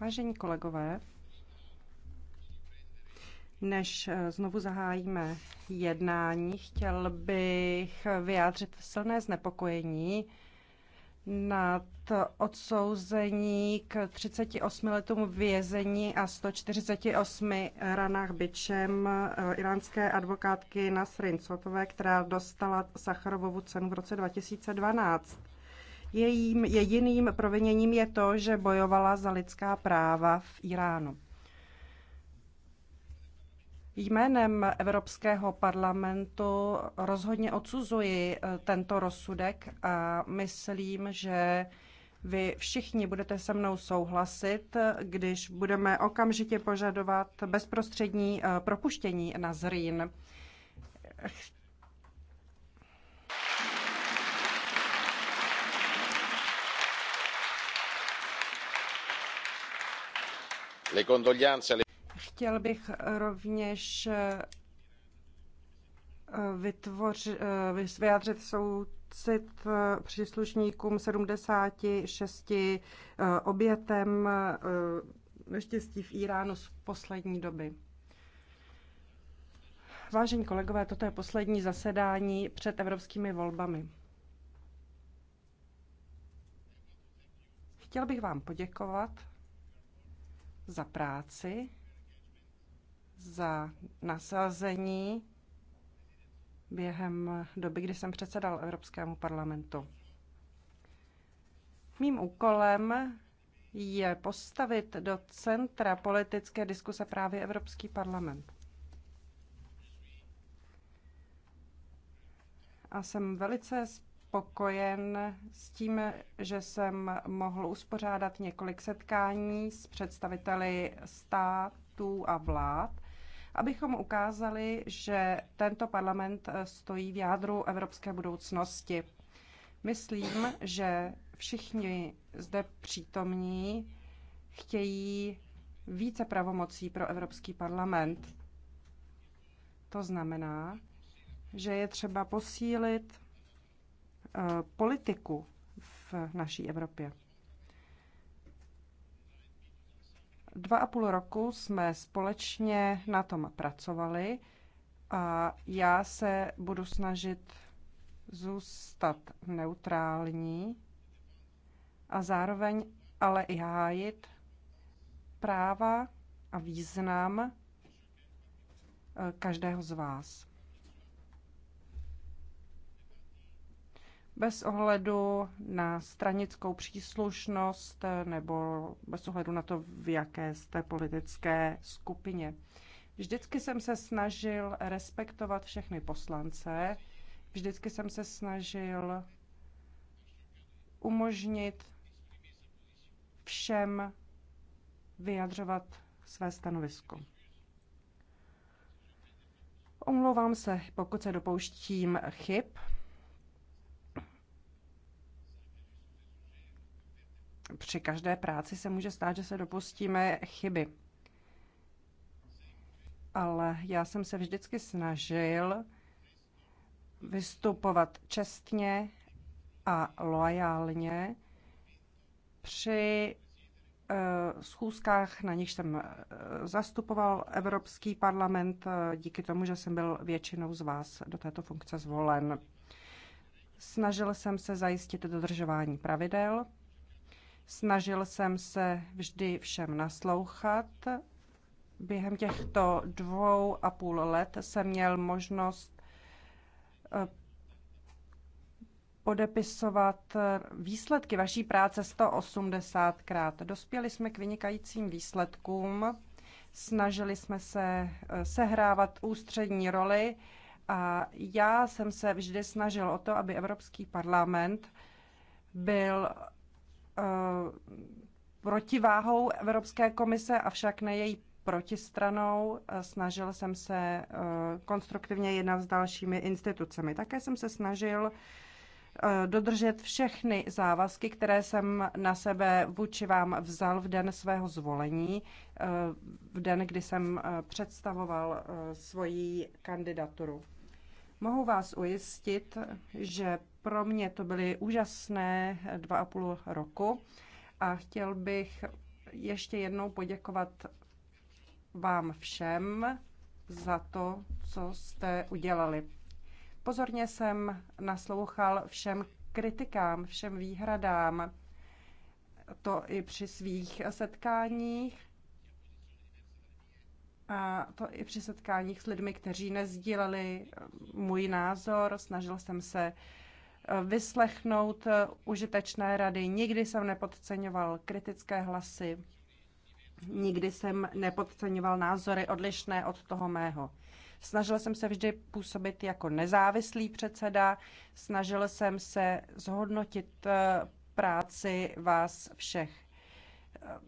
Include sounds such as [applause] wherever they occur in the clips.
Vážení kolegové, než eh, znovu zahájíme jednání, chtěl bych vyjádřit silné znepokojení nad odsouzení k 38 letům vězení a 148 ranách byčem eh, iránské advokátky Nasrin Sotové, která dostala Sacharovovu cenu v roce 2012. Jejím jediným proviněním je to, že bojovala za lidská práva v Iránu. Jménem Evropského parlamentu rozhodně odsuzuji eh, tento rozsudek a myslím, že vy všichni budete se mnou souhlasit, když budeme okamžitě požadovat bezprostřední eh, propuštění na zrín. Chtěl bych rovněž eh, eh, vyjádřit soucit eh, příslušníkům 76 obětem neštěstí v Iránu z poslední doby. Vážení kolegové, toto je poslední zasedání před evropskými volbami. Chtěl bych vám poděkovat za práci, za nasazení během doby, kdy jsem předsedal Evropskému parlamentu. Mým úkolem je postavit do centra politické diskuse právě Evropský parlament. A jsem velice spokojen s tím, že jsem mohl uspořádat několik setkání s představiteli států a vlád, abychom ukázali, že tento parlament stojí v jádru evropské budoucnosti. Myslím, že všichni zde přítomní chtějí více pravomocí pro Evropský parlament. To znamená, že je třeba posílit Eh, politiku v naší Evropě. Dva a půl roku jsme společně na tom pracovali a já se budu snažit zůstat neutrální a zároveň ale i hájit práva a význam eh, každého z vás. bez ohledu na stranickou příslušnost nebo bez ohledu na to, v jaké jste politické skupině. Vždycky jsem se snažil respektovat všechny poslance, vždycky jsem se snažil umožnit všem vyjadřovat své stanovisko. Omlouvám se, pokud se dopouštím chyb. při každé práci se může stát, že se dopustíme chyby. Ale já jsem se vždycky snažil vystupovat čestně a loajálně při eh, schůzkách, na nich jsem eh, zastupoval Evropský parlament eh, díky tomu, že jsem byl většinou z vás do této funkce zvolen. Snažil jsem se zajistit dodržování pravidel Snažil jsem se vždy všem naslouchat. Během těchto dvou a půl let jsem měl možnost eh, podepisovat výsledky vaší práce 180krát. Dospěli jsme k vynikajícím výsledkům, snažili jsme se eh, sehrávat ústřední roli a já jsem se vždy snažil o to, aby Evropský parlament byl Eh, protiváhou Evropské komise, avšak ne její protistranou. Eh, snažil jsem se eh, konstruktivně jednat s dalšími institucemi. Také jsem se snažil dodržet všechny závazky, které jsem na sebe vůči vám vzal v den svého zvolení, v den, kdy jsem představoval svoji kandidaturu. Mohu vás ujistit, že pro mě to byly úžasné dva a půl roku a chtěl bych ještě jednou poděkovat vám všem za to, co jste udělali. Pozorně jsem naslouchal všem kritikám, všem výhradám, to i při svých setkáních a to i při setkáních s lidmi, kteří nezdíleli eh, můj názor. Snažil jsem se eh, vyslechnout eh, užitečné rady. Nikdy jsem nepodceňoval kritické hlasy. Nikdy jsem nepodceňoval názory odlišné od toho mého. Snažil jsem se vždy působit jako nezávislý předseda, snažil jsem se zhodnotit práci vás všech.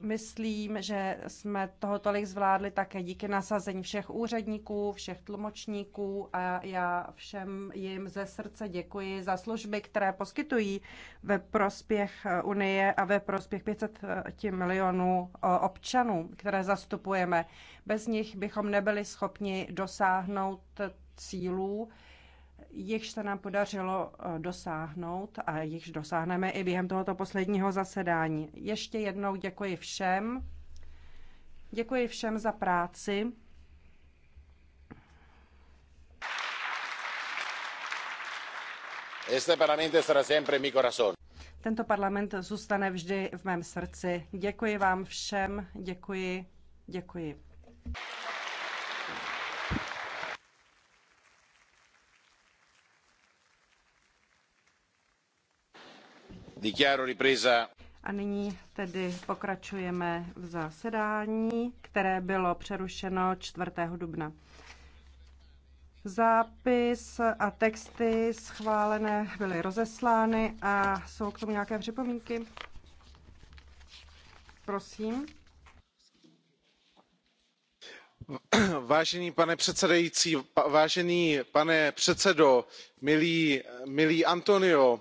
Myslím, že jsme toho tolik zvládli také díky nasazení všech úředníků, všech tlumočníků a já všem jim ze srdce děkuji za služby, které poskytují ve prospěch Unie a ve prospěch 500 eh, milionů eh, občanů, které zastupujeme. Bez nich bychom nebyli schopni dosáhnout eh, cílů, jichž se nám podařilo eh, dosáhnout a jichž dosáhneme i během tohoto posledního zasedání. Ještě jednou děkuji všem. Děkuji všem za práci. Este parlamente sarà sempre mi corazón. Tento parlament zůstane vždy v mém srdci. Děkuji vám všem, děkuji, děkuji. A nyní tedy pokračujeme v zasedání, které bylo přerušeno 4. dubna. Zápis a texty schválené byly rozeslány a jsou k tomu nějaké připomínky? Prosím. Vážený pane předsedající, vážený pane předsedo, milý, milý Antonio,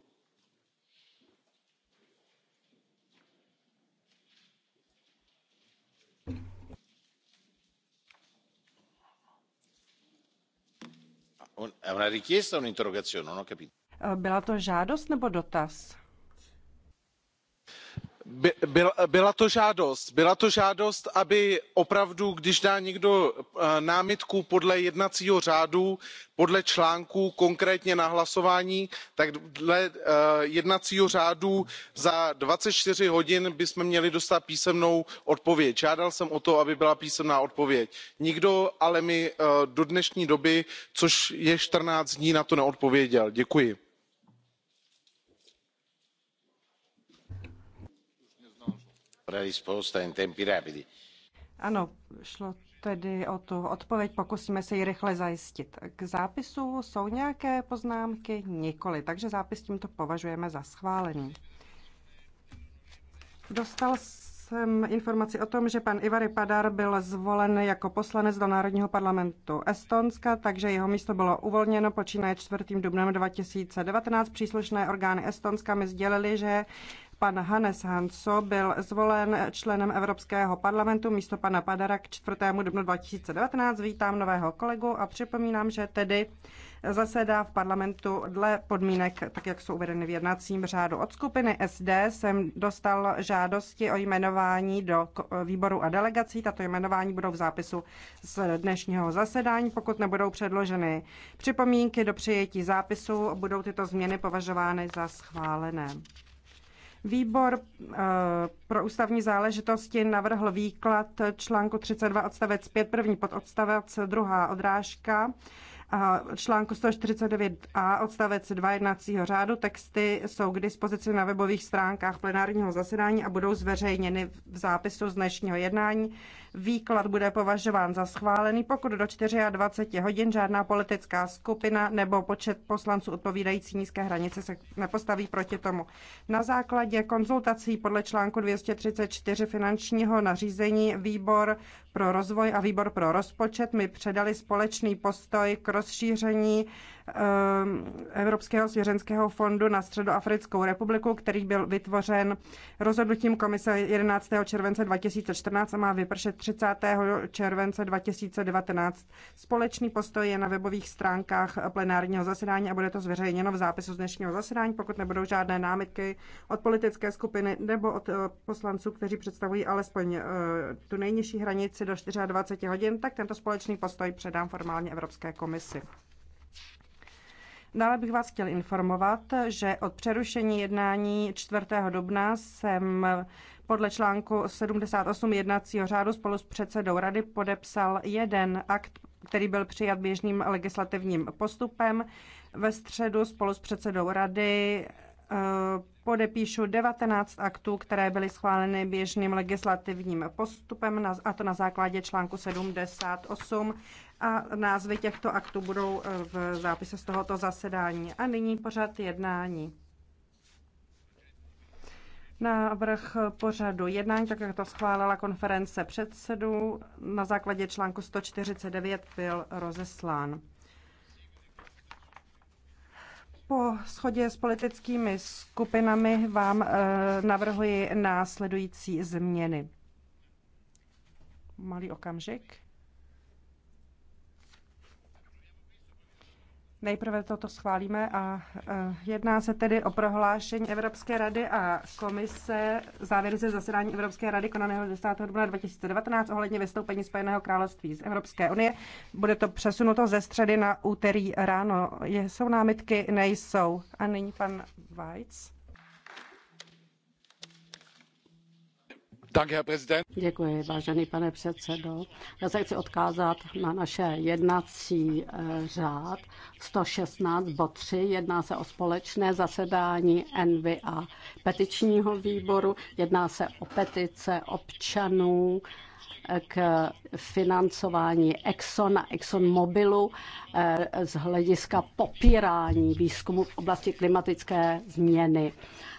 Eh, byla to žádost nebo dotaz? byla to žádost byla to žádost aby opravdu když dá někdo eh, námitku podle jednacího řádu podle článku konkrétně na hlasování tak dle eh, jednacího řádu za twenty four hodin bychom měli dostat písemnou odpověď. žádal jsem o to aby byla písemná odpověď nikdo ale mi eh, do dnešní doby což je fourteen dní na to neodpověděl. děkuji. Ano, šlo tedy o tu odpověď, pokusíme se ji rychle zajistit. K zápisu jsou nějaké poznámky? Nikoli, takže zápis tímto považujeme za schválený. Dostal jsem informaci o tom, že pan Ivary Padar byl zvolen jako poslanec do Národního parlamentu Estonska, takže jeho místo bylo uvolněno počínaje 4. dubnem 2019. Příslušné orgány Estonska mi sdělili, že pan Hannes Hanso byl zvolen členem Evropského parlamentu místo pana Padara k 4. dubnu 2019. Vítám nového kolegu a připomínám, že tedy zasedá v parlamentu dle podmínek, tak jak jsou uvedeny v jednacím řádu. Od skupiny SD jsem dostal žádosti o jmenování do výboru a delegací. Tato jmenování budou v zápisu z dnešního zasedání. Pokud nebudou předloženy připomínky do přijetí zápisu, budou tyto změny považovány za schválené. Výbor eh, pro ústavní záležitosti navrhl výklad článku 32 odstavec 5 první pododstavec druhá odrážka článku 149a odstavec 2 jednacího řádu. Texty jsou k dispozici na webových stránkách plenárního zasedání a budou zveřejněny v zápisu z dnešního jednání. Výklad bude považován za schválený, pokud do 24 hodin žádná politická skupina nebo počet poslanců odpovídající nízké hranice se nepostaví proti tomu. Na základě konzultací podle článku 234 finančního nařízení výbor pro rozvoj a výbor pro rozpočet mi předali společný postoj k rozšíření ehm, Evropského svěřenského fondu na Středoafrickou republiku, který byl vytvořen rozhodnutím komise 11. července 2014 a má vypršet 30. července 2019. Společný postoj je na webových stránkách plenárního zasedání a bude to zveřejněno v zápisu z dnešního zasedání, pokud nebudou žádné námitky od politické skupiny nebo od eh, poslanců, kteří představují alespoň eh, tu nejnižší hranici do 24 hodin, tak tento společný postoj předám formálně Evropské komisi. Dále bych vás chtěl informovat, že od přerušení jednání 4. dubna jsem podle článku 78 jednacího řádu spolu s předsedou rady podepsal jeden akt, který byl přijat běžným legislativním postupem. Ve středu spolu s předsedou rady Eh, podepíšu 19 aktů, které byly schváleny běžným legislativním postupem, a to na základě článku 78. A názvy těchto aktů budou eh, v zápise z tohoto zasedání. A nyní pořad jednání. Návrh pořadu jednání, tak jak to schválila konference předsedů, na základě článku 149 byl rozeslán. Po shodě s politickými skupinami vám eh, navrhuji následující změny. Malý okamžik. Nejprve toto schválíme a e, jedná se tedy o prohlášení Evropské rady a komise závěry ze zasedání Evropské rady konaného 10. dubna 2019 ohledně vystoupení Spojeného království z Evropské unie. Bude to přesunuto ze středy na úterý ráno. Je, jsou námitky? Nejsou. A nyní pan Vajc. Děkuji, vážený pane předsedo. Já se chci odkázat na naše jednací eh, řád 116 bod 3. Jedná se o společné zasedání Envy a petičního výboru. Jedná se o petice občanů eh, k financování Exxon a Exxon Mobilu eh, z hlediska popírání výzkumu v oblasti klimatické změny.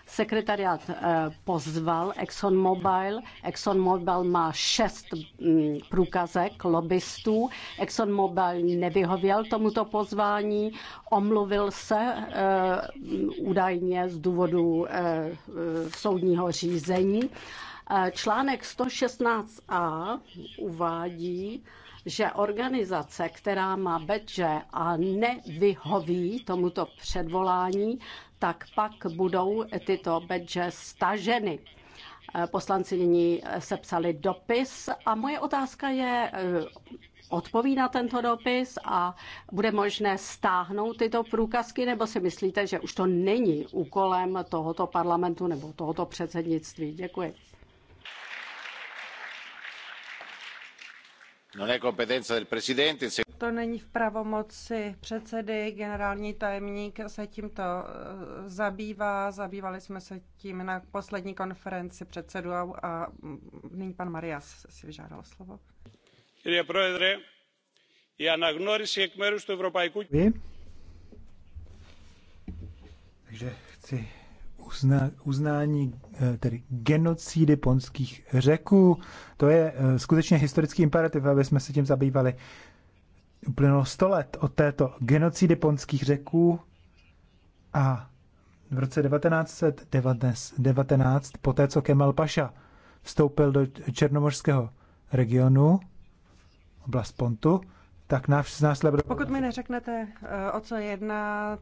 Sekretariat eh, pozval ExxonMobil. ExxonMobil má šest mm, průkazek lobbystů. ExxonMobil nevyhověl tomuto pozvání, omluvil se eh, mm, údajně z důvodu eh, soudního řízení. Článek 116a uvádí, že organizace, která má bedže a nevyhoví tomuto předvolání, tak pak budou tyto badge staženy. Poslanci nyní sepsali dopis a moje otázka je, odpoví na tento dopis a bude možné stáhnout tyto průkazky, nebo si myslíte, že už to není úkolem tohoto parlamentu nebo tohoto předsednictví? Děkuji. To není v pravomoci předsedy, generální tajemník se tímto eh, zabývá. Zabývali jsme se tím na poslední konferenci předsedů a nyní pan Marias si vyžádal slovo. Takže chci uzna, uznání eh, tedy genocídy ponských řeků. To je eh, skutečně historický imperativ, aby jsme se tím zabývali. Uplynulo 100 let od této genocídy ponských řeků a v roce 1919, 19, poté co Kemal Paša vstoupil do černomořského regionu, oblast Pontu, tak nás následovalo. Pokud mi neřeknete, eh, o co jedná,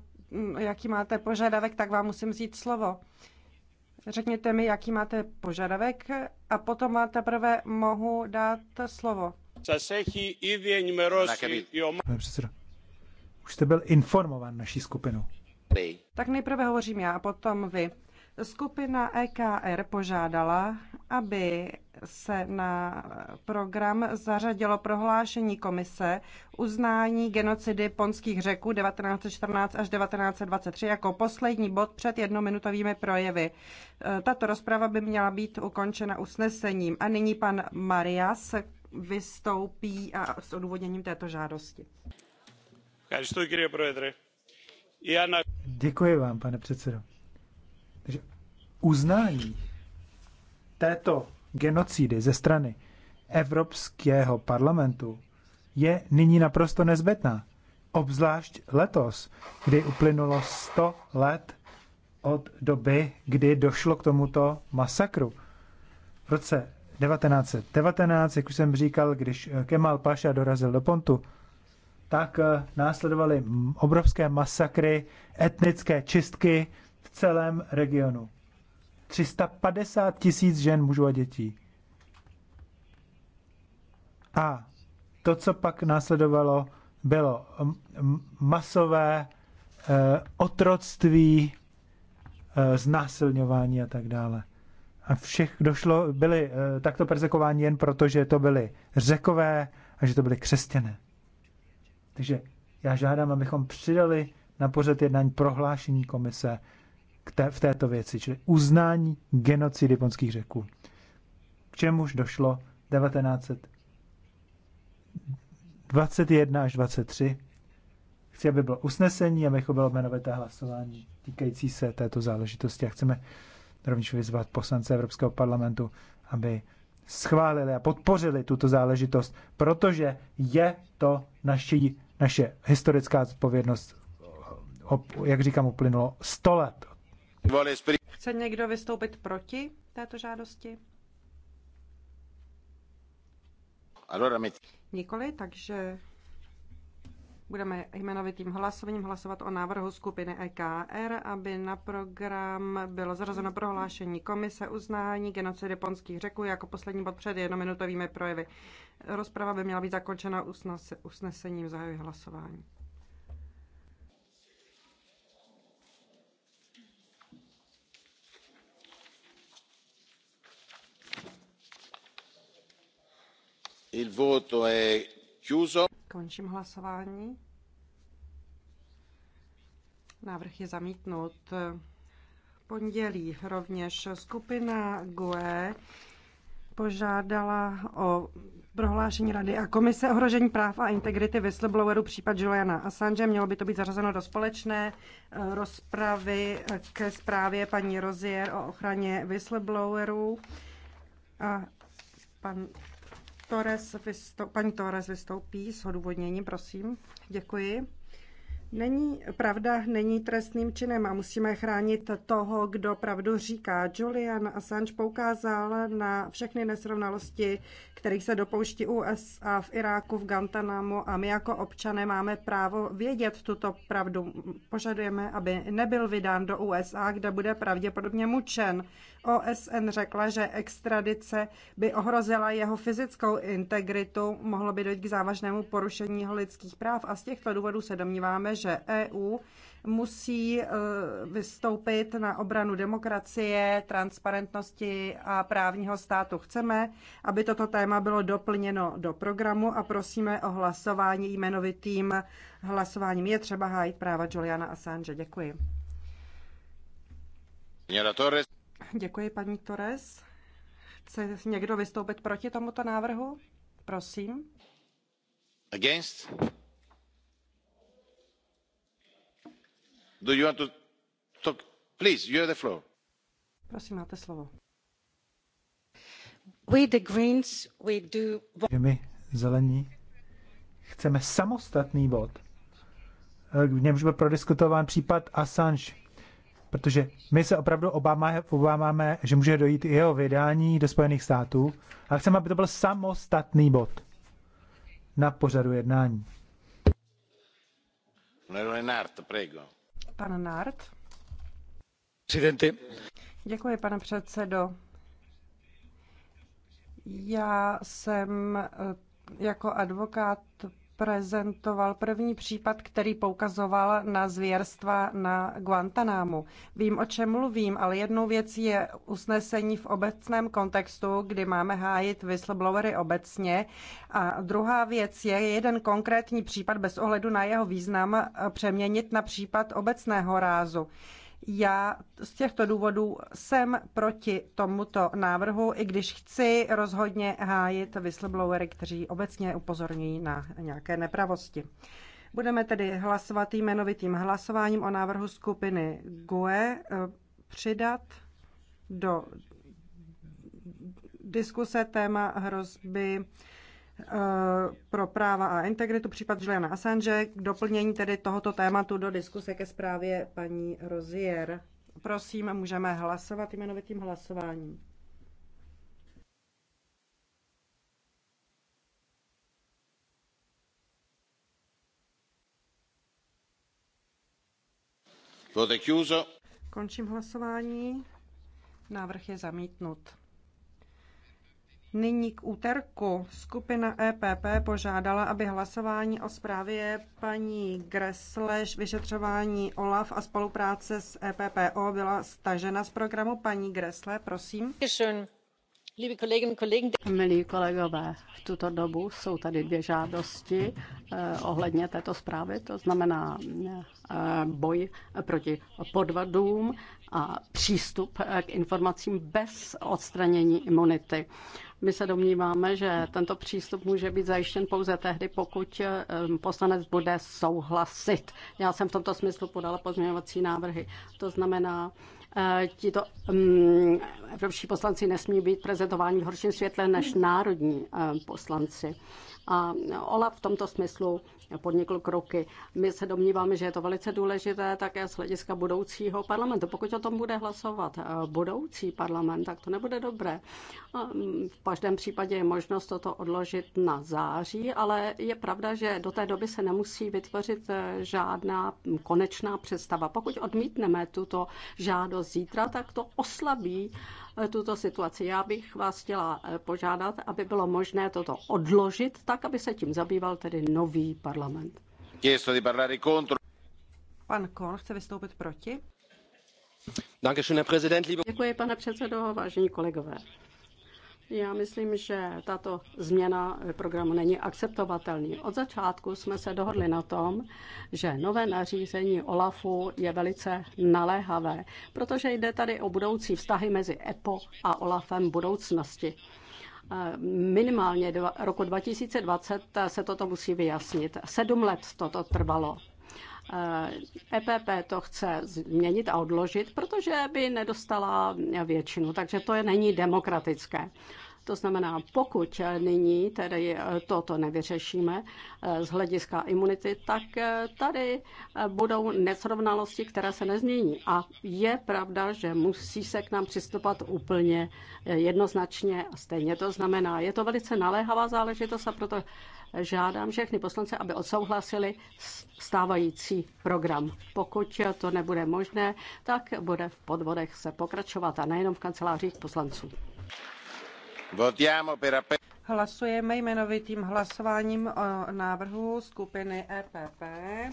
jaký máte požadavek, tak vám musím vzít slovo. Řekněte mi, jaký máte požadavek a potom vám teprve mohu dát slovo. Pane předsedo, už jste byl informován naší skupinou. Tak nejprve hovořím já a potom vy. Skupina EKR požádala, aby se na program zařadilo prohlášení komise uznání genocidy ponských řeků 1914 až 1923 jako poslední bod před jednominutovými projevy. Tato rozprava by měla být ukončena usnesením. A nyní pan Marias vystoupí a s odůvodněním této žádosti. Děkuji vám, pane předsedo. Takže uznání této genocidy ze strany Evropského parlamentu je nyní naprosto nezbytná. Obzvlášť letos, kdy uplynulo 100 let od doby, kdy došlo k tomuto masakru. V roce 1919, jak už jsem říkal, když eh, Kemal Paša dorazil do Pontu, tak eh, následovaly obrovské masakry, etnické čistky, v celém regionu. 350 tisíc žen, mužů a dětí. A to, co pak následovalo, bylo masové eh, otroctví, eh, znásilňování a tak dále. A všech došlo, byli eh, takto persekováni jen proto, že to byli řekové a že to byli křesťané. Takže já žádám, abychom přidali na pořad jednání prohlášení komise, v této věci, čili uznání genocidy ponských řeků, k čemuž došlo 1921 až 23. Chci, aby bylo usnesení, abychom bylo jmenovité hlasování týkající se této záležitosti. A chceme rovněž vyzvat poslance Evropského parlamentu, aby schválili a podpořili tuto záležitost, protože je to naši, naše historická zodpovědnost, jak říkám, uplynulo 100 let Chce někdo vystoupit proti této žádosti? Nikoli, takže budeme jmenovitým hlasováním hlasovat o návrhu skupiny EKR, aby na program bylo zařazeno prohlášení komise uznání genocidy ponských řeků jako poslední bod před jednominutovými projevy. Rozprava by měla být zakončena usnesením zahajuji hlasování. Il voto è chiuso. Končím hlasování. Návrh je zamítnut. Pondělí rovněž skupina GUE požádala o prohlášení Rady a Komise ohrožení práv a integrity whistleblowerů případ Juliana Assange. Mělo by to být zařazeno do společné eh, rozpravy ke zprávě paní Rozier o ochraně whistleblowerů. A pan Torres vystoup, paní Torres vystoupí s odůvodněním, prosím. Děkuji. Není pravda, není trestným činem a musíme chránit toho, kdo pravdu říká. Julian Assange poukázal na všechny nesrovnalosti, kterých se dopouští USA v Iráku, v Guantanamo. a my jako občané máme právo vědět tuto pravdu. Požadujeme, aby nebyl vydán do USA, kde bude pravděpodobně mučen. OSN řekla, že extradice by ohrozila jeho fyzickou integritu, mohlo by dojít k závažnému porušení lidských práv a z těchto důvodů se domníváme, že EU musí eh, vystoupit na obranu demokracie, transparentnosti a právního státu. Chceme, aby toto téma bylo doplněno do programu a prosíme o hlasování jmenovitým hlasováním. Je třeba hájit práva Juliana Assange. Děkuji. Děkuji, paní Torres. Chce někdo vystoupit proti tomuto návrhu? Prosím. Against? My, zelení, chceme samostatný bod, eh, v němž byl prodiskutován případ Assange, protože my se opravdu obáváme, že může dojít i jeho vydání do Spojených států, a chceme, aby to byl samostatný bod na pořadu jednání. Pan Nart. Presidente. Děkuji, pane předsedo. Já jsem eh, jako advokát prezentoval první případ, který poukazoval na zvěrstva na Guantanámu. Vím, o čem mluvím, ale jednou věc je usnesení v obecném kontextu, kdy máme hájit whistleblowery obecně. A druhá věc je jeden konkrétní případ bez ohledu na jeho význam eh, přeměnit na případ obecného rázu. Já z těchto důvodů jsem proti tomuto návrhu, i když chci rozhodně hájit whistleblowery, kteří obecně upozorňují na nějaké nepravosti. Budeme tedy hlasovat jmenovitým hlasováním o návrhu skupiny GUE eh, přidat do diskuse téma hrozby Eh, pro práva a integritu, případ Juliana Assange, k doplnění tedy tohoto tématu do diskuse ke zprávě paní Rozier. Prosím, můžeme hlasovat jmenovitým hlasováním. Končím hlasování. Návrh je zamítnut. Nyní k úterku. Skupina EPP požádala, aby hlasování o zprávě paní Gresleš vyšetřování OLAF a spolupráce s EPPO byla stažena z programu. Paní Gresle. prosím. Děkuji. Milí kolegové, v tuto dobu jsou tady dvě žádosti eh, ohledně této zprávy, to znamená eh, boj proti podvodům a přístup eh, k informacím bez odstranění imunity. My se domníváme, že tento přístup může být zajištěn pouze tehdy, pokud poslanec bude souhlasit. Já jsem v tomto smyslu podala pozměňovací návrhy. To znamená, Eh, tito um, evropští poslanci nesmí být prezentováni v horším světle než národní um, poslanci a OLAF v tomto smyslu podnikl kroky. My se domníváme, že je to velice důležité také z hlediska budoucího parlamentu. Pokud o tom bude hlasovat eh, budoucí parlament, tak to nebude dobré. Mm, v každém případě je možnost toto odložit na září, ale je pravda, že do té doby se nemusí vytvořit eh, žádná konečná představa. Pokud odmítneme tuto žádost zítra, tak to oslabí tuto situaci. Já bych vás chtěla eh, požádat, aby bylo možné toto odložit, tak aby se tím zabýval tedy nový parlament. Pan Kohn chce vystoupit proti. Děkuji, pane předsedo, vážení kolegové. Já myslím, že tato změna programu není akceptovatelný. Od začátku jsme se dohodli na tom, že nové nařízení OLAFu je velice naléhavé, protože jde tady o budoucí vztahy mezi EPO a OLAFem budoucnosti minimálně do roku 2020 se toto musí vyjasnit. Sedm let toto trvalo. EPP eh, e to chce změnit a odložit, protože by nedostala většinu, takže to je není demokratické. To znamená, pokud nyní tedy eh, toto nevyřešíme eh, z hlediska imunity, tak eh, tady budou nesrovnalosti, které se nezmění. A je pravda, že musí se k nám přistupovat úplně jednoznačně a stejně. To znamená, je to velice naléhavá záležitost a proto žádám všechny poslance, aby odsouhlasili stávající program. Pokud to nebude možné, tak bude v podvodech se pokračovat a nejenom v kancelářích poslanců. Hlasujeme jmenovitým hlasováním o návrhu skupiny EPP eh,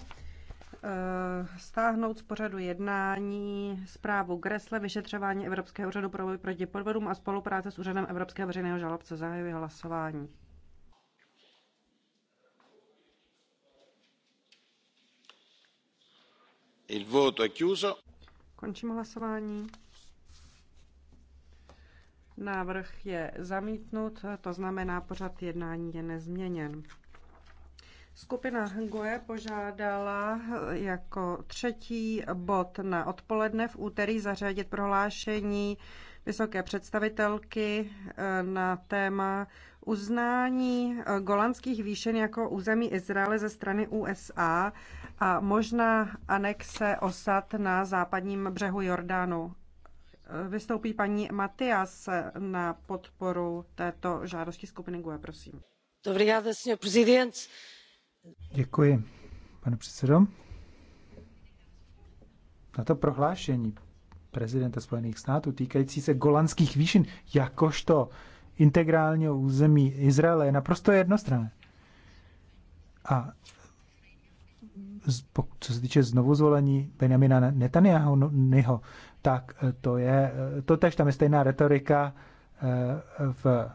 stáhnout z pořadu jednání zprávu Gresle, vyšetřování Evropského úřadu pro boj proti podvodům a spolupráce s úřadem Evropského veřejného žalobce. Zahajuji hlasování. Il voto è chiuso. Končím hlasování. Návrh je zamítnut, to znamená, pořad jednání je nezměněn. Skupina Hngoje požádala jako třetí bod na odpoledne v úterý zařadit prohlášení vysoké představitelky eh, na téma uznání eh, golandských výšen jako území Izraele ze strany USA a možná anexe osad na západním břehu Jordánu. Vystoupí paní Matias na podporu této žádosti skupiny GUE, prosím. Děkuji, pane předsedo. Na to prohlášení prezidenta Spojených států týkající se golanských výšin jakožto integrálního území Izraele je naprosto jednostranné. A co se týče znovuzvolení Benjamina Netanyahu, tak eh, to je, eh, to tež tam je stejná retorika eh, v,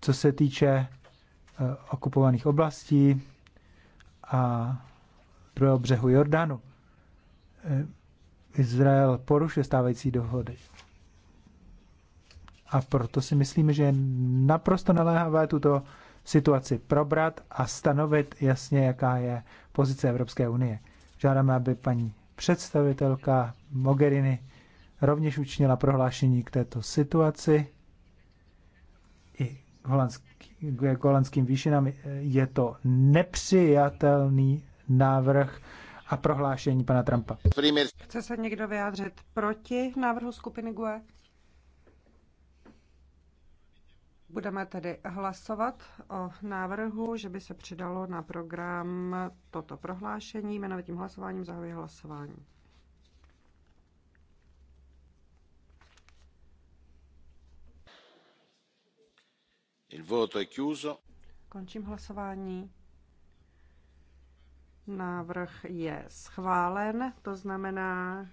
co se týče okupovaných oblastí a druhého břehu Jordánu. Izrael porušuje stávající dohody. A proto si myslíme, že je naprosto naléhavé tuto situaci probrat a stanovit jasně, jaká je pozice Evropské unie. Žádáme, aby paní představitelka Mogherini rovněž učinila prohlášení k této situaci. I holandský, k jako holandským výšinám je to nepřijatelný návrh a prohlášení pana Trumpa. Chce se někdo vyjádřit proti návrhu skupiny GUE? Budeme tedy hlasovat o návrhu, že by se přidalo na program toto prohlášení. Jmenovitým hlasováním zahajuji hlasování. Končím hlasování. Návrh je schválen, to znamená,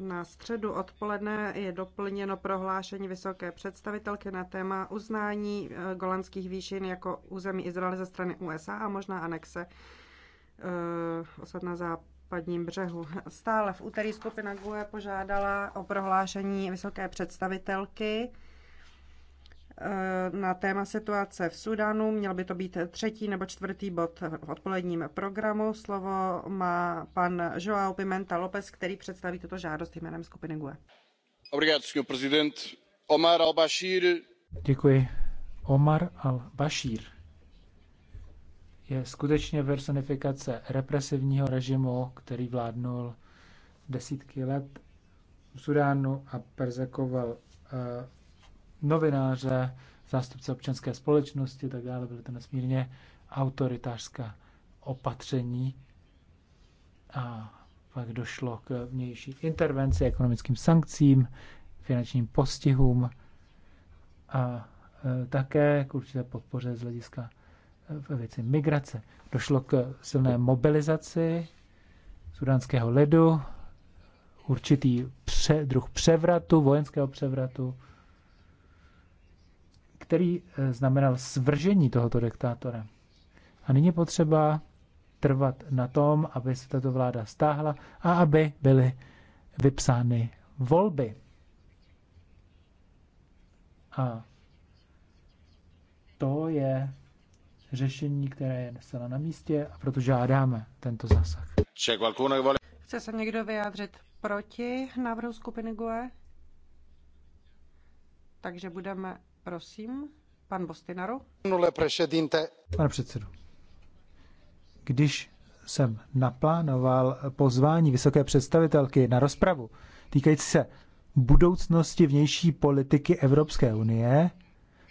na středu odpoledne je doplněno prohlášení vysoké představitelky na téma uznání eh, golanských výšin jako území Izraele ze strany USA a možná anexe eh, osad na západním břehu. Stále v úterý skupina GUE požádala o prohlášení vysoké představitelky Eh, na téma situace v Sudanu. Měl by to být třetí nebo čtvrtý bod v odpoledním programu. Slovo má pan Joao Pimenta López, který představí tuto žádost jménem skupiny GUE. Omar al-Bashir. Děkuji. Omar al-Bashir je skutečně personifikace represivního režimu, který vládnul desítky let v Sudánu a perzekoval eh, novináře, zástupce občanské společnosti tak dále. Byly to nesmírně autoritářská opatření. A pak došlo k vnější intervenci, ekonomickým sankcím, finančním postihům a e, také k určité podpoře z hlediska e, ve věci migrace. Došlo k silné mobilizaci sudánského lidu, určitý pře, druh převratu, vojenského převratu který eh, znamenal svržení tohoto diktátora. A nyní potřeba trvat na tom, aby se tato vláda stáhla a aby byly vypsány volby. A to je řešení, které je nesela na místě a proto žádáme tento zásah. Chce se někdo vyjádřit proti návrhu skupiny GUE? Takže budeme Prosím, pan Bostinaru. Pane předsedo, když jsem naplánoval pozvání vysoké představitelky na rozpravu týkající se budoucnosti vnější politiky Evropské unie,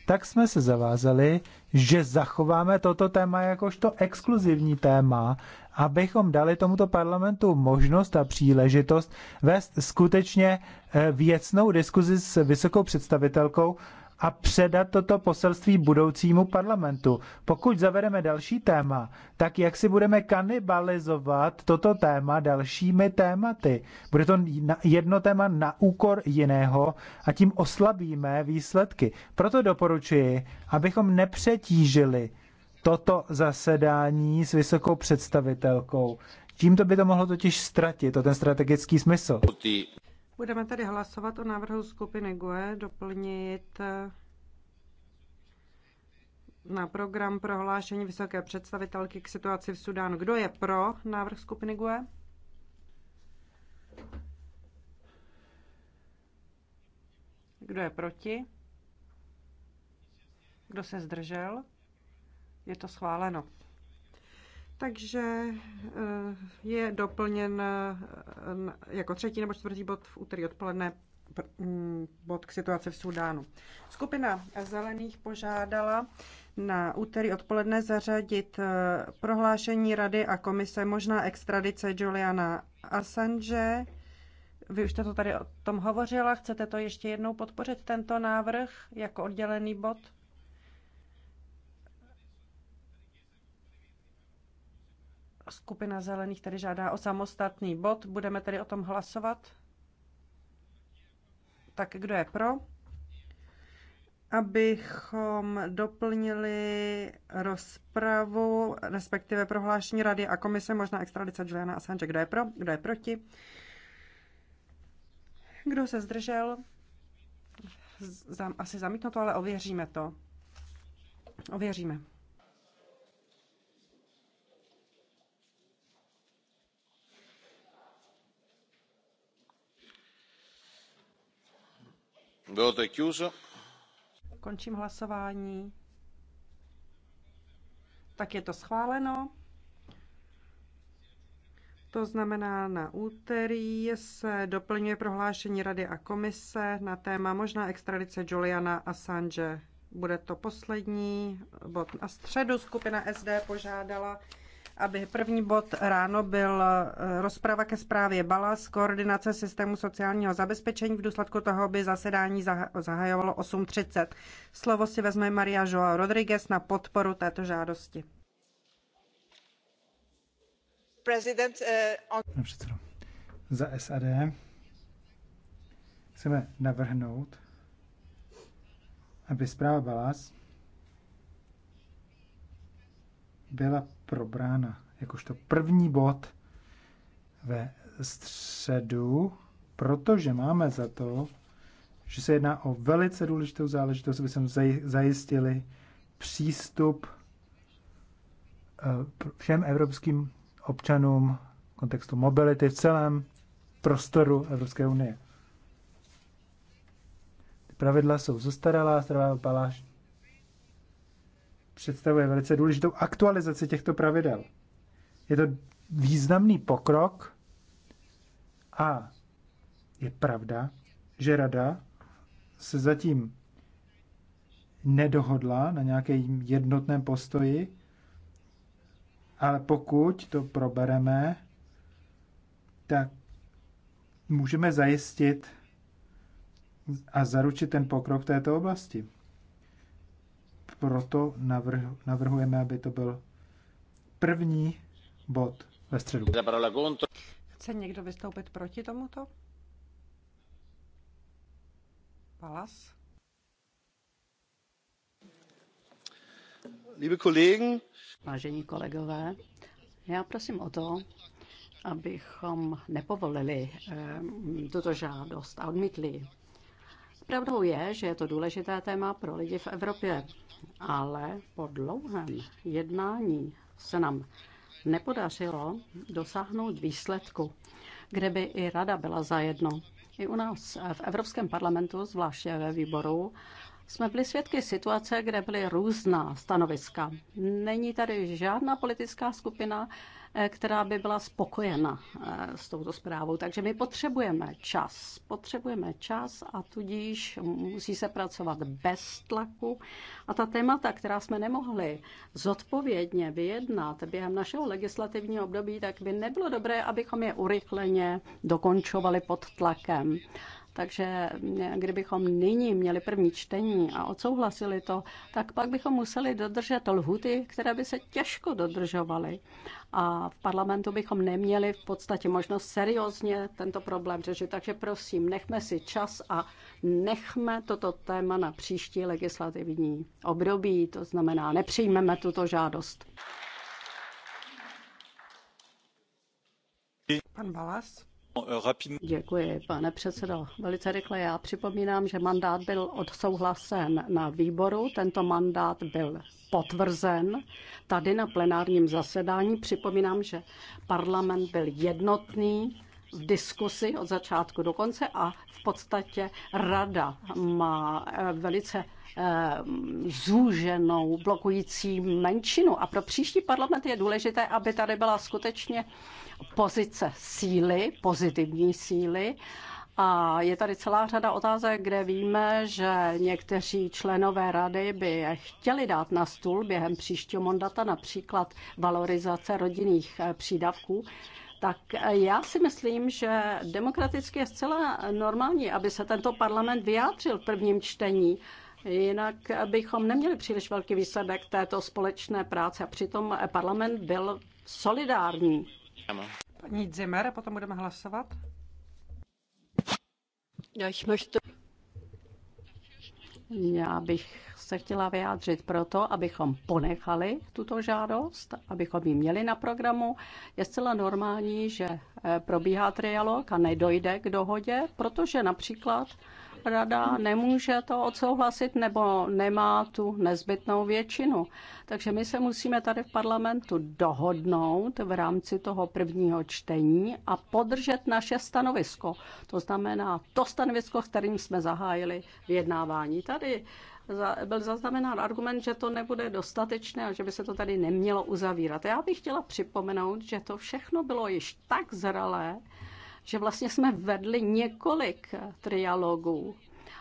tak jsme se zavázali, že zachováme toto téma jakožto exkluzivní téma, abychom dali tomuto parlamentu možnost a příležitost vést skutečně eh, věcnou diskuzi s vysokou představitelkou a předat toto poselství budoucímu parlamentu. Pokud zavedeme další téma, tak jak si budeme kanibalizovat toto téma dalšími tématy? Bude to jedno téma na úkor jiného a tím oslabíme výsledky. Proto doporučuji, abychom nepřetížili toto zasedání s vysokou představitelkou. Tímto by to mohlo totiž ztratit, to ten strategický smysl. Budeme tedy hlasovat o návrhu skupiny GUE doplnit eh, na program prohlášení vysoké představitelky k situaci v Sudánu. Kdo je pro návrh skupiny GUE? Kdo je proti? Kdo se zdržel? Je to schváleno. Takže eh, je doplněn eh, jako třetí nebo čtvrtý bod v úterý odpoledne mm, bod k situaci v Sudánu. Skupina zelených požádala na úterý odpoledne zařadit eh, prohlášení Rady a komise možná extradice Juliana Assange. Vy už jste to tady o tom hovořila, chcete to ještě jednou podpořit, tento návrh, jako oddělený bod? Skupina zelených tady žádá o samostatný bod. Budeme tedy o tom hlasovat. Tak kdo je pro? Abychom doplnili rozpravu, respektive prohlášení Rady a komise, možná extradice Juliana Assange. Kdo je pro? Kdo je proti? Kdo se zdržel? Asi to, ale ověříme to. Ověříme. Končím hlasování. Tak je to schváleno. To znamená, na úterý se doplňuje prohlášení Rady a komise na téma možná extradice Juliana Assange. Bude to poslední bod. A středu skupina SD požádala aby první bod ráno byl eh, rozprava ke zprávě Balas, koordinace systému sociálního zabezpečení. V důsledku toho by zasedání zahajovalo 8.30. Slovo si vezme Maria Joao Rodriguez na podporu této žádosti. Eh, Pane předsedo, za SAD chceme navrhnout, aby zpráva Balas byla probrána jakožto první bod ve středu, protože máme za to, že se jedná o velice důležitou záležitost, aby jsme zajistili přístup eh, všem evropským občanům v kontextu mobility v celém prostoru Evropské unie. Ty pravidla jsou zastaralá, paláž, představuje velice důležitou aktualizaci těchto pravidel. Je to významný pokrok a je pravda, že rada se zatím nedohodla na nějakém jednotném postoji, ale pokud to probereme, tak můžeme zajistit a zaručit ten pokrok v této oblasti proto navrhujeme, aby to byl první bod ve středu. Chce někdo vystoupit proti tomuto? Palas? Vážení kolegové, já prosím o to, abychom nepovolili eh, tuto žádost a odmítli Pravdou je, že je to důležité téma pro lidi v Evropě, ale po dlouhém jednání se nám nepodařilo dosáhnout výsledku, kde by i rada byla zajedno. I u nás v Evropském parlamentu, zvláště ve výboru, jsme byli svědky situace, kde byly různá stanoviska. Není tady žádná politická skupina, Eh, která by byla spokojena eh, s touto zprávou. Takže my potřebujeme čas. Potřebujeme čas a tudíž musí se pracovat bez tlaku. A ta témata, která jsme nemohli zodpovědně vyjednat během našeho legislativního období, tak by nebylo dobré, abychom je urychleně dokončovali pod tlakem. Takže kdybychom nyní měli první čtení a odsouhlasili to, tak pak bychom museli dodržet lhuty, které by se těžko dodržovaly. A v parlamentu bychom neměli v podstatě možnost seriózně tento problém řešit. Takže prosím, nechme si čas a nechme toto téma na příští legislativní období. To znamená, nepřijmeme tuto žádost. Pan Balas. Děkuji, pane předsedo. Velice rychle já připomínám, že mandát byl odsouhlasen na výboru. Tento mandát byl potvrzen tady na plenárním zasedání. Připomínám, že parlament byl jednotný v diskusi od začátku do konce a v podstatě rada má eh, velice Eh, zúženou, blokující menšinu. A pro příští parlament je důležité, aby tady byla skutečně pozice síly, pozitivní síly. A je tady celá řada otázek, kde víme, že někteří členové rady by chtěli dát na stůl během příštího mandata například valorizace rodinných eh, přídavků. Tak eh, já si myslím, že demokraticky je zcela normální, aby se tento parlament vyjádřil v prvním čtení Jinak bychom neměli příliš velký výsledek této společné práce a přitom parlament byl solidární. Paní Zimmer, potom budeme hlasovat. Já, möchte... Já bych se chtěla vyjádřit proto, abychom ponechali tuto žádost, abychom ji měli na programu. Je zcela normální, že eh, probíhá trialog a nedojde k dohodě, protože například rada nemůže to odsouhlasit nebo nemá tu nezbytnou většinu. Takže my se musíme tady v parlamentu dohodnout v rámci toho prvního čtení a podržet naše stanovisko. To znamená to stanovisko, kterým jsme zahájili vyjednávání. Tady byl zaznamenán argument, že to nebude dostatečné a že by se to tady nemělo uzavírat. Já bych chtěla připomenout, že to všechno bylo již tak zralé, že vlastně jsme vedli několik trialogů.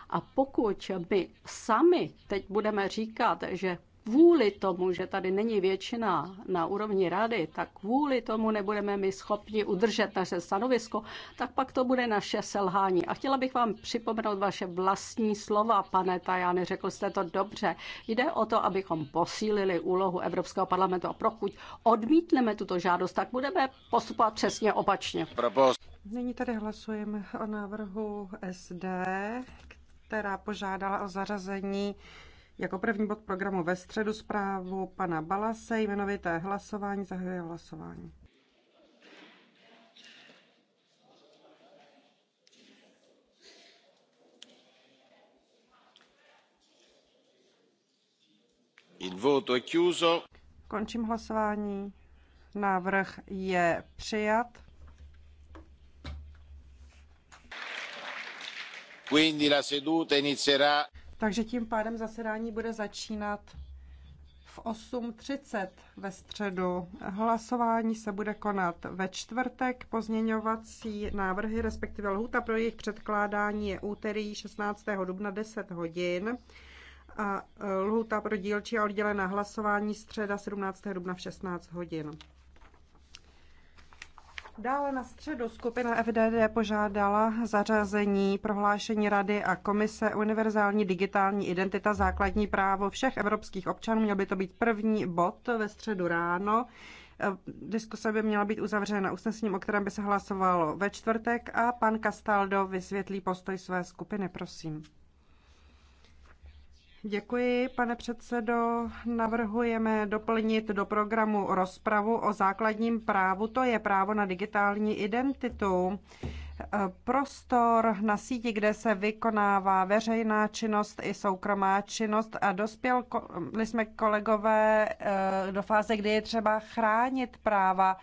A pokud my sami teď budeme říkat, že kvůli tomu, že tady není většina na úrovni rady, tak kvůli tomu nebudeme my schopni udržet naše stanovisko, tak pak to bude naše selhání. A chtěla bych vám připomenout vaše vlastní slova, pane Tajany, řekl jste to dobře. Jde o to, abychom posílili úlohu Evropského parlamentu a pokud odmítneme tuto žádost, tak budeme postupovat přesně opačně. Propost. Nyní tady hlasujeme o návrhu SD, která požádala o zařazení jako první bod programu ve středu zprávu pana Balase, jmenovité hlasování, zahajuje hlasování. Il voto è chiuso. Končím hlasování. Návrh je přijat. Quindi la seduta inizierà. Takže tím pádem zasedání bude začínat v 8.30 ve středu. Hlasování se bude konat ve čtvrtek. Pozměňovací návrhy, respektive lhuta pro jejich předkládání je úterý 16. dubna 10 hodin a e, lhuta pro dílčí a oddělená hlasování středa 17. dubna v 16 hodin. Dále na středu skupina FDD požádala zařazení prohlášení Rady a Komise Univerzální digitální identita základní právo všech evropských občanů. Měl by to být první bod ve středu ráno. Eh, diskuse by měla být uzavřena usnesením, o kterém by se hlasovalo ve čtvrtek a pan Castaldo vysvětlí postoj své skupiny, prosím. Děkuji, pane předsedo. Navrhujeme doplnit do programu rozpravu o základním právu, to je právo na digitální identitu. Prostor na síti, kde se vykonává veřejná činnost i soukromá činnost a my jsme kolegové eh, do fáze, kdy je třeba chránit práva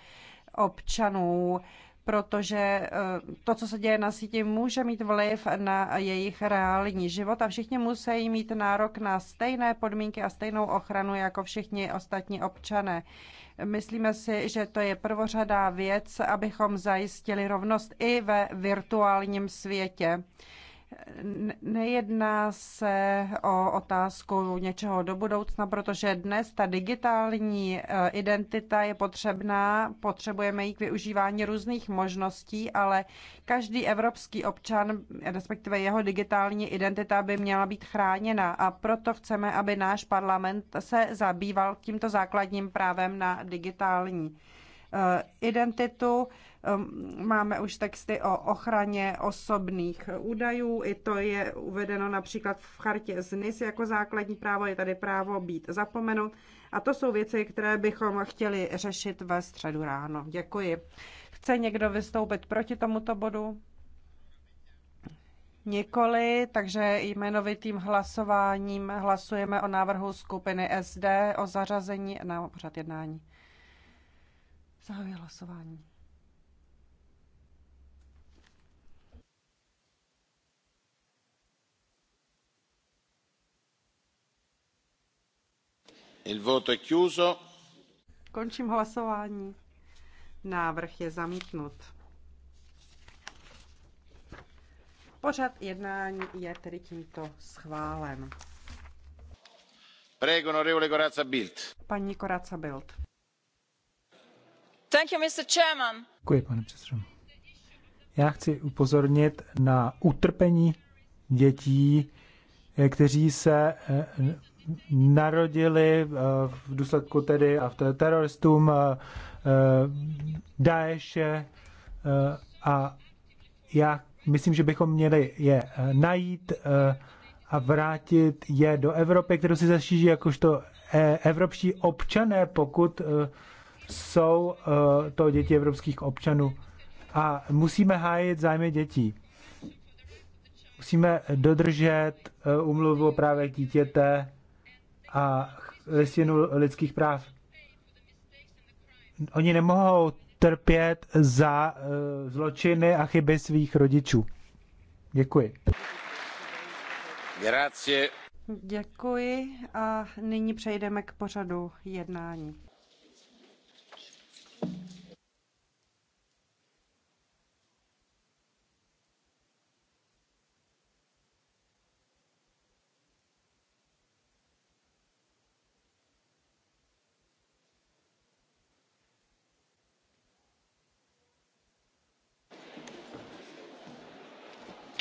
občanů protože eh, to, co se děje na síti, může mít vliv na jejich reální život a všichni musí mít nárok na stejné podmínky a stejnou ochranu jako všichni ostatní občané. Myslíme si, že to je prvořadá věc, abychom zajistili rovnost i ve virtuálním světě. Nejedná se o otázku něčeho do budoucna, protože dnes ta digitální eh, identita je potřebná, potřebujeme ji k využívání různých možností, ale každý evropský občan, respektive jeho digitální identita, by měla být chráněna a proto chceme, aby náš parlament se zabýval tímto základním právem na digitální Eh, identitu. Máme už texty o ochraně osobních údajů, i to je uvedeno například v chartě ZNIS jako základní právo, je tady právo být zapomenut. A to jsou věci, které bychom chtěli řešit ve středu ráno. Děkuji. Chce někdo vystoupit proti tomuto bodu? Nikoli, takže jmenovitým hlasováním hlasujeme o návrhu skupiny SD o zařazení na pořad jednání. Zahajuji hlasování. Il voto è chiuso. Končím hlasování. Návrh je zamítnut. Pořad jednání je tedy tímto schválen. Prego, onorevole Corazza Bildt. Paní Corazza Bildt. Děkuji, pane předsedo. Já chci upozornit na utrpení dětí, eh, kteří se eh, narodili eh, v důsledku tedy a v teroristům Daeše a já myslím, že bychom měli je najít a vrátit je do Evropy, kterou si zaštíží jakožto evropští občané, pokud jsou eh, to děti evropských občanů a musíme hájit zájmy dětí. Musíme dodržet umluvu eh, o právě dítěte a listinu lidských práv. Oni nemohou trpět za eh, zločiny a chyby svých rodičů. Děkuji. Grazie. Děkuji a nyní přejdeme k pořadu jednání.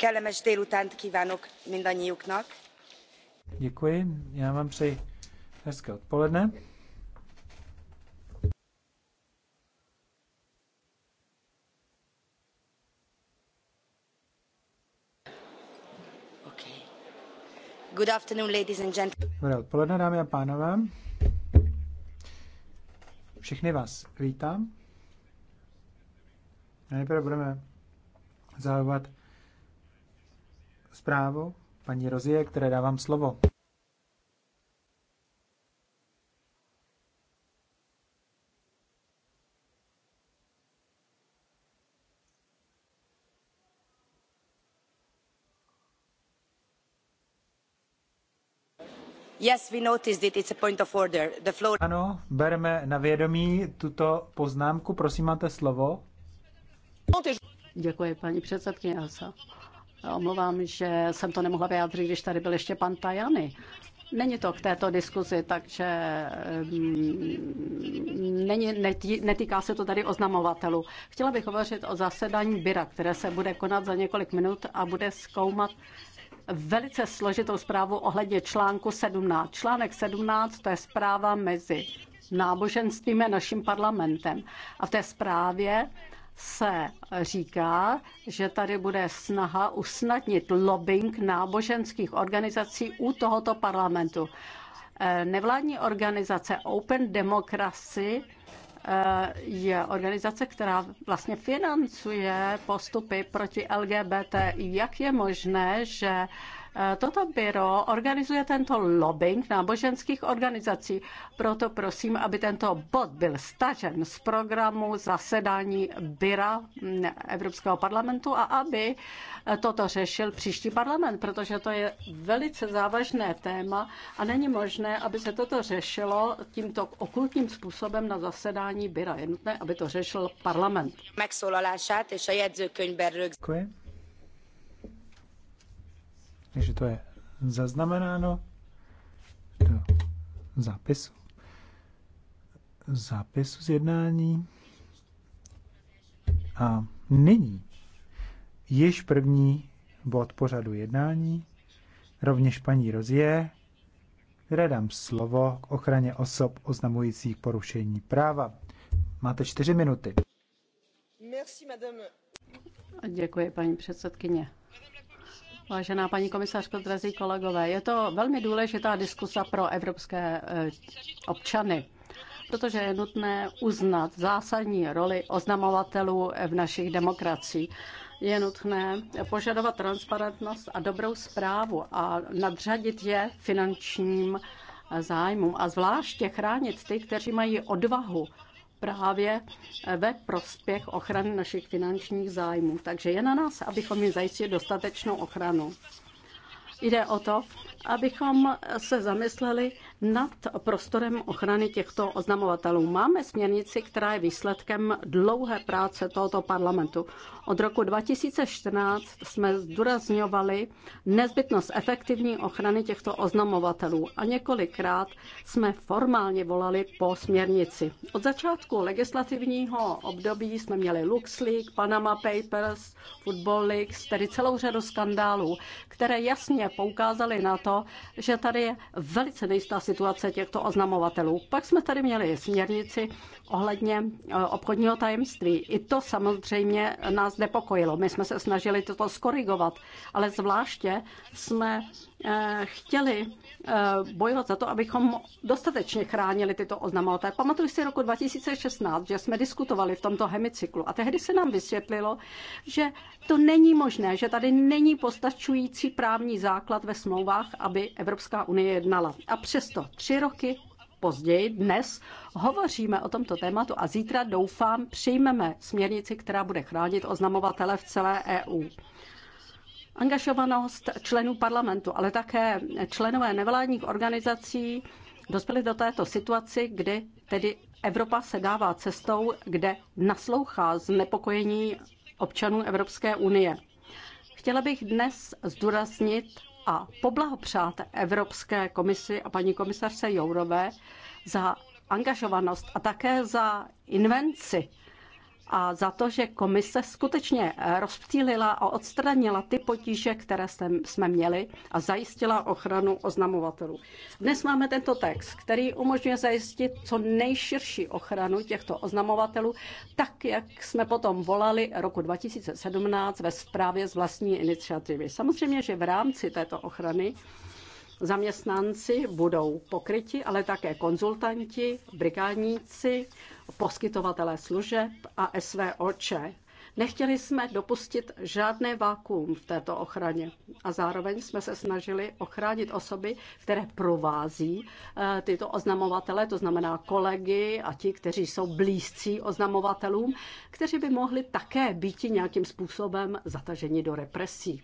kellemes délutánt kívánok mindannyiuknak. Děkuji, já vám přeji hezké odpoledne. Okay. Good afternoon, ladies and gentlemen. Dobré odpoledne, dámy a pánové. Všechny vás vítám. Nejprve budeme zahajovat zprávu paní Rozie, které dávám slovo. Yes, we noticed it. It's a point of order. The floor... Ano, bereme na vědomí tuto poznámku. Prosím, máte slovo. Děkuji, paní předsedkyně Elsa. Omlouvám, že jsem to nemohla vyjádřit, když tady byl ještě pan Tajany. Není to k této diskuzi, takže mm, není, netýká se to tady oznamovatelů. Chtěla bych hovořit o zasedání Byra, které se bude konat za několik minut a bude zkoumat velice složitou zprávu ohledně článku 17. Článek 17 to je zpráva mezi náboženstvím a naším parlamentem. A v té zprávě se říká, že tady bude snaha usnadnit lobbying náboženských organizací u tohoto parlamentu. Eh, nevládní organizace Open Democracy eh, je organizace, která vlastně financuje postupy proti LGBT. Jak je možné, že Eh, toto byro organizuje tento lobbying náboženských organizací, proto prosím, aby tento bod byl stažen z programu zasedání byra mm, Evropského parlamentu a aby eh, toto řešil příští parlament, protože to je velice závažné téma a není možné, aby se toto řešilo tímto okultním způsobem na zasedání byra. Je nutné, aby to řešil parlament. Děkuji. Takže to je zaznamenáno do zápisu. Zápisu z jednání. A nyní již první bod pořadu jednání, rovněž paní Rozie, které dám slovo k ochraně osob oznamujících porušení práva. Máte čtyři minuty. Merci, madame. Děkuji, paní předsedkyně. Vážená paní komisařko, drazí kolegové, je to velmi důležitá diskusa pro evropské eh, občany, protože je nutné uznat zásadní roli oznamovatelů eh, v našich demokraciích. Je nutné požadovat transparentnost a dobrou zprávu a nadřadit je finančním eh, zájmům a zvláště chránit ty, kteří mají odvahu právě ve prospěch ochrany našich finančních zájmů. Takže je na nás, abychom jim zajistili dostatečnou ochranu. Jde o to, abychom se zamysleli nad prostorem ochrany těchto oznamovatelů. Máme směrnici, která je výsledkem dlouhé práce tohoto parlamentu. Od roku 2014 jsme zdůrazňovali nezbytnost efektivní ochrany těchto oznamovatelů a několikrát jsme formálně volali po směrnici. Od začátku legislativního období jsme měli LuxLeak, Panama Papers, Football Leaks, tedy celou řadu skandálů, které jasně poukázaly na to, že tady je velice nejistá situace těchto oznamovatelů. Pak jsme tady měli směrnici ohledně eh, obchodního tajemství. I to samozřejmě nás nepokojilo. My jsme se snažili toto skorigovat, ale zvláště jsme Eh, chtěli eh, bojovat za to, abychom dostatečně chránili tyto oznamovatele. Pamatuju si roku 2016, že jsme diskutovali v tomto hemicyklu a tehdy se nám vysvětlilo, že to není možné, že tady není postačující právní základ ve smlouvách, aby Evropská unie jednala. A přesto tři roky později dnes hovoříme o tomto tématu a zítra doufám přijmeme směrnici, která bude chránit oznamovatele v celé EU. Angažovanost členů parlamentu, ale také členové nevládních organizací dospěli do této situaci, kdy tedy Evropa se dává cestou, kde naslouchá znepokojení občanů Evropské unie. Chtěla bych dnes zdůraznit a poblahopřát Evropské komisi a paní komisařce Jourové za angažovanost a také za invenci a za to, že komise skutečně rozptýlila a odstranila ty potíže, které jsme měli a zajistila ochranu oznamovatelů. Dnes máme tento text, který umožňuje zajistit co nejširší ochranu těchto oznamovatelů, tak jak jsme potom volali roku 2017 ve zprávě z vlastní iniciativy. Samozřejmě, že v rámci této ochrany Zaměstnanci budou pokryti, ale také konzultanti, brigádníci, poskytovatelé služeb a SVOče. Nechtěli jsme dopustit žádné vákuum v této ochraně a zároveň jsme se snažili ochránit osoby, které provází eh, tyto oznamovatele, to znamená kolegy a ti, kteří jsou blízcí oznamovatelům, kteří by mohli také být nějakým způsobem zataženi do represí.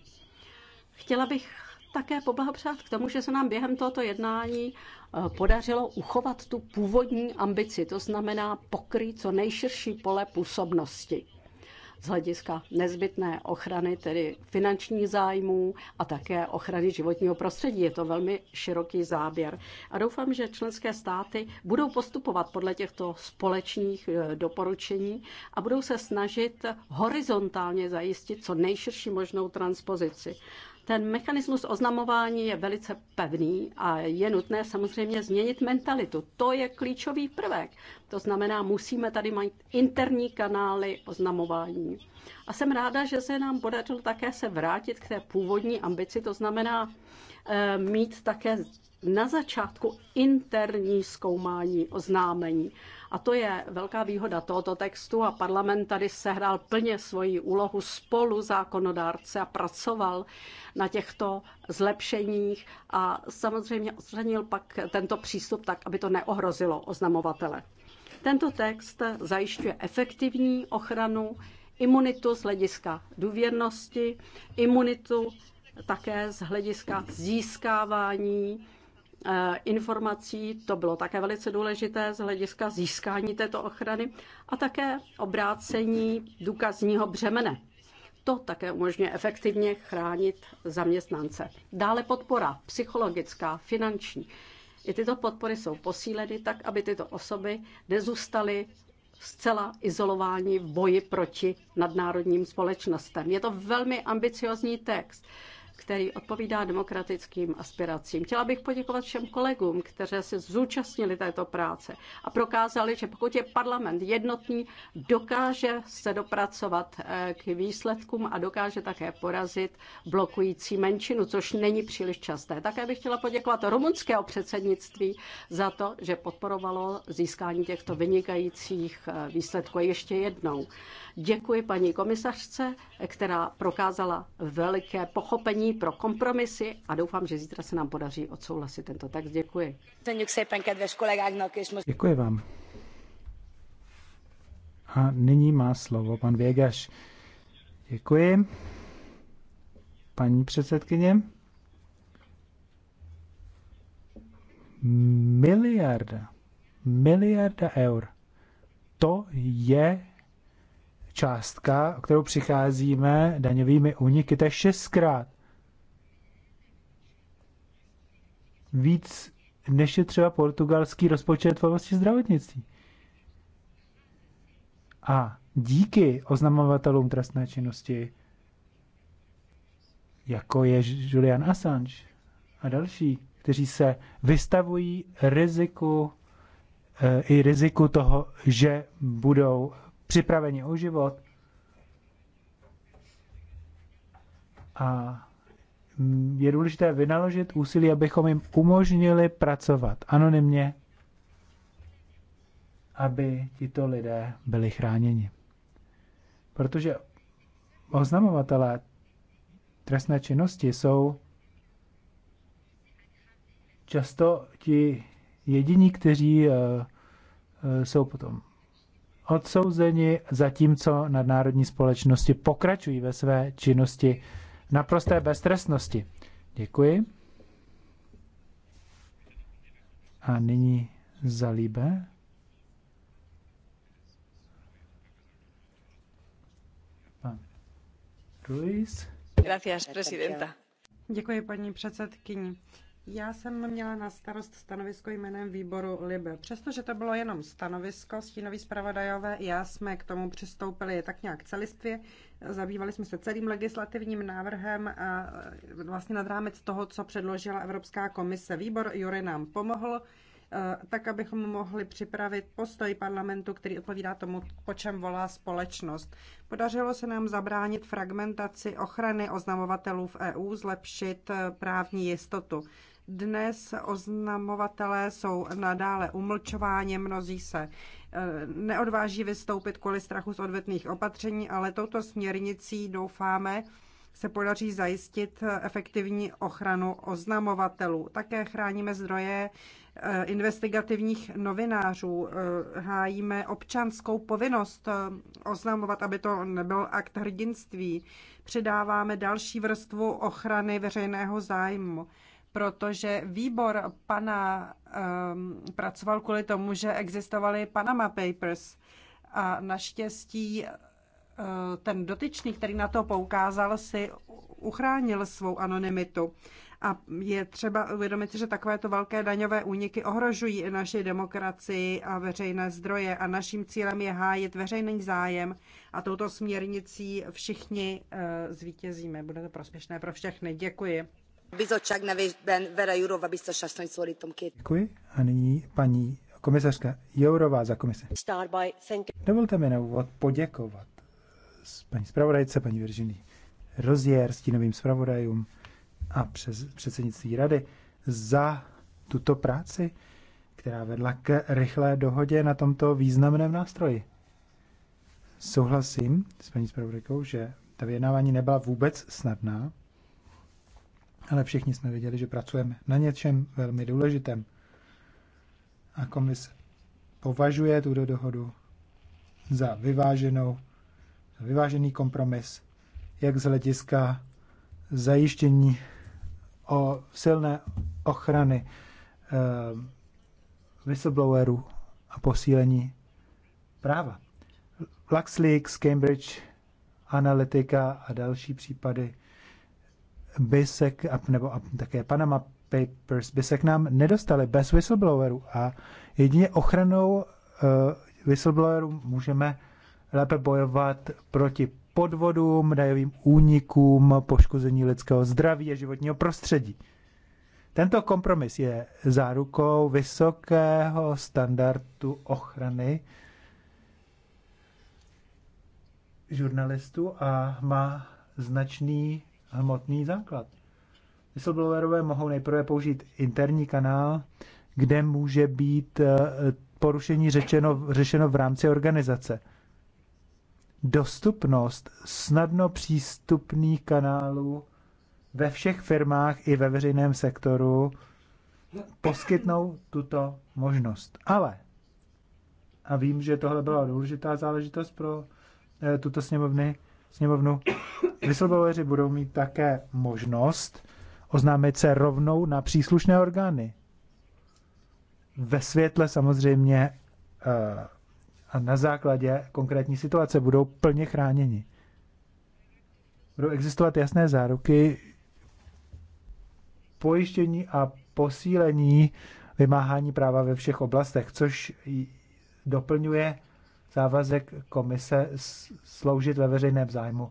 Chtěla bych také poblahopřát k tomu, že se nám během tohoto jednání Eh, podařilo uchovat tu původní ambici, to znamená pokrýt co nejširší pole působnosti z hlediska nezbytné ochrany, tedy finančních zájmů a také ochrany životního prostředí. Je to velmi široký záběr. A doufám, že členské státy budou postupovat podle těchto společných eh, doporučení a budou se snažit horizontálně zajistit co nejširší možnou transpozici. Ten mechanismus oznamování je velice pevný a je nutné samozřejmě změnit mentalitu. To je klíčový prvek. To znamená, musíme tady mít interní kanály oznamování. A jsem ráda, že se nám podařilo také se vrátit k té původní ambici, to znamená e, mít také na začátku interní zkoumání oznámení. A to je velká výhoda tohoto textu a parlament tady sehrál plně svoji úlohu spolu zákonodárce a pracoval na těchto zlepšeních a samozřejmě odstranil pak tento přístup tak, aby to neohrozilo oznamovatele. Tento text zajišťuje efektivní ochranu, imunitu z hlediska důvěrnosti, imunitu také z hlediska získávání Eh, informací, to bylo také velice důležité z hlediska získání této ochrany a také obrácení důkazního břemene. To také umožňuje efektivně chránit zaměstnance. Dále podpora psychologická, finanční. I tyto podpory jsou posíleny tak, aby tyto osoby nezůstaly zcela izolování v boji proti nadnárodním společnostem. Je to velmi ambiciozní text který odpovídá demokratickým aspiracím. Chtěla bych poděkovat všem kolegům, kteří se zúčastnili této práce a prokázali, že pokud je parlament jednotný, dokáže se dopracovat eh, k výsledkům a dokáže také porazit blokující menšinu, což není příliš časté. Také bych chtěla poděkovat rumunského předsednictví za to, že podporovalo získání těchto vynikajících eh, výsledků. A ještě jednou Děkuji paní komisařce, která prokázala veliké pochopení pro kompromisy a doufám, že zítra se nám podaří odsouhlasit tento text. Děkuji. Děkuji vám. A nyní má slovo pan Věgaš. Děkuji. Paní předsedkyně. Miliarda. Miliarda eur. To je částka, o kterou přicházíme daňovými úniky, to je šestkrát. Víc než je třeba portugalský rozpočet v oblasti zdravotnictví. A díky oznamovatelům trestné činnosti, jako je Julian Assange a další, kteří se vystavují riziku eh, i riziku toho, že budou připraveni o život. A je důležité vynaložit úsilí, abychom jim umožnili pracovat anonymně, aby tito lidé byli chráněni. Protože oznamovatelé trestné činnosti jsou často ti jediní, kteří eh, eh, jsou potom odsouzeni, zatímco nadnárodní společnosti pokračují ve své činnosti naprosté beztrestnosti. Děkuji. A nyní zalíbe. Pan Ruiz. Gracias, presidenta. Děkuji, paní předsedkyni. Já jsem měla na starost stanovisko jménem výboru Libe. Přestože to bylo jenom stanovisko, stínový zpravodajové já jsme k tomu přistoupili tak nějak celistvě. Zabývali jsme se celým legislativním návrhem a e, vlastně nad rámec toho, co předložila Evropská komise. Výbor Jury nám pomohl e, tak, abychom mohli připravit postoj parlamentu, který odpovídá tomu, po čem volá společnost. Podařilo se nám zabránit fragmentaci ochrany oznamovatelů v EU, zlepšit e, právní jistotu. Dnes oznamovatelé jsou nadále umlčováni, mnozí se e, neodváží vystoupit kvůli strachu z odvetných opatření, ale touto směrnicí doufáme, se podaří zajistit efektivní ochranu oznamovatelů. Také chráníme zdroje e, investigativních novinářů, e, hájíme občanskou povinnost oznamovat, aby to nebyl akt hrdinství, přidáváme další vrstvu ochrany veřejného zájmu protože výbor pana um, pracoval kvůli tomu, že existovaly Panama Papers. A naštěstí e, ten dotyčný, který na to poukázal, si uchránil svou anonymitu. A je třeba uvědomit, že takovéto velké daňové úniky ohrožují naši demokracii a veřejné zdroje a naším cílem je hájit veřejný zájem a touto směrnicí všichni e, zvítězíme. Bude to prospěšné pro všechny. Děkuji. Bizottság nevében Vera Jurova biztos asszony szólítom két. Děkuji a nyní paní komisařka Jourová za komisi. Dovolte mi na úvod poděkovat paní zpravodajce, paní Virginii Rozier, stínovým zpravodajům a přes předsednictví rady za tuto práci, která vedla k rychlé dohodě na tomto významném nástroji. Souhlasím s paní zpravodajkou, že ta vyjednávání nebyla vůbec snadná ale všichni jsme věděli, že pracujeme na něčem velmi důležitém. A komise považuje tuto dohodu za vyváženou, za vyvážený kompromis, jak z hlediska zajištění o silné ochrany eh, whistleblowerů a posílení práva. LuxLeaks, Cambridge Analytica a další případy by se, nebo také Panama Papers by se k nám nedostali bez whistleblowerů a jedině ochranou uh, eh, whistleblowerů můžeme lépe bojovat proti podvodům, dajovým únikům, poškození lidského zdraví a životního prostředí. Tento kompromis je zárukou vysokého standardu ochrany žurnalistů a má značný hmotný základ. Whistleblowerové mohou nejprve použít interní kanál, kde může být eh, porušení řečeno, řešeno v rámci organizace. Dostupnost snadno přístupných kanálů ve všech firmách i ve veřejném sektoru poskytnou tuto možnost. Ale, a vím, že tohle byla důležitá záležitost pro eh, tuto sněmovny, sněmovnu. Whistleblowery budou mít také možnost oznámit se rovnou na příslušné orgány. Ve světle samozřejmě eh, a na základě konkrétní situace budou plně chráněni. Budou existovat jasné záruky pojištění a posílení vymáhání práva ve všech oblastech, což doplňuje závazek komise sloužit ve veřejném zájmu.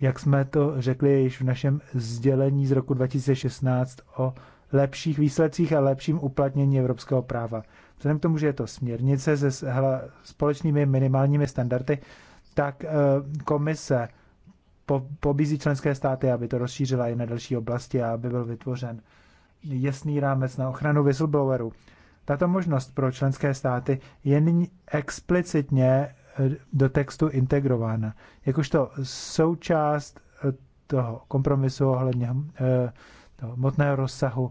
Jak jsme to řekli již v našem sdělení z roku 2016 o lepších výsledcích a lepším uplatnění evropského práva. Vzhledem k tomu, že je to směrnice se společnými minimálními standardy, tak eh, komise pobízí členské státy, aby to rozšířila i na další oblasti a aby byl vytvořen jasný rámec na ochranu whistleblowerů. Tato možnost pro členské státy je nyní explicitně eh, do textu integrována, jakožto součást eh, toho kompromisu ohledně eh, toho motného rozsahu,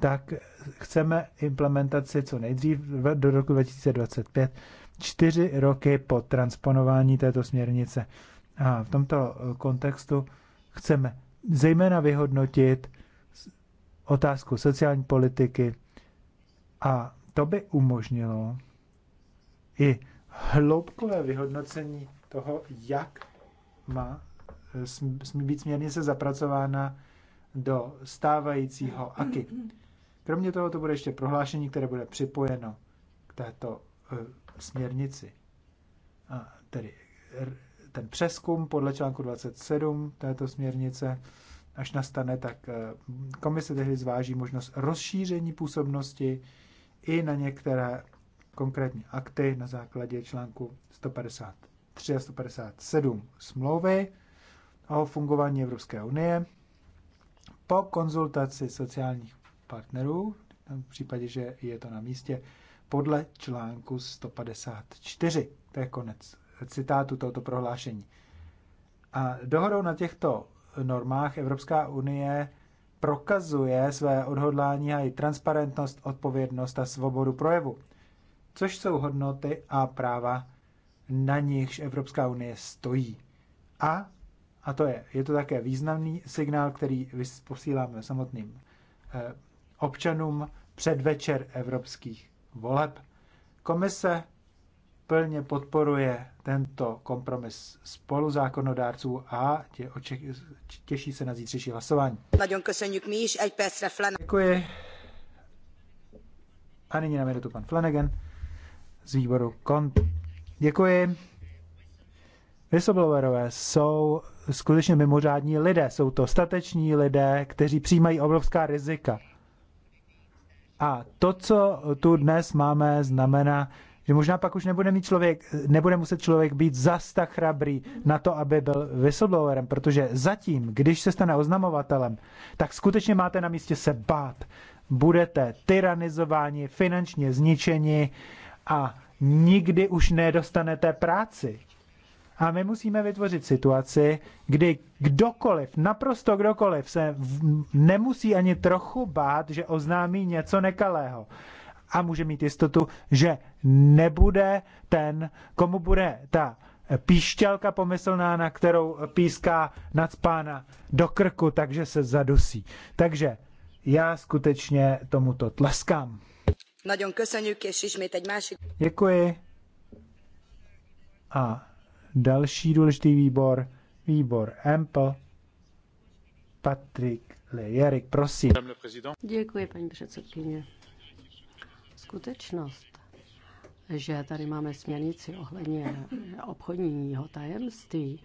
tak chceme implementaci co nejdřív do roku 2025, čtyři roky po transponování této směrnice. A v tomto kontextu chceme zejména vyhodnotit otázku sociální politiky, a to by umožnilo i hloubkové vyhodnocení toho, jak má eh, smí být směrnice zapracována do stávajícího AKI. Kromě toho to bude ještě prohlášení, které bude připojeno k této uh, směrnici. A tedy ten přeskum podle článku 27 této směrnice, až nastane, tak eh, komise tehdy zváží možnost rozšíření působnosti i na některé konkrétní akty na základě článku 153 a 157 smlouvy o fungování Evropské unie po konzultaci sociálních partnerů, v případě, že je to na místě, podle článku 154. To je konec citátu tohoto prohlášení. A dohodou na těchto normách Evropská unie prokazuje své odhodlání a i transparentnost, odpovědnost a svobodu projevu, což jsou hodnoty a práva, na nichž Evropská unie stojí. A, a to je, je to také významný signál, který posíláme samotným eh, občanům předvečer evropských voleb. Komise plně podporuje tento kompromis spolu zákonodárců a tě oče- těší se na zítřejší hlasování. Děkuji. A nyní na minutu pan Flanagan z výboru KONT. Děkuji. Whistleblowerové jsou skutečně mimořádní lidé. Jsou to stateční lidé, kteří přijímají obrovská rizika. A to, co tu dnes máme, znamená, že možná pak už nebude mít člověk, nebude muset člověk být zas tak chrabrý na to, aby byl whistleblowerem, protože zatím, když se stane oznamovatelem, tak skutečně máte na místě se bát. Budete tyranizováni, finančně zničeni a nikdy už nedostanete práci. A my musíme vytvořit situaci, kdy kdokoliv, naprosto kdokoliv, se nemusí ani trochu bát, že oznámí něco nekalého a může mít jistotu, že nebude ten, komu bude ta píšťalka pomyslná, na kterou píská nadspána do krku, takže se zadusí. Takže já skutečně tomuto tleskám. Nagyon köszönjük, és ismét egy másik... Děkuji. A další důležitý výbor, výbor EMPL, Patrik Lejerik, prosím. Děkuji, paní předsedkyně. Skutečnost, že tady máme směrnici ohledně obchodního tajemství,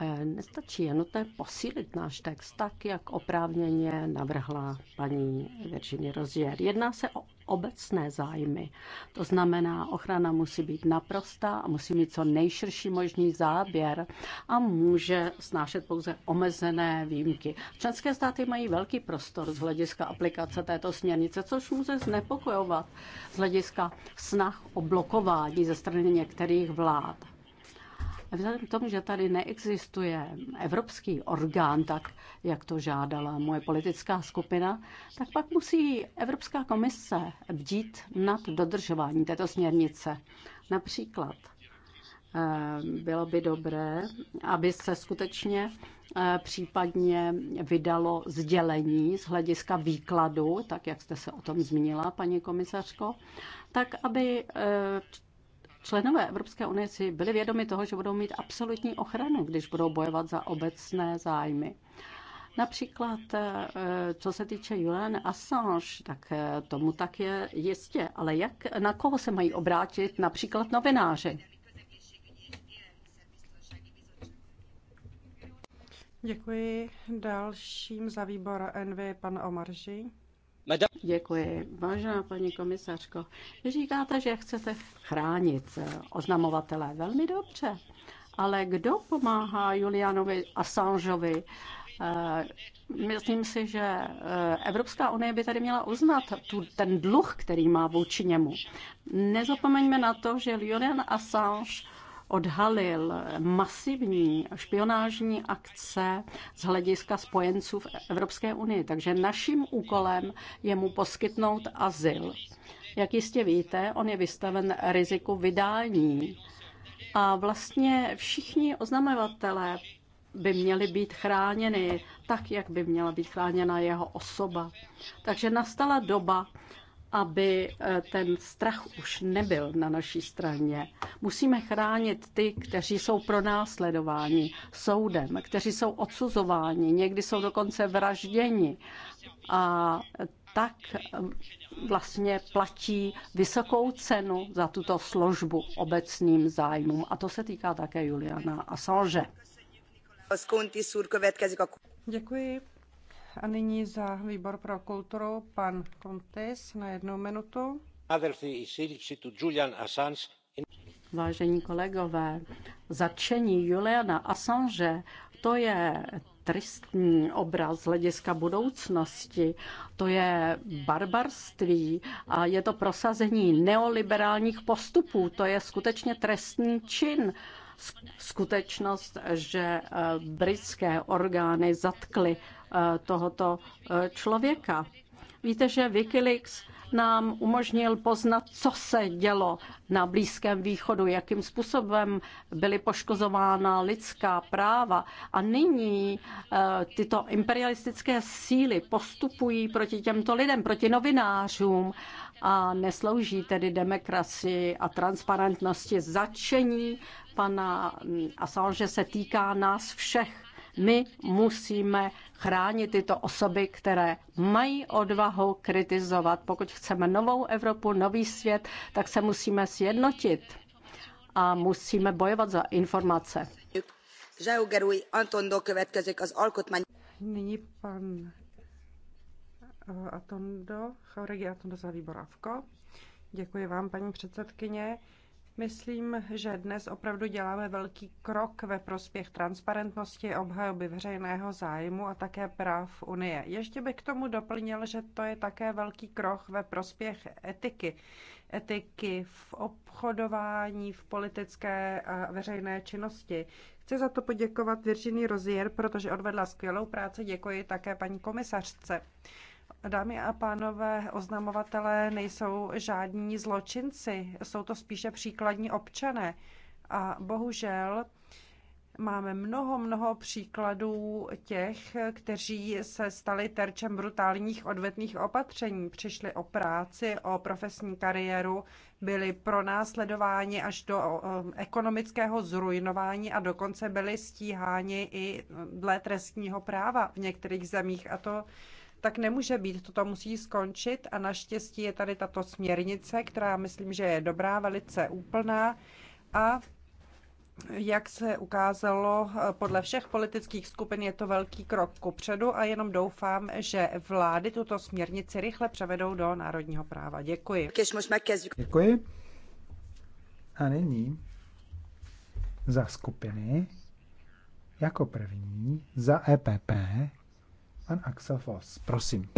eh, nestačí, je nutné posílit náš text tak, jak oprávněně navrhla paní Virginie Rozier. Jedná se o obecné zájmy. To znamená, ochrana musí být naprostá a musí mít co nejširší možný záběr a může snášet pouze omezené výjimky. Členské státy mají velký prostor z hlediska aplikace této směrnice, což může znepokojovat z hlediska snah o blokování ze strany některých vlád. Vzhledem k tomu, že tady neexistuje evropský orgán, tak jak to žádala moje politická skupina, tak pak musí Evropská komise bdít nad dodržování této směrnice. Například eh, bylo by dobré, aby se skutečně eh, případně vydalo sdělení z hlediska výkladu, tak jak jste se o tom zmínila, paní komisařko, tak aby eh, Členové Evropské unie si byli vědomi toho, že budou mít absolutní ochranu, když budou bojovat za obecné zájmy. Například, eh, co se týče Julian Assange, tak eh, tomu tak je jistě. Ale jak, na koho se mají obrátit například novináři? Děkuji. Dalším za výbor NV pan Omarži. Děkuji. Vážená paní komisařko, vy říkáte, že chcete chránit eh, oznamovatele velmi dobře, ale kdo pomáhá Julianovi Assangeovi? Eh, myslím si, že eh, Evropská unie by tady měla uznat tu, ten dluh, který má vůči němu. Nezapomeňme na to, že Julian Assange odhalil masivní špionážní akce z hlediska spojenců v Evropské unii. Takže naším úkolem je mu poskytnout azyl. Jak jistě víte, on je vystaven riziku vydání. A vlastně všichni oznamovatelé by měly být chráněny tak, jak by měla být chráněna jeho osoba. Takže nastala doba, aby eh, ten strach už nebyl na naší straně. Musíme chránit ty, kteří jsou pronásledováni soudem, kteří jsou odsuzováni, někdy jsou dokonce vražděni. A tak eh, vlastně platí vysokou cenu za tuto službu obecným zájmům. A to se týká také Juliana Assange. Děkuji. A nyní za výbor pro kulturu pan Kontes na jednu minutu. Vážení kolegové, zatčení Juliana Assange, to je tristní obraz z hlediska budoucnosti, to je barbarství a je to prosazení neoliberálních postupů, to je skutečně trestný čin skutečnost, že eh, britské orgány zatkly eh, tohoto eh, člověka. Víte, že Wikileaks nám umožnil poznat, co se dělo na Blízkém východu, jakým způsobem byly poškozována lidská práva. A nyní eh, tyto imperialistické síly postupují proti těmto lidem, proti novinářům a neslouží tedy demokracii a transparentnosti. Začení pana Assange se týká nás všech my musíme chránit tyto osoby, které mají odvahu kritizovat. Pokud chceme novou Evropu, nový svět, tak se musíme sjednotit a musíme bojovat za informace. Nyní pan eh, Atondo, Chauregi Atondo za výbor Děkuji vám, paní předsedkyně. Myslím, že dnes opravdu děláme velký krok ve prospěch transparentnosti, obhajoby veřejného zájmu a také práv Unie. Ještě bych k tomu doplnil, že to je také velký krok ve prospěch etiky. Etiky v obchodování, v politické a veřejné činnosti. Chci za to poděkovat Virginie Rozier, protože odvedla skvělou práci. Děkuji také paní komisařce. Dámy a pánové, oznamovatelé nejsou žádní zločinci, jsou to spíše příkladní občané. A bohužel máme mnoho, mnoho příkladů těch, kteří se stali terčem brutálních odvetných opatření, přišli o práci, o profesní kariéru, byli pronásledováni až do ekonomického zrujnování a dokonce byli stíháni i dle trestního práva v některých zemích. A to tak nemůže být. Toto musí skončit a naštěstí je tady tato směrnice, která myslím, že je dobrá, velice úplná a jak se ukázalo, podle všech politických skupin je to velký krok předu a jenom doufám, že vlády tuto směrnici rychle převedou do národního práva. Děkuji. Děkuji. A nyní za skupiny jako první za EPP Pan Axel Voss, prosím.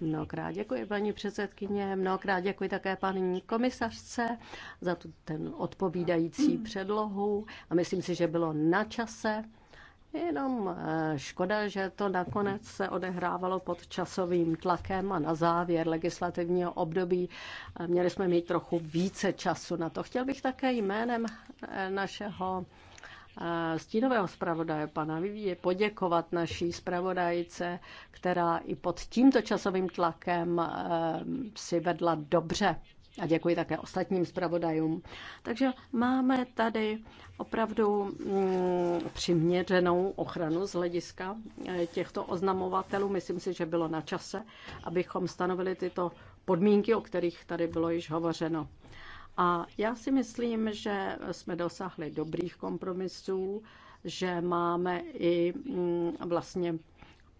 Mnohokrát děkuji, paní předsedkyně, mnohokrát děkuji také paní komisařce za tu ten odpovídající předlohu a myslím si, že bylo na čase. Jenom eh, škoda, že to nakonec se odehrávalo pod časovým tlakem a na závěr legislativního období měli jsme mít trochu více času na to. Chtěl bych také jménem eh, našeho stínového zpravodaje pana Vivie poděkovat naší zpravodajce, která i pod tímto časovým tlakem eh, si vedla dobře. A děkuji také ostatním zpravodajům. Takže máme tady opravdu mm, přiměřenou ochranu z hlediska eh, těchto oznamovatelů. Myslím si, že bylo na čase, abychom stanovili tyto podmínky, o kterých tady bylo již hovořeno. A já si myslím, že jsme dosáhli dobrých kompromisů, že máme i mm, vlastně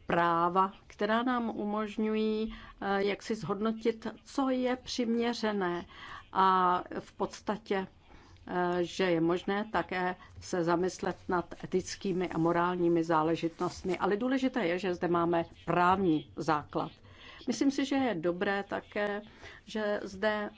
práva, která nám umožňují eh, jak si zhodnotit, co je přiměřené a v podstatě eh, že je možné také se zamyslet nad etickými a morálními záležitostmi, ale důležité je, že zde máme právní základ. Myslím si, že je dobré také, že zde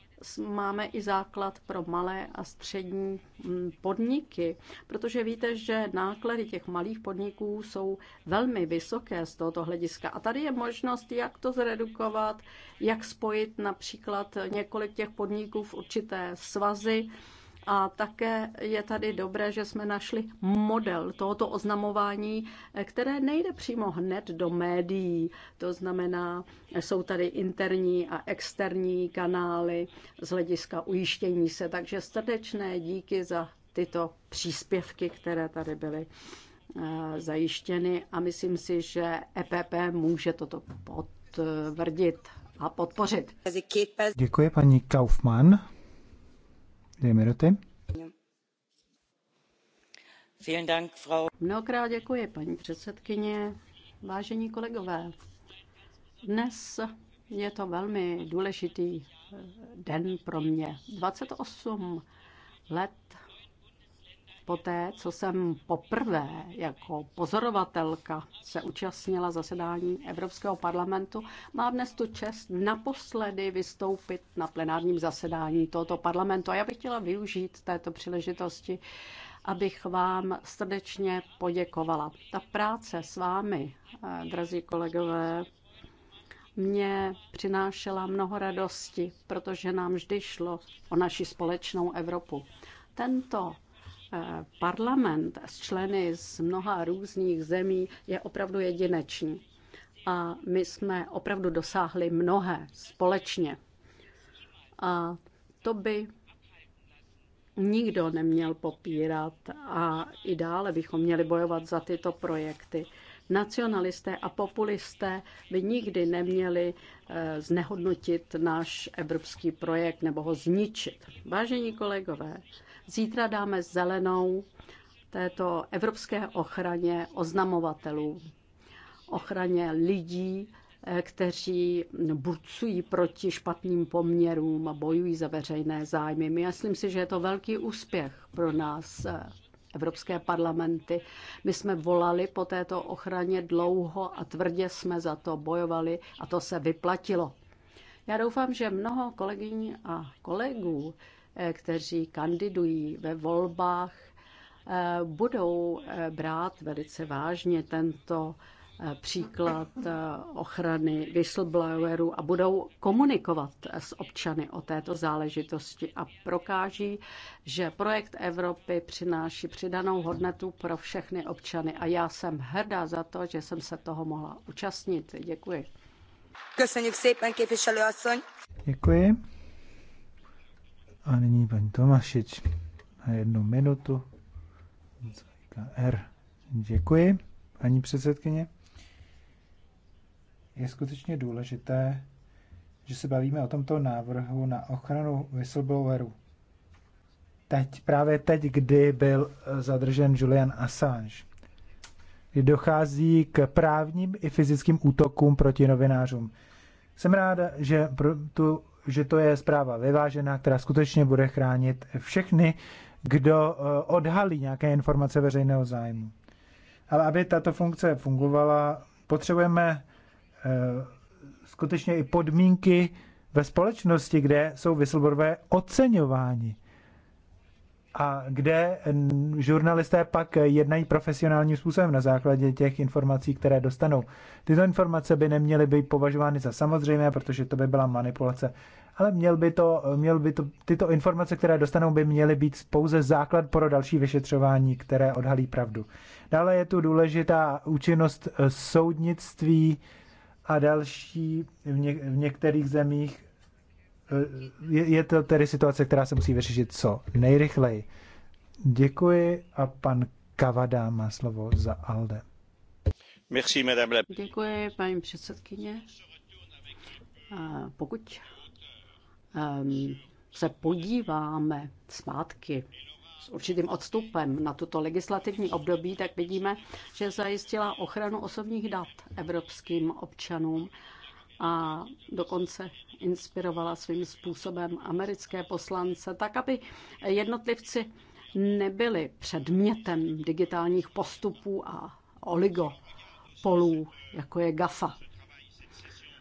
máme i základ pro malé a střední mm, podniky, protože víte, že náklady těch malých podniků jsou velmi vysoké z tohoto hlediska. A tady je možnost, jak to zredukovat, jak spojit například několik těch podniků v určité svazy, a také je tady dobré, že jsme našli model tohoto oznamování, které nejde přímo hned do médií. To znamená, jsou tady interní a externí kanály z hlediska ujištění se. Takže srdečné díky za tyto příspěvky, které tady byly eh, zajištěny a myslím si, že EPP může toto potvrdit a podpořit. Děkuji paní Kaufmann. Dvě minuty. Mnohokrát děkuji, paní předsedkyně. Vážení kolegové, dnes je to velmi důležitý eh, den pro mě. 28 let Poté, co jsem poprvé jako pozorovatelka se účastnila zasedání Evropského parlamentu, mám dnes tu čest naposledy vystoupit na plenárním zasedání tohoto parlamentu. A já bych chtěla využít této příležitosti, abych vám srdečně poděkovala. Ta práce s vámi, eh, drazí kolegové, mě přinášela mnoho radosti, protože nám vždy šlo o naši společnou Evropu. Tento Eh, parlament s členy z mnoha různých zemí je opravdu jedinečný. A my jsme opravdu dosáhli mnohé společně. A to by nikdo neměl popírat a i dále bychom měli bojovat za tyto projekty. Nacionalisté a populisté by nikdy neměli eh, znehodnotit náš evropský projekt nebo ho zničit. Vážení kolegové, Zítra dáme zelenou této evropské ochraně oznamovatelů, ochraně lidí, eh, kteří burcují proti špatným poměrům a bojují za veřejné zájmy. Myslím si, že je to velký úspěch pro nás, eh, evropské parlamenty. My jsme volali po této ochraně dlouho a tvrdě jsme za to bojovali a to se vyplatilo. Já doufám, že mnoho kolegyň a kolegů Eh, kteří kandidují ve volbách, eh, budou eh, brát velice vážně tento příklad ochrany whistleblowerů a budou komunikovat s občany o této záležitosti a prokáží, že projekt Evropy přináší přidanou hodnotu pro všechny občany. A já jsem hrdá za to, že jsem se toho mohla účastnit. Děkuji. Děkuji. A nyní paní Tomašič na jednu minutu. R. Děkuji, paní předsedkyně. Je skutečně důležité, že se bavíme o tomto návrhu na ochranu whistleblowerů. Teď, právě teď, kdy byl zadržen Julian Assange, kdy dochází k právním i fyzickým útokům proti novinářům. Jsem ráda, že tu že to je zpráva vyvážená, která skutečně bude chránit všechny, kdo eh, odhalí nějaké informace veřejného zájmu. Ale aby tato funkce fungovala, potřebujeme eh, skutečně i podmínky ve společnosti, kde jsou whistleblowerové oceňováni a kde žurnalisté pak jednají profesionálním způsobem na základě těch informací, které dostanou. Tyto informace by neměly být považovány za samozřejmé, protože to by byla manipulace. Ale měl by to, měl by to, tyto informace, které dostanou, by měly být pouze základ pro další vyšetřování, které odhalí pravdu. Dále je tu důležitá účinnost e, soudnictví a další v, něk- v některých zemích je, je to tedy situace, která se musí vyřešit co nejrychleji. Děkuji a pan Kavada má slovo za ALDE. Merci, madame Děkuji, paní předsedkyně. A pokud um, se podíváme zpátky s určitým odstupem na tuto legislativní období, tak vidíme, že zajistila ochranu osobních dat evropským občanům a dokonce inspirovala svým způsobem americké poslance, tak aby jednotlivci nebyli předmětem digitálních postupů a oligopolů, jako je GAFA.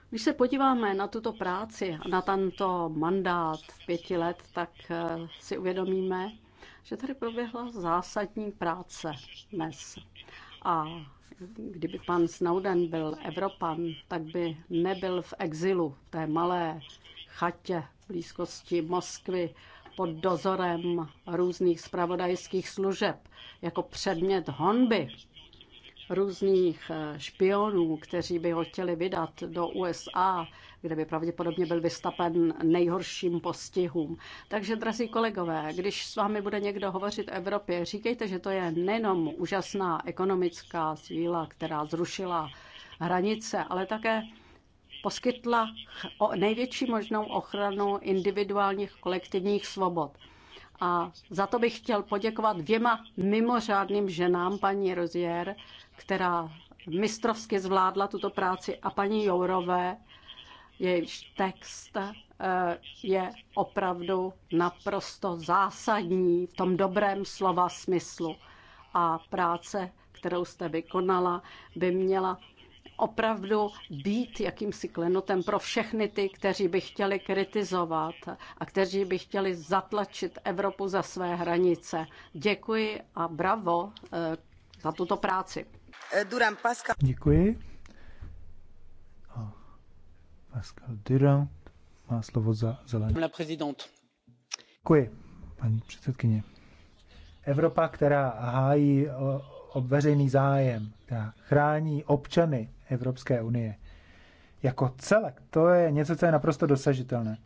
Když se podíváme na tuto práci a na tento mandát v pěti let, tak eh, si uvědomíme, že tady proběhla zásadní práce dnes. A kdyby pan Snowden byl Evropan, tak by nebyl v exilu v té malé chatě v blízkosti Moskvy pod dozorem různých spravodajských služeb jako předmět honby různých eh, špionů, kteří by ho chtěli vydat do USA, kde by pravděpodobně byl vystapen nejhorším postihům. Takže, drazí kolegové, když s vámi bude někdo hovořit o Evropě, říkejte, že to je nejenom úžasná ekonomická síla, která zrušila hranice, ale také poskytla největší možnou ochranu individuálních kolektivních svobod. A za to bych chtěl poděkovat dvěma mimořádným ženám, paní Rozier která mistrovsky zvládla tuto práci a paní Jourové, jejíž text eh, je opravdu naprosto zásadní v tom dobrém slova smyslu. A práce, kterou jste vykonala, by měla opravdu být jakýmsi klenotem pro všechny ty, kteří by chtěli kritizovat a kteří by chtěli zatlačit Evropu za své hranice. Děkuji a bravo eh, za tuto práci. Eh, Duran Pascal. Děkuji. Pascal Duran má slovo za zelené. Děkuji, paní předsedkyně. Evropa, která hájí veřejný zájem, která chrání občany Evropské unie jako celek, to je něco, co je naprosto dosažitelné.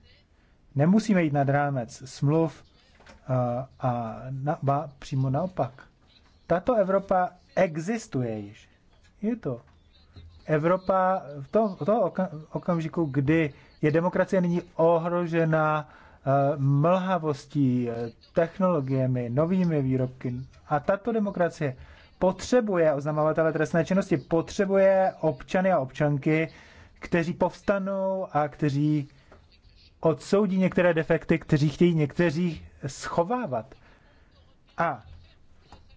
Nemusíme jít nad rámec smluv a, a na, ba, přímo naopak. Tato Evropa existuje již. Je to Evropa v tom, v tom okamžiku, kdy je demokracie nyní ohrožena eh, mlhavostí, eh, technologiemi, novými výrobky. A tato demokracie potřebuje oznamovatele trestné činnosti, potřebuje občany a občanky, kteří povstanou a kteří odsoudí některé defekty, kteří chtějí někteří schovávat. A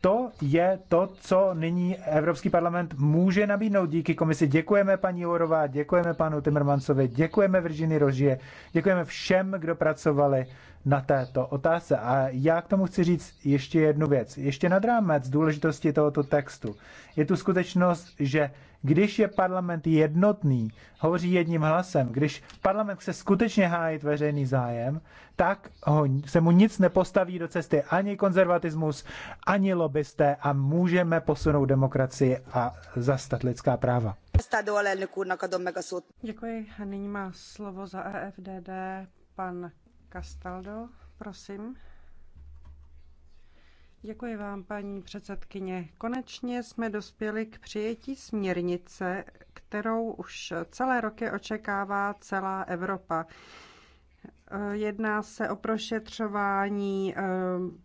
to je to, co nyní Evropský parlament může nabídnout díky komisi. Děkujeme paní Jourová, děkujeme panu Timmermansovi, děkujeme Virginie Rožie, děkujeme všem, kdo pracovali na této otázce. A já k tomu chci říct ještě jednu věc. Ještě nad rámec důležitosti tohoto textu je tu skutečnost, že když je parlament jednotný, hovoří jedním hlasem, když parlament chce skutečně hájit veřejný zájem, tak ho, se mu nic nepostaví do cesty, ani konzervatismus, ani lobbysté a můžeme posunout demokracii a zastat lidská práva. Děkuji. Nyní má slovo za EFDD pan Castaldo, prosím. Děkuji vám, paní předsedkyně. Konečně jsme dospěli k přijetí směrnice, kterou už celé roky očekává celá Evropa. Eh, jedná se o prošetřování eh,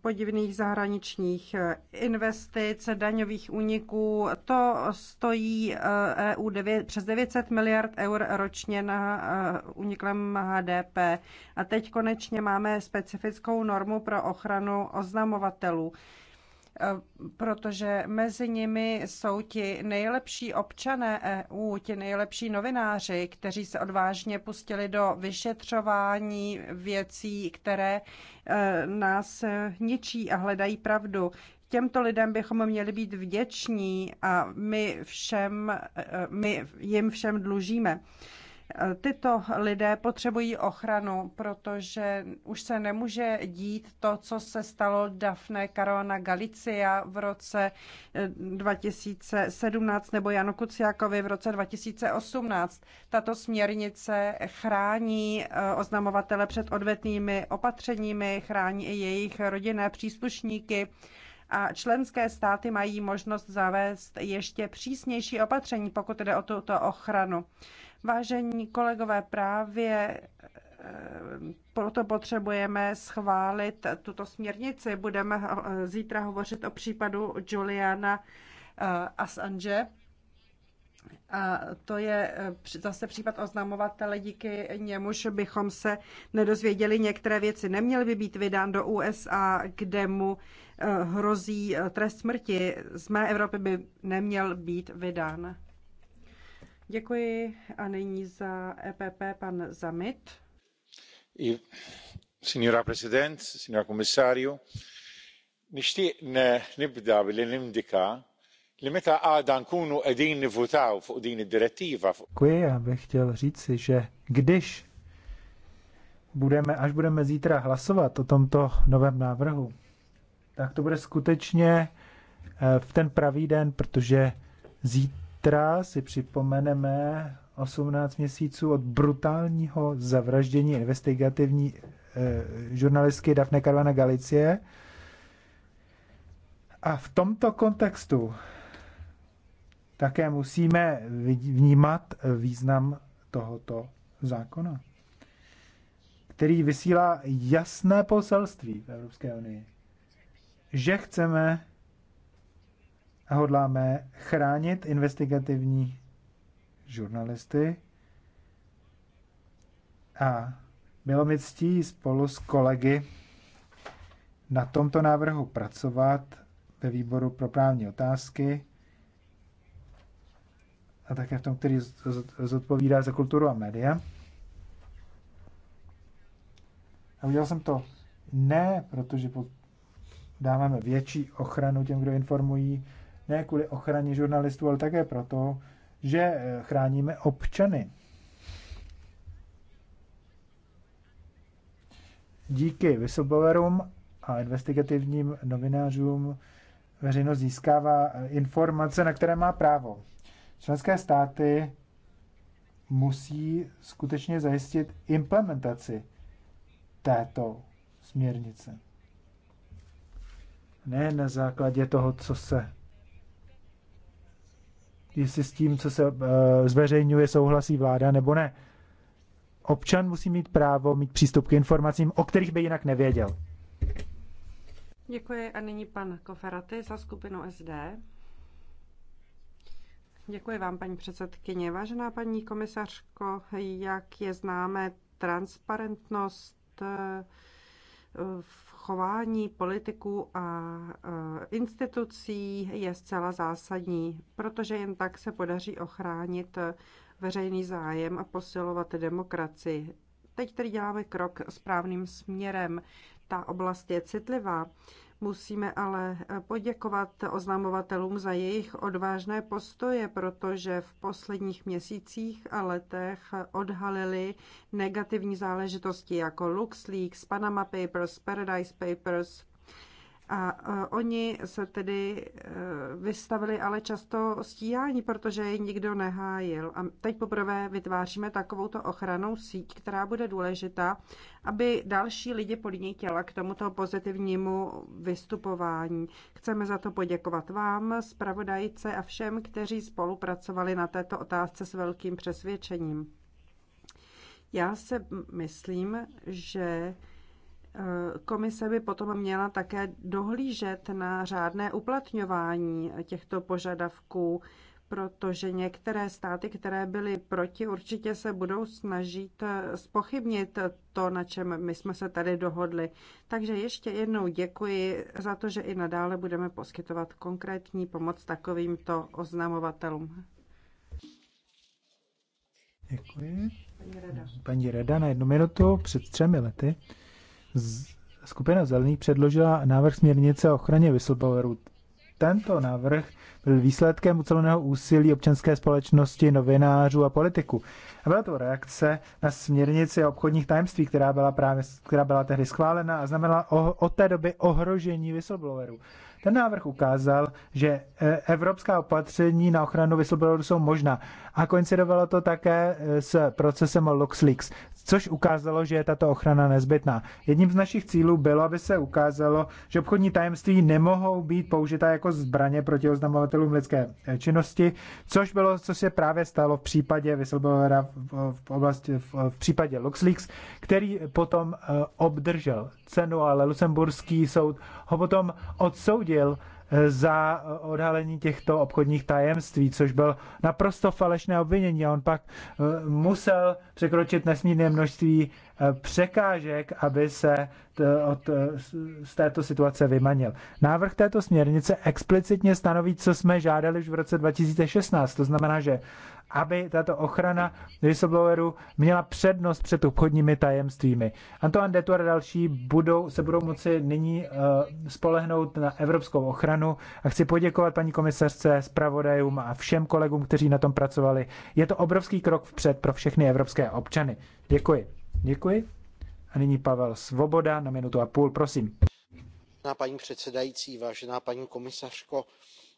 podivných zahraničních eh, investic, daňových úniků. To stojí EU e 9, přes 900 miliard eur ročně na uniklém HDP. A teď konečně máme specifickou normu pro ochranu oznamovatelů protože mezi nimi jsou ti nejlepší občané EU, ti nejlepší novináři, kteří se odvážně pustili do vyšetřování věcí, které e, nás ničí a hledají pravdu. Těmto lidem bychom měli být vděční a my, všem, e, my jim všem dlužíme. Tyto lidé potřebují ochranu, protože už se nemůže dít to, co se stalo Dafne Karona Galicia v roce 2017 eh, nebo Janu Kuciakovi v roce 2018. Tato směrnice chrání eh, oznamovatele před odvetnými opatřeními, chrání i jejich rodinné příslušníky a členské státy mají možnost zavést ještě přísnější opatření, pokud jde o tuto ochranu. Vážení kolegové, právě eh, proto potřebujeme schválit tuto směrnici. Budeme eh, zítra hovořit o případu Juliana eh, Assange. A to je zase případ oznamovatele, díky němuž bychom se nedozvěděli některé věci. Neměl by být vydán do USA, kde mu hrozí trest smrti. Z mé Evropy by neměl být vydán. Děkuji a nyní za EPP pan Zamit. I, signora prezident, signora komisario, nixtieq nibda bil nindika li meta għada kunu edin nivvutaw fuq din id-direttiva. Děkuji, já bych chtěl říci, že když budeme, až budeme zítra hlasovat o tomto novém návrhu, tak to bude skutečně eh, v ten pravý den, protože zítra Zítra si připomeneme 18 měsíců od brutálního zavraždění investigativní eh, žurnalistky Dafne Karvana Galicie. A v tomto kontextu také musíme vnímat význam tohoto zákona, který vysílá jasné poselství v Evropské unii, že chceme a hodláme chránit investigativní žurnalisty. A bylo mi ctí spolu s kolegy na tomto návrhu pracovat ve výboru pro právní otázky a také v tom, který zodpovídá za kulturu a média. A udělal jsem to ne, protože dáváme větší ochranu těm, kdo informují, ne kvůli ochraně žurnalistů, ale také proto, že eh, chráníme občany. Díky whistleblowerům a investigativním novinářům veřejnost získává eh, informace, na které má právo. Členské státy musí skutečně zajistit implementaci této směrnice. Ne na základě toho, co se jestli s tím, co se eh, zveřejňuje, souhlasí vláda nebo ne. Občan musí mít právo mít přístup k informacím, o kterých by jinak nevěděl. Děkuji a nyní pan Koferaty za skupinu SD. Děkuji vám, paní předsedkyně. Vážená paní komisařko, jak je známe, transparentnost eh, v chování politiků a institucí je zcela zásadní, protože jen tak se podaří ochránit veřejný zájem a posilovat demokracii. Teď tedy děláme krok správným směrem. Ta oblast je citlivá Musíme ale eh, poděkovat oznamovatelům za jejich odvážné postoje, protože v posledních měsících a letech odhalili negativní záležitosti jako LuxLeaks, Panama Papers, Paradise Papers, a uh, oni se tedy uh, vystavili ale často stíhání, protože je nikdo nehájil. A teď poprvé vytváříme takovouto ochranou síť, která bude důležitá, aby další lidi podnítila k tomuto pozitivnímu vystupování. Chceme za to poděkovat vám, zpravodajce a všem, kteří spolupracovali na této otázce s velkým přesvědčením. Já se myslím, že Komise by potom měla také dohlížet na řádné uplatňování těchto požadavků, protože některé státy, které byly proti, určitě se budou snažit spochybnit to, na čem my jsme se tady dohodli. Takže ještě jednou děkuji za to, že i nadále budeme poskytovat konkrétní pomoc takovýmto oznamovatelům. Děkuji. Paní Reda. Paní Reda na jednu minutu před třemi lety skupina zelených předložila návrh směrnice o ochraně whistleblowerů. Tento návrh byl výsledkem uceleného úsilí občanské společnosti, novinářů a politiků. A byla to reakce na směrnici o obchodních tajemství, která byla, právě, která byla tehdy schválena a znamenala o, od té doby ohrožení whistleblowerů. Ten návrh ukázal, že e, evropská opatření na ochranu whistleblowerů jsou možná a koincidovalo to také e, s procesem LuxLeaks, což ukázalo, že je tato ochrana nezbytná. Jedním z našich cílů bylo, aby se ukázalo, že obchodní tajemství nemohou být použita jako zbraně proti oznamovatelům lidské e, činnosti, což bylo, co se právě stalo v případě whistleblowera v, oblasti, v případě LuxLeaks, který potom obdržel cenu, ale Lucemburský soud ho potom odsoudil eh, za eh, odhalení těchto obchodních tajemství, což byl naprosto falešné obvinění. A on pak eh, musel překročit nesmírné množství překážek, aby se od, z této situace vymanil. Návrh této směrnice explicitně stanoví, co jsme žádali už v roce 2016. To znamená, že aby tato ochrana whistleblowerů měla přednost před obchodními tajemstvími. Antoine Detour a další budou, se budou moci nyní uh, spolehnout na evropskou ochranu a chci poděkovat paní komisařce, zpravodajům a všem kolegům, kteří na tom pracovali. Je to obrovský krok vpřed pro všechny evropské občany. Děkuji. Děkuji. A nyní Pavel Svoboda na minutu a půl, prosím. Paní předsedající, vážená paní komisařko,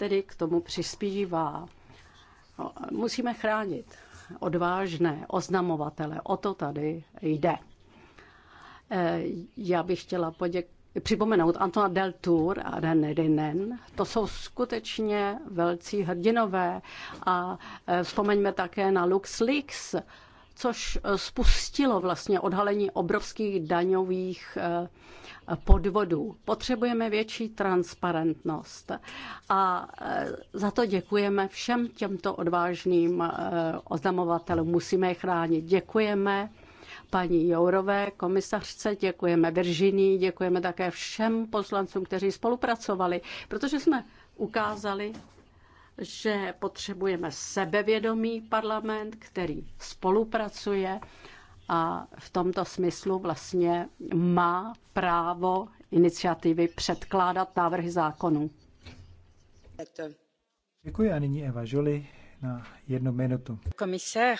tedy k tomu přispívá. No, musíme chránit odvážné oznamovatele, o to tady jde. Eh, já bych chtěla poděkovat připomenout Antona Deltour a René Rinen. To jsou skutečně velcí hrdinové. A eh, vzpomeňme také na Leaks, což eh, spustilo vlastně odhalení obrovských daňových eh, podvodů. Potřebujeme větší transparentnost a eh, za to děkujeme všem těmto odvážným oznamovatelům. Musíme je chránit. Děkujeme paní Jourové, komisařce, děkujeme Viržiní, děkujeme také všem poslancům, kteří spolupracovali, protože jsme ukázali, že potřebujeme sebevědomý parlament, který spolupracuje a v tomto smyslu vlastně má právo iniciativy předkládat návrhy zákonů. Děkuji a nyní Eva Žoli na jednu minutu. Komisér.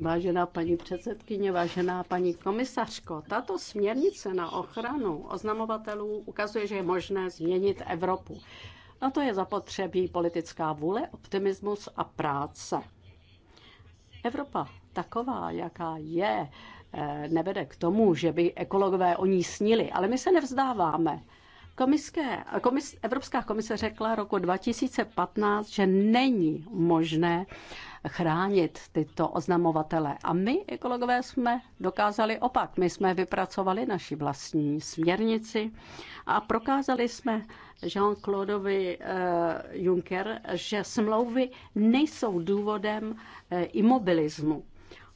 Vážená paní předsedkyně, vážená paní komisařko, tato směrnice na ochranu oznamovatelů ukazuje, že je možné změnit Evropu. Na to je zapotřebí politická vůle, optimismus a práce. Evropa taková, jaká je, eh, nevede k tomu, že by ekologové o ní snili, ale my se nevzdáváme. Komiské, komis, Evropská komise řekla roku 2015, že není možné chránit tyto oznamovatele. A my, ekologové, jsme dokázali opak. My jsme vypracovali naši vlastní směrnici a prokázali jsme Jean-Claudeovi eh, Juncker, že smlouvy nejsou důvodem eh, imobilismu.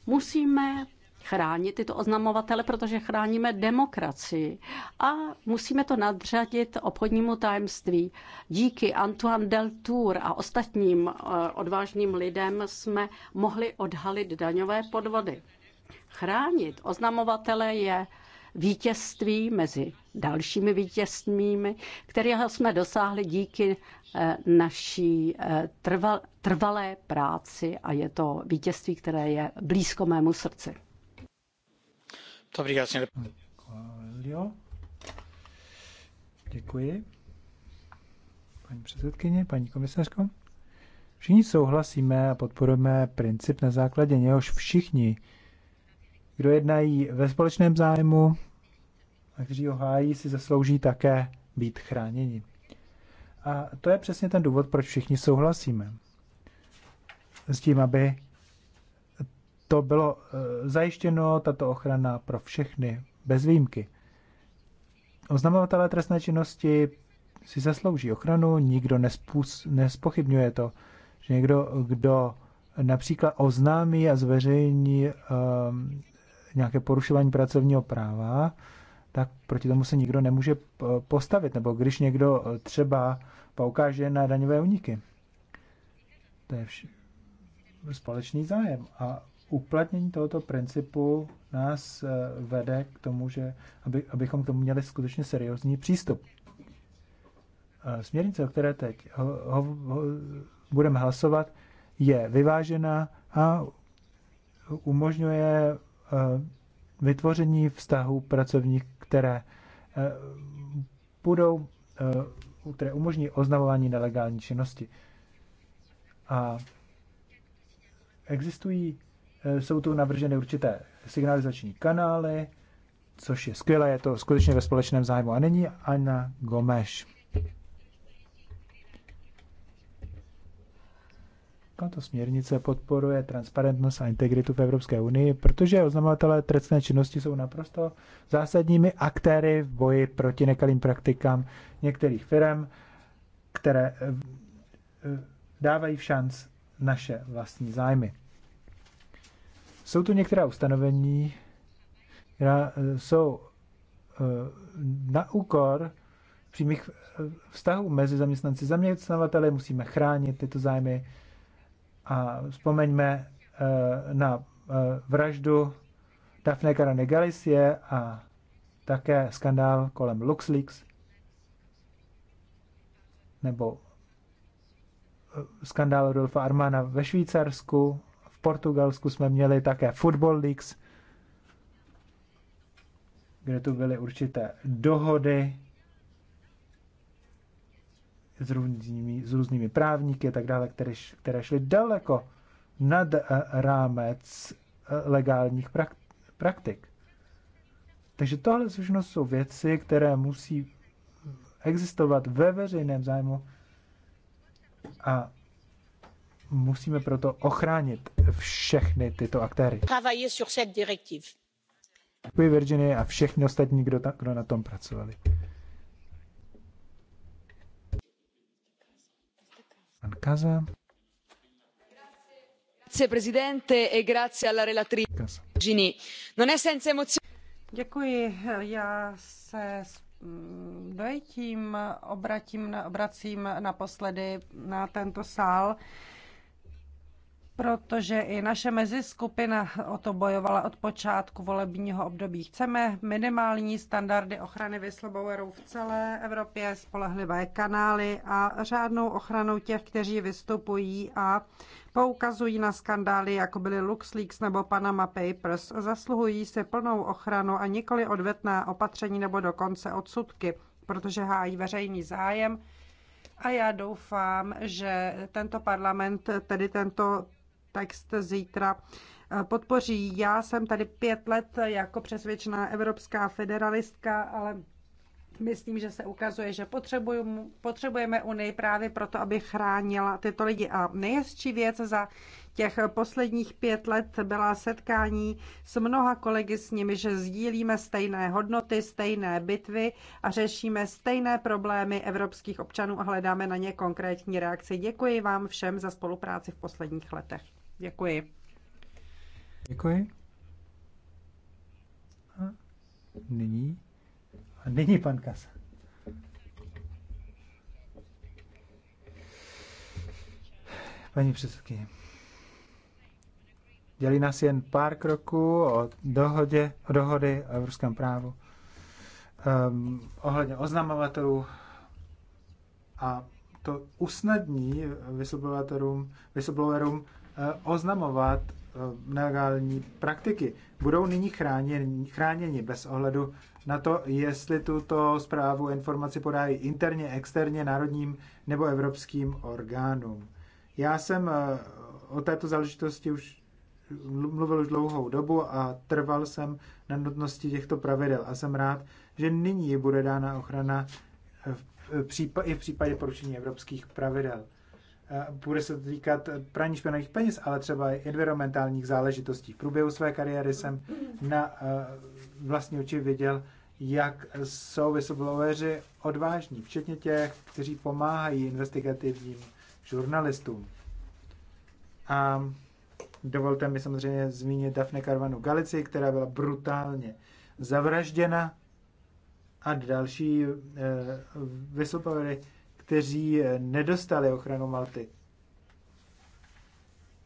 Musíme chránit tyto oznamovatele, protože chráníme demokracii a musíme to nadřadit obchodnímu tajemství. Díky Antoine Deltour a ostatním eh, odvážným lidem jsme mohli odhalit daňové podvody. Chránit oznamovatele je vítězství mezi dalšími vítězstvími, kterého jsme dosáhli díky eh, naší eh, trvalé práci a je to vítězství, které je blízko mému srdci. Děkuji. Paní předsedkyně, paní komisařko. Všichni souhlasíme a podporujeme princip na základě něhož všichni, kdo jednají ve společném zájmu a kteří ho hájí, si zaslouží také být chráněni. A to je přesně ten důvod, proč všichni souhlasíme s tím, aby to bylo eh, zajištěno, tato ochrana pro všechny, bez výjimky. Oznamovatelé trestné činnosti si zaslouží ochranu, nikdo nespůs, nespochybňuje to, že někdo, kdo například oznámí a zveřejní um, nějaké porušování pracovního práva, tak proti tomu se nikdo nemůže eh, postavit, nebo když někdo eh, třeba poukáže na daňové uniky. To je vš- společný zájem. A uplatnění tohoto principu nás eh, vede k tomu, že aby, abychom k tomu měli skutečně seriózní přístup. Eh, směrnice, o které teď ho, ho, ho, budeme hlasovat, je vyvážená a umožňuje eh, vytvoření vztahu pracovních, které budou, které umožní oznamování nelegální činnosti. A existují Eh, jsou tu navrženy určité signalizační kanály, což je skvělé, je to skutečně ve společném zájmu. A není Anna Gomeš. Tato směrnice podporuje transparentnost a integritu v Evropské unii, protože oznamovatelé trestné činnosti jsou naprosto zásadními aktéry v boji proti nekalým praktikám některých firm, které eh, eh, dávají v šanc naše vlastní zájmy. Jsou tu některá ustanovení, která eh, jsou eh, na úkor přímých eh, vztahů mezi zaměstnanci zaměstnavateli, musíme chránit tyto zájmy a vzpomeňme na vraždu Daphne Karane Galicie a také skandál kolem LuxLeaks nebo skandál Rudolfa Armana ve Švýcarsku Portugalsku jsme měli také Football Leagues, kde tu byly určité dohody s různými, s různými právníky a tak dále, které, které šly daleko nad eh, rámec eh, legálních praktik. Takže tohle všechno jsou věci, které musí existovat ve veřejném zájmu a Musíme proto ochránit všechny tyto aktéry. Děkuji Virginie a všechny ostatní, kdo, ta, kdo na tom pracovali. Pan Kaza. Grazie presidente e grazie alla relatrice Děkuji. Já se mm, dojetím obratím, obracím naposledy na tento sál protože i naše meziskupina o to bojovala od počátku volebního období. Chceme minimální standardy ochrany whistleblowerů v celé Evropě, spolehlivé kanály a řádnou ochranu těch, kteří vystupují a poukazují na skandály, jako byly LuxLeaks nebo Panama Papers. Zasluhují se plnou ochranu a nikoli odvetná opatření nebo dokonce odsudky, protože hájí veřejný zájem a já doufám, že tento parlament tedy tento text zítra eh, podpoří. Já jsem tady pět let jako přesvědčená evropská federalistka, ale myslím, že se ukazuje, že potřebujeme Unii právě proto, aby chránila tyto lidi. A nejhezčí věc za těch posledních pět let byla setkání s mnoha kolegy s nimi, že sdílíme stejné hodnoty, stejné bitvy a řešíme stejné problémy evropských občanů a hledáme na ně konkrétní reakci. Děkuji vám všem za spolupráci v posledních letech. Děkuji. Děkuji. A nyní. A nyní pan Kasa. Paní předsedkyně. Dělí nás jen pár kroků o dohodě, o dohody o evropském právu um, ohledně oznamovatelů a to usnadní whistleblowerům, whistleblowerům Eh, oznamovat eh, nelegální praktiky. Budou nyní chráněni, chráněni bez ohledu na to, jestli tuto zprávu informaci podají interně, externě, národním nebo evropským orgánům. Já jsem eh, o této záležitosti už mluvil už dlouhou dobu a trval jsem na nutnosti těchto pravidel a jsem rád, že nyní bude dána ochrana v i v případě porušení evropských pravidel. Eh, bude se to týkat eh, praní špinavých peněz, ale třeba i environmentálních záležitostí. V průběhu své kariéry jsem na eh, vlastní oči viděl, jak jsou whistlebloweri odvážní, včetně těch, kteří pomáhají investigativním žurnalistům. A dovolte mi samozřejmě zmínit Dafne Karvanu Galici, která byla brutálně zavražděna a další e, whistleblowery, kteří eh, nedostali ochranu Malty.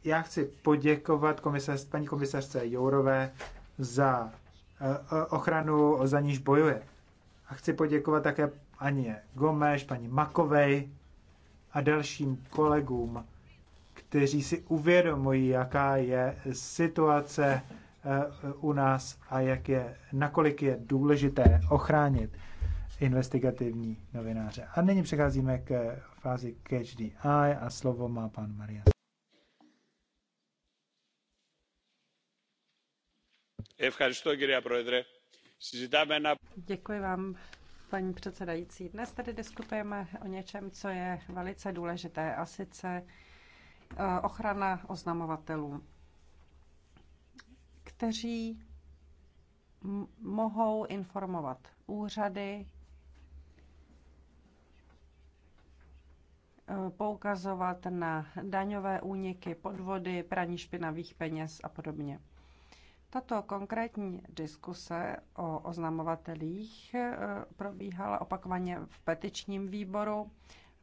Já chci poděkovat komisař, paní komisařce Jourové za eh, eh, ochranu, za níž bojuje. A chci poděkovat také paní Gomeš, paní Makovej a dalším kolegům, kteří si uvědomují, jaká je situace u nás a jak je, nakolik je důležité ochránit investigativní novináře. A nyní přecházíme k fázi KHDI a slovo má pan Marias. Děkuji vám, paní předsedající. Dnes tady diskutujeme o něčem, co je velice důležité, a sice eh, ochrana oznamovatelů, kteří mohou informovat úřady Eh, poukazovat na daňové úniky, podvody, praní špinavých peněz a podobně. Tato konkrétní diskuse o oznamovatelích eh, probíhala opakovaně v petičním výboru,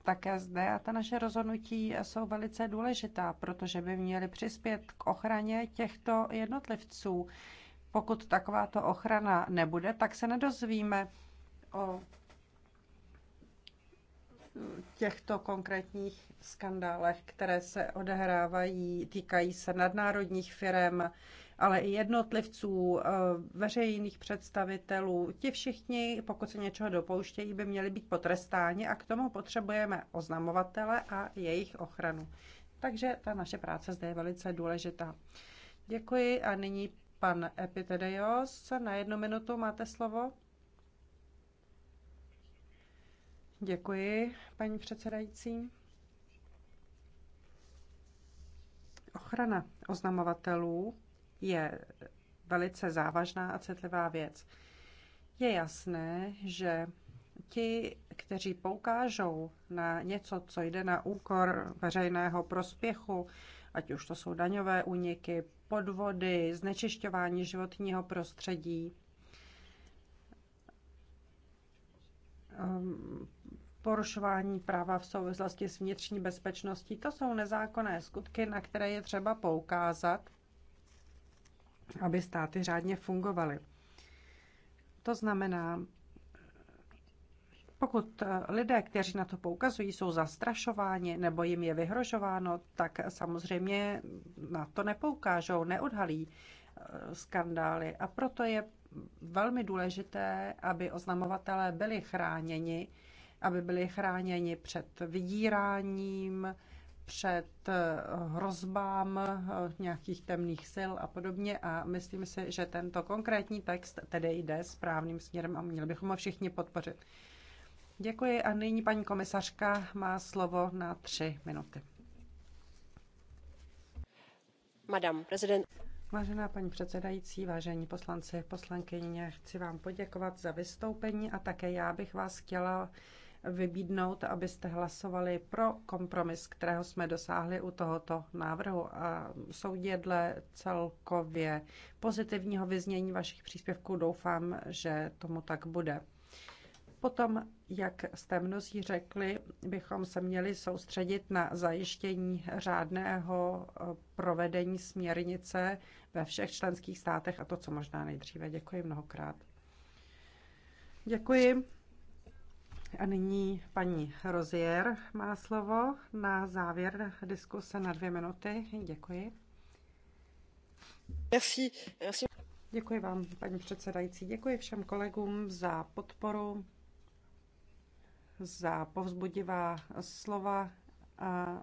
také zde a ta naše rozhodnutí jsou velice důležitá, protože by měly přispět k ochraně těchto jednotlivců. Pokud takováto ochrana nebude, tak se nedozvíme o těchto konkrétních skandálech, které se odehrávají, týkají se nadnárodních firm, ale i jednotlivců, eh, veřejných představitelů. Ti všichni, pokud se něčeho dopouštějí, by měli být potrestáni a k tomu potřebujeme oznamovatele a jejich ochranu. Takže ta naše práce zde je velice důležitá. Děkuji a nyní pan Epitedeios. Na jednu minutu máte slovo. Děkuji, paní předsedající. Ochrana oznamovatelů je velice závažná a citlivá věc. Je jasné, že ti, kteří poukážou na něco, co jde na úkor veřejného prospěchu, ať už to jsou daňové úniky, podvody, znečišťování životního prostředí, porušování práva v souvislosti s vnitřní bezpečností. To jsou nezákonné skutky, na které je třeba poukázat, aby státy řádně fungovaly. To znamená, pokud lidé, kteří na to poukazují, jsou zastrašováni nebo jim je vyhrožováno, tak samozřejmě na to nepoukážou, neodhalí eh, skandály. A proto je velmi důležité, aby oznamovatelé byli chráněni aby byli chráněni před vydíráním, před eh, hrozbám eh, nějakých temných sil a podobně. A myslím si, že tento konkrétní text tedy jde správným směrem a měli bychom ho všichni podpořit. Děkuji a nyní paní komisařka má slovo na tři minuty. Madam prezident. Vážená paní předsedající, vážení poslanci, poslankyně, chci vám poděkovat za vystoupení a také já bych vás chtěla vybídnout, abyste hlasovali pro kompromis, kterého jsme dosáhli u tohoto návrhu a soudě dle celkově pozitivního vyznění vašich příspěvků doufám, že tomu tak bude. Potom, jak jste mnozí řekli, bychom se měli soustředit na zajištění řádného eh, provedení směrnice ve všech členských státech a to, co možná nejdříve. Děkuji mnohokrát. Děkuji. A nyní paní Rozier má slovo na závěr diskuse na dvě minuty. Děkuji. Merci. Merci. Děkuji vám, paní předsedající. Děkuji všem kolegům za podporu, za povzbudivá slova. A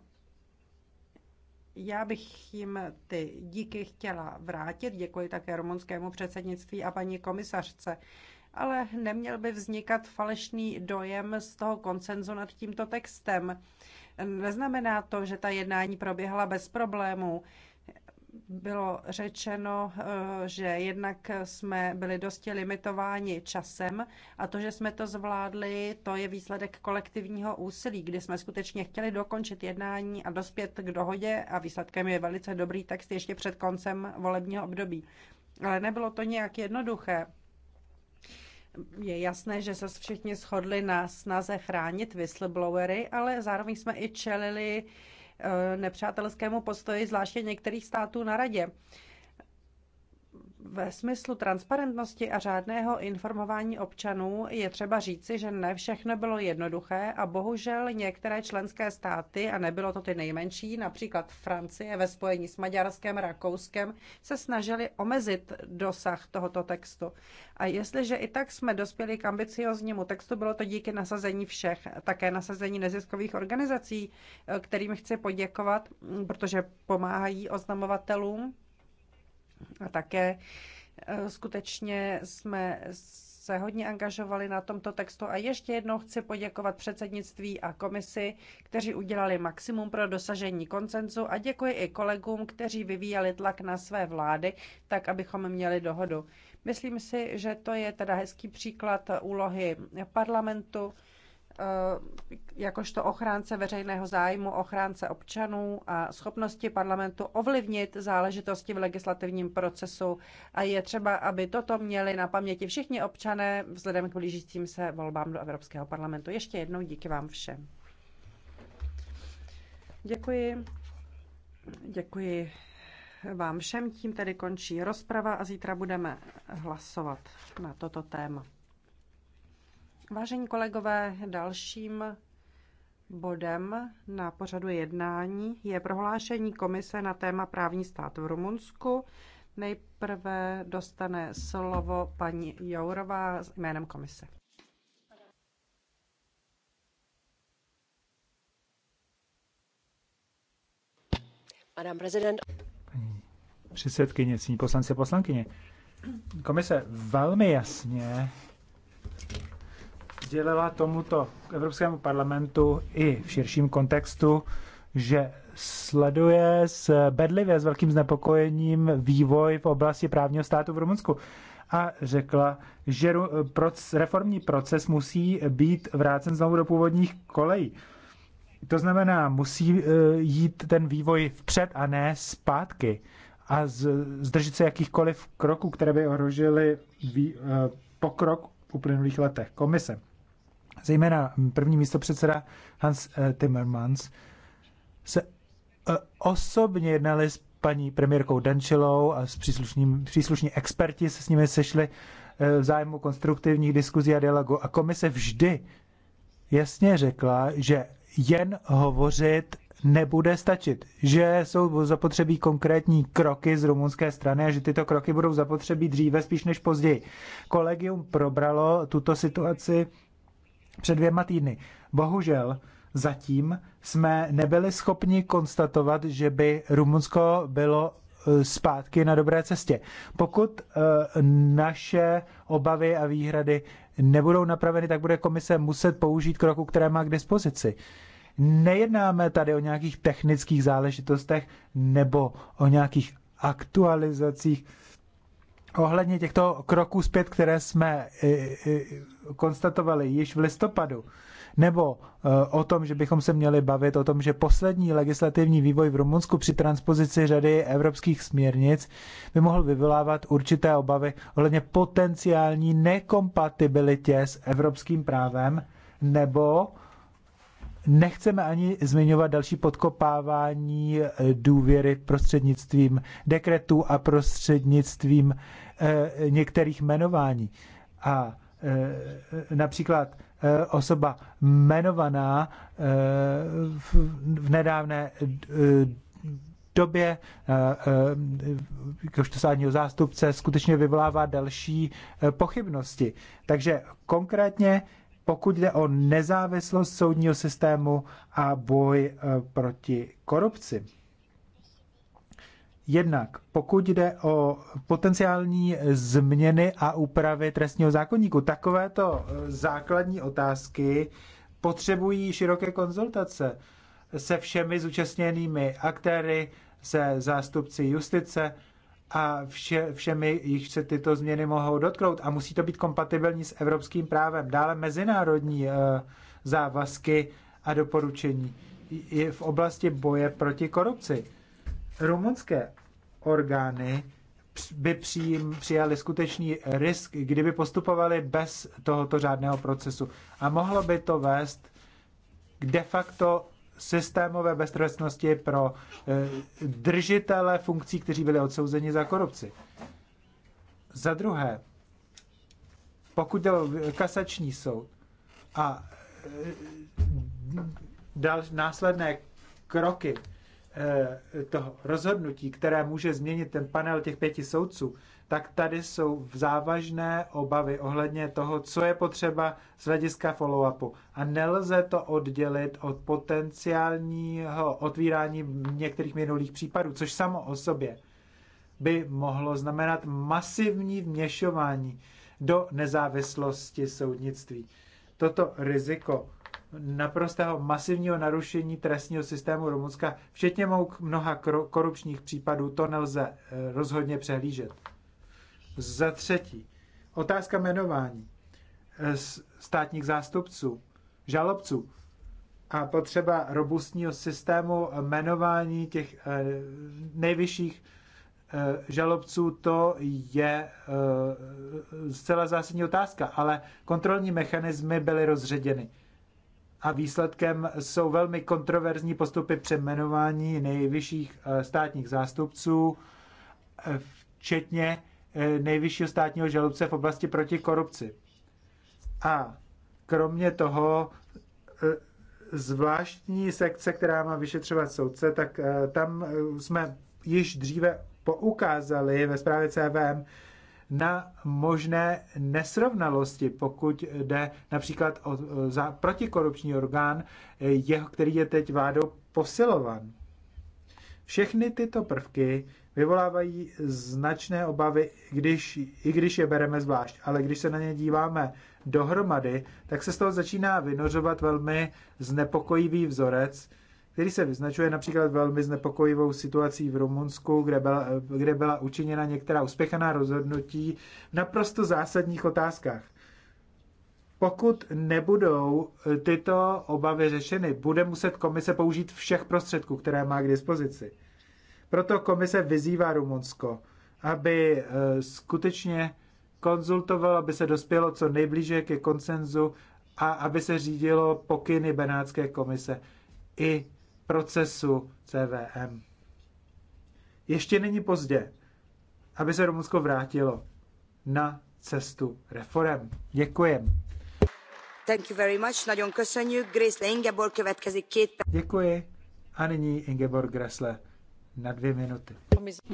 já bych jim ty díky chtěla vrátit. Děkuji také rumunskému předsednictví a paní komisařce ale neměl by vznikat falešný dojem z toho koncenzu nad tímto textem. Neznamená to, že ta jednání proběhla bez problémů. Bylo řečeno, eh, že jednak jsme byli dosti limitováni časem a to, že jsme to zvládli, to je výsledek kolektivního úsilí, kdy jsme skutečně chtěli dokončit jednání a dospět k dohodě a výsledkem je velice dobrý text ještě před koncem volebního období. Ale nebylo to nějak jednoduché je jasné, že se všichni shodli na snaze chránit whistleblowery, ale zároveň jsme i čelili eh, nepřátelskému postoji, zvláště některých států na radě. Ve smyslu transparentnosti a řádného informování občanů je třeba říci, že ne všechno bylo jednoduché a bohužel některé členské státy, a nebylo to ty nejmenší, například Francie ve spojení s Maďarskem, Rakouskem, se snažili omezit dosah tohoto textu. A jestliže i tak jsme dospěli k ambicioznímu textu, bylo to díky nasazení všech, také nasazení neziskových organizací, kterým chci poděkovat, protože pomáhají oznamovatelům a také eh, skutečně jsme se hodně angažovali na tomto textu a ještě jednou chci poděkovat předsednictví a komisi, kteří udělali maximum pro dosažení koncenzu a děkuji i kolegům, kteří vyvíjeli tlak na své vlády, tak abychom měli dohodu. Myslím si, že to je teda hezký příklad úlohy parlamentu. Eh, jakožto ochránce veřejného zájmu, ochránce občanů a schopnosti parlamentu ovlivnit záležitosti v legislativním procesu. A je třeba, aby toto měli na paměti všichni občané vzhledem k blížícím se volbám do Evropského parlamentu. Ještě jednou díky vám všem. Děkuji. Děkuji vám všem. Tím tedy končí rozprava a zítra budeme hlasovat na toto téma. Vážení kolegové, dalším bodem na pořadu jednání je prohlášení komise na téma právní stát v Rumunsku. Nejprve dostane slovo paní Jourová jménem komise. Paní předsedkyně, poslanci a poslankyně, komise velmi jasně sdělila tomuto Evropskému parlamentu i v širším kontextu, že sleduje s bedlivě, s velkým znepokojením vývoj v oblasti právního státu v Rumunsku a řekla, že reformní proces musí být vrácen znovu do původních kolejí. To znamená, musí e, jít ten vývoj vpřed a ne zpátky a zdržet se jakýchkoliv kroků, které by ohrožily e, pokrok v uplynulých letech komise zejména první místo předseda Hans eh, Timmermans, se eh, osobně jednali s paní premiérkou Dančilou a s příslušným, příslušní experti se s nimi sešli eh, v zájmu konstruktivních diskuzí a dialogu. A komise vždy jasně řekla, že jen hovořit nebude stačit, že jsou zapotřebí konkrétní kroky z rumunské strany a že tyto kroky budou zapotřebí dříve, spíš než později. Kolegium probralo tuto situaci před dvěma týdny. Bohužel zatím jsme nebyli schopni konstatovat, že by Rumunsko bylo e, zpátky na dobré cestě. Pokud e, naše obavy a výhrady nebudou napraveny, tak bude komise muset použít kroku, které má k dispozici. Nejednáme tady o nějakých technických záležitostech nebo o nějakých aktualizacích ohledně těchto kroků zpět, které jsme eh, eh, konstatovali již v listopadu, nebo eh, o tom, že bychom se měli bavit o tom, že poslední legislativní vývoj v Rumunsku při transpozici řady evropských směrnic by mohl vyvolávat určité obavy ohledně potenciální nekompatibilitě s evropským právem, nebo nechceme ani zmiňovat další podkopávání důvěry prostřednictvím dekretů a prostřednictvím Eh, některých jmenování. A eh, například eh, osoba jmenovaná v nedávné době jakožto státního zástupce skutečně vyvolává další pochybnosti. Takže konkrétně pokud jde o nezávislost soudního systému a boj proti korupci. Jednak pokud jde o potenciální změny a úpravy trestního zákonníku, takovéto e, základní otázky potřebují široké konzultace se všemi zúčastněnými aktéry, se zástupci justice a vše, všemi, jich se tyto změny mohou dotknout. A musí to být kompatibilní s evropským právem. Dále mezinárodní e, závazky a doporučení v oblasti boje proti korupci rumunské orgány by přijím, přijali skutečný risk, kdyby postupovali bez tohoto řádného procesu. A mohlo by to vést k de facto systémové beztrestnosti pro e, držitele funkcí, kteří byli odsouzeni za korupci. Za druhé, pokud jde o kasační soud a e, dal, následné kroky, Eh, toho rozhodnutí, které může změnit ten panel těch pěti soudců, tak tady jsou závažné obavy ohledně toho, co je potřeba z hlediska follow-upu. A nelze to oddělit od potenciálního otvírání některých minulých případů, což samo o sobě by mohlo znamenat masivní vměšování do nezávislosti soudnictví. Toto riziko naprostého masivního narušení trestního systému Rumunska, včetně mnoha korupčních případů, to nelze eh, rozhodně přehlížet. Za třetí, otázka jmenování eh, státních zástupců, žalobců a potřeba robustního systému jmenování těch eh, nejvyšších žalobců, to je zcela zásadní otázka, ale kontrolní mechanismy byly rozředěny a výsledkem jsou velmi kontroverzní postupy přeměnování nejvyšších eh, státních zástupců, eh, včetně eh, nejvyššího státního žalobce v oblasti proti korupci. A kromě toho zvláštní sekce, která má vyšetřovat soudce, tak tam jsme již dříve poukázali ve zprávě CVM, na možné nesrovnalosti, pokud jde například o za protikorupční orgán, jeho, který je teď vládou posilovan. Všechny tyto prvky vyvolávají značné obavy, když, i když je bereme zvlášť, ale když se na ně díváme dohromady, tak se z toho začíná vynořovat velmi znepokojivý vzorec, který se vyznačuje například velmi znepokojivou situací v Rumunsku, kde byla, kde byla učiněna některá uspěchaná rozhodnutí v naprosto zásadních otázkách. Pokud nebudou eh, tyto obavy řešeny, bude muset komise použít všech prostředků, které má k dispozici. Proto komise vyzývá Rumunsko, aby eh, skutečně konzultovalo, aby se dospělo co nejblíže ke koncenzu a aby se řídilo pokyny Benátské komise i procesu CVM. Ještě není pozdě, aby se Rumunsko vrátilo na cestu reform. Děkujem. Thank you very much. Nagyon köszönjük. Grészle Ingeborg következik két Děkuji. A nyní Ingeborg Gressle na dvě minuty.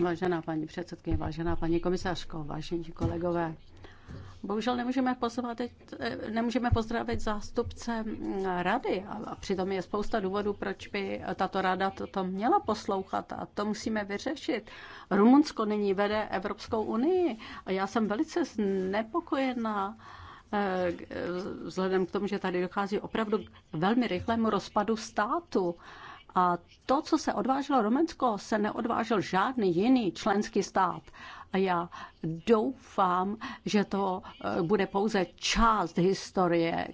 Vážená paní předsedkyně, vážená paní komisařko, vážení kolegové, Bohužel nemůžeme, pozvat, eh, nemůžeme pozdravit zástupce mm, rady a přitom je spousta důvodů, proč by tato rada to měla poslouchat a to musíme vyřešit. Rumunsko nyní vede Evropskou unii a já jsem velice znepokojená eh, eh, vzhledem k tomu, že tady dochází opravdu k velmi rychlému rozpadu státu a to, co se odvážilo Romensko, se neodvážil žádný jiný členský stát. A já doufám, že to eh, bude pouze část historie,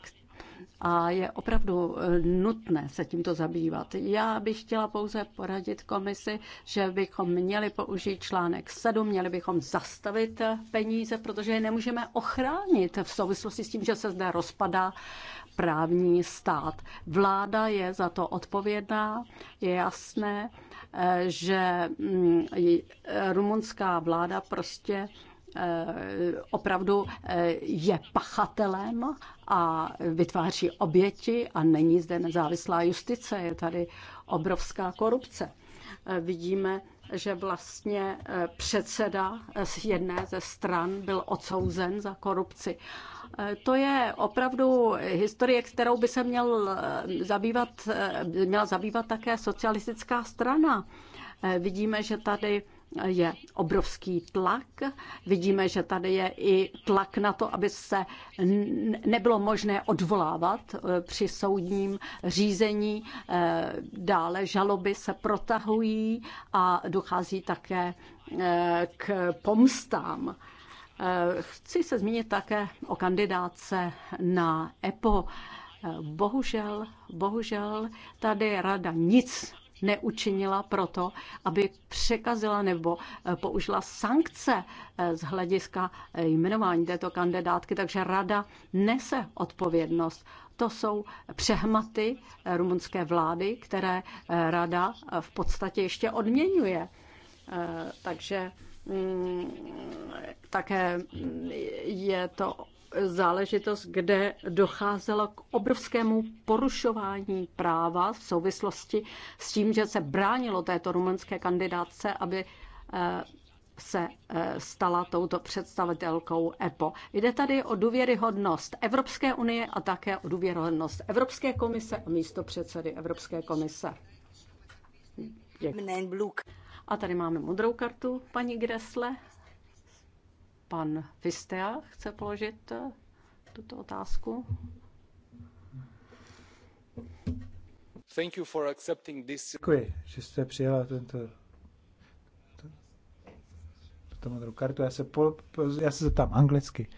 a je opravdu eh, nutné se tímto zabývat. Já bych chtěla pouze poradit komisi, že bychom měli použít článek 7, měli bychom zastavit eh, peníze, protože je nemůžeme ochránit v souvislosti s tím, že se zde rozpadá právní stát. Vláda je za to odpovědná, je jasné, eh, že mm, rumunská vláda prostě eh, opravdu eh, je pachatelem a vytváří oběti a není zde nezávislá justice, je tady obrovská korupce. Vidíme, že vlastně předseda z jedné ze stran byl odsouzen za korupci. Eh, to je opravdu historie, kterou by se měl eh, zabývat, eh, měla zabývat také socialistická strana. Vidíme, že tady je obrovský tlak. Vidíme, že tady je i tlak na to, aby se nebylo možné odvolávat při soudním řízení. Dále žaloby se protahují a dochází také k pomstám. Eh, chci se zmínit také o kandidáce na EPO. Eh, bohužel, bohužel tady rada nic neučinila proto, aby překazila nebo eh, použila sankce z hlediska jmenování této kandidátky, takže rada nese odpovědnost. To jsou přehmaty rumunské vlády, které rada v podstatě ještě odměňuje. Takže Mm, také je to záležitost, kde docházelo k obrovskému porušování práva v souvislosti s tím, že se bránilo této rumunské kandidátce, aby eh, se eh, stala touto představitelkou EPO. Jde tady o důvěryhodnost Evropské unie a také o důvěryhodnost Evropské komise a místo předsedy Evropské komise. Děkuji. A tady máme modrou kartu paní Gresle. Pan Fistea chce položit eh, tuto otázku. Thank you for accepting this. Děkuji, že jste přijala tento, tuto modrou kartu. Já se, po, já se zeptám anglicky,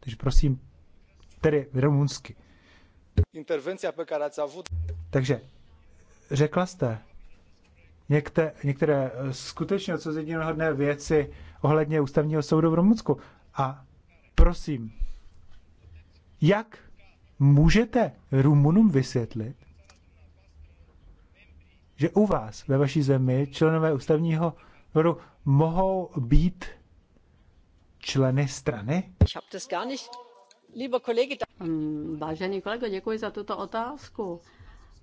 takže prosím, tedy rumunsky. Intervence, pe care ați avut. Takže řekla jste, některé, některé eh, skutečně odsouzeníhodné věci ohledně ústavního soudu v Rumunsku. A prosím, jak můžete Rumunům vysvětlit, že u vás ve vaší zemi členové ústavního soudu mohou být členy strany? Hm, vážený kolego, děkuji za tuto otázku,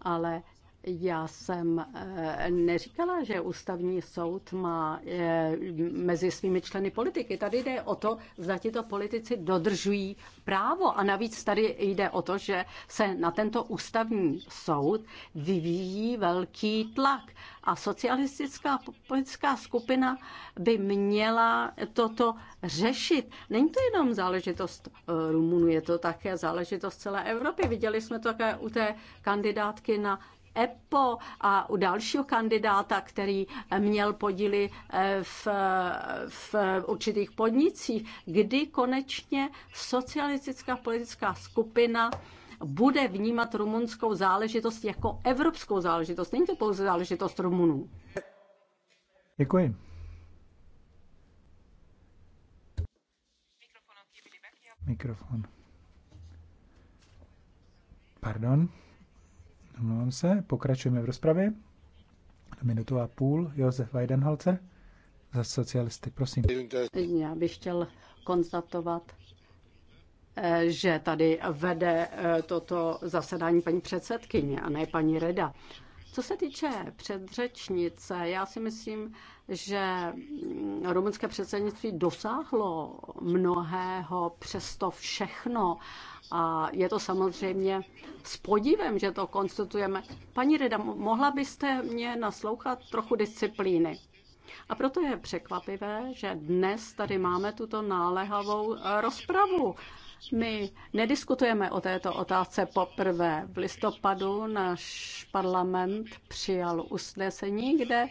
ale já jsem eh, neříkala, že ústavní soud má eh, mezi svými členy politiky. Tady jde o to, zda tito politici dodržují právo. A navíc tady jde o to, že se na tento ústavní soud vyvíjí velký tlak. A socialistická politická skupina by měla toto řešit. Není to jenom záležitost eh, Rumunů, je to také záležitost celé Evropy. Viděli jsme to také u té kandidátky na EPO a u dalšího kandidáta, který měl podíly eh, v, v určitých podnicích, kdy konečně socialistická politická skupina bude vnímat rumunskou záležitost jako evropskou záležitost. Není to pouze záležitost Rumunů. Děkuji. Mikrofon. Pardon. Omlouvám se, pokračujeme v rozpravě. Minutu a půl, Josef Weidenhalzer za socialisty, prosím. Já bych chtěl konstatovat, eh, že tady vede eh, toto zasedání paní předsedkyně a ne paní Reda. Co se týče předřečnice, já si myslím, že rumunské předsednictví dosáhlo mnohého, přesto všechno. A je to samozřejmě s podívem, že to konstatujeme. Paní Reda, mohla byste mě naslouchat trochu disciplíny? A proto je překvapivé, že dnes tady máme tuto náléhavou eh, rozpravu. My nediskutujeme o této otázce poprvé. V listopadu náš parlament přijal usnesení, kde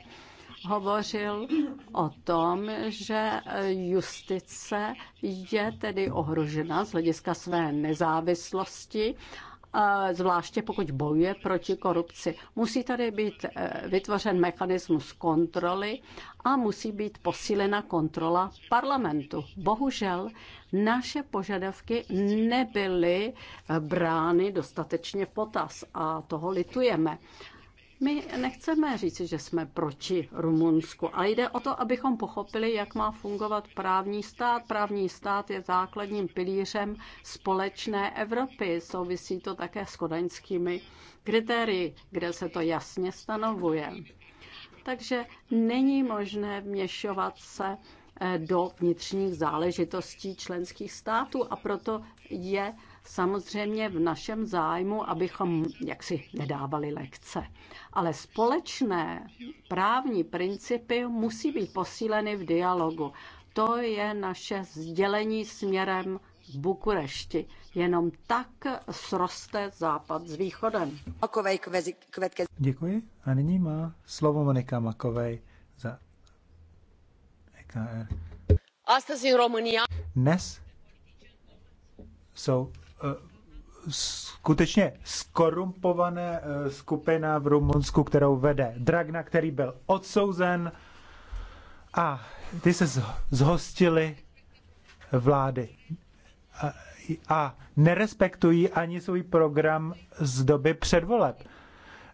hovořil o tom, že justice je tedy ohrožena z hlediska své nezávislosti zvláště pokud bojuje proti korupci. Musí tady být e, vytvořen mechanismus kontroly a musí být posílena kontrola parlamentu. Bohužel naše požadavky nebyly brány dostatečně potaz a toho litujeme. My nechceme říci, že jsme proti Rumunsku, ale jde o to, abychom pochopili, jak má fungovat právní stát. Právní stát je základním pilířem společné Evropy. Souvisí to také s kodaňskými kritérii, kde se to jasně stanovuje. Takže není možné vměšovat se eh, do vnitřních záležitostí členských států a proto je samozřejmě v našem zájmu, abychom jaksi nedávali lekce. Ale společné právní principy musí být posíleny v dialogu. To je naše sdělení směrem v Bukurešti. Jenom tak sroste západ s východem. Děkuji. A nyní má slovo Monika Makovej za EKR. Dnes jsou skutečně skorumpované eh, skupina v Rumunsku, kterou vede Dragna, který byl odsouzen a ty se zhostili vlády a nerespektují ani svůj program z doby předvoleb.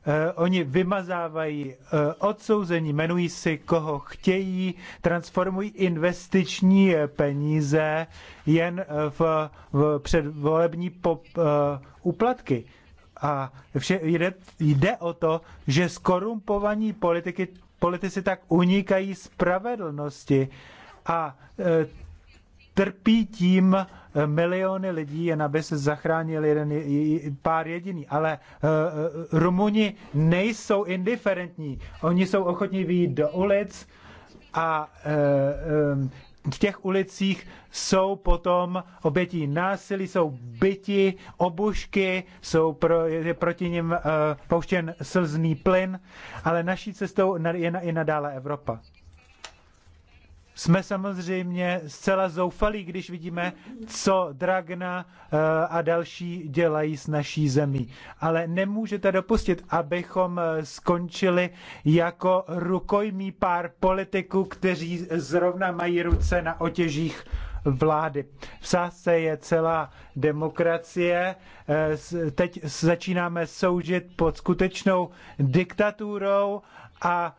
Eh, oni vymazávají eh, odsouzení, jmenují si, koho chtějí, transformují investiční eh, peníze jen v, v předvolební pop, uh, uplatky. A vše, jde, jde o to, že skorumpovaní politici tak unikají spravedlnosti a uh, trpí tím eh, miliony lidí, jen aby se zachránil jeden pár jediný. Ale uh, Rumuni nejsou indiferentní. Oni jsou ochotní vyjít do ulic a uh, um, v těch ulicích jsou potom obětí násilí, jsou byti, obušky, jsou pro, je proti nim uh, pouštěn slzný plyn, ale naší cestou je i nadále Evropa jsme samozřejmě zcela zoufalí, když vidíme, co Dragna eh, a další dělají s naší zemí. Ale nemůžete dopustit, abychom eh, skončili jako rukojmí pár politiků, kteří zrovna mají ruce na otěžích vlády. V sásce je celá demokracie. Eh, teď začínáme soužit pod skutečnou diktaturou a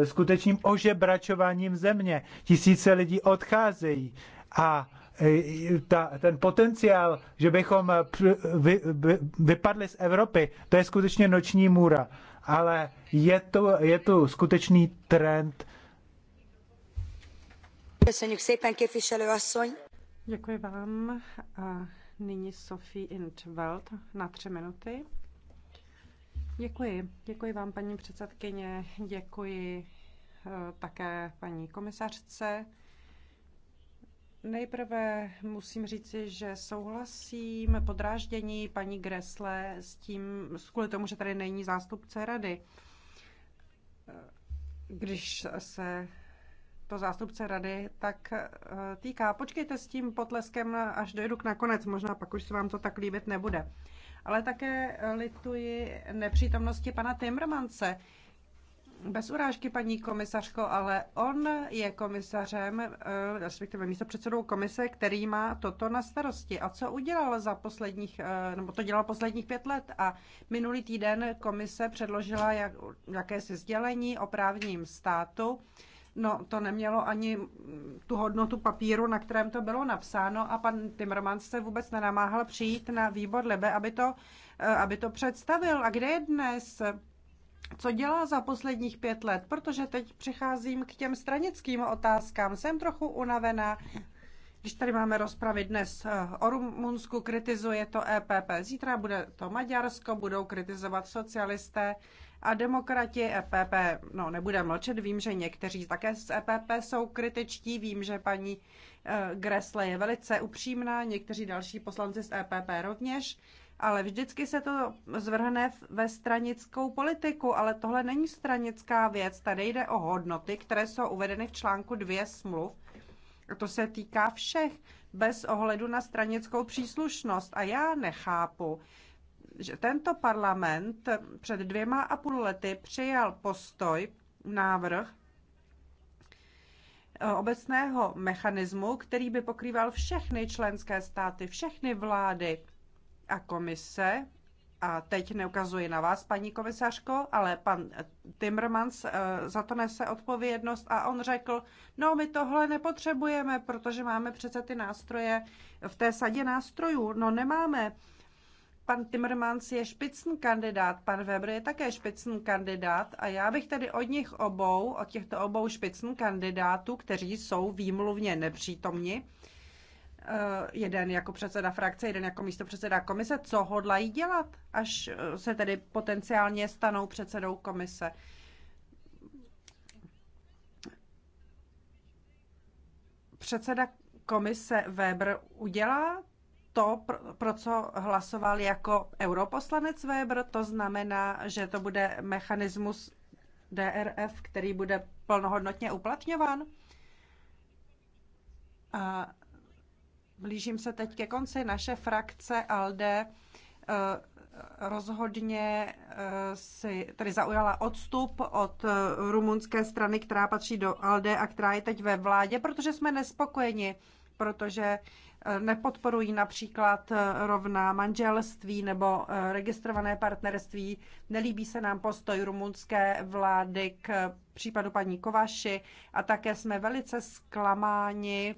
e, skutečným ožebračováním země. Tisíce lidí odcházejí a e, ta, ten potenciál, že bychom e, vy, vy, vypadli z Evropy, to je skutečně noční můra. Ale je to, je to skutečný trend. Děkuji vám. A nyní Sophie Intveld na tři minuty. Děkuji. Děkuji vám, paní předsedkyně. Děkuji eh, také paní komisařce. Nejprve musím říci, že souhlasím podráždění paní Gresle s tím, kvůli tomu, že tady není zástupce rady. Eh, když se to zástupce rady tak eh, týká, počkejte s tím potleskem, až dojdu k nakonec, možná pak už se vám to tak líbit nebude ale také lituji nepřítomnosti pana Timmermanse. Bez urážky, paní komisařko, ale on je komisařem, eh, respektive místo předsedou komise, který má toto na starosti. A co udělal za posledních, eh, nebo to dělal posledních pět let? A minulý týden komise předložila jak, jakési sdělení o právním státu, No, to nemělo ani tu hodnotu papíru, na kterém to bylo napsáno a pan Timmermans se vůbec nenamáhal přijít na výbor Libe, aby to, eh, aby to představil. A kde je dnes? Co dělá za posledních pět let? Protože teď přicházím k těm stranickým otázkám. Jsem trochu unavená. Když tady máme rozpravy dnes eh, o Rumunsku, kritizuje to EPP. Zítra bude to Maďarsko, budou kritizovat socialisté. A demokrati EPP, no nebude mlčet, vím, že někteří také z EPP jsou kritičtí, vím, že paní eh, Gresle je velice upřímná, někteří další poslanci z EPP rovněž, ale vždycky se to zvrhne ve stranickou politiku, ale tohle není stranická věc, tady jde o hodnoty, které jsou uvedeny v článku dvě smluv, a to se týká všech, bez ohledu na stranickou příslušnost. A já nechápu, že tento parlament před dvěma a půl lety přijal postoj, návrh eh, obecného mechanismu, který by pokrýval všechny členské státy, všechny vlády a komise. A teď neukazuji na vás, paní komisařko, ale pan Timmermans eh, za to nese odpovědnost a on řekl, no my tohle nepotřebujeme, protože máme přece ty nástroje v té sadě nástrojů. No nemáme pan Timmermans je špicný kandidát, pan Weber je také špicný kandidát a já bych tedy od nich obou, od těchto obou špicný kandidátů, kteří jsou výmluvně nepřítomni, eh, jeden jako předseda frakce, jeden jako místo předseda komise, co hodlají dělat, až eh, se tedy potenciálně stanou předsedou komise. Předseda komise Weber udělá to, pro co hlasoval jako europoslanec Weber, to znamená, že to bude mechanismus DRF, který bude plnohodnotně uplatňován. A blížím se teď ke konci. Naše frakce ALDE eh, rozhodně eh, si tedy zaujala odstup od eh, rumunské strany, která patří do ALDE a která je teď ve vládě, protože jsme nespokojeni, protože nepodporují například eh, rovná manželství nebo eh, registrované partnerství. Nelíbí se nám postoj rumunské vlády k eh, případu paní Kovaši a také jsme velice zklamáni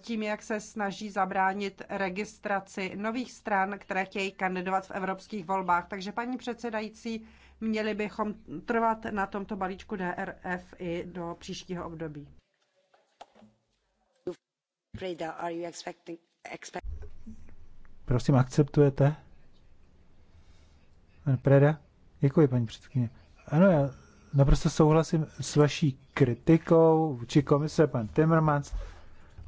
tím, jak se snaží zabránit registraci nových stran, které chtějí kandidovat v evropských volbách. Takže paní předsedající, měli bychom trvat na tomto balíčku DRF i do příštího období. Prosím, akceptujete? Pan Preda? Děkuji, paní předsedkyně. Ano, já naprosto souhlasím s vaší kritikou či komise pan Timmermans.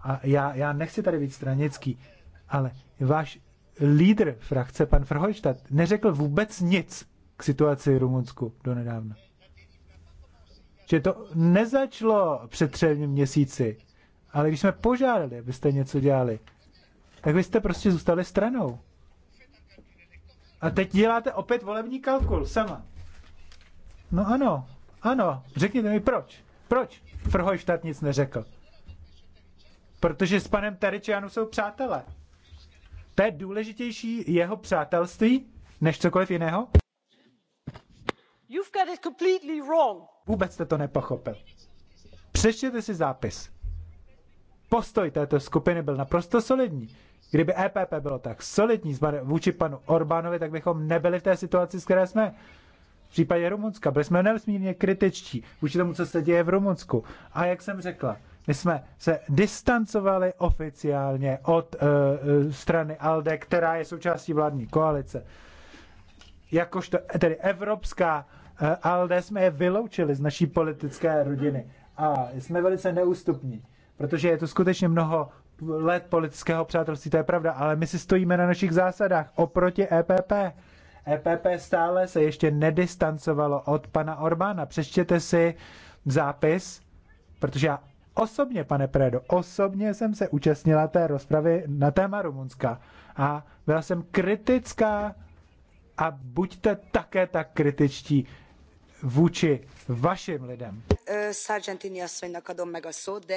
A já, já nechci tady být stranický, ale váš lídr frakce, pan Verhofstadt, neřekl vůbec nic k situaci v Rumunsku donedávna. Že to nezačlo před třemi měsíci. Ale když jsme požádali, abyste něco dělali, tak vy jste prostě zůstali stranou. A teď děláte opět volební kalkul sama. No ano, ano, řekněte mi proč. Proč Frhojštát nic neřekl? Protože s panem Taričianu jsou přátelé. To je důležitější jeho přátelství než cokoliv jiného? You've got it completely wrong. Vůbec jste to nepochopil. Přečtěte si zápis postoj této skupiny byl naprosto solidní. Kdyby EPP bylo tak solidní vůči panu Orbánovi, tak bychom nebyli v té situaci, z které jsme. V případě Rumunska byli jsme nesmírně kritičtí vůči tomu, co se děje v Rumunsku. A jak jsem řekla, my jsme se distancovali oficiálně od uh, strany ALDE, která je součástí vládní koalice. Jakožto eh, tedy evropská uh, ALDE jsme je vyloučili z naší politické rodiny. A jsme velice neústupní protože je to skutečně mnoho let politického přátelství, to je pravda, ale my si stojíme na našich zásadách oproti EPP. EPP stále se ještě nedistancovalo od pana Orbána. Přečtěte si zápis, protože já osobně, pane Predo, osobně jsem se účastnila té rozpravy na téma Rumunska a byla jsem kritická a buďte také tak kritičtí vůči vašim lidem.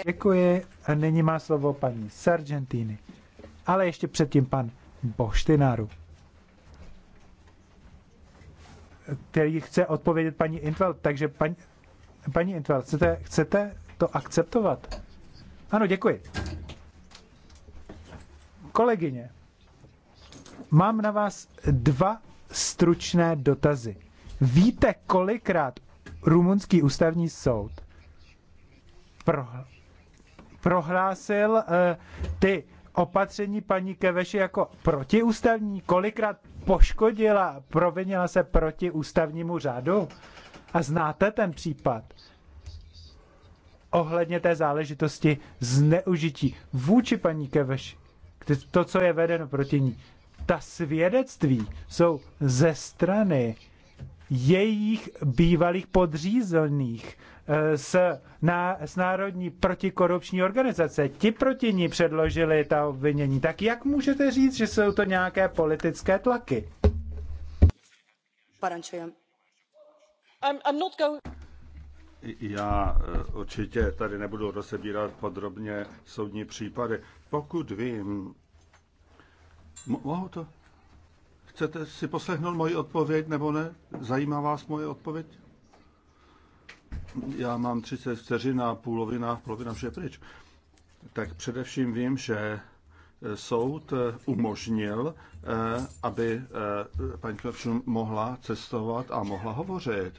Děkuji a nyní má slovo paní Sargentini. Ale ještě předtím pan Boštináru, který chce odpovědět paní Intval, Takže paní, paní Intval, chcete, chcete to akceptovat? Ano, děkuji. Kolegyně, mám na vás dva stručné dotazy. Víte, kolikrát rumunský ústavní soud pro, prohlásil uh, ty opatření paní Keveši jako protiústavní? Kolikrát poškodila, provinila se proti ústavnímu řádu? A znáte ten případ? Ohledně té záležitosti zneužití vůči paní Keveši, to, co je vedeno proti ní. Ta svědectví jsou ze strany uh, jejich bývalých podřízených eh, s, na, s Národní protikorupční organizace. Ti proti ní předložili ta obvinění. Tak jak můžete říct, že jsou to nějaké politické tlaky? Já eh, určitě tady nebudu rozebírat podrobně soudní případy. Pokud vím, mohu to Chcete si poslechnout moji odpověď nebo ne? Zajímá vás moje odpověď? Já mám 30 vteřin a půlovina, polovina vše pryč. Tak především vím, že eh, soud eh, umožnil, eh, aby paní Klepšun mohla cestovat a mohla hovořit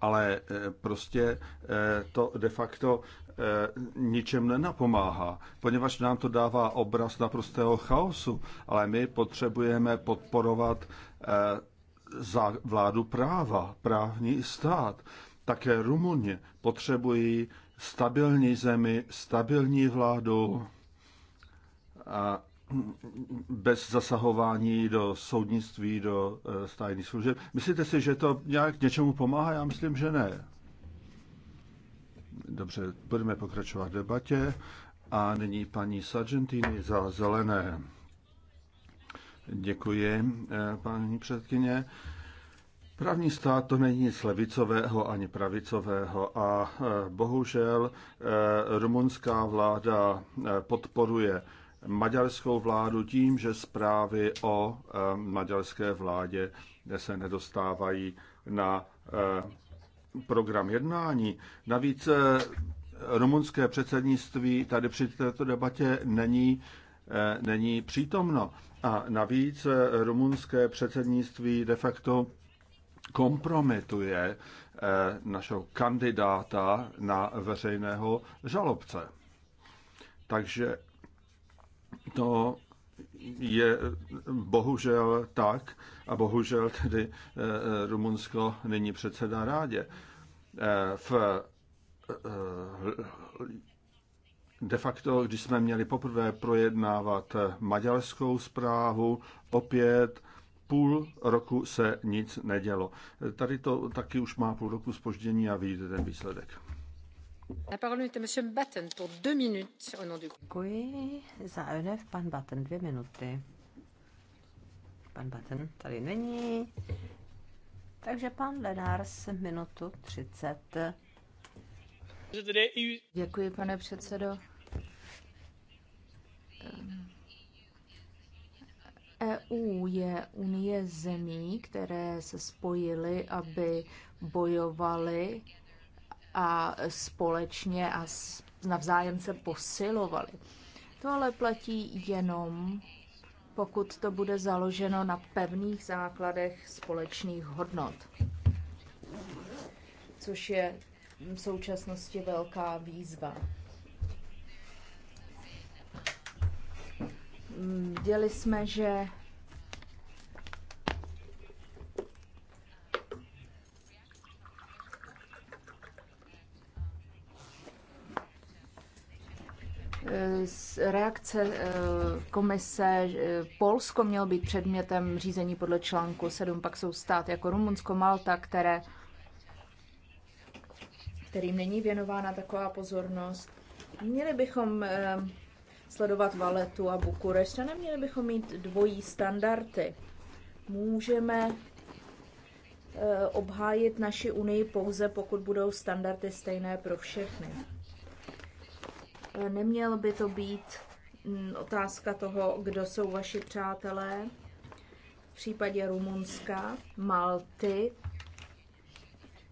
ale prostě to de facto Eh, ničem nenapomáhá, poněvadž nám to dává obraz naprostého chaosu, ale my potřebujeme podporovat eh, za vládu práva, právní stát. Také Rumunie potřebují stabilní zemi, stabilní vládu a bez zasahování do soudnictví, do stajných eh, služeb. Myslíte si, že to nějak něčemu pomáhá? Já myslím, že ne. Dobře, budeme pokračovat v debatě. A nyní paní Sargentini za zelené. Děkuji, eh, paní předkyně. Právní stát to není nic levicového ani pravicového a eh, bohužel eh, rumunská vláda podporuje maďarskou vládu tím, že zprávy o maďarské vládě se nedostávají na program jednání. Navíc eh, rumunské předsednictví tady při této debatě není, eh, není přítomno. A navíc eh, rumunské předsednictví de facto kompromituje našeho kandidáta na veřejného žalobce. Takže to je bohužel tak, a bohužel tedy eh, eh, Rumunsko není předseda rádě. Eh, v De facto, když jsme měli poprvé projednávat maďarskou zprávu, opět půl roku se nic nedělo. Tady to taky už má půl roku spoždění a vidíte ten výsledek. La parole est à monsieur Batten pour deux minutes au nom du... Děkuji za ENF, pan Batten, dvě minuty. Pan Batten tady není. Takže pan Lenars, minutu 30. Děkuji, pane předsedo. EU e je unie zemí, které se spojily, aby bojovali a společně a navzájem se posilovali. To ale platí jenom pokud to bude založeno na pevných základech společných hodnot, což je v současnosti velká výzva. Viděli jsme, že reakce eh, komise eh, Polsko mělo být předmětem řízení podle článku 7, pak jsou stát jako Rumunsko, Malta, které, kterým není věnována taková pozornost. Měli bychom eh, sledovat Valetu a Bukurešť a neměli bychom mít dvojí standardy. Můžeme obhájit naši unii pouze, pokud budou standardy stejné pro všechny. Nemělo by to být mm, otázka toho, kdo jsou vaši přátelé. V případě Rumunska, Malty,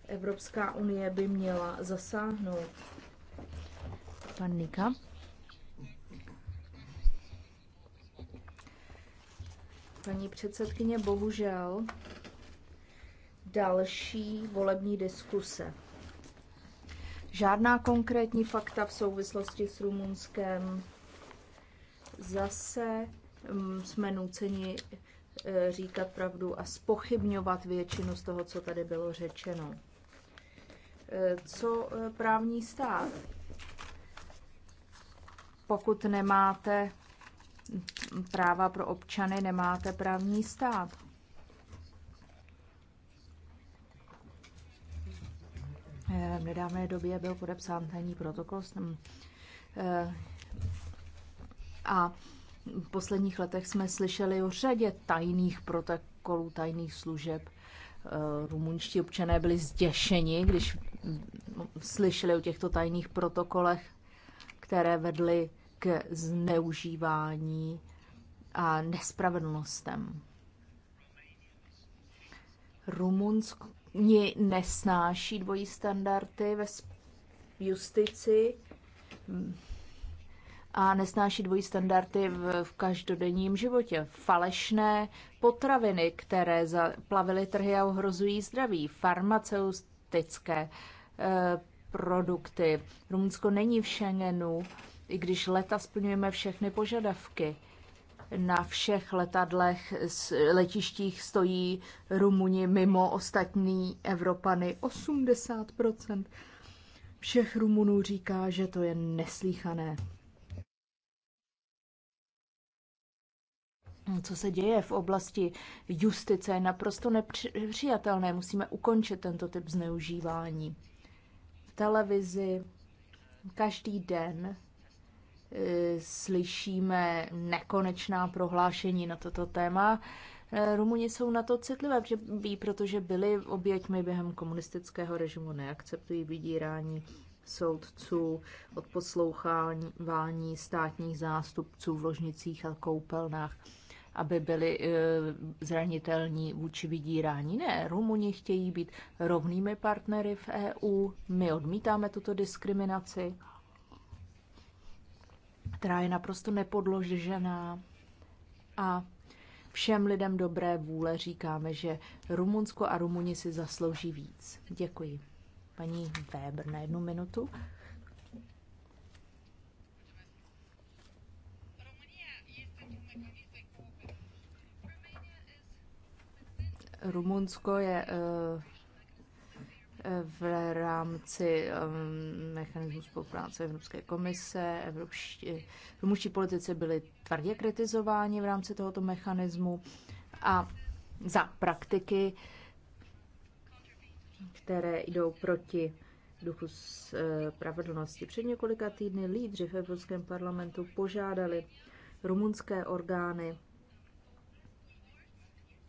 Evropská unie by měla zasáhnout. Pan Nika. Paní předsedkyně, bohužel další volební diskuse. Žádná konkrétní fakta v souvislosti s Rumunskem. Zase mm, jsme nuceni e, říkat pravdu a spochybňovat většinu z toho, co tady bylo řečeno. E, co e, právní stát? Pokud nemáte práva pro občany, nemáte právní stát. V nedávné době byl podepsán tajný protokol eh, a v posledních letech jsme slyšeli o řadě tajných protokolů, tajných služeb. Eh, rumunští občané byli zděšeni, když slyšeli o těchto tajných protokolech, které vedly k zneužívání a nespravedlnostem. Rumunsko ni nesnáší dvojí standardy ve justici a nesnáší dvojí standardy v, v každodenním životě. Falešné potraviny, které zaplavily trhy a ohrozují zdraví, farmaceutické e, produkty. Rumunsko není v Schengenu, i když leta splňujeme všechny požadavky na všech letadlech, letištích stojí Rumuni mimo ostatní Evropany. 80 všech Rumunů říká, že to je neslíchané. Co se děje v oblasti justice je naprosto nepřijatelné. Musíme ukončit tento typ zneužívání. V televizi každý den Eh, slyšíme nekonečná prohlášení na toto téma. Eh, Rumuni jsou na to citlivé, protože byli oběťmi během komunistického režimu, neakceptují vydírání soudců, odposlouchávání státních zástupců v ložnicích a koupelnách, aby byli eh, zranitelní vůči vydírání. Ne, Rumuni chtějí být rovnými partnery v EU, my odmítáme tuto diskriminaci která je naprosto nepodložená a všem lidem dobré vůle říkáme, že Rumunsko a Rumuni si zaslouží víc. Děkuji. Paní Weber na jednu minutu. Rumunsko je uh, v rámci um, mechanismu spolupráce Evropské komise. Evropští, rumunští politici byli tvrdě kritizováni v rámci tohoto mechanismu a za praktiky, které jdou proti duchu eh, spravedlnosti. Před několika týdny lídři v Evropském parlamentu požádali rumunské orgány,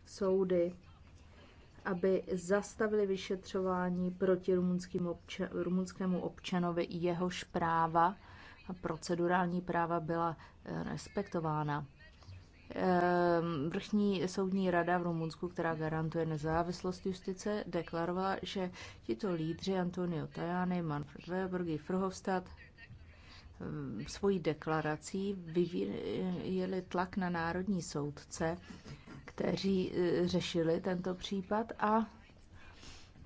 soudy, aby zastavili vyšetřování proti obča- rumunskému občanovi, jehož práva a procedurální práva byla eh, respektována. Ehm, Vrchní soudní rada v Rumunsku, která garantuje nezávislost justice, deklarovala, že tito lídři Antonio Tajani, Manfred Weber, Guy Verhofstadt ehm, svojí deklarací vyvíjeli tlak na národní soudce, kteří e, řešili tento případ a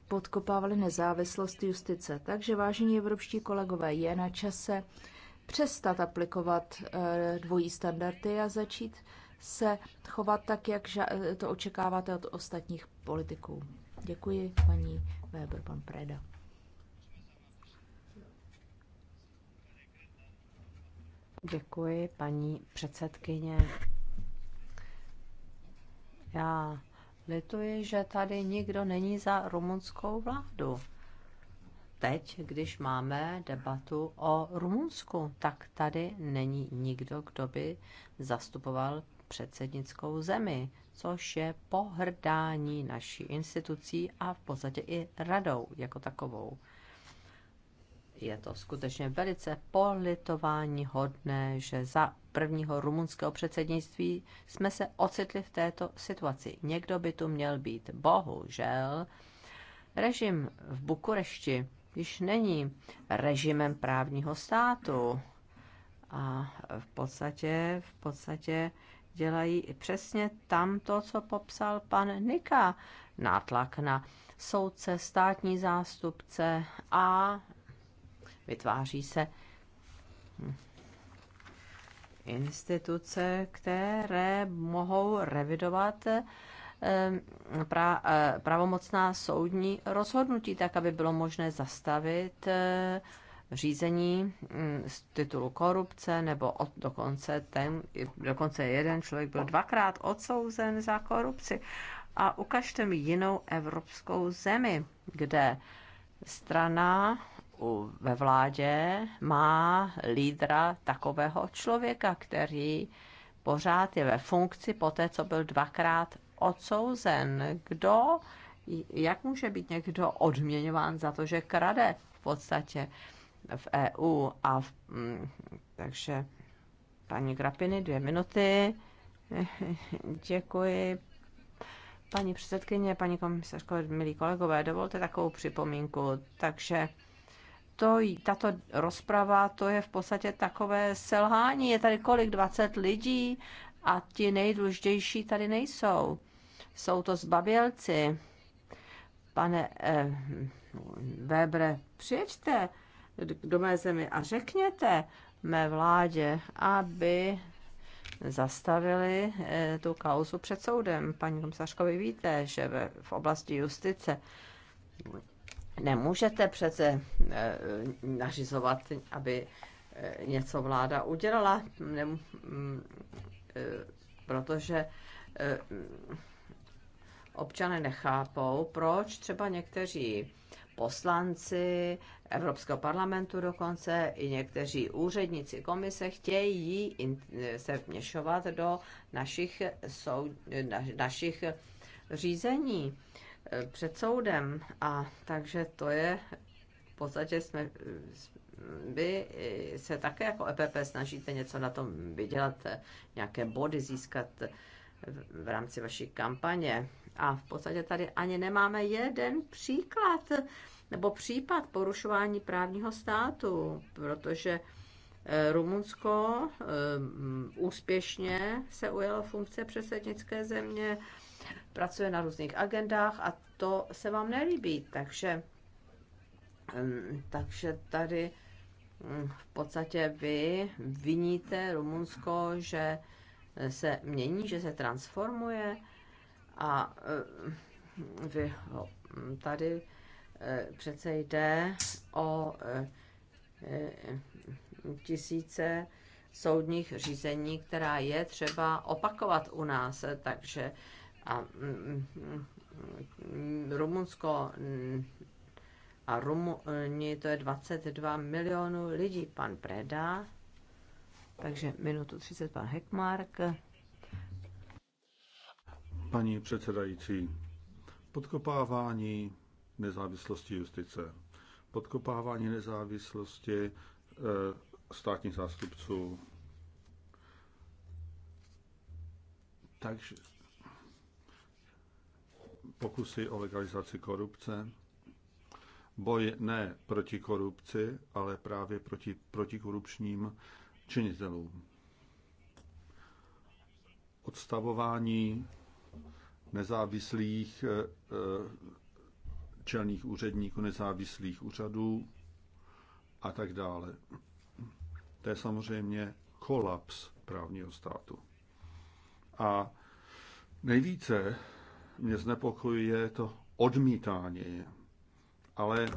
podkopávali nezávislost justice. Takže, vážení evropští kolegové, je na čase přestat aplikovat e, dvojí standardy a začít se chovat tak, jak e, to očekáváte od ostatních politiků. Děkuji, paní Weber, pan Preda. Děkuji, paní předsedkyně. Já lituji, že tady nikdo není za rumunskou vládu. Teď, když máme debatu o Rumunsku, tak tady není nikdo, kdo by zastupoval předsednickou zemi, což je pohrdání naší institucí a v podstatě i radou jako takovou je to skutečně velice politování hodné, že za prvního rumunského předsednictví jsme se ocitli v této situaci. Někdo by tu měl být. Bohužel, režim v Bukurešti již není režimem právního státu. A v podstatě, v podstatě dělají přesně tam to, co popsal pan Nika. Nátlak na soudce, státní zástupce a Vytváří se hm, instituce, které mohou revidovat ehm, pra, eh, pravomocná soudní rozhodnutí, tak aby bylo možné zastavit eh, řízení hm, z titulu korupce, nebo od, dokonce, ten, dokonce jeden člověk byl dvakrát odsouzen za korupci. A ukažte mi jinou evropskou zemi, kde strana ve vládě má lídra takového člověka, který pořád je ve funkci po té, co byl dvakrát odsouzen. Kdo, jak může být někdo odměňován za to, že krade v podstatě v EU a v, mm, takže paní Grapiny dvě minuty. [laughs] Děkuji. Paní předsedkyně, paní komisařko, milí kolegové, dovolte takovou připomínku. Takže to, tato rozprava, to je v podstatě takové selhání. Je tady kolik? 20 lidí a ti nejdůležitější tady nejsou. Jsou to zbabělci. Pane eh, Webre, přijďte do mé zemi a řekněte mé vládě, aby zastavili eh, tu kauzu před soudem. Paní komisařko, vy víte, že ve, v oblasti justice nemůžete přece eh, nařizovat, aby eh, něco vláda udělala, mm, eh, protože občané nechápou, proč třeba někteří poslanci Evropského parlamentu dokonce i někteří úředníci komise chtějí se vměšovat do našich, sou, na, našich řízení před soudem. A takže to je, v podstatě jsme, vy se také jako EPP snažíte něco na tom vydělat, nějaké body získat v rámci vaší kampaně. A v podstatě tady ani nemáme jeden příklad nebo případ porušování právního státu, protože eh, Rumunsko eh, úspěšně se ujalo funkce předsednické země, pracuje na různých agendách a to se vám nelíbí. Takže, mm, takže tady mm, v podstatě vy viníte Rumunsko, že se mění, že se transformuje a mm, vy tady eh, přece jde o eh, eh, tisíce soudních řízení, která je třeba opakovat u nás, takže a mm, mm, Rumunsko mm, a Rumuni to je 22 milionů lidí, pan Preda. Takže minutu 30, pan Hekmark. Paní předsedající, podkopávání nezávislosti justice, podkopávání nezávislosti eh, státních zástupců. Takže pokusy o legalizaci korupce, boj ne proti korupci, ale právě proti protikorupčním činitelům. Odstavování nezávislých eh, eh, čelných úředníků, nezávislých úřadů a tak dále. To je samozřejmě kolaps právního státu. A nejvíce mě znepokojuje to odmítání. Ale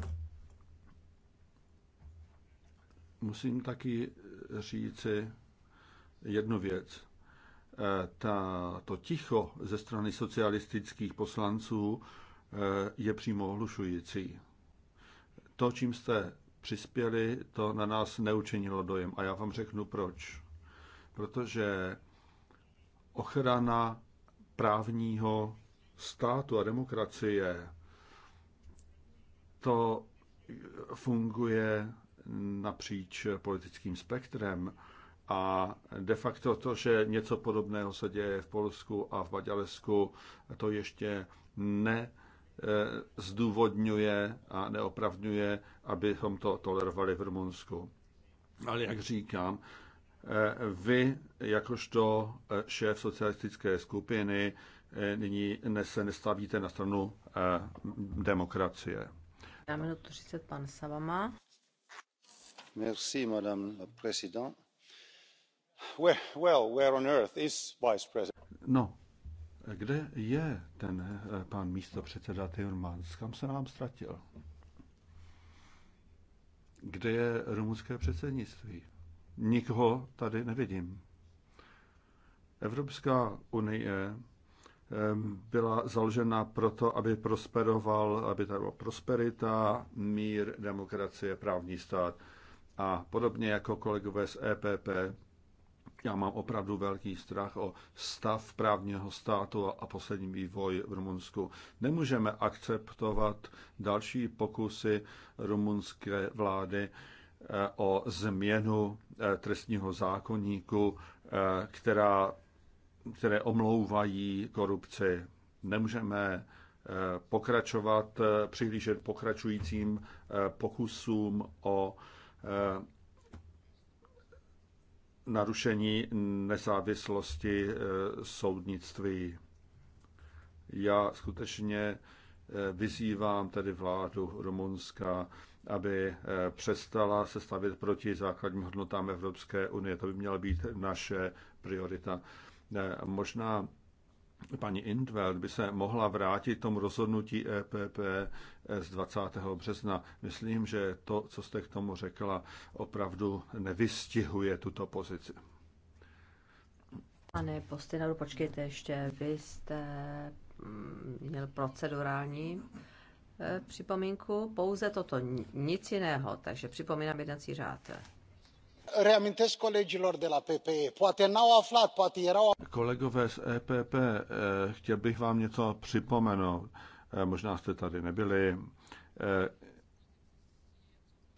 musím taky říci jednu věc. E, ta, to ticho ze strany socialistických poslanců e, je přímo ohlušující. To, čím jste přispěli, to na nás neučinilo dojem. A já vám řeknu proč. Protože ochrana právního státu a demokracie, to funguje napříč politickým spektrem. A de facto to, že něco podobného se děje v Polsku a v Maďarsku, to ještě ne eh, zdůvodňuje a neopravňuje, abychom to tolerovali v Rumunsku. Ale jak říkám, eh, vy, jakožto eh, šéf socialistické skupiny, Eh, nyní se nestavíte na stranu eh, demokracie. Na minutu 30 pan Savama. Merci, madame la présidente. Where, well, where on earth is vice president? No, kde je ten eh, pan místo předseda Timmermans? Kam se nám ztratil? Kde je rumunské předsednictví? Nikoho tady nevidím. Evropská unie byla založena proto, aby prosperoval, aby tady byla prosperita, mír, demokracie, právní stát. A podobně jako kolegové z EPP, já mám opravdu velký strach o stav právního státu a poslední vývoj v Rumunsku. Nemůžeme akceptovat další pokusy rumunské vlády eh, o změnu eh, trestního zákonníku, eh, která které omlouvají korupci. Nemůžeme eh, pokračovat, eh, přihlížet pokračujícím eh, pokusům o narušení nezávislosti soudnictví. Já skutečně vyzývám tedy vládu Rumunska, aby přestala se stavět proti základním hodnotám Evropské unie. To by měla být naše priorita. Možná paní Indveld by se mohla vrátit tomu rozhodnutí EPP z 20. března. Myslím, že to, co jste k tomu řekla, opravdu nevystihuje tuto pozici. Pane Postinaru, počkejte ještě. Vy jste mm, měl procedurální e, připomínku, pouze toto, nic jiného, takže připomínám jednací řád reamintesc colegilor de la PPE. Poate n-au aflat, poate erau... Kolegové z EPP, eh, chtěl bych vám něco připomenout. Eh, možná jste tady nebyli. Eh,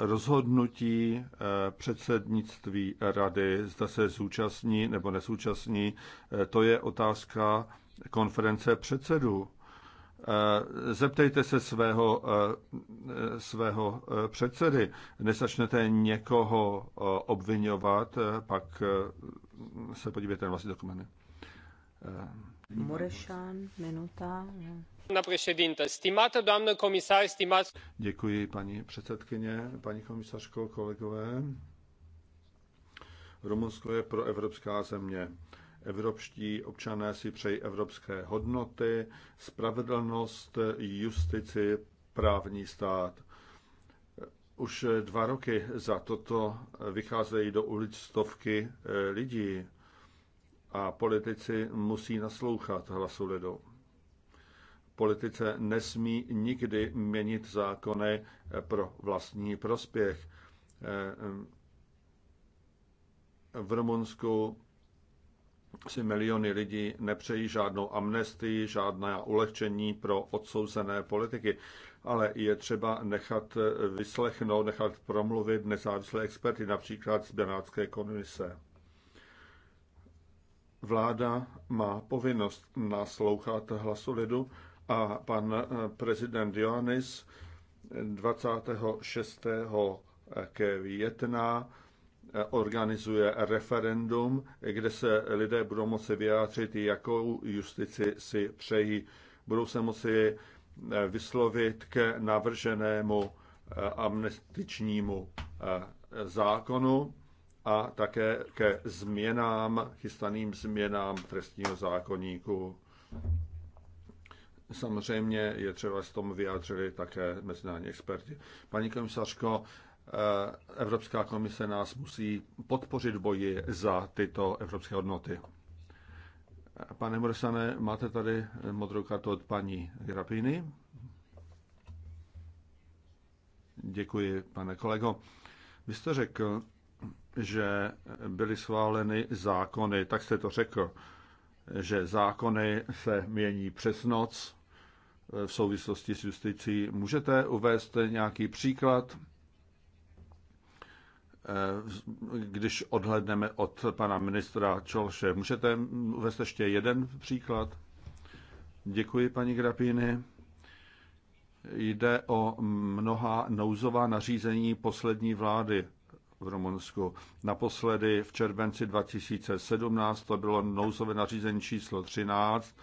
rozhodnutí předsednictví rady, zda se zúčastní nebo nesúčastní, to je otázka konference předsedů Eh, zeptejte se svého, eh, svého eh, předsedy. Nesačnete někoho obvinovat, pak se podívejte na vlastní dokumenty. Morešan, minuta. Na președintă, stimată doamnă comisar, stimați... Děkuji, paní předsedkyně, paní komisařko, kolegové. Rumunsko je pro evropská země Evropští občané si přejí evropské hodnoty, spravedlnost, justici, právní stát. Už dva roky za toto vycházejí do ulic stovky eh, lidí a politici musí naslouchat hlasu lidu. Politice nesmí nikdy měnit zákony eh, pro vlastní prospěch. Eh, mm, v Rumunsku si miliony lidí nepřejí žádnou amnestii, žádná ulehčení pro odsouzené politiky, ale je třeba nechat vyslechnout, nechat promluvit nezávislé experty, například z Benátské komise. Vláda má povinnost naslouchat hlasu lidu a pan prezident Ioannis 26. května organizuje referendum, kde se lidé budou moci vyjádřit, jakou justici si přejí. Budou se moci eh, vyslovit k navrženému eh, amnestičnímu eh, zákonu a také ke změnám, chystaným změnám trestního zákoníku. Samozřejmě je třeba s tomu vyjádřili také mezinárodní experti. Paní komisařko, Eh, Evropská komise nás musí podpořit v boji za tyto evropské hodnoty. Pane Moresane, máte tady modrou kartu od paní Grapiny. Děkuji, pane kolego. Vy jste řekl, že byly schváleny zákony, tak jste to řekl, že zákony se mění přes noc v souvislosti s justicí. Můžete uvést nějaký příklad? Eh, když odhledneme od pana ministra Čolše. Můžete uvést ještě jeden příklad? Děkuji, paní Grapíny. Jde o mnoha nouzová nařízení poslední vlády v Rumunsku. Naposledy v červenci 2017 to bylo nouzové nařízení číslo 13.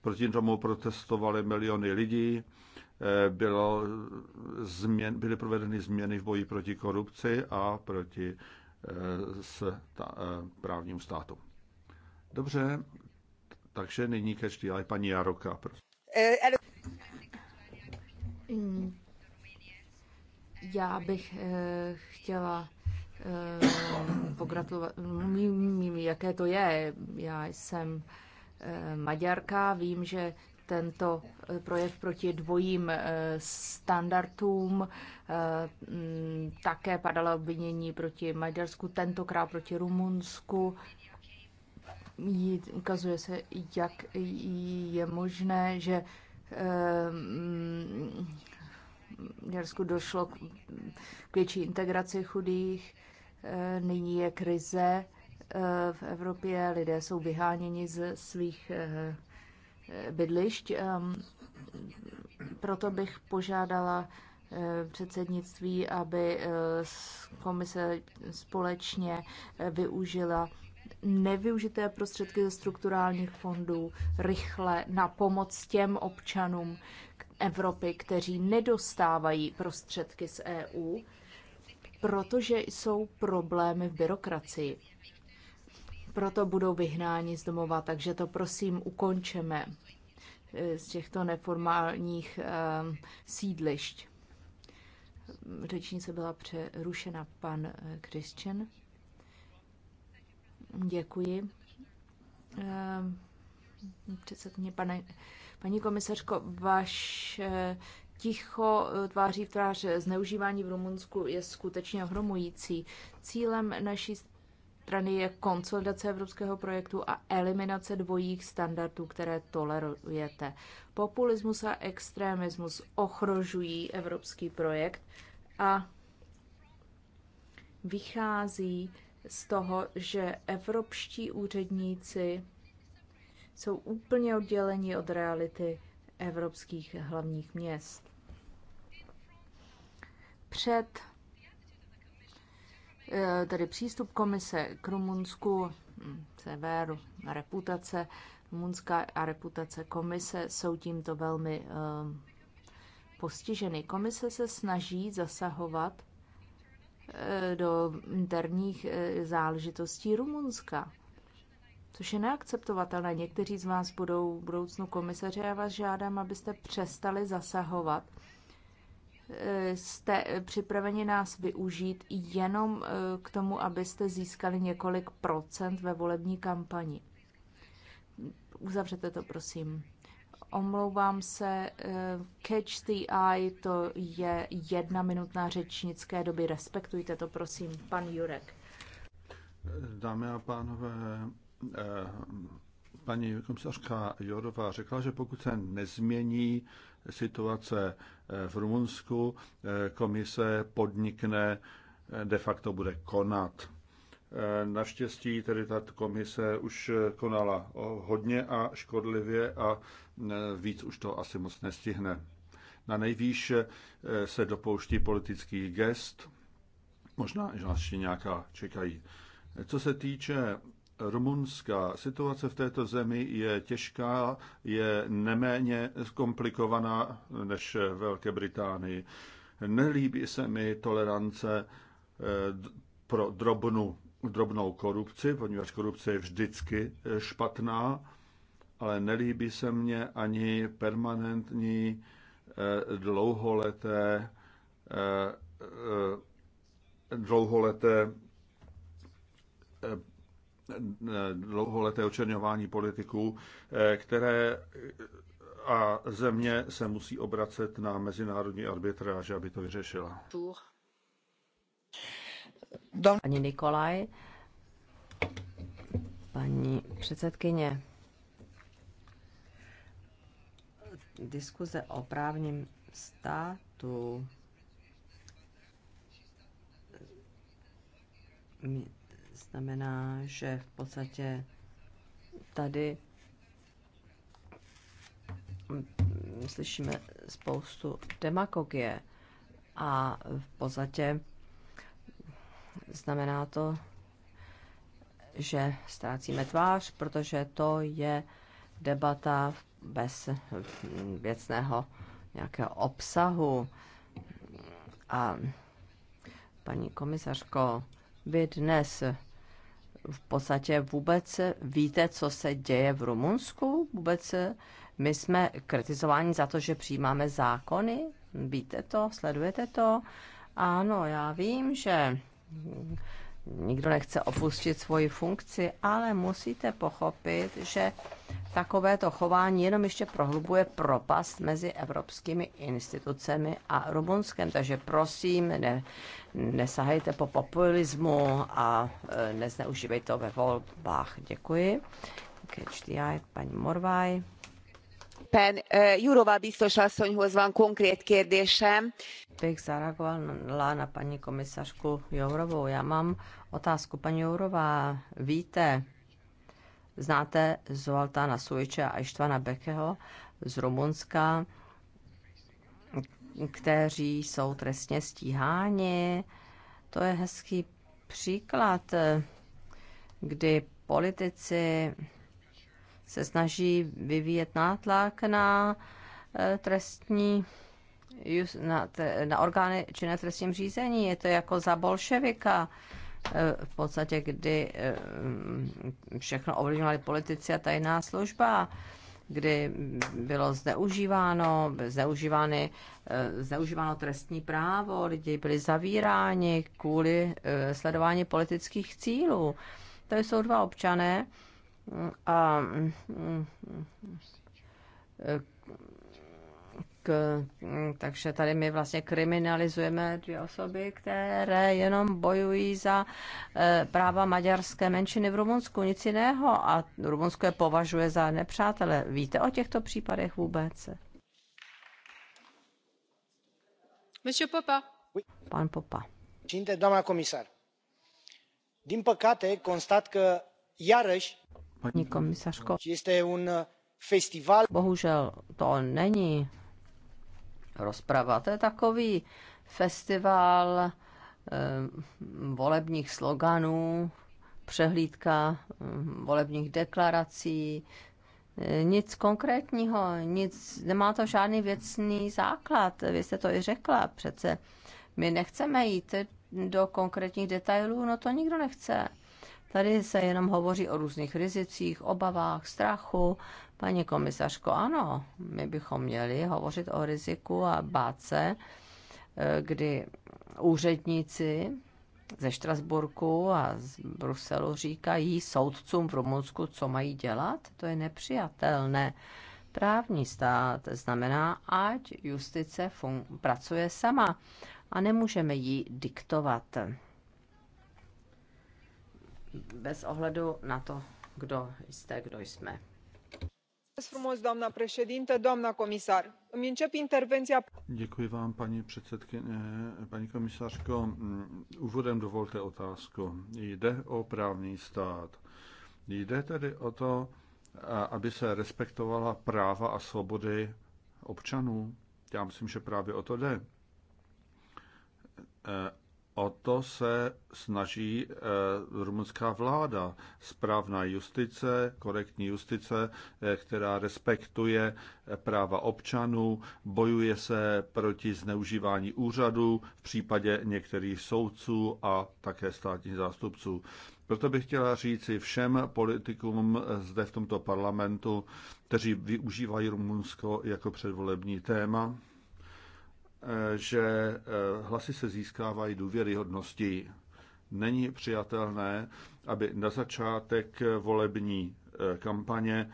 Proti tomu protestovali miliony lidí Eh, bylo změn, byly provedeny změny v boji proti korupci a proti eh, s ta, eh, právním státu. Dobře, takže nyní ke čtyři paní Jaroka. Já bych chtěla pogratulovat, vím, jaké to je. Já jsem Maďarka, vím, že tento eh, projev proti dvojím eh, standardům. Eh, mm, také padala obvinění proti Maďarsku, tentokrát proti Rumunsku. Ukazuje se, jak je možné, že mm, Maďarsku došlo k větší integraci chudých, nyní je krize v Evropě, lidé jsou vyháněni ze svých bydlišť. Proto bych požádala eh, předsednictví, aby eh, komise společně eh, využila nevyužité prostředky ze strukturálních fondů rychle na pomoc těm občanům Evropy, kteří nedostávají prostředky z EU, protože jsou problémy v byrokracii proto budou vyhnáni z domova. Takže to prosím ukončeme eh, z těchto neformálních eh, sídlišť. Řečnice byla přerušena pan eh, Christian. Děkuji. Předsedně, pane, paní komisařko, váš ticho tváří v tvář zneužívání v Rumunsku je skutečně ohromující. Cílem naší strany je konsolidace evropského projektu a eliminace dvojích standardů, které tolerujete. Populismus a extremismus ohrožují evropský projekt a vychází z toho, že evropští úředníci jsou úplně odděleni od reality evropských hlavních měst. Před Eh, tedy přístup komise k Rumunsku, hm, severu, reputace Rumunska a reputace komise jsou tímto velmi eh, postiženy. Komise se snaží zasahovat eh, do interních záležitostí Rumunska, což je neakceptovatelné. Někteří z vás budou v budoucnu komisaři a vás žádám, abyste přestali zasahovat jste připraveni nás využít jenom eh, k tomu, abyste získali několik procent ve volební kampani. Uzavřete to, prosím. Omlouvám se, eh, catch the eye, to je jedna minutná řečnické doby. Respektujte to, prosím, pan Jurek. Dámy a pánové, eh, paní komisařka Jorová řekla, že pokud se nezmění situace eh, v Rumunsku, eh, komise podnikne, eh, de facto bude konat. Naštěstí tedy ta komise už konala hodně a škodlivě a víc už to asi moc nestihne. Na nejvýš se dopouští politický gest, možná, že nás ještě nějaká čekají. Co se týče Rumunska. Situace v této zemi je těžká, je neméně komplikovaná než Velké Británii. Nelíbí se mi tolerance eh, pro drobnu, drobnou korupci, poněvadž korupce je vždycky eh, špatná, ale nelíbí se mně ani permanentní eh, dlouholeté dlouholeté dlouholeté očerňování politiků, eh, které eh, a země se musí obracet na mezinárodní arbitráž, aby to vyřešila. Paní Nikolaj, paní předsedkyně, diskuze o právním státu znamená, že v podstatě tady slyšíme spoustu demagogie a v podstatě znamená to, že ztrácíme tvář, protože to je debata bez věcného nějakého obsahu. A paní komisařko, vy dnes v podstatě vůbec víte, co se děje v Rumunsku? Vůbec eh, my jsme kritizováni za to, že přijímáme zákony? Víte to? Sledujete to? Ano, já vím, že nikdo nechce opustit svoji funkci, ale musíte pochopit, že takovéto chování jenom ještě prohlubuje propast mezi evropskými institucemi a Rumunskem. Takže prosím, ne, nesahejte po populismu a e, nezneužívejte to ve volbách. Děkuji. Catch the eye, paní Morvaj jourová biztos asszonyhoz van konkrét kérdésem. paní komisařku Jourovou. Já mám otázku. Paní Jourová, víte, znáte Zoltána Sujče a Ištvana Bekeho z Rumunska, kteří jsou trestně stíháni. To je hezký příklad, kdy politici se snaží vyvíjet nátlak na eh, trestní na, na orgány či na trestním řízení. Je to jako za bolševika eh, v podstatě, kdy eh, všechno ovlivňovali politici a tajná služba, kdy bylo zneužíváno, zneužívány, zneužíváno trestní právo, lidi byli zavíráni kvůli sledování politických cílů. To jsou dva občané, a mm, mm, k, takže tady my vlastně kriminalizujeme dvě osoby, které jenom bojují za e, práva maďarské menšiny v Rumunsku, nic jiného. A Rumunsko je považuje za nepřátele. Víte o těchto případech vůbec? Monsieur Popa. Pan Popa. Cinte, doamna comisar. Din păcate, constat că iarăși Paní komisařko, eh, bohužel to není rozprava, to je takový festival eh, volebních sloganů, přehlídka eh, volebních deklarací, eh, nic konkrétního, nic, nemá to žádný věcný základ. Vy jste to i řekla přece. My nechceme jít do konkrétních detailů, no to nikdo nechce. Tady se jenom hovoří o různých rizicích, obavách, strachu. Paní komisařko, ano, my bychom měli hovořit o riziku a bát se, eh, kdy úředníci ze Štrasburku a z Bruselu říkají soudcům v Rumunsku, co mají dělat. To je nepřijatelné. Právní stát znamená, ať justice pracuje sama a nemůžeme ji diktovat bez ohledu na to, kdo jste, kdo jsme. Děkuji vám, paní předsedkyně, paní komisařko. Úvodem dovolte otázku. Jde o právní stát. Jde tedy o to, aby se respektovala práva a svobody občanů. Já myslím, že právě o to jde e, O to se snaží eh, rumunská vláda. Správná justice, korektní justice, eh, která respektuje eh, práva občanů, bojuje se proti zneužívání úřadu v případě některých soudců a také státních zástupců. Proto bych chtěla říci všem politikům zde v tomto parlamentu, kteří využívají Rumunsko jako předvolební téma, že eh, hlasy se získávají důvěryhodností. Není přijatelné, aby na začátek volební eh, kampaně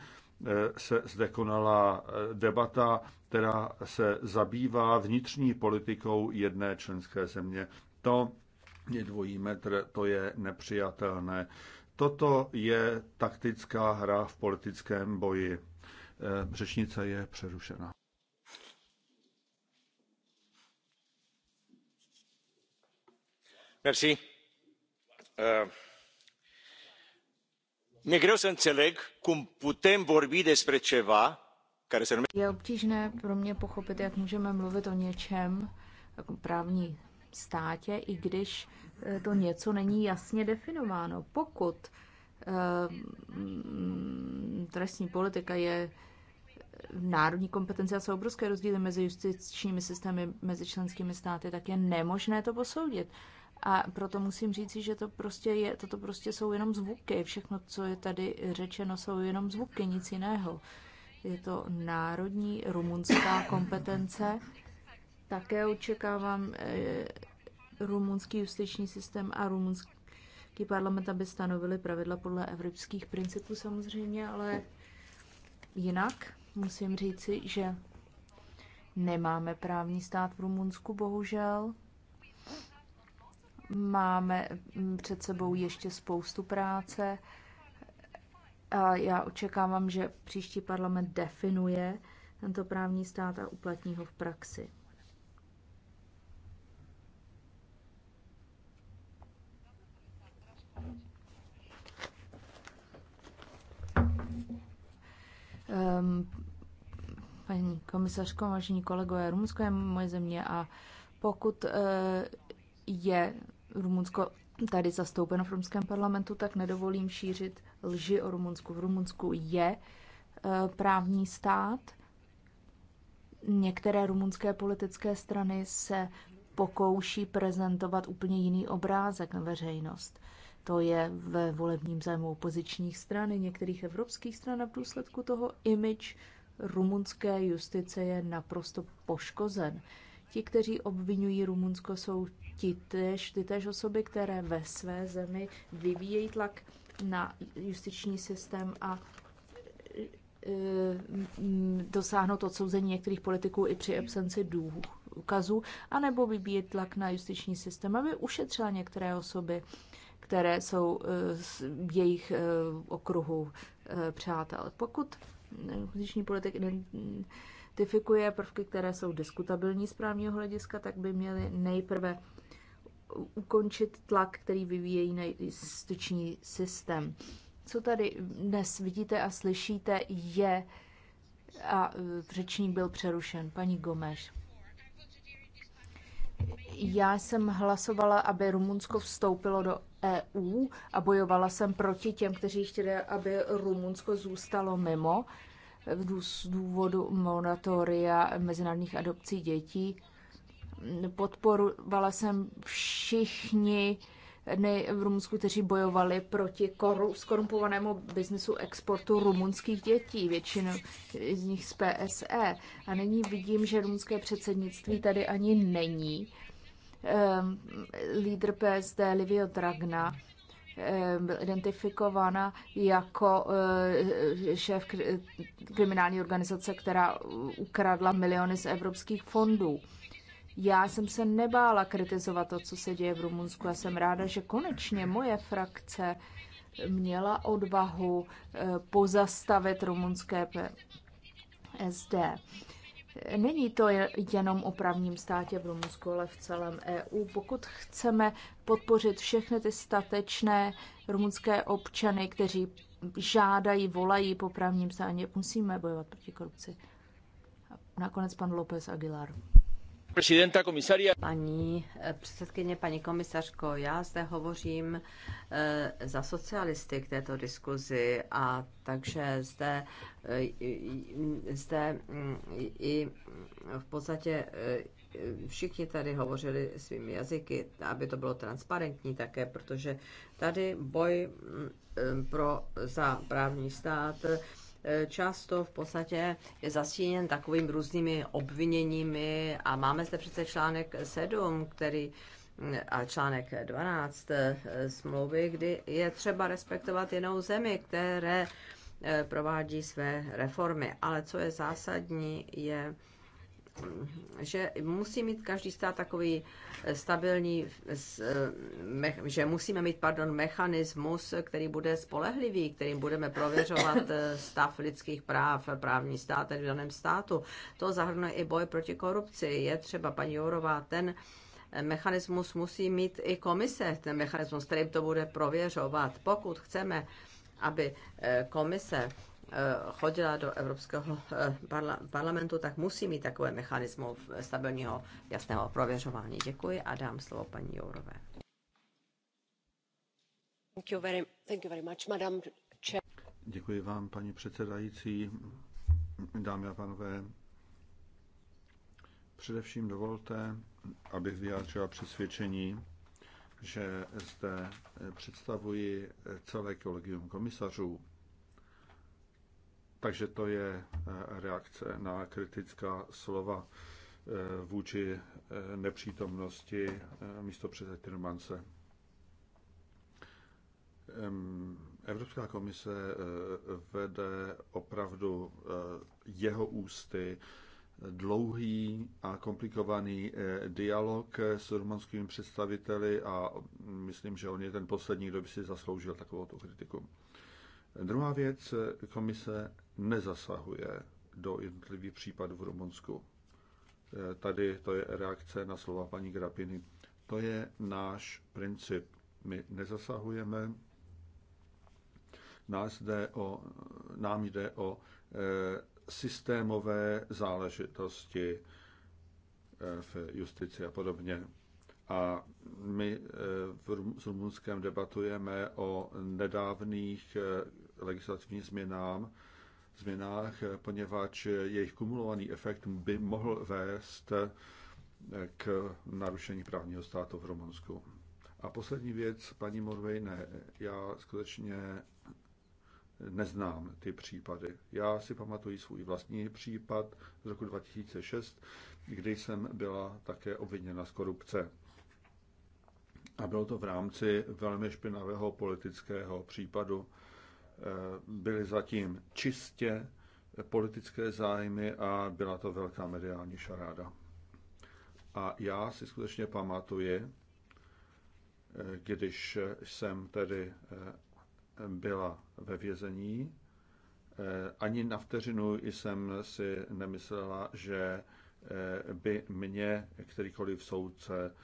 eh, se zde konala debata, která se zabývá vnitřní politikou jedné členské země. To je dvojí metr, to je nepřijatelné. Toto je taktická hra v politickém boji. Řečnice je přerušena. mi uh, e greu să înțeleg cum putem vorbi despre ceva care se numește. Je obtížné pro mě pochopit, jak můžeme mluvit o něčem, jako právní státě, i když eh, to něco není jasně definováno. Pokud eh, mm, trestní politika je eh, národní kompetence a jsou obrovské rozdíly mezi justičními systémy, mezi členskými státy, tak je nemožné to posoudit. A proto musím říct, že to prostě je, toto prostě jsou jenom zvuky. Všechno, co je tady řečeno, jsou jenom zvuky, nic jiného. Je to národní rumunská kompetence. Také očekávám e, rumunský justiční systém a rumunský parlament, aby stanovili pravidla podle evropských principů samozřejmě, ale jinak musím říci, že nemáme právní stát v Rumunsku, bohužel. Máme mm, před sebou ještě spoustu práce a já očekávám, že příští parlament definuje tento právní stát a uplatní ho v praxi. Um, paní komisařko, vážení kolegové, Rumunsko je moje země a pokud uh, je Rumunsko tady zastoupeno v Rumunském parlamentu, tak nedovolím šířit lži o Rumunsku. V Rumunsku je e, právní stát. Některé rumunské politické strany se pokouší prezentovat úplně jiný obrázek na veřejnost. To je ve volebním zájmu opozičních stran i některých evropských stran a v důsledku toho image rumunské justice je naprosto poškozen. Ti, kteří obvinují Rumunsko, jsou ty tytéž osoby, které ve své zemi vyvíjejí tlak na justiční systém a e, dosáhnout odsouzení některých politiků i při absenci důkazů, anebo vybíjet tlak na justiční systém, aby ušetřila některé osoby, které jsou z e, jejich e, okruhu přátel. Pokud justiční politik identifikuje prvky, které jsou diskutabilní z právního hlediska, tak by měly nejprve ukončit tlak, který vyvíjejí na justiční systém. Co tady dnes vidíte a slyšíte, je, a eh, řečník byl přerušen, paní Gomeš. Já jsem hlasovala, aby Rumunsko vstoupilo do EU a bojovala jsem proti těm, kteří chtěli, aby Rumunsko zůstalo mimo z důvodu moratoria mezinárodních adopcí dětí podporovala jsem všichni v Rumunsku, kteří bojovali proti skorumpovanému biznesu exportu rumunských dětí, většinu z nich z PSE. A nyní vidím, že rumunské předsednictví tady ani není. Um, lídr PSD Livio Dragna ehm, byl identifikována jako eh, šéf kriminální organizace, která ukradla miliony z evropských fondů. Já jsem se nebála kritizovat to, co se děje v Rumunsku. Já jsem ráda, že konečně moje frakce měla odvahu eh, pozastavit rumunské SD. Není to jenom o právním státě v Rumunsku, ale v celém EU. Pokud chceme podpořit všechny ty statečné rumunské občany, kteří žádají, volají po právním státě, musíme bojovat proti korupci. nakonec pan López Aguilar. Paní eh, předsedkyně, paní komisařko, já zde hovořím eh, za socialisty k této diskuzi a takže zde, eh, zde mm, i v podstatě všichni tady hovořili svými jazyky, aby to bylo transparentní také, protože tady boj mm, pro, za právní stát často v podstatě je zastíněn takovým různými obviněními a máme zde přece článek 7, který a článek 12 eh, smlouvy, kdy je třeba respektovat jinou zemi, které eh, provádí své reformy. Ale co je zásadní, je že musí mít každý stát takový eh, stabilní, eh, eh, že musíme mít, pardon, mechanismus, který bude spolehlivý, kterým budeme prověřovat stav lidských práv, právní stát v daném státu. To zahrnuje i boj proti korupci. Je třeba, paní Jourová, ten mechanismus musí mít i komise, ten mechanismus, kterým to bude prověřovat. Pokud chceme, aby komise Eh, chodila do Evropského eh, parlamentu, tak musí mít takové mechanismu stabilního jasného prověřování. Děkuji a dám slovo paní Jourové. Děkuji vám, paní předsedající, dámy a pánové. Především dovolte, abych vyjádřila přesvědčení, že zde představuji celé kolegium komisařů takže to je eh, reakce na kritická slova eh, vůči eh, nepřítomnosti místo předsedy Evropská komise vede opravdu jeho ústy dlouhý a komplikovaný dialog s rumunskými představiteli a myslím, že on je ten poslední, kdo by si zasloužil takovou kritiku. Druhá věc, komise nezasahuje do jednotlivých případů v Rumunsku. E, tady to je reakce na slova paní Grapiny. To je náš princip. My nezasahujeme, nás jde o, nám jde o e, systémové záležitosti e, v justici a podobně. A my e, v, s Rumunskem debatujeme o nedávných e, legislativních změnám, změnách, eh, poněvadž eh, jejich kumulovaný efekt by mohl vést eh, k narušení právního státu v Rumunsku. A poslední věc, paní Morvej, ne, já skutečně neznám ty případy. Já si pamatuju svůj vlastní případ z roku 2006, kdy jsem byla také obviněna z korupce. A bylo to v rámci velmi špinavého politického případu, Eh, byly zatím čistě politické zájmy a byla to velká mediální šaráda. A já si skutečně pamatuji, eh, když jsem tedy eh, byla ve vězení, ani na vteřinu jsem si nemyslela, že by mě kterýkoliv soudce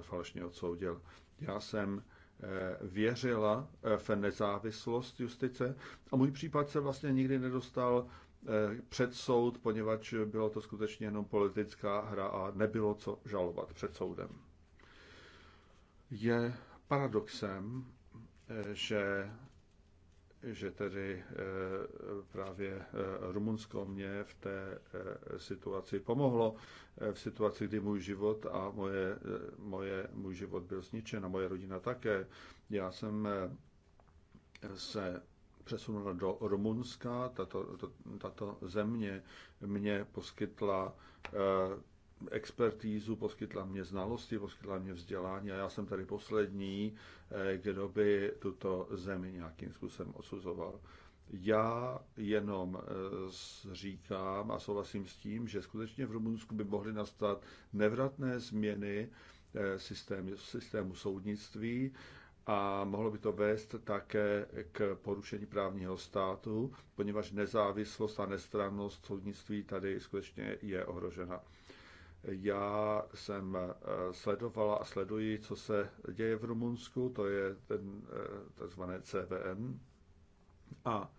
falešně odsoudil. Já jsem Eh, věřila eh, v nezávislost justice a můj případ se vlastně nikdy nedostal eh, před soud, poněvadž bylo to skutečně jenom politická hra a nebylo co žalovat před soudem. Je paradoxem, že že tedy eh, právě eh, Rumunsko mě v té eh, situaci pomohlo, v situaci, kdy můj život a moje, moje, můj život byl zničen a moje rodina také. Já jsem se přesunul do Rumunska. Tato, to, tato země mě poskytla expertízu, poskytla mě znalosti, poskytla mě vzdělání a já jsem tady poslední, eh, kdo by tuto zemi nějakým způsobem osuzoval. Já jenom eh, říkám a souhlasím s tím, že skutečně v Rumunsku by mohly nastat nevratné změny eh, systému soudnictví a mohlo by to vést také k porušení právního státu, poněvadž nezávislost a nestrannost soudnictví tady skutečně je ohrožena. Já jsem eh, sledovala a sleduji, co se děje v Rumunsku, to je ten eh, tzv. CVM. A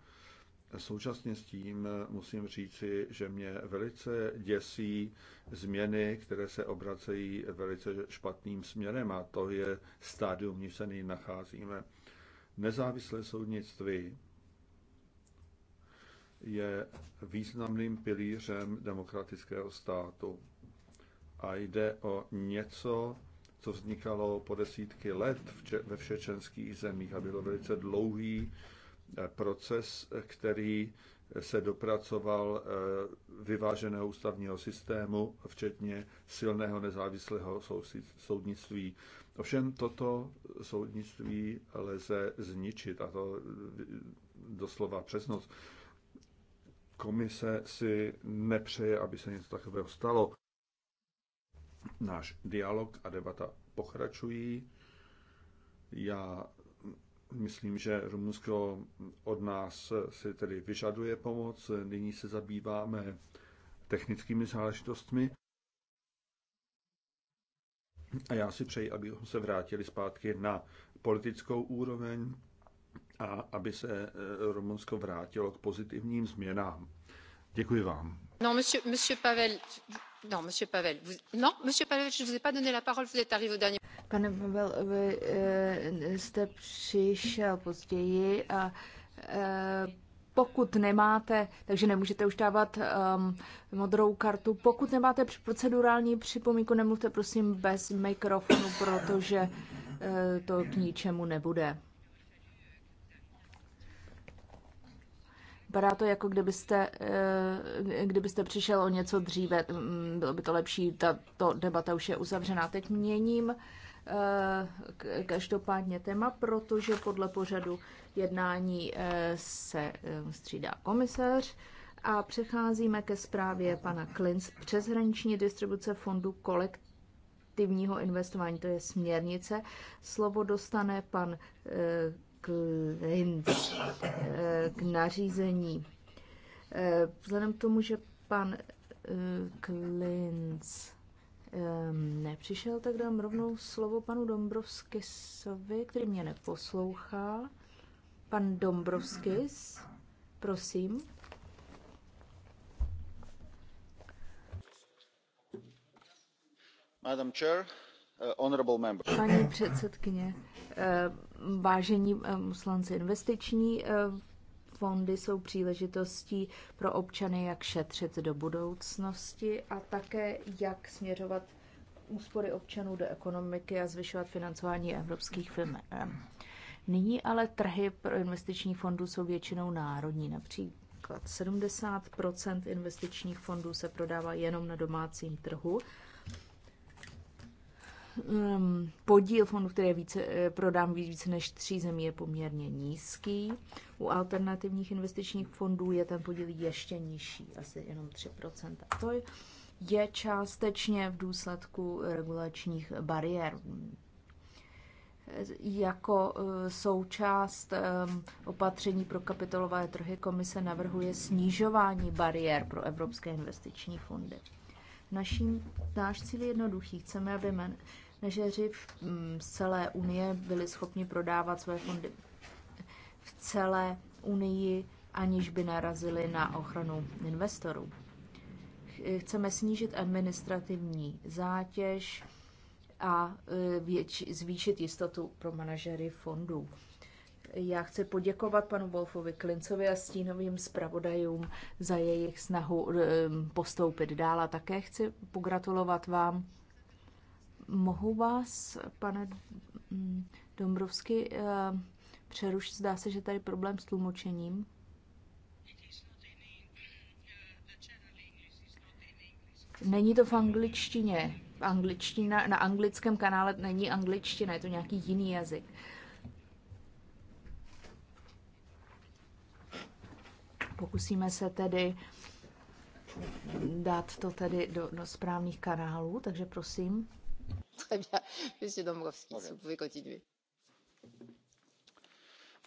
současně s tím eh, musím říci, že mě velice děsí změny, které se obracejí velice špatným směrem a to je stádium, v níž se nyní nacházíme. Nezávislé soudnictví je významným pilířem demokratického státu a jde o něco, co vznikalo po desítky let ve všečenských zemích a bylo velice dlouhý eh, proces, který se dopracoval eh, vyváženého ústavního systému, včetně silného nezávislého soudnictví. Ovšem toto soudnictví lze zničit, a to eh, doslova přes noc. Komise si nepřeje, aby se něco takového stalo. Náš dialog a debata pokračují. Já myslím, že Rumunsko od nás si tedy vyžaduje pomoc. Nyní se zabýváme technickými záležitostmi. A já si přeji, abychom se vrátili zpátky na politickou úroveň a aby se eh, Rumunsko vrátilo k pozitivním změnám. Děkuji vám. No, monsieur, monsieur Pavel, Pane pavle vy eh, jste přišel později a eh, pokud nemáte, takže nemůžete už dávat um, modrou kartu, pokud nemáte procedurální připomínku, nemluvte prosím bez mikrofonu, protože uh, to k ničemu nebude. Vypadá to jako kdybyste, eh, kdybyste přišel o něco dříve, mm, bylo by to lepší, tato debata už je uzavřená. Teď měním eh, každopádně téma, protože podle pořadu jednání eh, se střídá komisař a přecházíme ke zprávě pana Klinc přeshraniční distribuce fondu kolektivního investování, to je směrnice. Slovo dostane pan k, eh, k nařízení. Eh, vzhledem k tomu, že pan eh, Klinc nepřišel, tak dám rovnou slovo panu Dombrovskisovi, který mě neposlouchá. Pan Dombrovskis, prosím. Madam Chair, Uh, Paní předsedkyně, uh, vážení uh, poslanci, investiční fondy jsou příležitostí pro občany, jak šetřit do budoucnosti a také jak směřovat úspory občanů do ekonomiky a zvyšovat financování evropských firm. Nyní ale trhy pro investiční fondů jsou většinou národní, například 70 investičních fondů se prodává jenom na domácím trhu Ehm, podíl fondů, které je více, eh, prodám více než tří zemí, je poměrně nízký. U alternativních investičních fondů je ten podíl ještě nižší, asi jenom 3%. A to je částečně v důsledku regulačních bariér. Jako eh, součást ehm, opatření pro kapitolové trhy komise navrhuje snižování bariér pro evropské investiční fondy. Naším, náš cíl je jednoduchý. Chceme, aby manažeři mm, z celé Unie byli schopni prodávat své fondy v celé Unii, aniž by narazili na ochranu investorů. Chceme snížit administrativní zátěž a e, zvýšit jistotu pro manažery fondů. Já chci poděkovat panu Wolfovi Klincovi a stínovým zpravodajům za jejich snahu eh, postoupit dál a také chci pogratulovat vám. Mohu vás, pane hm, Dombrovsky, eh, přerušit? Zdá se, že tady problém s tlumočením. Není to v angličtině. Angličtina, na anglickém kanále není angličtina, je to nějaký jiný jazyk. Pokusíme se tedy dát to tedy do, do správných kanálů, takže prosím. [laughs] Monsieur Dombrovský, vous pouvez continuer.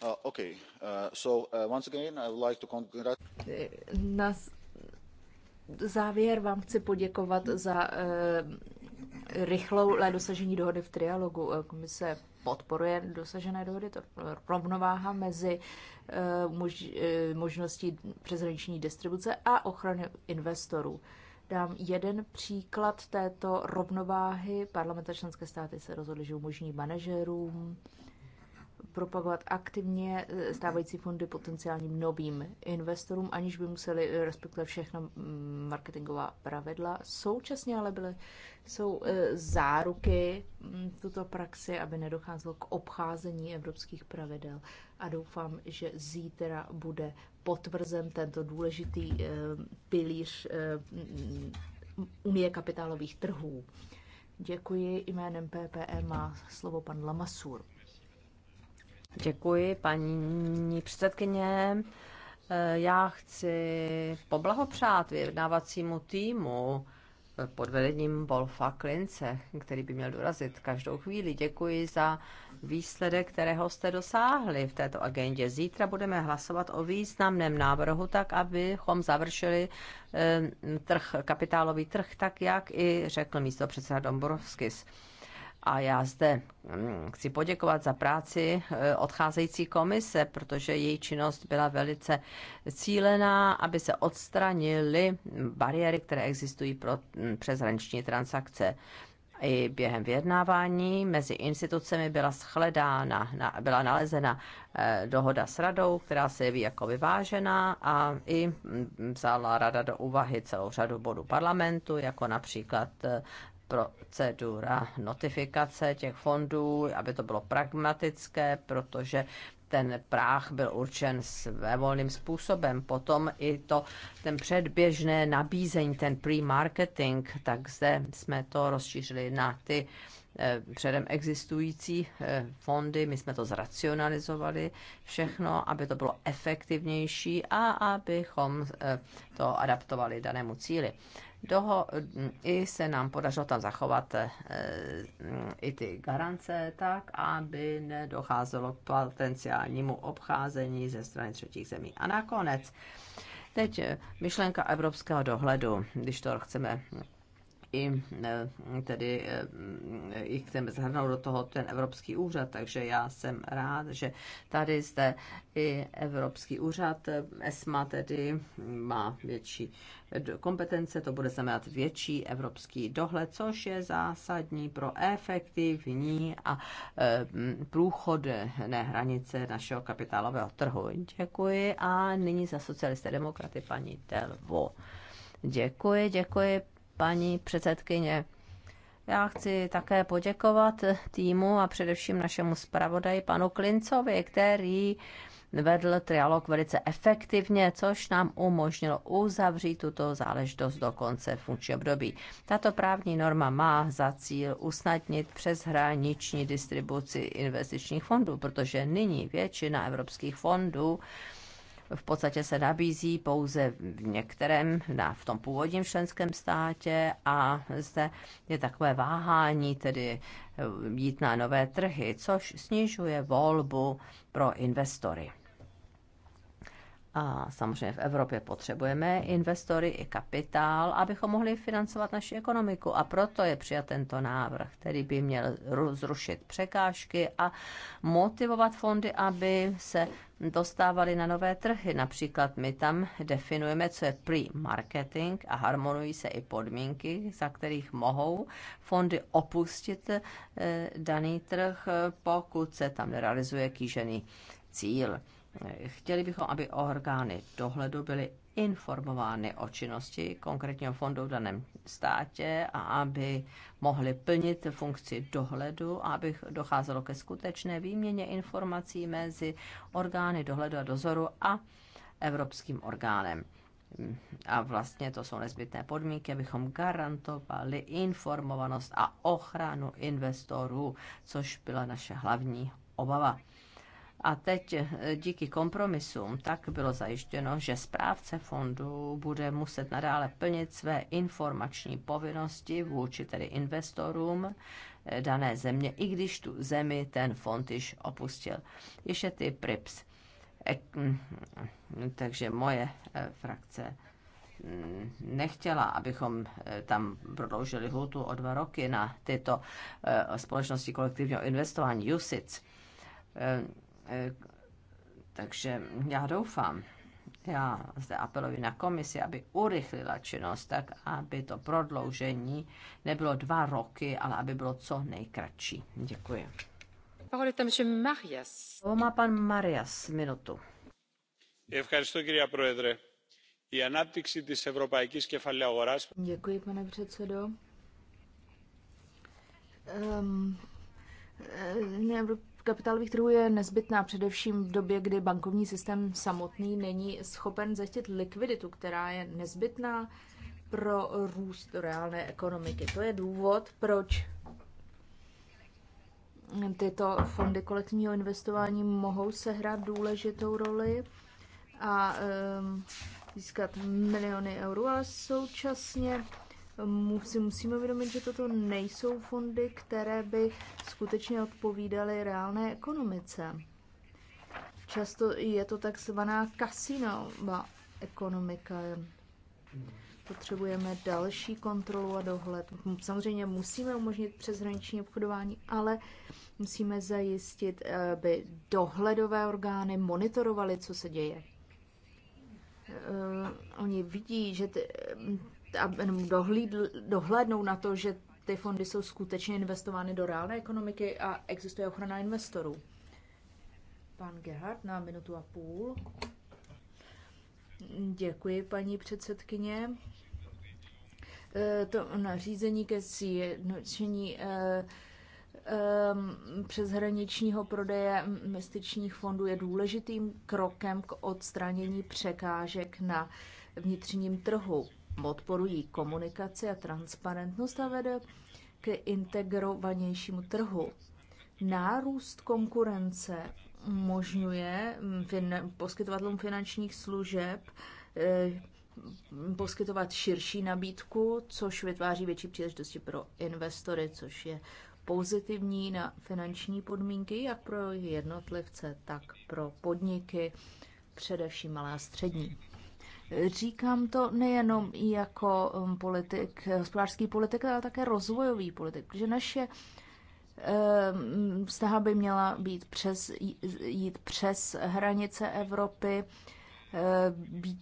Uh, okay, uh, so uh, once again, I would like to congratulate. Eh, na závěr vám chci poděkovat za uh, rychlou dosažení dohody v trialogu. Eh, komise podporuje dosažené dohody, to rovnováha mezi eh, mož, eh, možností přeshraniční distribuce a ochrany investorů. Dám jeden příklad této rovnováhy. Parlament členské státy se rozhodly, že umožní manažerům propagovat aktivně e, stávající fondy potenciálním novým investorům, aniž by museli e, respektovat všechna marketingová pravidla. Současně ale byly, jsou e, záruky tuto praxi, aby nedocházelo k obcházení evropských pravidel. A doufám, že zítra bude potvrzen tento důležitý pilíř Unie kapitálových trhů. Děkuji. Jménem PPM má slovo pan Lamasur. Děkuji, paní předsedkyně. Eh, já chci poblahopřát vyjednávacímu týmu eh, pod vedením Wolfa Klince, který by měl dorazit každou chvíli. Děkuji za výsledek, kterého jste dosáhli v této agendě. Zítra budeme hlasovat o významném návrhu, tak abychom završili eh, trh, kapitálový trh, tak jak i řekl místo předseda Domborovskis. A já zde mm, chci poděkovat za práci eh, odcházející komise, protože její činnost byla velice cílená, aby se odstranily bariéry, které existují pro mm, přeshraniční transakce. I během vyjednávání mezi institucemi byla shledána, byla nalezena eh, dohoda s radou, která se jeví jako vyvážená a i mm, vzala rada do úvahy celou řadu bodů parlamentu, jako například eh, procedura notifikace těch fondů, aby to bylo pragmatické, protože ten práh byl určen svévolným způsobem. Potom i to, ten předběžné nabízení, ten pre-marketing, tak zde jsme to rozšířili na ty eh, předem existující eh, fondy. My jsme to zracionalizovali všechno, aby to bylo efektivnější a abychom eh, to adaptovali danému cíli. Doho, i se nám podařilo tam zachovat eh, i ty garance tak, aby nedocházelo k potenciálnímu obcházení ze strany třetích zemí. A nakonec, teď eh, myšlenka evropského dohledu, když to chceme i e, tedy e, i chceme zahrnout do toho ten Evropský úřad, takže já jsem rád, že tady zde i Evropský úřad ESMA tedy má větší kompetence, to bude znamenat větší evropský dohled, což je zásadní pro efektivní a e, průchodné hranice našeho kapitálového trhu. Děkuji a nyní za socialisté demokraty paní Delvo. Děkuji, děkuji, paní předsedkyně. Já chci také poděkovat týmu a především našemu zpravodaji panu Klincovi, který vedl trialog velice efektivně, což nám umožnilo uzavřít tuto záležitost do konce funkční období. Tato právní norma má za cíl usnadnit přeshraniční distribuci investičních fondů, protože nyní většina evropských fondů v podstatě se nabízí pouze v některém, na, v tom původním členském státě a zde je takové váhání, tedy eh, jít na nové trhy, což snižuje volbu pro investory. A samozřejmě v Evropě potřebujeme investory i kapitál, abychom mohli financovat naši ekonomiku. A proto je přijat tento návrh, který by měl zrušit překážky a motivovat fondy, aby se dostávali na nové trhy. Například my tam definujeme, co je pre-marketing a harmonují se i podmínky, za kterých mohou fondy opustit eh, daný trh, pokud se tam realizuje kýžený cíl. Chtěli bychom, aby orgány dohledu byly informovány o činnosti konkrétního fondu v daném státě a aby mohly plnit funkci dohledu a aby docházelo ke skutečné výměně informací mezi orgány dohledu a dozoru a evropským orgánem. A vlastně to jsou nezbytné podmínky, abychom garantovali informovanost a ochranu investorů, což byla naše hlavní obava. A teď eh, díky kompromisům tak bylo zajištěno, že správce fondu bude muset nadále plnit své informační povinnosti vůči tedy investorům eh, dané země, i když tu zemi ten fond již opustil. Ještě ty PRIPS. Eh, mm, mm, takže moje frakce mm, nechtěla, abychom tam prodloužili hlutu o dva roky na tyto společnosti kolektivního investování USIC takže já doufám, já zde apeluji na komisi, aby urychlila činnost tak, aby to prodloužení nebylo dva roky, ale aby bylo co nejkratší. Děkuji. Slovo má pan Marias, minutu. Děkuji, pane předsedo. Um, kapitálových trhů je nezbytná především v době, kdy bankovní systém samotný není schopen zajistit likviditu, která je nezbytná pro růst reálné ekonomiky. To je důvod, proč tyto fondy kolektivního investování mohou sehrát důležitou roli a um, získat miliony eur, ale současně si musíme uvědomit, že toto nejsou fondy, které by skutečně odpovídaly reálné ekonomice. Často je to takzvaná kasinová ekonomika. Potřebujeme další kontrolu a dohled. Samozřejmě musíme umožnit přeshraniční obchodování, ale musíme zajistit, aby dohledové orgány monitorovaly, co se děje. Eh, oni vidí, že ty, dohlídl, dohlédnou na to, že ty fondy jsou skutečně investovány do reálné ekonomiky a existuje ochrana investorů. Pan Gerhard na minutu a půl. Děkuji, paní předsedkyně. E, to nařízení ke sjednocení e, přeshraničního prodeje investičních fondů je důležitým krokem k odstranění překážek na vnitřním trhu podporují komunikaci a transparentnost a vede k integrovanějšímu trhu. Nárůst konkurence umožňuje fin- poskytovatelům finančních služeb eh, poskytovat širší nabídku, což vytváří větší příležitosti pro investory, což je pozitivní na finanční podmínky jak pro jednotlivce, tak pro podniky, především malá a střední. Říkám to nejenom jako um, politik, hospodářský politik, ale také rozvojový politik, protože naše um, vztaha by měla být přes, jít přes hranice Evropy, uh, být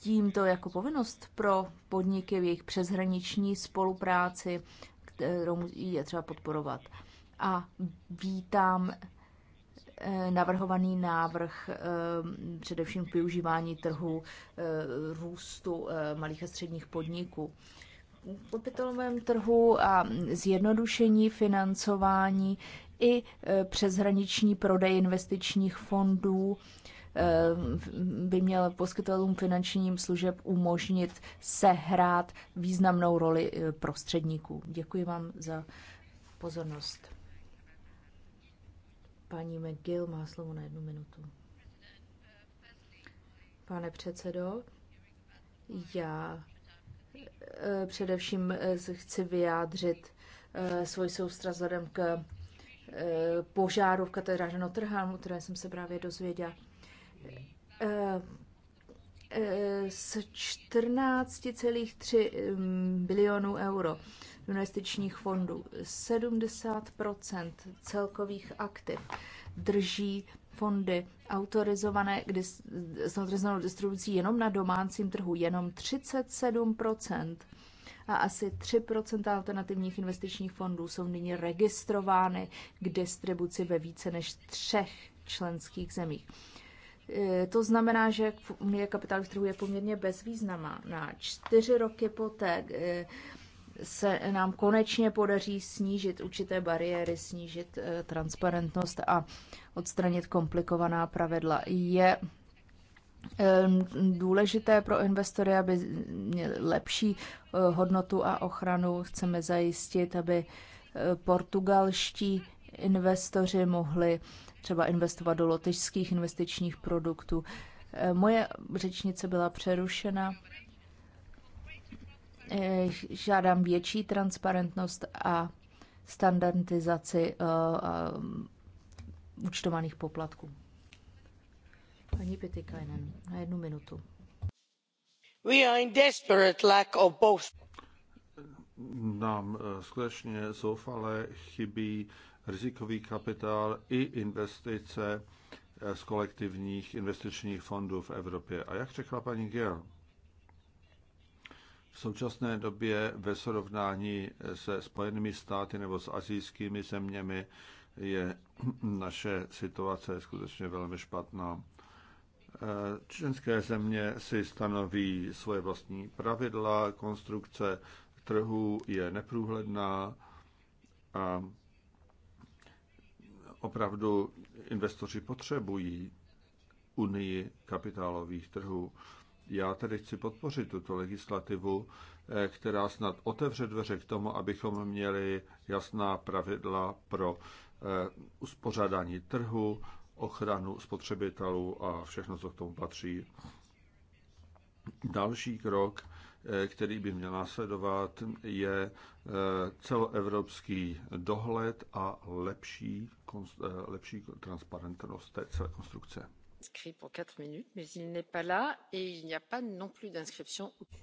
tímto jako povinnost pro podniky v jejich přeshraniční spolupráci, kterou je třeba podporovat. A vítám Eh, navrhovaný návrh eh, především k využívání trhu eh, růstu malých a středních podniků. V kapitalovém trhu a zjednodušení financování i přeshraniční prodej investičních fondů by měl poskytovatelům finančním služeb umožnit sehrát významnou roli prostředníků. Děkuji vám za pozornost. Paní McGill má slovo na jednu minutu. Pane předsedo, já eh, především eh, chci vyjádřit eh, svůj soustra vzhledem k požáru v katedráře Notre Dame, o jsem se právě dozvěděla. Eh, z 14,3 eh, bilionů euro investičních fondů 70 celkových aktiv drží fondy autorizované kdy, s autorizovanou distribucí jenom na domácím trhu, jenom 37 a asi 3 alternativních investičních fondů jsou nyní registrovány k distribuci ve více než třech členských zemích. Eh, to znamená, že Unie kapitálových trhů je poměrně bezvýznamná. Na čtyři roky poté eh, se nám konečně podaří snížit určité bariéry, snížit eh, transparentnost a odstranit komplikovaná pravidla. Je důležité pro investory, aby měli lepší hodnotu a ochranu. Chceme zajistit, aby portugalští investoři mohli třeba investovat do lotyšských investičních produktů. Eh, moje řečnice byla přerušena. Eh, žádám větší transparentnost a standardizaci eh, mm, účtovaných poplatků. Paní Pitykainen, na jednu minutu. We are in desperate lack of both. Nám skutečně zoufale chybí rizikový kapitál i investice eh, z kolektivních investičních fondů v Evropě. A jak řekla paní Gill, v současné době ve srovnání eh, se Spojenými státy nebo s azijskými zeměmi je [clears throat] naše situace skutečně velmi špatná. Eh, členské země si stanoví svoje vlastní pravidla, konstrukce trhu je neprůhledná a opravdu investoři potřebují unii kapitálových trhů. Já tedy chci podpořit tuto legislativu, eh, která snad otevře dveře k tomu, abychom měli jasná pravidla pro eh, uspořádání trhu, ochranu spotřebitelů a všechno, co k tomu patří. Další krok, eh, který by měl následovat, je celoevropský dohled a lepší Eh, lepší transparentnost té celé konstrukce.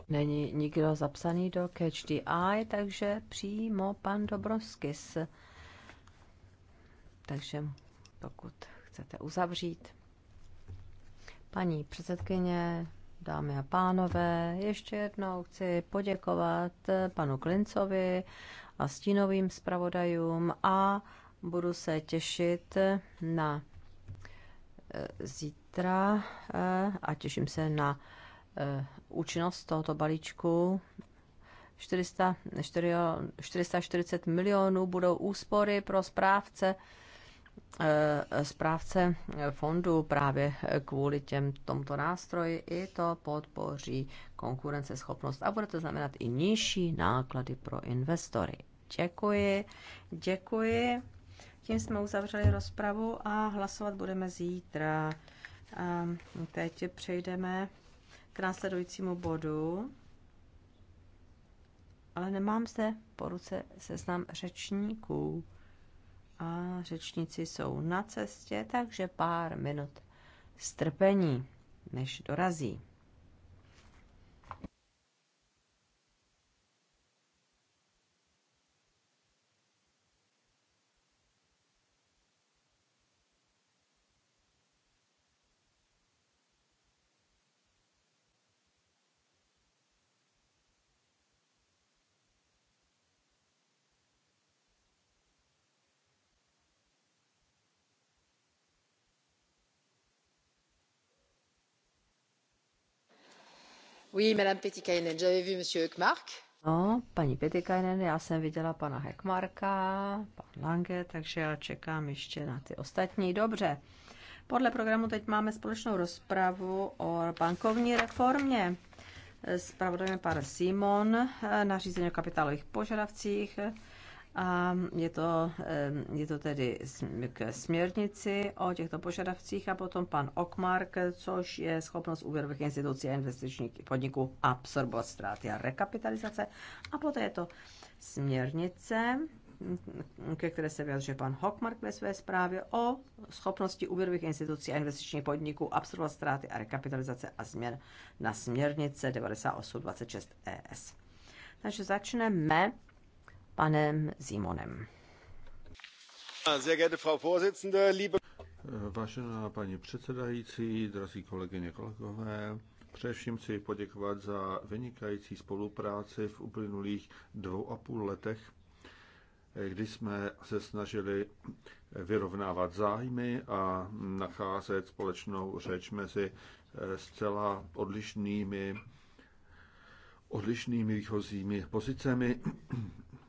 Není nikdo zapsaný do Catch the Eye, takže přímo pan Dobroskis. Takže pokud chcete uzavřít. Paní předsedkyně, dámy a pánové, ještě jednou chci poděkovat panu Klincovi a stínovým zpravodajům a Budu se těšit na e, zítra e, a těším se na e, účinnost tohoto balíčku. 400, 440 milionů budou úspory pro správce správce fondu právě kvůli těm, tomto nástroji i to podpoří konkurenceschopnost a bude to znamenat i nižší náklady pro investory. Děkuji, děkuji. Tím jsme uzavřeli rozpravu a hlasovat budeme zítra. A teď přejdeme k následujícímu bodu. Ale nemám zde po ruce seznam řečníků. A řečníci jsou na cestě, takže pár minut strpení, než dorazí. No, paní Petikajnen, já jsem viděla pana Hekmarka, pan Lange, takže já čekám ještě na ty ostatní. Dobře. Podle programu teď máme společnou rozpravu o bankovní reformě. Spravodajeme pár Simon, nařízení o kapitálových požadavcích a je to, je to tedy k směrnici o těchto požadavcích a potom pan Okmark, což je schopnost úvěrových institucí a investičních podniků absorbovat ztráty a rekapitalizace. A poté je to směrnice, ke které se vyjadřuje pan Hockmark ve své zprávě o schopnosti úvěrových institucí a investičních podniků absorbovat ztráty a rekapitalizace a změn na směrnice 9826 ES. Takže začneme panem Simonem. Ah, Vážená paní předsedající, drazí kolegyně, kolegové, především chci poděkovat za vynikající spolupráci v uplynulých dvou a půl letech, kdy jsme se snažili vyrovnávat zájmy a nacházet společnou řeč mezi eh, zcela odlišnými odlišnými výchozími pozicemi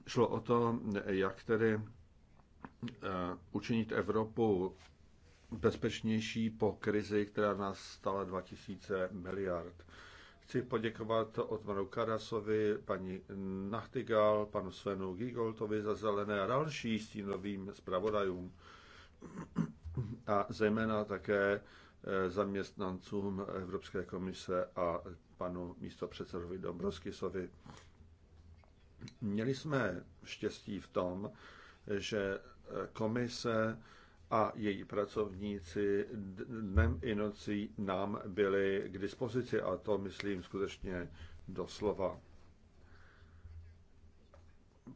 Šlo o to, jak tedy eh, učinit Evropu bezpečnější po krizi, která nás stala 2000 miliard. Chci poděkovat Otmaru Karasovi, paní Nachtigal, panu Svenu Gigoltovi za zelené a další stínovým zpravodajům a zejména také eh, zaměstnancům Evropské komise a panu místopředsedovi Dombrovskisovi. Měli jsme štěstí v tom, že komise a její pracovníci dnem i nocí nám byli k dispozici a to myslím skutečně doslova.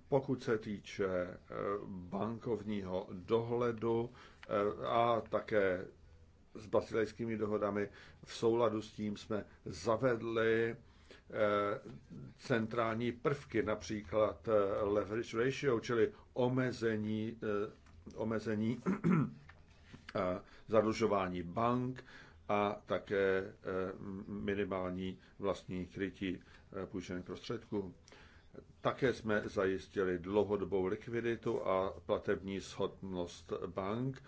Pokud se týče eh, bankovního dohledu eh, a také s basilejskými dohodami, v souladu s tím jsme zavedli Eh, centrální prvky, například eh, leverage ratio, čili omezení, eh, omezení [clears throat] zadlužování bank a také minimální vlastní krytí půjčených prostředků. Také jsme zajistili dlouhodobou likviditu a platební schopnost bank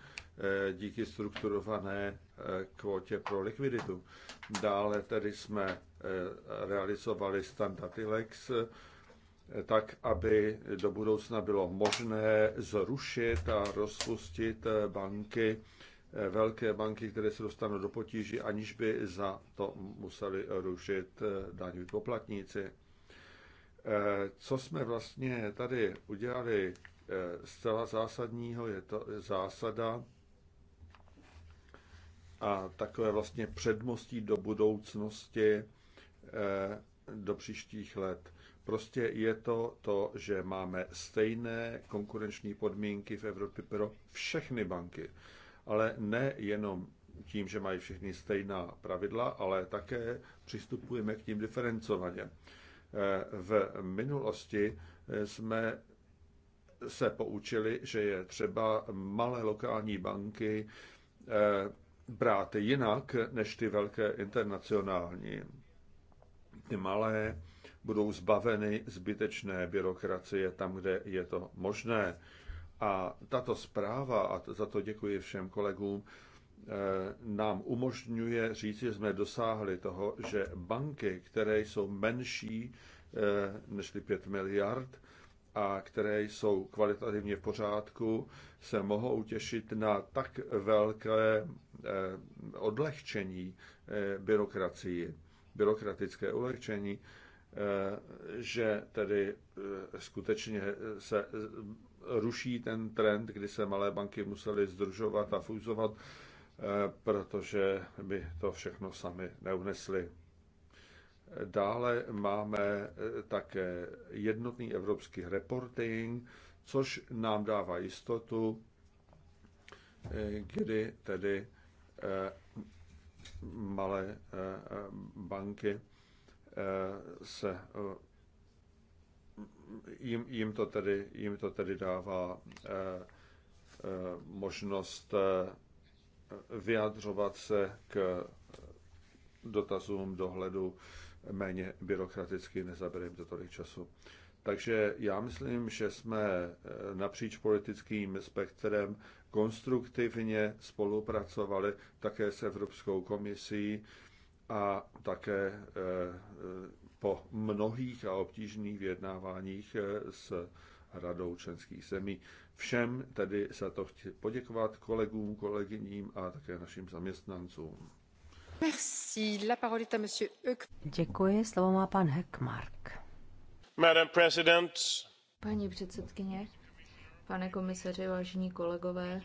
díky strukturované kvotě pro likviditu. Dále tedy jsme Eh, realizovali standardy Lex, eh, tak, aby do budoucna bylo možné zrušit a rozpustit eh, banky, velké banky, které se dostanou do potíží, aniž by za to museli rušit daňoví poplatníci. Co jsme vlastně tady udělali zcela zásadního, je to zásada a takové vlastně předmostí do budoucnosti, Eh, do příštích let. Prostě je to to, že máme stejné konkurenční podmínky v Evropě pro všechny banky. Ale ne jenom tím, že mají všechny stejná pravidla, ale také přistupujeme k tím diferencovaně. Eh, v minulosti eh, jsme se poučili, že je třeba malé lokální banky brát jinak než ty velké internacionální ty malé budou zbaveny zbytečné byrokracie tam, kde je to možné. A tato zpráva, a za to děkuji všem kolegům, eh, nám umožňuje říct, že jsme dosáhli toho, že banky, které jsou menší eh, než 5 miliard a které jsou kvalitativně v pořádku, se mohou těšit na tak velké eh, odlehčení byrokracii byrokratické ulehčení, eh, že tedy eh, skutečně se eh, ruší ten trend, kdy se malé banky musely združovat a fúzovat, protože by to všechno sami neunesli. Dále máme také jednotný evropský reporting, což nám dává jistotu, kdy tedy malé eh, eh, banky eh, se jim, jim, to tedy, jim to tedy dává možnost vyjadřovat se k dotazům dohledu méně byrokraticky, nezabere jim to tolik času. Takže já myslím, že jsme napříč politickým spektrem konstruktivně spolupracovali také s Evropskou komisí a také eh, po mnohých a obtížných vyjednáváních eh, s radou členských zemí. Všem tedy za to chci poděkovat kolegům, kolegyním a také našim zaměstnancům. Merci. La parole est à monsieur Děkuji, slovo má pan Heckmark. Madam President. Paní předsedkyně, pane komisaři, vážení kolegové.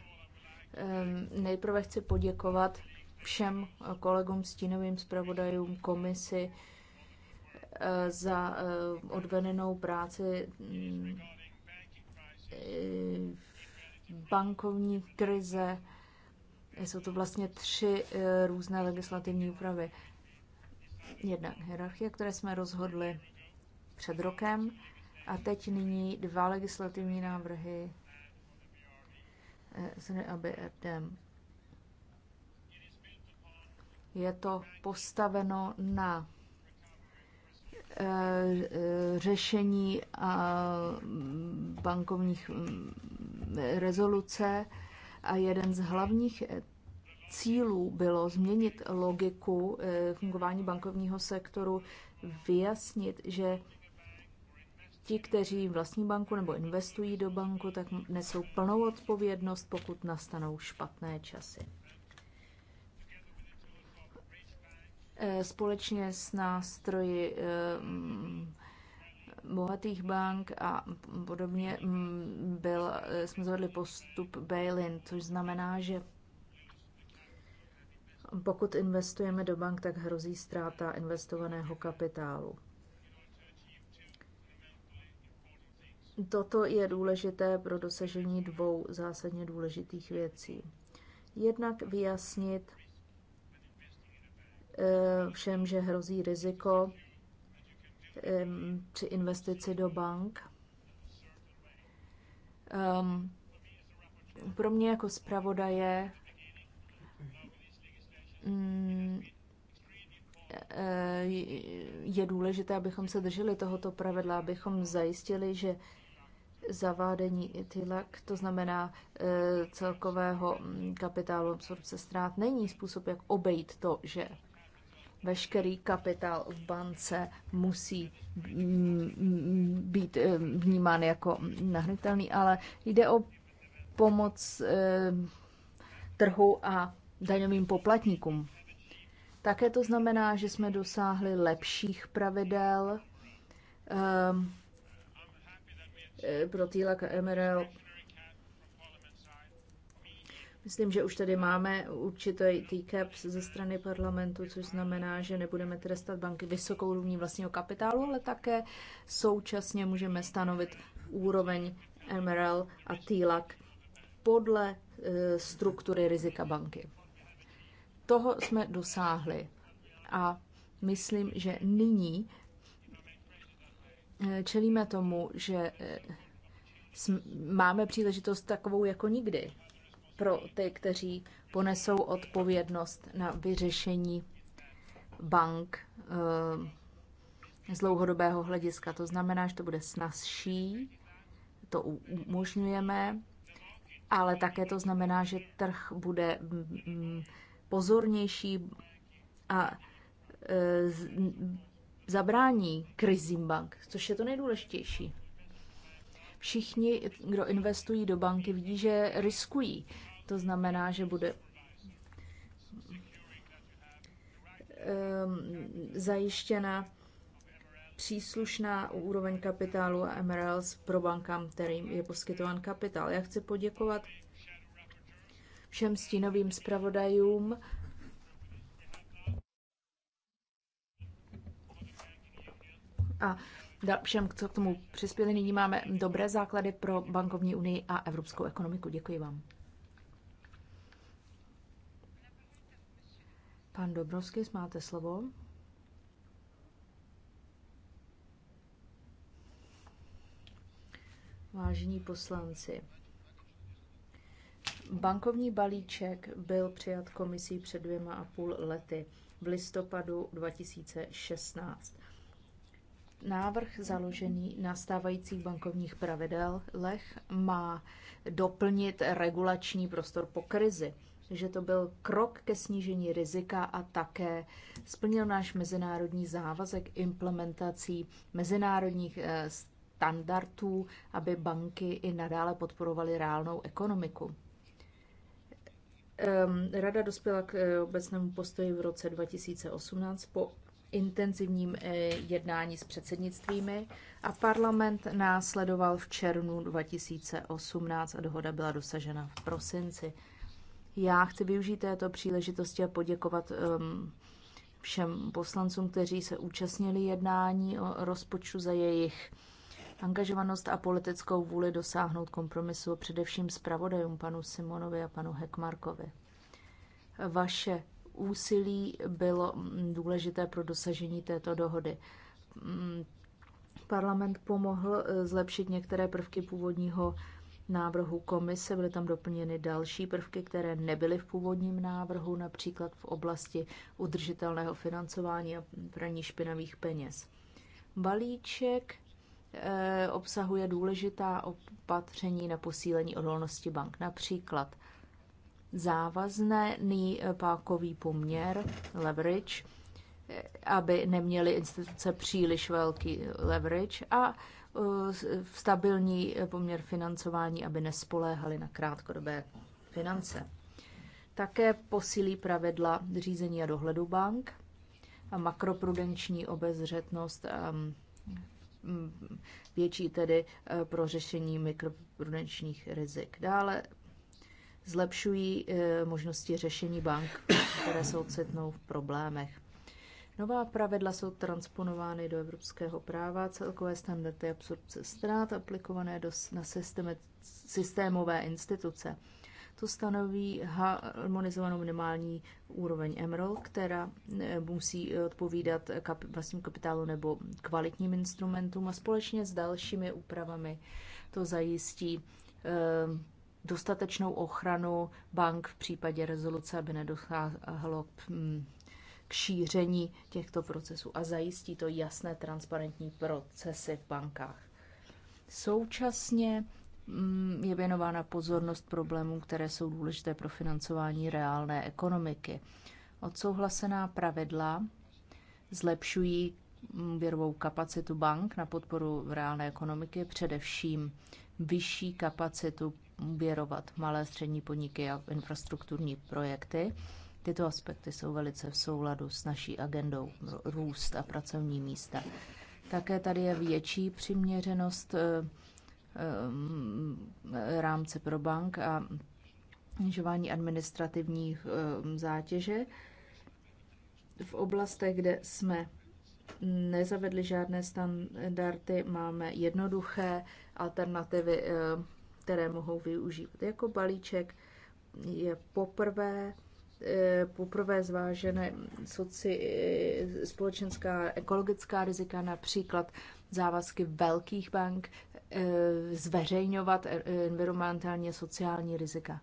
Nejprve chci poděkovat všem kolegům, stínovým zpravodajům, komisi eh, za eh, odvedenou práci mm, eh, bankovní krize. Jsou to vlastně tři různé legislativní úpravy. Jedna hierarchie, které jsme rozhodli před rokem, a teď nyní dva legislativní návrhy SNY eh, a Je to postaveno na eh, eh, řešení bankovních mm, rezoluce a jeden z hlavních cílů bylo změnit logiku fungování bankovního sektoru, vyjasnit, že ti, kteří vlastní banku nebo investují do banku, tak nesou plnou odpovědnost, pokud nastanou špatné časy. E, společně s nástroji e, bohatých bank a podobně byl, e, jsme zvedli postup bail-in, což znamená, že pokud investujeme do bank, tak hrozí ztráta investovaného kapitálu. Toto je důležité pro dosažení dvou zásadně důležitých věcí. Jednak vyjasnit eh, všem, že hrozí riziko při investici do bank. Pro mě jako zpravodaje mm, eh, je důležité, abychom se drželi tohoto pravidla, abychom zajistili, že zavádění ITILAC, to znamená e, celkového mm, kapitálu absorpce ztrát, není způsob, jak obejít to, že veškerý kapitál v bance musí mm, mm, být e, vnímán jako nahnutelný, ale jde o pomoc e, trhu a daňovým poplatníkům. Také to znamená, že jsme dosáhli lepších pravidel, Eh, Protýlak a Emerald. Myslím, že už tady máme určitý T-cap ze strany parlamentu, což znamená, že nebudeme trestat banky vysokou úrovní vlastního kapitálu, ale také současně můžeme stanovit úroveň MRL a TLAC podle eh, struktury rizika banky. Toho jsme dosáhli a myslím, že nyní Eh, čelíme tomu, že eh, máme příležitost takovou jako nikdy pro ty, kteří ponesou odpovědnost na vyřešení bank eh, z dlouhodobého hlediska. To znamená, že to bude snazší, to umožňujeme, ale také to znamená, že trh bude mm, mm, pozornější a zabrání krizím bank, což je to nejdůležitější. Všichni, kdo investují do banky, vidí, že riskují. To znamená, že bude ehm, zajištěna příslušná úroveň kapitálu a MRLs pro bankám, kterým je poskytován kapitál. Já chci poděkovat všem stínovým zpravodajům a všem, co k tomu přispěli. Nyní máme dobré základy pro bankovní unii a evropskou ekonomiku. Děkuji vám. Pan Dobrovský, máte slovo. Vážení poslanci, bankovní balíček byl přijat komisí před dvěma a půl lety v listopadu 2016. Návrh založený na stávajících bankovních pravidelech má doplnit regulační prostor po krizi, že to byl krok ke snížení rizika a také splnil náš mezinárodní závazek implementací mezinárodních eh, standardů, aby banky i nadále podporovaly reálnou ekonomiku. Ehm, rada dospěla k eh, obecnému postoji v roce 2018 po intenzivním eh, jednání s předsednictvími a parlament následoval v červnu 2018 a dohoda byla dosažena v prosinci. Já chci využít této příležitosti a poděkovat um, všem poslancům, kteří se účastnili jednání o rozpočtu za jejich angažovanost a politickou vůli dosáhnout kompromisu, především zpravodajům panu Simonovi a panu Hekmarkovi. Vaše úsilí bylo mm, důležité pro dosažení této dohody. Mm, parlament pomohl eh, zlepšit některé prvky původního návrhu komise, byly tam doplněny další prvky, které nebyly v původním návrhu, například v oblasti udržitelného financování a praní špinavých peněz. Balíček eh, obsahuje důležitá opatření na posílení odolnosti bank, například závazný eh, pákový poměr, leverage, eh, aby neměly instituce příliš velký eh, leverage a stabilní poměr financování, aby nespoléhali na krátkodobé finance. Také posílí pravidla řízení a dohledu bank a makroprudenční obezřetnost ehm, větší tedy pro řešení mikroprudenčních rizik. Dále zlepšují eh, možnosti řešení bank, které se ocitnou v problémech. Nová pravidla jsou transponovány do evropského práva, celkové standardy absorpce ztrát aplikované do, na systémy, systémové instituce. To stanoví harmonizovanou minimální úroveň MREL, která eh, musí odpovídat kap, vlastním kapitálu nebo kvalitním instrumentům a společně s dalšími úpravami to zajistí eh, dostatečnou ochranu bank v případě rezoluce, aby nedocházelo mm, k šíření těchto procesů a zajistí to jasné transparentní procesy v bankách. Současně mm, je věnována pozornost problémům, které jsou důležité pro financování reálné ekonomiky. Odsouhlasená pravidla zlepšují mm, věrovou kapacitu bank na podporu reálné ekonomiky, především vyšší kapacitu úvěrovat malé střední podniky a infrastrukturní projekty. Tyto aspekty jsou velice v souladu s naší agendou růst a pracovní místa. Také tady je větší přiměřenost eh, eh, rámce pro bank a snižování administrativních eh, zátěže v oblastech, kde jsme nezavedli žádné standardy, máme jednoduché alternativy, eh, které mohou využít jako balíček. Je poprvé eh, poprvé zvážené soci, eh, společenská ekologická rizika, například závazky velkých bank zveřejňovat environmentálně sociální rizika.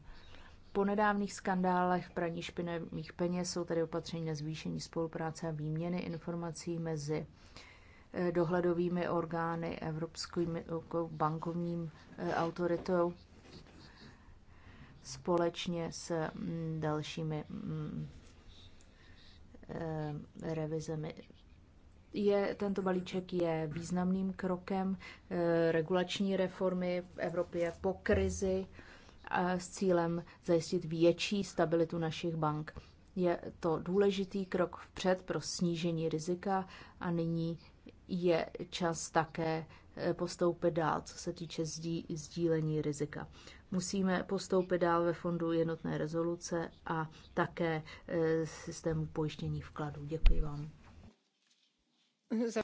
Po nedávných skandálech praní špinavých peněz jsou tady opatření na zvýšení spolupráce a výměny informací mezi eh, dohledovými orgány Evropským eh, bankovním eh, autoritou společně s mm, dalšími mm, revizemi. Je, tento balíček je významným krokem regulační reformy v Evropě po krizi s cílem zajistit větší stabilitu našich bank. Je to důležitý krok vpřed pro snížení rizika a nyní je čas také eh, postoupit dál, co se týče sdílení rizika. Musíme postoupit dál ve fondu jednotné rezoluce a také eh, systému pojištění vkladů. Děkuji vám.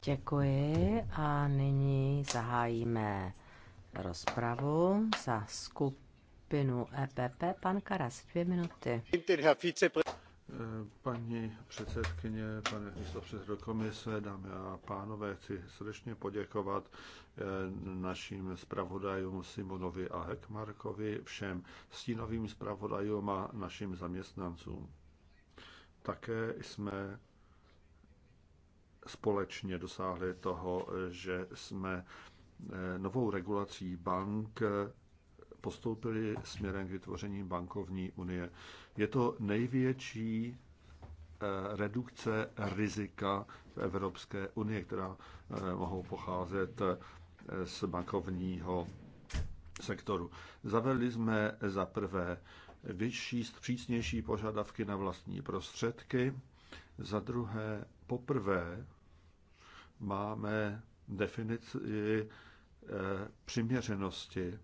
Děkuji a nyní zahájíme rozpravu za skupinu skupinu EPP. Pan Karas, dvě minuty. Eh, paní předsedkyně, pane místopředsedo komise, dámy a pánové, chci srdečně poděkovat eh, našim zpravodajům Simonovi a Hekmarkovi, všem stínovým zpravodajům a našim zaměstnancům. Také jsme společně dosáhli toho, že jsme eh, novou regulací bank postoupili směrem k vytvoření bankovní unie. Je to největší eh, redukce rizika v Evropské unii, která eh, mohou pocházet eh, z bankovního sektoru. Zavedli jsme za prvé vyšší, přísnější požadavky na vlastní prostředky. Za druhé, poprvé máme definici přiměřenosti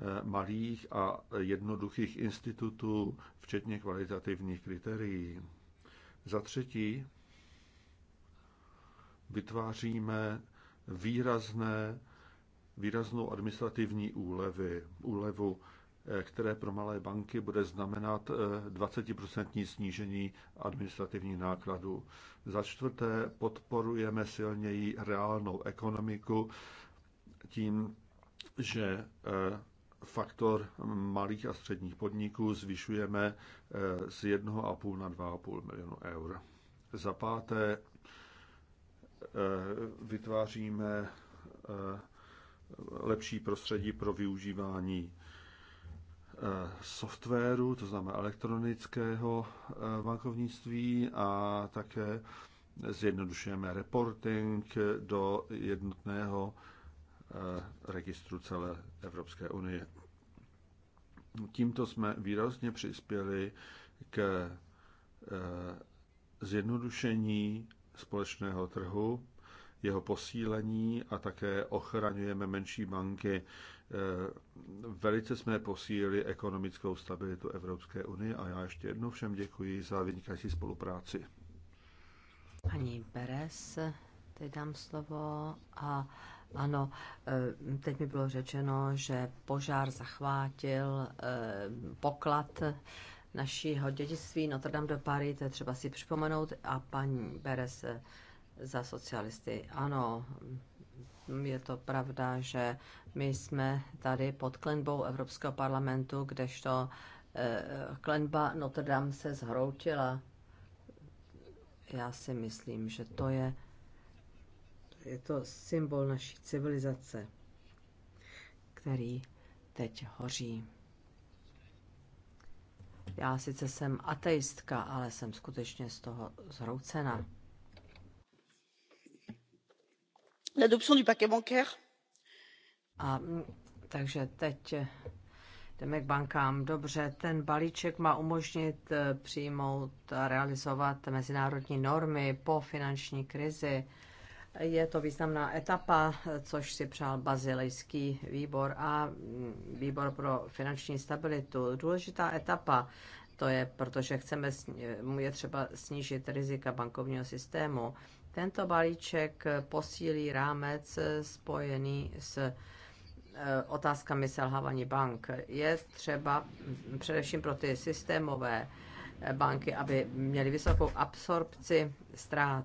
Eh, malých a jednoduchých institutů, včetně kvalitativních kritérií. Za třetí, vytváříme výrazné, výraznou administrativní úlevy, úlevu, eh, které pro malé banky bude znamenat 20% eh, snížení administrativní nákladů. Za čtvrté, podporujeme silněji reálnou ekonomiku tím, že faktor malých a středních podniků zvyšujeme eh, z 1,5 na 2,5 milionu eur. Za páté eh, vytváříme eh, lepší prostředí pro využívání softwaru, to znamená elektronického bankovnictví a také zjednodušujeme reporting do jednotného registru celé Evropské unie. Tímto jsme výrazně přispěli k e, zjednodušení společného trhu, jeho posílení a také ochraňujeme menší banky. E, velice jsme posílili ekonomickou stabilitu Evropské unie a já ještě jednou všem děkuji za vynikající spolupráci. Paní Beres teď dám slovo a ano, eh, teď mi bylo řečeno, že požár zachvátil eh, poklad našího dědictví Notre Dame de Paris, to je třeba si připomenout, a paní Beres za socialisty. Ano, je to pravda, že my jsme tady pod klenbou Evropského parlamentu, kdežto eh, klenba Notre Dame se zhroutila. Já si myslím, že to je je to symbol naší civilizace, který teď hoří. Já sice jsem ateistka, ale jsem skutečně z toho zhroucena. L'adoption du paquet bancaire. A mm, takže teď eh, jdeme k bankám. Dobře, ten balíček má umožnit eh, přijmout a realizovat mezinárodní normy po finanční krizi je to významná etapa, což si přál bazilejský výbor a výbor pro finanční stabilitu. Důležitá etapa, to je, protože chceme, je třeba snížit rizika bankovního systému. Tento balíček posílí rámec spojený s eh, otázkami selhávání bank. Je třeba především pro ty systémové banky, aby měly vysokou absorpci ztrát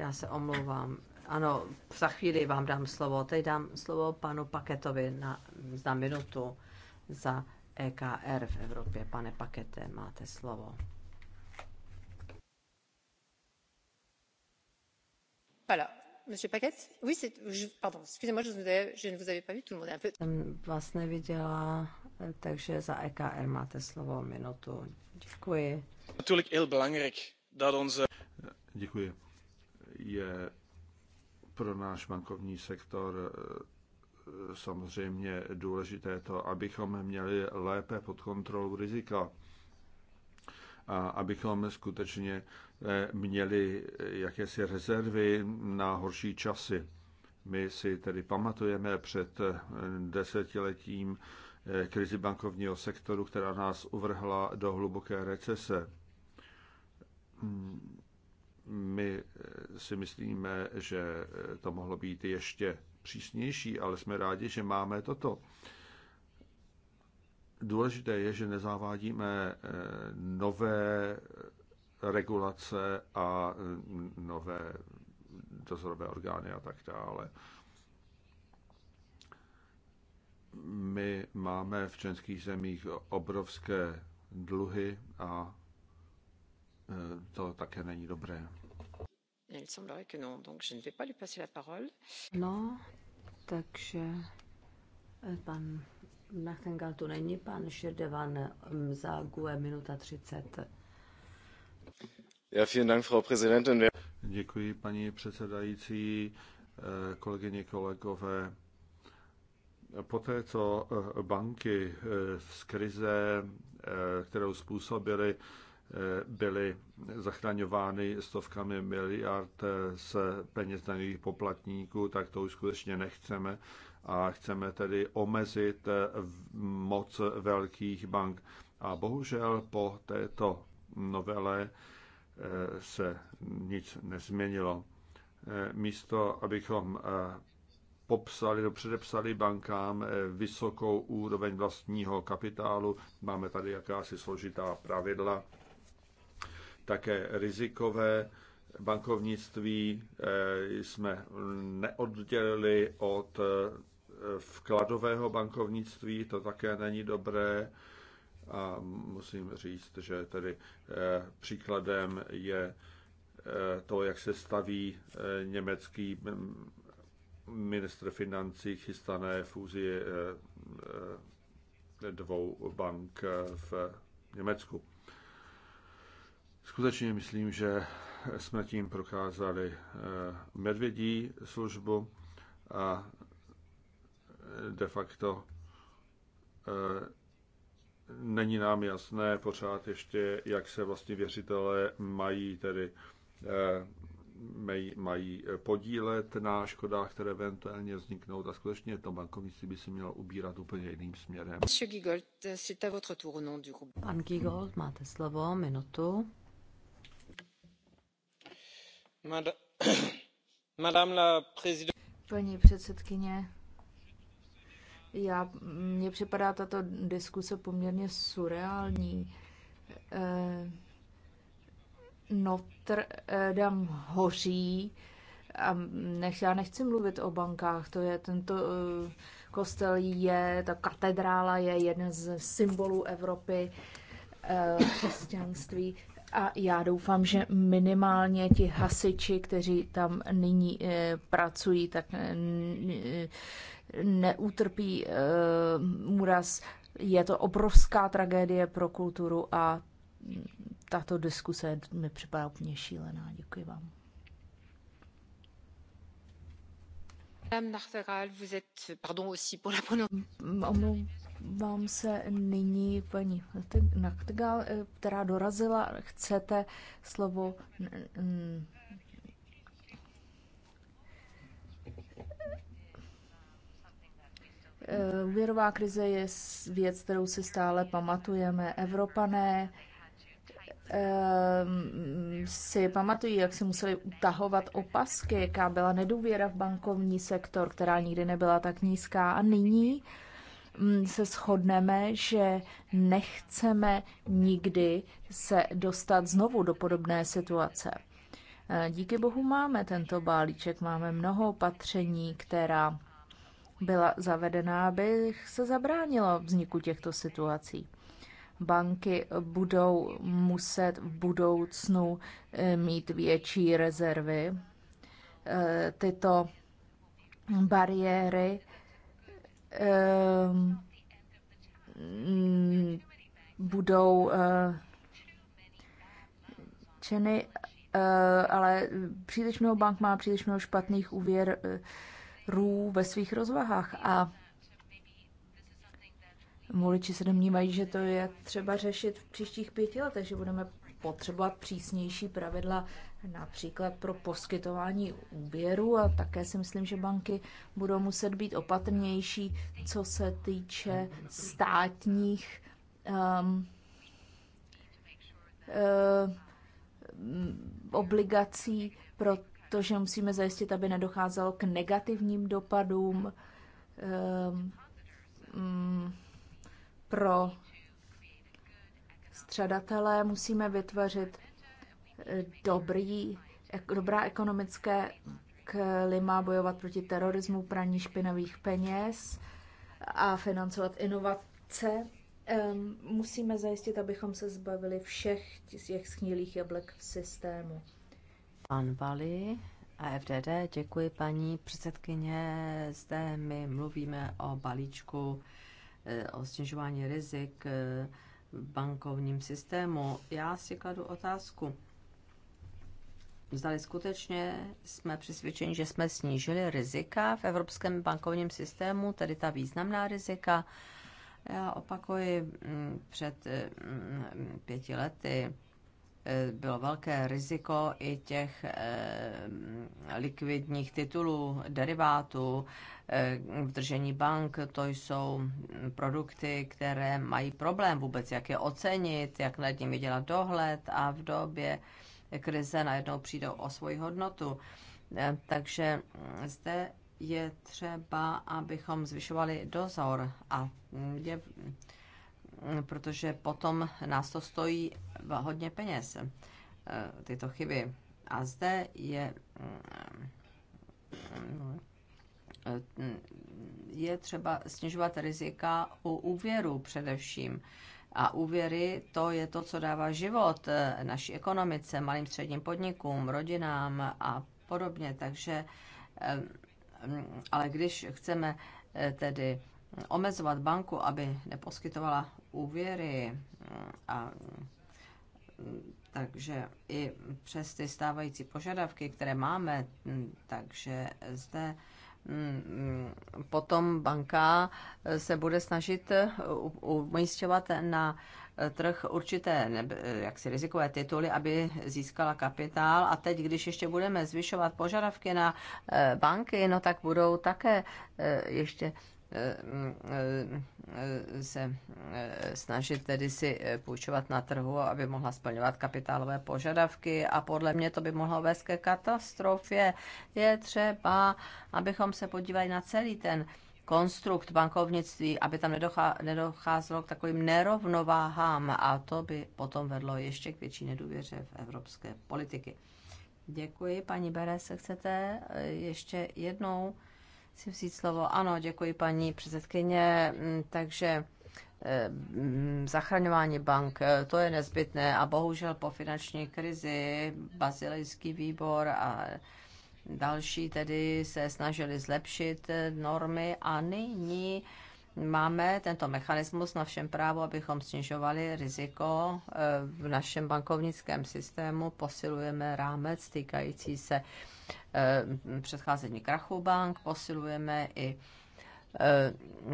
já se omlouvám. Ano, za chvíli vám dám slovo. Teď dám slovo panu Paketovi na, za minutu za EKR v Evropě. Pane Pakete, máte slovo. Voilà. Monsieur Paquet, oui, c'est, pardon, excusez-moi, je, je ne vous avais pas vu, tout le monde est un peu... Jsem vás neviděla, takže za EKR máte slovo minutu. Děkuji. Natuurlijk heel belangrijk dat onze... Děkuji je pro náš bankovní sektor eh, samozřejmě důležité to, abychom měli lépe pod kontrolou rizika a abychom skutečně eh, měli jakési rezervy na horší časy. My si tedy pamatujeme před eh, desetiletím krizi bankovního sektoru, která nás uvrhla do hluboké recese hmm, my eh, si myslíme, že eh, to mohlo být ještě přísnější, ale jsme rádi, že máme toto. Důležité je, že nezavádíme eh, nové regulace a mm, nové dozorové orgány a tak dále. My máme v českých zemích obrovské dluhy a to také není dobré. No, takže eh, pan Nachtengal tu není, pan Šerdevan mm, za GUE minuta 30. Ja, vielen Dank, Frau Präsidentin. Děkuji, paní předsedající, eh, kolegyně, kolegové. Poté, co eh, banky z krize, kterou způsobili, byly zachraňovány stovkami miliard z peněz daných poplatníků, tak to už skutečně nechceme a chceme tedy omezit moc velkých bank. A bohužel po této novele eh, se nic nezměnilo. Eh, místo, abychom eh, popsali, předepsali bankám vysokou úroveň vlastního kapitálu. Máme tady jakási složitá pravidla, také rizikové bankovnictví eh, jsme neoddělili od eh, vkladového bankovnictví, to také není dobré. A musím říct, že tedy eh, příkladem je to, jak se staví německý mm, ministr financí chystané fúzi dvou bank v Německu. Skutečně myslím, že jsme tím prokázali eh, medvědí službu a de facto eh, není nám jasné pořád ještě, jak se vlastně věřitelé mají tedy eh, mají podílet na škodách, které eventuálně vzniknou. A skutečně to bankovnictví by se mělo ubírat úplně jiným směrem. Pan Gigold, máte slovo, minutu. [coughs] Paní předsedkyně, já, mně připadá tato diskuse poměrně surreální. Eh, Notre Dame hoří a nech, já nechci mluvit o bankách, to je tento eh, kostel je, ta katedrála je jeden z symbolů Evropy, eh, křesťanství. A já doufám, že minimálně ti hasiči, kteří tam nyní e, pracují, tak e, neutrpí e, Je to obrovská tragédie pro kulturu a tato diskuse mi připadá úplně šílená. Děkuji vám. Mm, Omlouvám vám se nyní paní Naktegal, eh, která dorazila, chcete slovo eh, Úvěrová krize je věc, kterou si stále pamatujeme. Evropané ehm, si pamatují, jak si museli utahovat opasky, jaká byla nedůvěra v bankovní sektor, která nikdy nebyla tak nízká. A nyní Mm, se shodneme, že nechceme nikdy se dostat znovu do podobné situace. E, díky bohu máme tento balíček, máme mnoho opatření, která byla zavedena, aby se zabránilo vzniku těchto situací. Banky budou muset v budoucnu e, mít větší rezervy. E, tyto bariéry Ehm, budou eh, čeny, eh, ale příliš mnoho bank má příliš mnoho špatných úvěrů eh, ve svých rozvahách a voliči se domnívají, že to je třeba řešit v příštích pěti letech, že budeme potřebovat přísnější pravidla například pro poskytování úvěru a také si myslím, že banky budou muset být opatrnější, co se týče státních um, um, obligací, protože musíme zajistit, aby nedocházelo k negativním dopadům um, um pro střadatele. Musíme vytvořit dobrý, dobrá ekonomické klima, bojovat proti terorismu, praní špinavých peněz a financovat inovace. Musíme zajistit, abychom se zbavili všech těch schnilých jablek v systému. Pan Vali a FDD, děkuji paní předsedkyně. Zde my mluvíme o balíčku e, o snižování rizik e, v bankovním systému. Já si kladu otázku zdali skutečně jsme přesvědčeni, že jsme snížili rizika v evropském bankovním systému, tedy ta významná rizika. Já opakuji, mm, před mm, pěti lety eh, bylo velké riziko i těch eh, likvidních titulů, derivátů, eh, v držení bank. To jsou produkty, které mají problém vůbec, jak je ocenit, jak nad nimi dělat dohled a v době, krize najednou přijdou o svoji hodnotu. Eh, takže zde je třeba, abychom zvyšovali dozor a je, mm, protože potom nás to stojí hodně peněz, eh, tyto chyby. A zde je mm, eh, mm, je třeba snižovat rizika u úvěru především. A úvěry, to je to, co dává život eh, naší ekonomice, malým středním podnikům, rodinám a podobně. Takže, eh, mm, ale když chceme eh, tedy omezovat banku, aby neposkytovala úvěry, mm, a, mm, takže i přes ty stávající požadavky, které máme, takže zde Mm, mm, potom banka eh, se bude snažit eh, umístěvat na eh, trh určité jaksi rizikové tituly, aby získala kapitál. A teď, když ještě budeme zvyšovat požadavky na banky, no tak budou také ještě Eh, se eh, snažit tedy si eh, půjčovat na trhu, aby mohla splňovat kapitálové požadavky a podle mě to by mohlo vést ke katastrofě. Je třeba, abychom se podívali na celý ten konstrukt bankovnictví, aby tam nedocházelo k takovým nerovnováhám a to by potom vedlo ještě k větší nedůvěře v evropské politiky. Děkuji, paní Bere, se chcete ještě jednou si vzít slovo. Ano, děkuji paní předsedkyně. Mm, takže eh, mm, zachraňování bank, eh, to je nezbytné a bohužel po finanční krizi bazilejský výbor a další tedy se snažili zlepšit eh, normy a nyní máme tento mechanismus na všem právu, abychom snižovali riziko v našem bankovnickém systému, posilujeme rámec týkající se Eh, předcházení krachu bank, posilujeme i eh,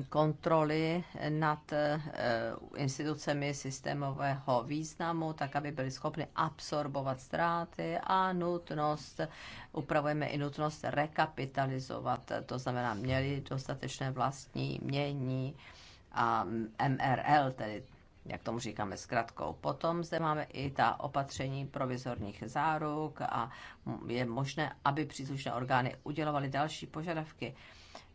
kontroly nad eh, institucemi systémového významu, tak aby byly schopny absorbovat ztráty a nutnost, upravujeme i nutnost rekapitalizovat, to znamená, měli dostatečné vlastní mění a MRL, tedy jak tomu říkáme zkratkou. Potom zde máme i ta opatření provizorních záruk a je možné, aby příslušné orgány udělovaly další požadavky.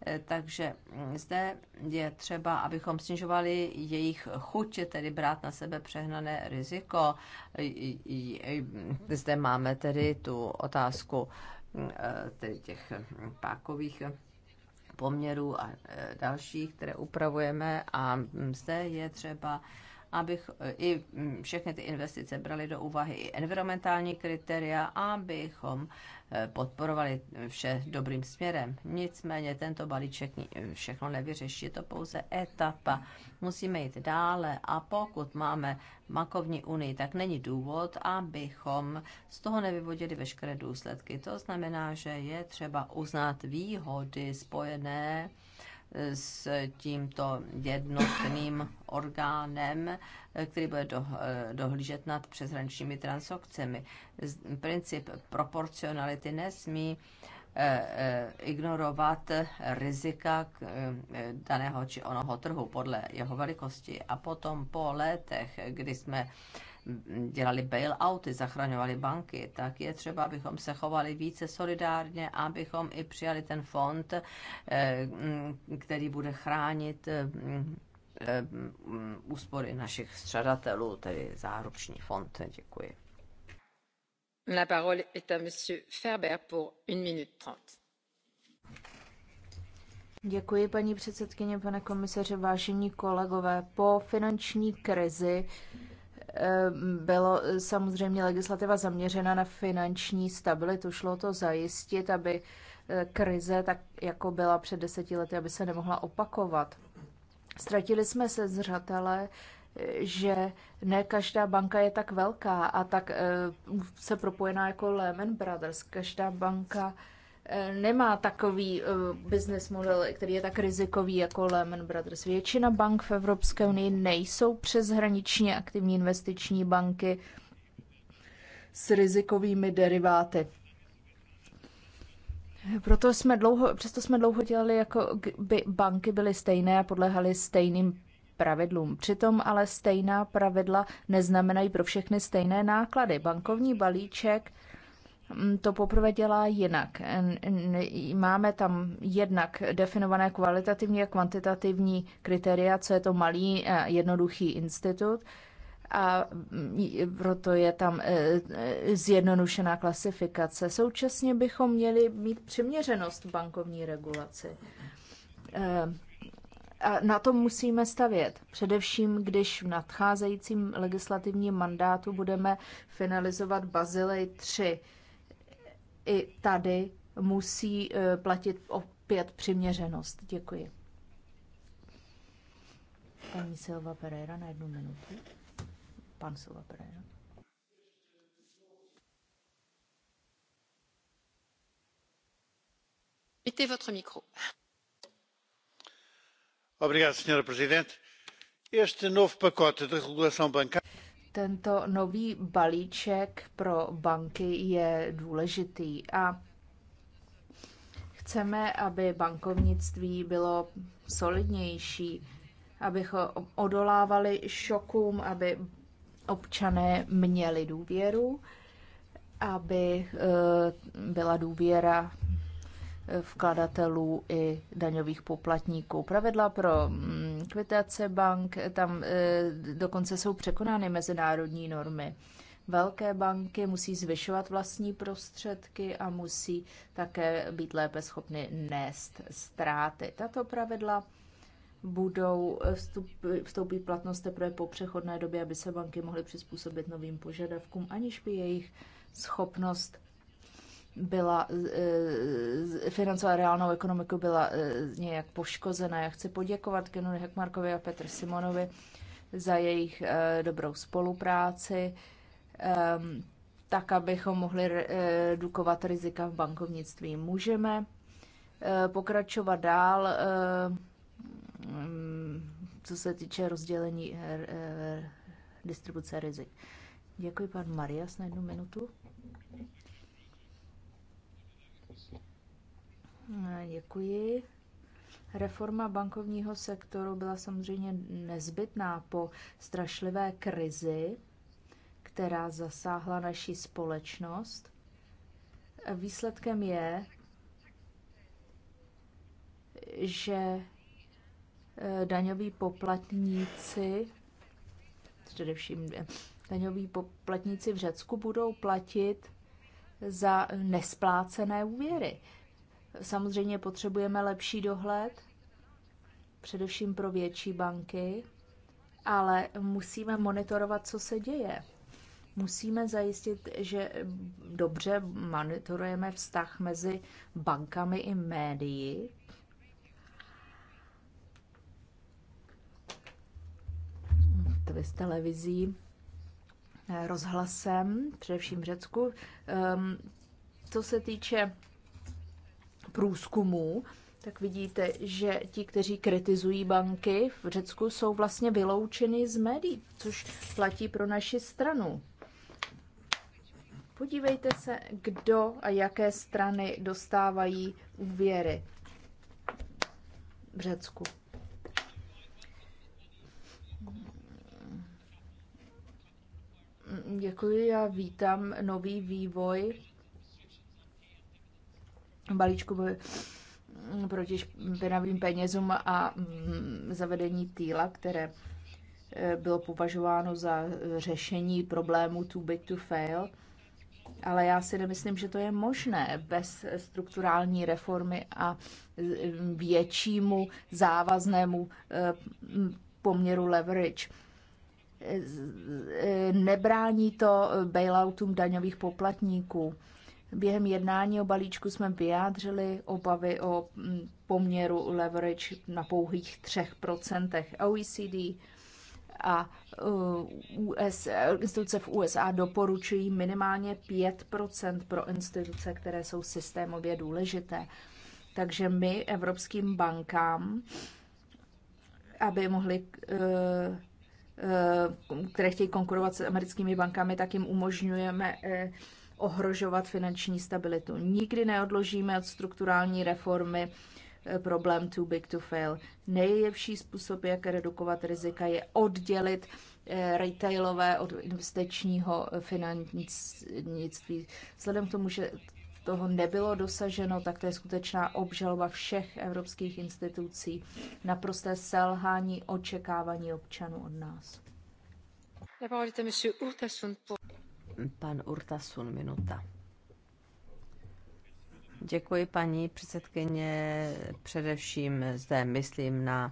Eh, takže mm, zde je třeba, abychom snižovali jejich chuť, tedy brát na sebe přehnané riziko. Mm, zde máme tedy tu otázku mm, eh, tedy těch pákových poměrů a eh, dalších, které upravujeme a zde je třeba abych e, i mm, všechny ty investice brali do úvahy i environmentální kritéria, abychom e, podporovali vše dobrým směrem. Nicméně tento balíček e, všechno nevyřeší, je to pouze etapa. Musíme jít dále a pokud máme makovní unii, tak není důvod, abychom z toho nevyvodili veškeré důsledky. To znamená, že je třeba uznat výhody spojené s tímto jednotným orgánem, který bude dohlížet nad přeshraničními transakcemi. Princip proporcionality nesmí e, e, ignorovat rizika e, daného či onoho trhu podle jeho velikosti. A potom po letech, kdy jsme dělali bailouty, zachraňovali banky, tak je třeba, abychom se chovali více solidárně, abychom i přijali ten fond, eh, mm, který bude chránit eh, mm, úspory našich střadatelů, tedy záruční fond. Děkuji. La parole est à monsieur Ferber pour 1 minute 30. Děkuji, paní předsedkyně, pane komisaře, vážení kolegové. Po finanční krizi Eh, bylo samozřejmě legislativa zaměřena na finanční stabilitu. Šlo to zajistit, aby eh, krize, tak jako byla před deseti lety, aby se nemohla opakovat. Ztratili jsme se zřatele, eh, že ne každá banka je tak velká a tak se propojená jako Lehman Brothers. Každá banka Eh, nemá takový eh, business model, který je tak rizikový jako Lehman Brothers. Většina bank v Evropské unii nejsou přeshraničně aktivní investiční banky s rizikovými deriváty. Proto jsme dlouho, přesto jsme dlouho dělali, jako by banky byly stejné a podléhaly stejným pravidlům. Přitom ale stejná pravidla neznamenají pro všechny stejné náklady. Bankovní balíček Mm, to poprvé dělá jinak. Máme tam jednak definované kvalitativní a kvantitativní kritéria, co je to malý a jednoduchý institut, a mm, proto je tam e, e, zjednodušená klasifikace. Současně bychom měli mít přiměřenost v bankovní regulaci. E, a na to musíme stavět. Především, když v nadcházejícím legislativním mandátu budeme finalizovat Bazilej 3 i tady musí eh, platit opět přiměřenost. Děkuji. Paní Silva Pereira na jednu minutu. Pan Silva Pereira. Víte votre micro. Obrigado, senhora Presidente. Este novo pacote de regulação bancária tento nový balíček pro banky je důležitý a chceme, aby bankovnictví bylo solidnější, abychom odolávali šokům, aby občané měli důvěru, aby eh, byla důvěra vkladatelů i daňových poplatníků. Pravidla pro mm, kvitace bank, tam e, dokonce jsou překonány mezinárodní normy. Velké banky musí zvyšovat vlastní prostředky a musí také být lépe schopny nést ztráty. Tato pravidla budou vstup, vstoupí v platnost teprve po přechodné době, aby se banky mohly přizpůsobit novým požadavkům, aniž by jejich schopnost byla e, financová reálnou ekonomiku byla e, nějak poškozena. Já chci poděkovat Genu Hekmarkovi a Petr Simonovi za jejich e, dobrou spolupráci, tak abychom mohli redukovat rizika v bankovnictví. Můžeme pokračovat dál, mm, co se týče rozdělení distribuce rizik. Děkuji, pan Marias, na jednu minutu. Eh, děkuji. Reforma bankovního sektoru byla samozřejmě nezbytná po strašlivé krizi, která zasáhla naši společnost. Výsledkem je, že eh, daňoví poplatníci, především eh, daňoví poplatníci v Řecku, budou platit za nesplácené úvěry. Samozřejmě potřebujeme lepší dohled, především pro větší banky, ale musíme monitorovat, co se děje. Musíme zajistit, že dobře monitorujeme vztah mezi bankami i médií. S televizí, eh, rozhlasem, především v Řecku. Ehm, co se týče průzkumů, tak vidíte, že ti, kteří kritizují banky v Řecku, jsou vlastně vyloučeni z médií, což platí pro naši stranu. Podívejte se, kdo a jaké strany dostávají úvěry v Řecku. Děkuji já vítám nový vývoj balíčku proti špinavým penězům a mm, zavedení týla, které e, bylo považováno za e, řešení problému too big to fail, ale já si nemyslím, že to je možné bez strukturální reformy a e, většímu závaznému poměru leverage. Nebrání to bailoutům daňových poplatníků Během jednání o balíčku jsme vyjádřili obavy o mm, poměru leverage na pouhých 3% OECD a US, uh, instituce v USA doporučují minimálně 5% pro instituce, které jsou systémově důležité. Takže my evropským bankám, aby mohli, uh, uh, které chtějí konkurovat s americkými bankami, tak jim umožňujeme eh, ohrožovat finanční stabilitu. Nikdy neodložíme od strukturální reformy eh, problém too big to fail. Nejlepší způsob, jak redukovat rizika, je oddělit eh, retailové od investičního eh, finančnictví. Vzhledem k tomu, že toho nebylo dosaženo, tak to je skutečná obžaloba všech evropských institucí, naprosté selhání očekávání občanů od nás. Pan Urtasun, minuta. Děkuji, paní předsedkyně. Především zde myslím na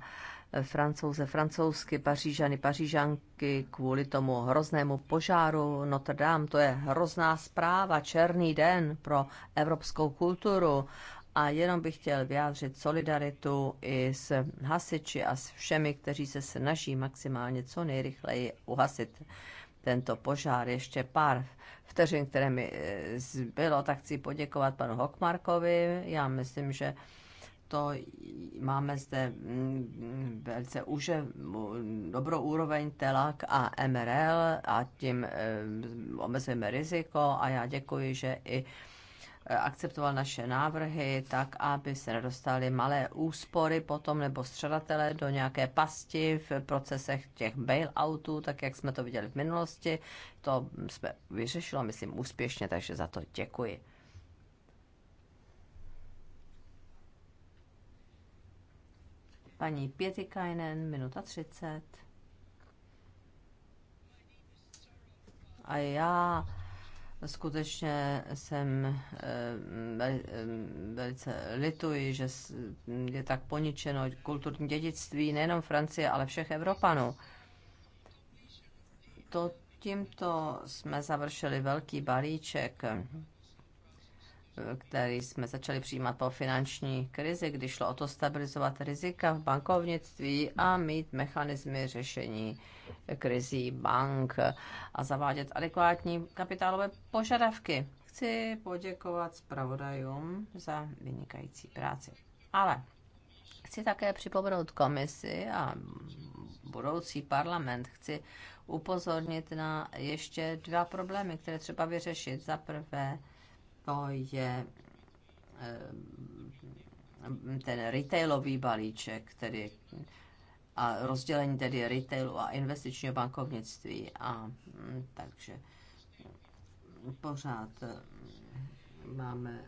francouze, francouzsky, pařížany, pařížanky kvůli tomu hroznému požáru Notre Dame. To je hrozná zpráva, černý den pro evropskou kulturu. A jenom bych chtěl vyjádřit solidaritu i s hasiči a s všemi, kteří se snaží maximálně co nejrychleji uhasit tento požár. Ještě pár vteřin, které mi eh, zbylo, tak chci poděkovat panu Hokmarkovi. Já myslím, že to máme zde mm, velice už dobrou úroveň TELAK a MRL a tím eh, omezujeme riziko a já děkuji, že i Eh, akceptoval naše návrhy tak, aby se nedostaly malé úspory potom nebo střadatelé do nějaké pasti v procesech těch bailoutů, tak jak jsme to viděli v minulosti. To jsme vyřešilo, myslím, úspěšně, takže za to děkuji. Paní Pietikainen, minuta 30. A já skutečně jsem eh, eh, velice lituji, že je tak poničeno kulturní dědictví nejenom Francie, ale všech Evropanů. To tímto jsme završili velký balíček který jsme začali přijímat po finanční krizi, kdy šlo o to stabilizovat rizika v bankovnictví a mít mechanismy řešení krizí bank a zavádět adekvátní kapitálové požadavky. Chci poděkovat zpravodajům za vynikající práci. Ale chci také připomenout komisi a budoucí parlament. Chci upozornit na ještě dva problémy, které třeba vyřešit. Za prvé, to je ehm, ten retailový balíček, tedy a rozdělení tedy retailu a investičního bankovnictví. A hm, takže pořád hm, máme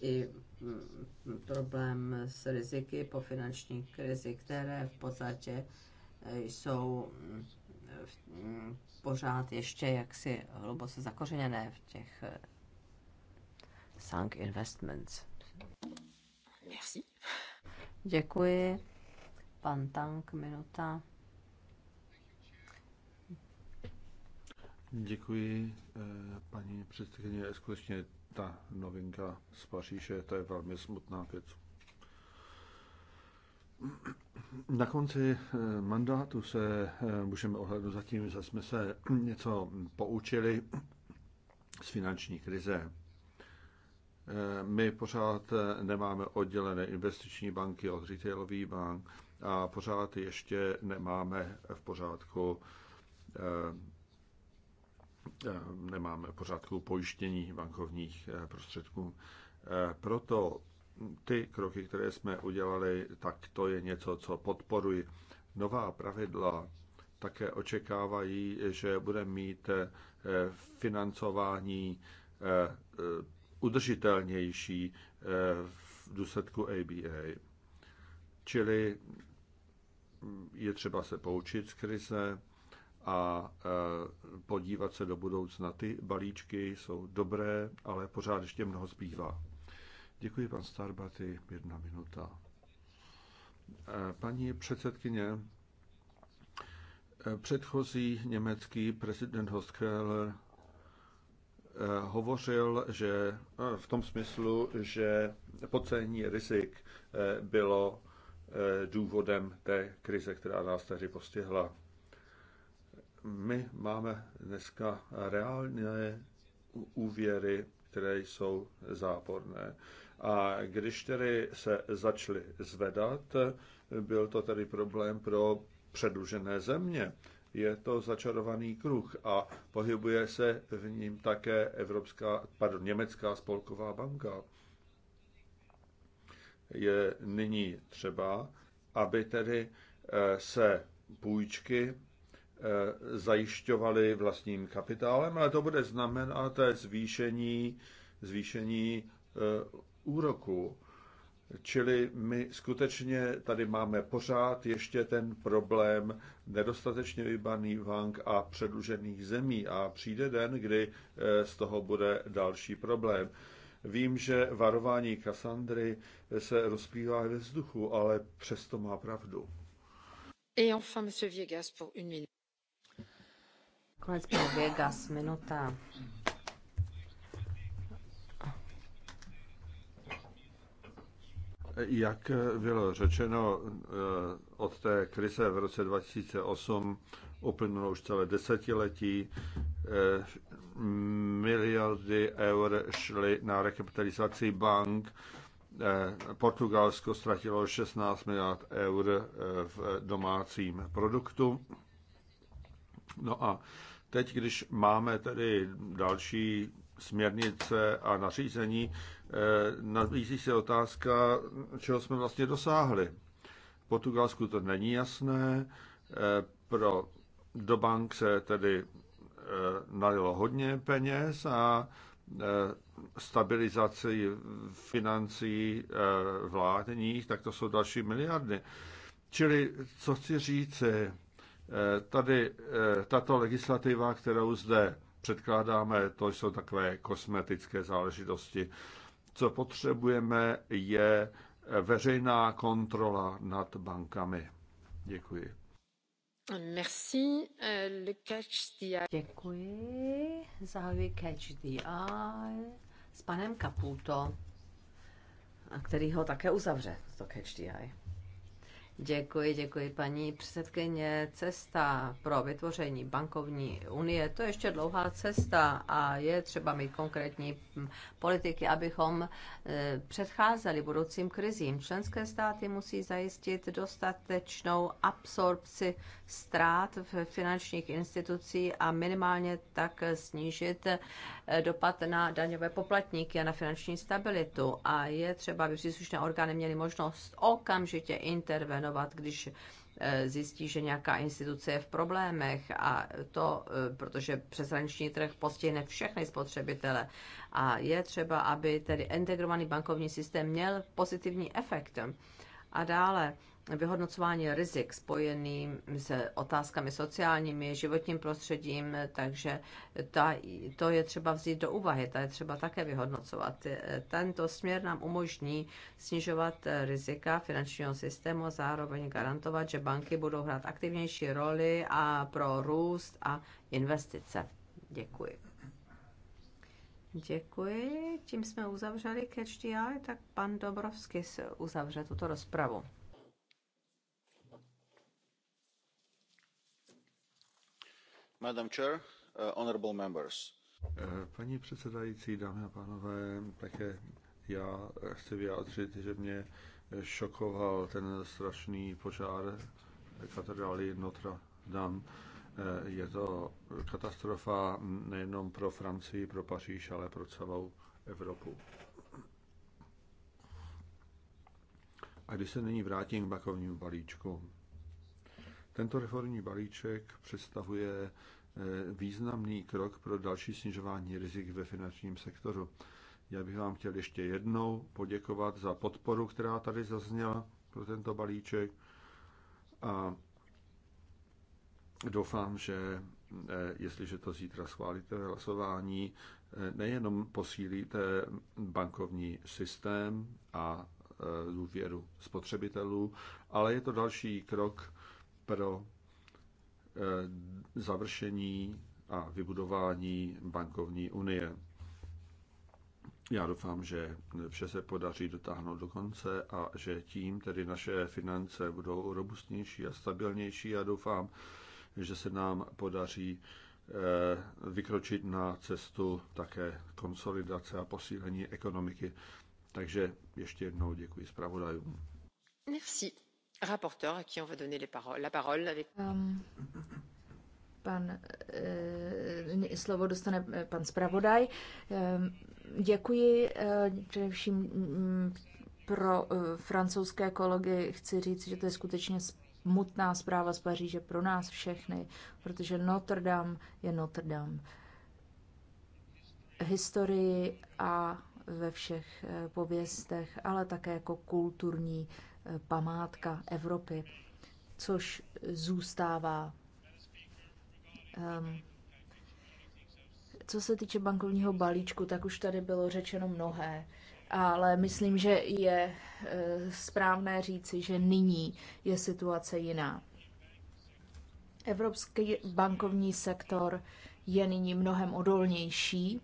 i hm, problém s riziky po finanční krizi, které v podstatě eh, jsou pořád ještě jaksi hluboce zakořeněné v těch eh, Sank Investments. Merci. Děkuji. Pan Tank, minuta. Děkuji, eh, paní předsedkyně. Skutečně ta novinka z Paříže, to je velmi smutná věc. Na konci eh, mandátu se eh, můžeme ohlednout zatím, že jsme se něco poučili z finanční krize. My pořád nemáme oddělené investiční banky od retailových bank a pořád ještě nemáme v pořádku eh, nemáme v pořádku pojištění bankovních eh, prostředků. Eh, proto ty kroky, které jsme udělali, tak to je něco, co podporuji. Nová pravidla také očekávají, že bude mít financování udržitelnější eh, v důsledku ABA. Čili je třeba se poučit z krize a eh, podívat se do budoucna. Ty balíčky jsou dobré, ale pořád ještě mnoho zbývá. Děkuji, pan Starbaty. Jedna minuta. Eh, paní předsedkyně, předchozí německý prezident Hoskell Eh, hovořil, že v tom smyslu, že podcení rizik eh, bylo eh, důvodem té krize, která nás tehdy postihla. My máme dneska reálné úvěry, které jsou záporné. A když tedy se začaly zvedat, byl to tedy problém pro předlužené země, je to začarovaný kruh a pohybuje se v ním také Evropská, pardon, Německá spolková banka. Je nyní třeba, aby tedy eh, se půjčky eh, zajišťovaly vlastním kapitálem, ale to bude znamenat zvýšení, zvýšení eh, úroku. Čili my skutečně tady máme pořád ještě ten problém nedostatečně vybaný bank a předlužených zemí a přijde den, kdy eh, z toho bude další problém. Vím, že varování Kassandry se rozplývá ve vzduchu, ale přesto má pravdu. Et enfin, monsieur Viegas, pour une minute. Konec Viegas, minuta. Jak bylo řečeno, eh, od té krize v roce 2008 uplynulo už celé desetiletí. Eh, miliardy eur šly na rekapitalizaci bank. Eh, Portugalsko ztratilo 16 miliard eur v domácím produktu. No a teď, když máme tedy další směrnice a nařízení, Eh, nabízí se otázka, čeho jsme vlastně dosáhli. V Portugalsku to není jasné, eh, pro do bank se tedy eh, nalilo hodně peněz a stabilizaci financí vládních, tak to jsou další miliardy. Čili, co chci říci, tady tato legislativa, kterou zde předkládáme, to jsou takové kosmetické záležitosti co potřebujeme, je veřejná kontrola nad bankami. Děkuji. Merci. Eh, le catch the eye. Děkuji. Zahajuji catch the eye s panem Caputo, který ho také uzavře, to catch the eye. Děkuji, děkuji paní předsedkyně. Cesta pro vytvoření bankovní unie, to je ještě dlouhá cesta a je třeba mít konkrétní politiky, abychom e, předcházeli budoucím krizím. Členské státy musí zajistit dostatečnou absorpci ztrát v finančních institucích a minimálně tak snížit e, dopad na daňové poplatníky a na finanční stabilitu. A je třeba, aby příslušné orgány měly možnost okamžitě intervenovat, když eh, zjistí, že nějaká instituce je v problémech a to, eh, protože přeshraniční trh postihne všechny spotřebitele a je třeba, aby tedy integrovaný bankovní systém měl pozitivní efekt. A dále vyhodnocování rizik spojeným s otázkami sociálními, životním prostředím, takže ta, to je třeba vzít do úvahy, to je třeba také vyhodnocovat. Tento směr nám umožní snižovat rizika finančního systému a zároveň garantovat, že banky budou hrát aktivnější roli a pro růst a investice. Děkuji. Děkuji. Tím jsme uzavřeli Catch the Eye, tak pan Dobrovský uzavře tuto rozpravu. Uh, eh, paní předsedající, dámy a pánové, také já chci vyjádřit, že mě eh, šokoval ten strašný požár katedrály Notre Dame. Eh, je to katastrofa nejenom pro Francii, pro Paříž, ale pro celou Evropu. A když se nyní vrátím k bakovnímu balíčku, tento reformní balíček představuje eh, významný krok pro další snižování rizik ve finančním sektoru. Já bych vám chtěl ještě jednou poděkovat za podporu, která tady zazněla pro tento balíček a doufám, že eh, jestliže to zítra schválíte v hlasování, eh, nejenom posílíte bankovní systém a důvěru spotřebitelů, ale je to další krok pro eh, završení a vybudování bankovní unie. Já doufám, že vše se podaří dotáhnout do konce a že tím tedy naše finance budou robustnější a stabilnější Já doufám, že se nám podaří eh, vykročit na cestu také konsolidace a posílení ekonomiky. Takže ještě jednou děkuji zpravodajům. Merci rapporteur à qui on va donner les paroles, la parole. Avec... Um, pan, eh, eh, slovo dostane eh, pan zpravodaj. děkuji eh, především mm, pro francouzské kolegy. Chci říct, že to je skutečně smutná zpráva z Paříže pro nás všechny, protože Notre Dame je Notre Dame. Historii a ve všech pověstech, ale také jako kulturní památka Evropy, což zůstává. Ehm, co se týče bankovního balíčku, tak už tady bylo řečeno mnohé, ale myslím, že je eh, správné říci, že nyní je situace jiná. Evropský bankovní sektor je nyní mnohem odolnější,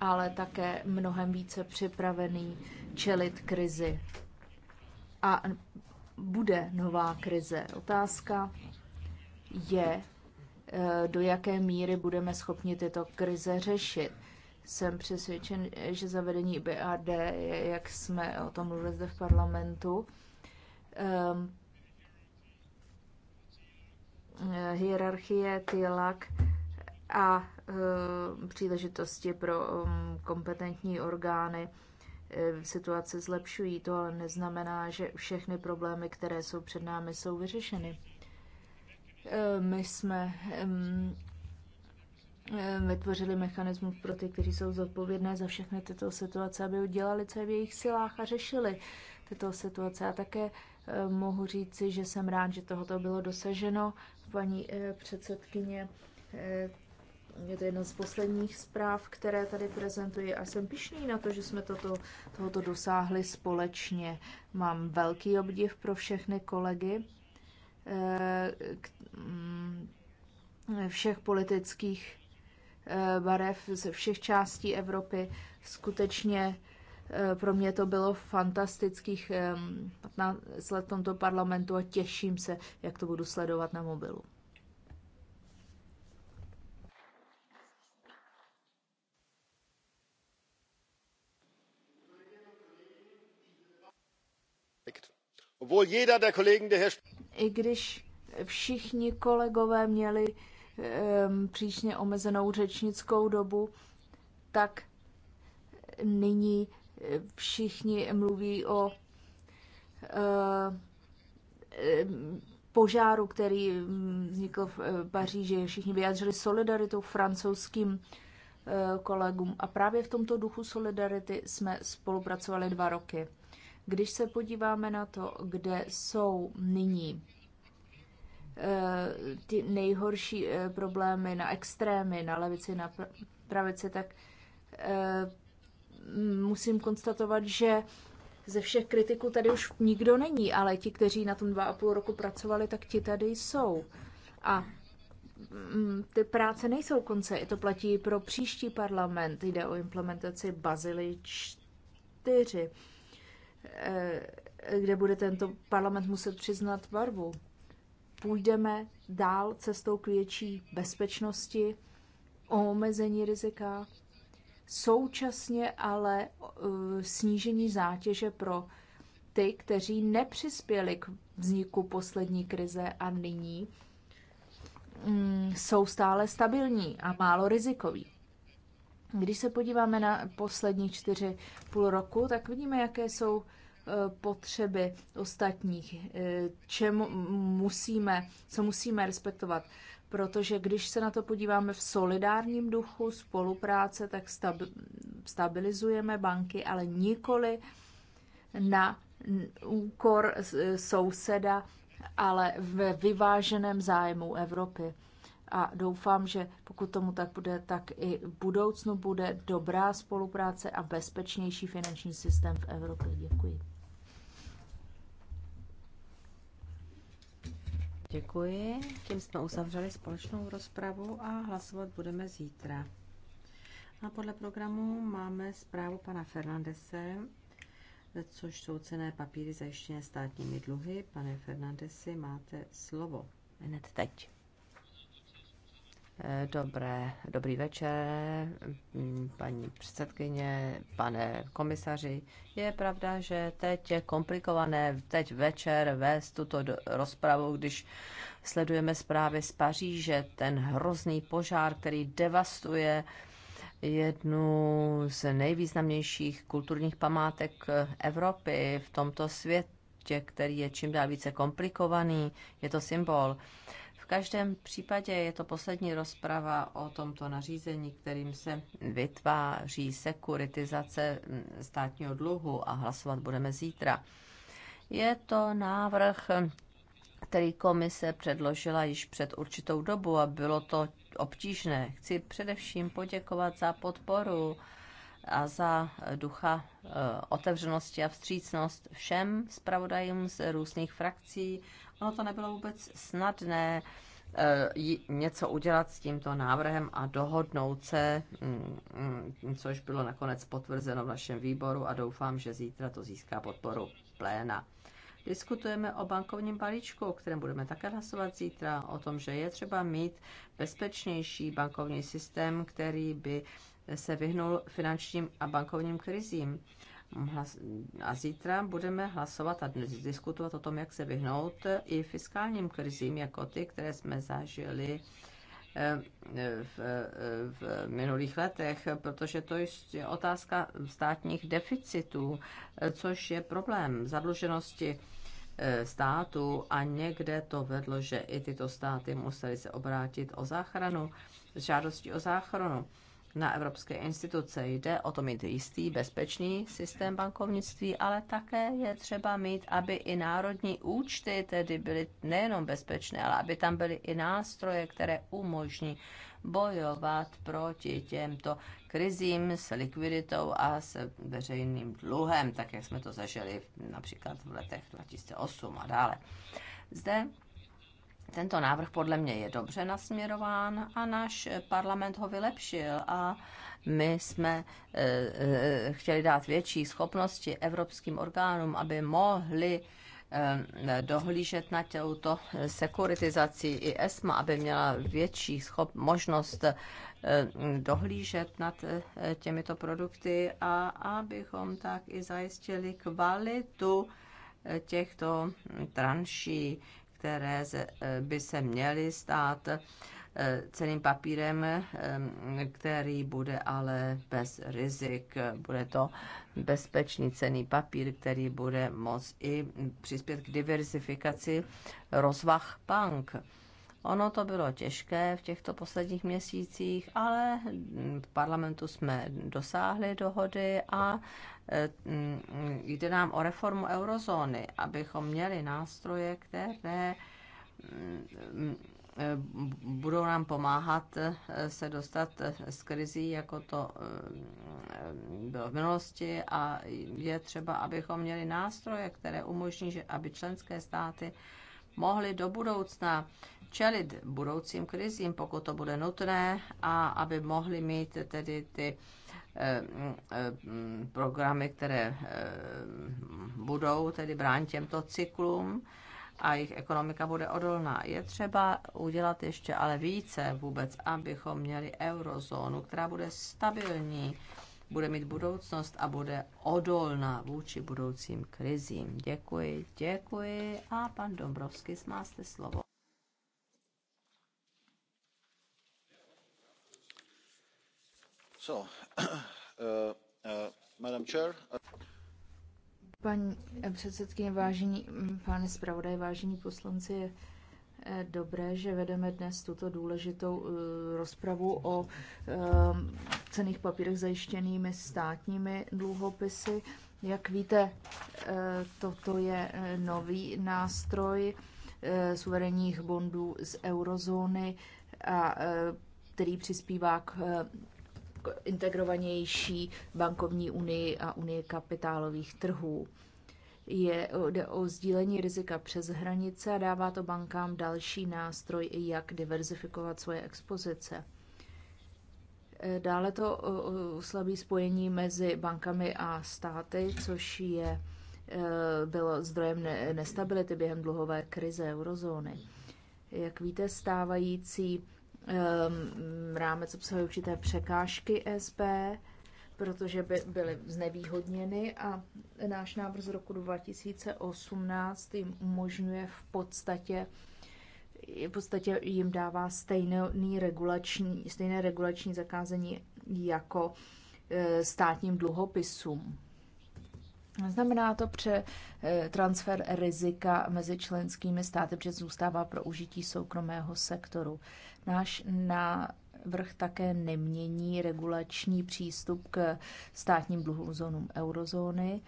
ale také mnohem více připravený čelit krizi a bude nová krize. Otázka je, eh, do jaké míry budeme schopni tyto krize řešit. Jsem přesvědčen, že zavedení BAD, jak jsme o tom mluvili zde v parlamentu, ehm, eh, hierarchie, tylak a eh, příležitosti pro ehm, kompetentní orgány Eh, situace zlepšují. To ale neznamená, že všechny problémy, které jsou před námi, jsou vyřešeny. Eh, my jsme vytvořili mechanismus pro ty, kteří jsou zodpovědné za všechny tyto situace, aby udělali, co je v jejich silách a řešili tyto situace. A také eh, mohu říci, že jsem rád, že tohoto bylo dosaženo. Paní předsedkyně je to jedna z posledních zpráv, které tady prezentuji a jsem pišný na to, že jsme toto, tohoto dosáhli společně. Mám velký obdiv pro všechny kolegy eh, všech politických eh, barev ze všech částí Evropy. Skutečně eh, pro mě to bylo fantastických 15 let v tomto parlamentu a těším se, jak to budu sledovat na mobilu. I když všichni kolegové měli um, přísně omezenou řečnickou dobu, tak nyní eh, všichni mluví o uh, požáru, který mm, vznikl v eh, Paříži. Všichni vyjádřili solidaritu francouzským kolegům. A právě v tomto duchu solidarity jsme spolupracovali dva roky. Když se podíváme na to, kde jsou nyní eh, ty nejhorší eh, problémy na extrémy, na levici, na pravici, tak eh, musím konstatovat, že ze všech kritiků tady už nikdo není, ale ti, kteří na tom dva a půl roku pracovali, tak ti tady jsou. A mm, ty práce nejsou konce. I to platí pro příští parlament. Jde o implementaci Bazily 4. Eh, kde bude tento parlament muset přiznat barvu. Půjdeme dál cestou k větší bezpečnosti, omezení rizika, současně ale eh, snížení zátěže pro ty, kteří nepřispěli k vzniku poslední krize a nyní mm, jsou stále stabilní a málo rizikoví. Když se podíváme na poslední čtyři půl roku, tak vidíme, jaké jsou e, potřeby ostatních, e, čemu musíme, co musíme respektovat. Protože když se na to podíváme v solidárním duchu spolupráce, tak stabilizujeme banky, ale nikoli na úkor souseda, ale ve vyváženém zájmu Evropy a doufám, že pokud tomu tak bude, tak i v budoucnu bude dobrá spolupráce a bezpečnější finanční systém v Evropě. Děkuji. Děkuji. Tím jsme uzavřeli společnou rozpravu a hlasovat budeme zítra. A podle programu máme zprávu pana Fernandese, což jsou cené papíry zajištěné státními dluhy. Pane Fernandesi, máte slovo. Hned teď. Dobré, dobrý večer, paní předsedkyně, pane komisaři. Je pravda, že teď je komplikované teď večer vést tuto rozpravu, když sledujeme zprávy z Paříže, ten hrozný požár, který devastuje jednu z nejvýznamnějších kulturních památek Evropy v tomto světě, který je čím dál více komplikovaný. Je to symbol každém případě je to poslední rozprava o tomto nařízení, kterým se vytváří sekuritizace státního dluhu a hlasovat budeme zítra. Je to návrh, který komise předložila již před určitou dobu a bylo to obtížné. Chci především poděkovat za podporu a za ducha eh, otevřenosti a vstřícnost všem zpravodajům z různých frakcí No, to nebylo vůbec snadné eh, něco udělat s tímto návrhem a dohodnout se, mm, mm, což bylo nakonec potvrzeno v našem výboru a doufám, že zítra to získá podporu pléna. Diskutujeme o bankovním balíčku, o kterém budeme také hlasovat zítra, o tom, že je třeba mít bezpečnější bankovní systém, který by se vyhnul finančním a bankovním krizím hlas- a zítra budeme hlasovat a diskutovat o tom, jak se vyhnout i fiskálním krizím, jako ty, které jsme zažili eh, v, v minulých letech, protože to je otázka státních deficitů, což je problém zadluženosti eh, státu a někde to vedlo, že i tyto státy musely se obrátit o záchranu, žádosti o záchranu na evropské instituce. Jde o to mít jistý, bezpečný systém bankovnictví, ale také je třeba mít, aby i národní účty tedy byly nejenom bezpečné, ale aby tam byly i nástroje, které umožní bojovat proti těmto krizím s likviditou a s veřejným dluhem, tak jak jsme to zažili například v letech 2008 a dále. Zde tento návrh podle mě je dobře nasměrován a náš parlament ho vylepšil a my jsme eh, eh, chtěli dát větší schopnosti evropským orgánům, aby mohli eh, dohlížet na těuto sekuritizací i ESMA, aby měla větší schop, možnost dohlížet nad těmito produkty a abychom tak i zajistili kvalitu těchto tranší které eh, by se měly stát eh, ceným papírem, eh, který bude ale bez rizik. Bude to bezpečný cený papír, který bude moc i přispět k diversifikaci rozvah bank. Ono to bylo těžké v těchto posledních měsících, ale v parlamentu jsme dosáhli dohody a Eh, jde nám o reformu eurozóny, abychom měli nástroje, které mm, eh, budou nám pomáhat eh, se dostat z krizí, jako to bylo v minulosti a je třeba, abychom měli nástroje, které umožní, že aby členské státy mohly do budoucna čelit budoucím krizím, pokud to bude nutné, a aby mohly mít tedy ty programy, které eh, budou tedy bránit těmto cyklům a jejich ekonomika bude odolná. Je třeba udělat ještě ale více vůbec, abychom měli eurozónu, která bude stabilní, bude mít budoucnost a bude odolná vůči budoucím krizím. Děkuji, děkuji a pan Dombrovský, máte slovo. [clears throat] Uh, uh, uh, Paní eh, předsedající vážení mm, páni vážení poslanci, je eh, dobré, že vedeme dnes tuto důležitou eh, rozpravu o cených papírech zajištěnými státními dluhopisy. Jak víte, toto je nový nástroj suverénních bondů z eurozóny, a, který přispívá k integrovanější bankovní unii a unii kapitálových trhů. Je, jde o sdílení rizika přes hranice a dává to bankám další nástroj, jak diverzifikovat svoje expozice. Dále to oslabí spojení mezi bankami a státy, což je, e, bylo zdrojem nestability během dluhové krize eurozóny. Jak víte, stávající Ehm, rámec obsahuje určité překážky SB, protože by byly znevýhodněny a náš návrh z roku 2018 jim umožňuje v podstatě v podstatě jim dává stejný regulační, stejné regulační zakázení jako eh, státním dluhopisům. Znamená to pře eh, transfer rizika mezi členskými státy, protože zůstává pro užití soukromého sektoru. Náš návrh také nemění regulační přístup k státním dluhům eurozóny.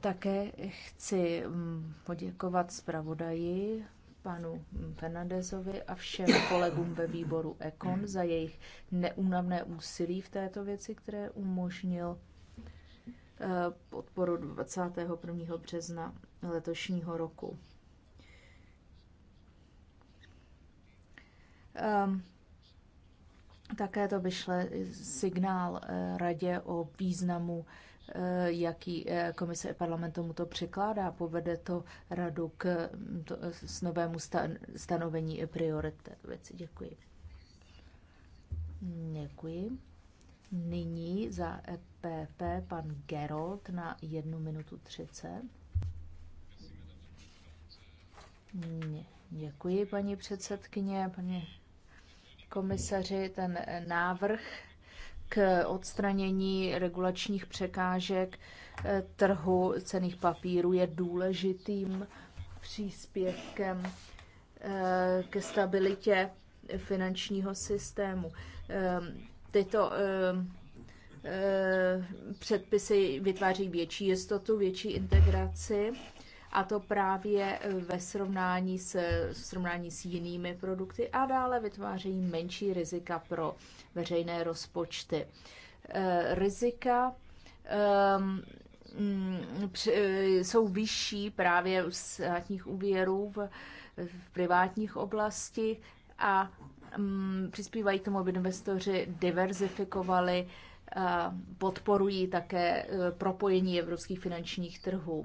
Také chci mm, poděkovat zpravodaji panu Fernandezovi a všem kolegům ve výboru Ekon za jejich neúnavné úsilí v této věci, které umožnil Eh, podporu 21. března letošního roku. Ehm, také to vyšle signál eh, radě o významu, eh, jaký komise mu to překládá. Povede to radu k mm, to, s novému stan, stanovení priorit věci. Děkuji. Děkuji. Nyní za P.P. pan Gerold, na 1 minutu 30. Děkuji, paní předsedkyně, paní komisaři. Ten eh, návrh k odstranění regulačních překážek eh, trhu cených papírů je důležitým příspěvkem eh, ke stabilitě finančního systému. Ehm, tyto ehm, Eh, předpisy vytváří větší jistotu, větší integraci a to právě ve srovnání s, v srovnání s jinými produkty a dále vytvářejí menší rizika pro veřejné rozpočty. Eh, rizika ehm, mm, eh, jsou vyšší právě u státních úvěrů v, v privátních oblasti a mm, přispívají tomu, aby investoři diverzifikovali podporují také e, propojení evropských finančních trhů.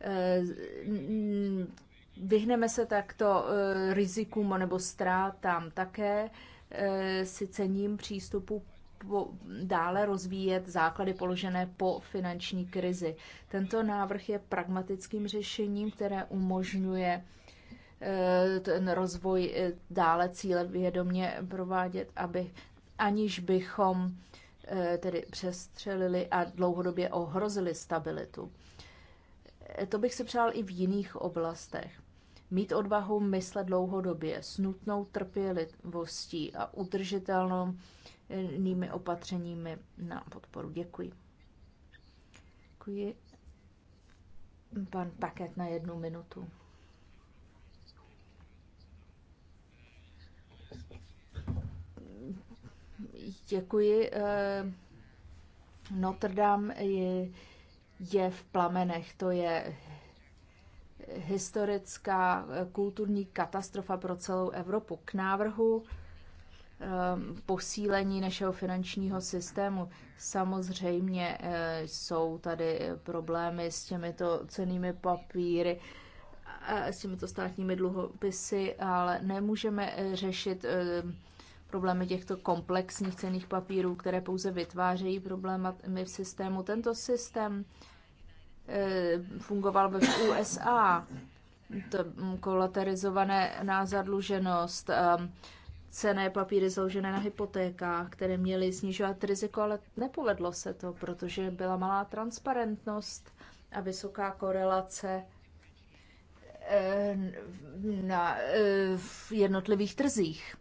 E, vyhneme se takto e, rizikům nebo ztrátám také. Si cením přístupu dále rozvíjet základy položené po finanční krizi. Tento návrh je pragmatickým řešením, které umožňuje ten rozvoj dále cíle vědomě provádět, aby aniž bychom Eh, tedy přestřelili a dlouhodobě ohrozili stabilitu. Eh, to bych si přál i v jiných oblastech. Mít odvahu myslet dlouhodobě, s nutnou trpělivostí a udržitelnými opatřeními na podporu. Děkuji. Děkuji. Pan Paket na jednu minutu. Děkuji. Eh, Notre Dame je v plamenech. To je historická eh, kulturní katastrofa pro celou Evropu. K návrhu eh, posílení našeho finančního systému. Samozřejmě jsou tady problémy s těmito cenými papíry, s těmito státními dluhopisy, ale nemůžeme řešit problémy těchto komplexních cených papírů, které pouze vytvářejí problémy v systému. Tento systém eh, fungoval ve USA, to kolaterizované názadluženost, ehm, cené papíry založené na hypotékách, které měly snižovat riziko, ale nepovedlo se to, protože byla malá transparentnost a vysoká korelace eh, na eh, jednotlivých trzích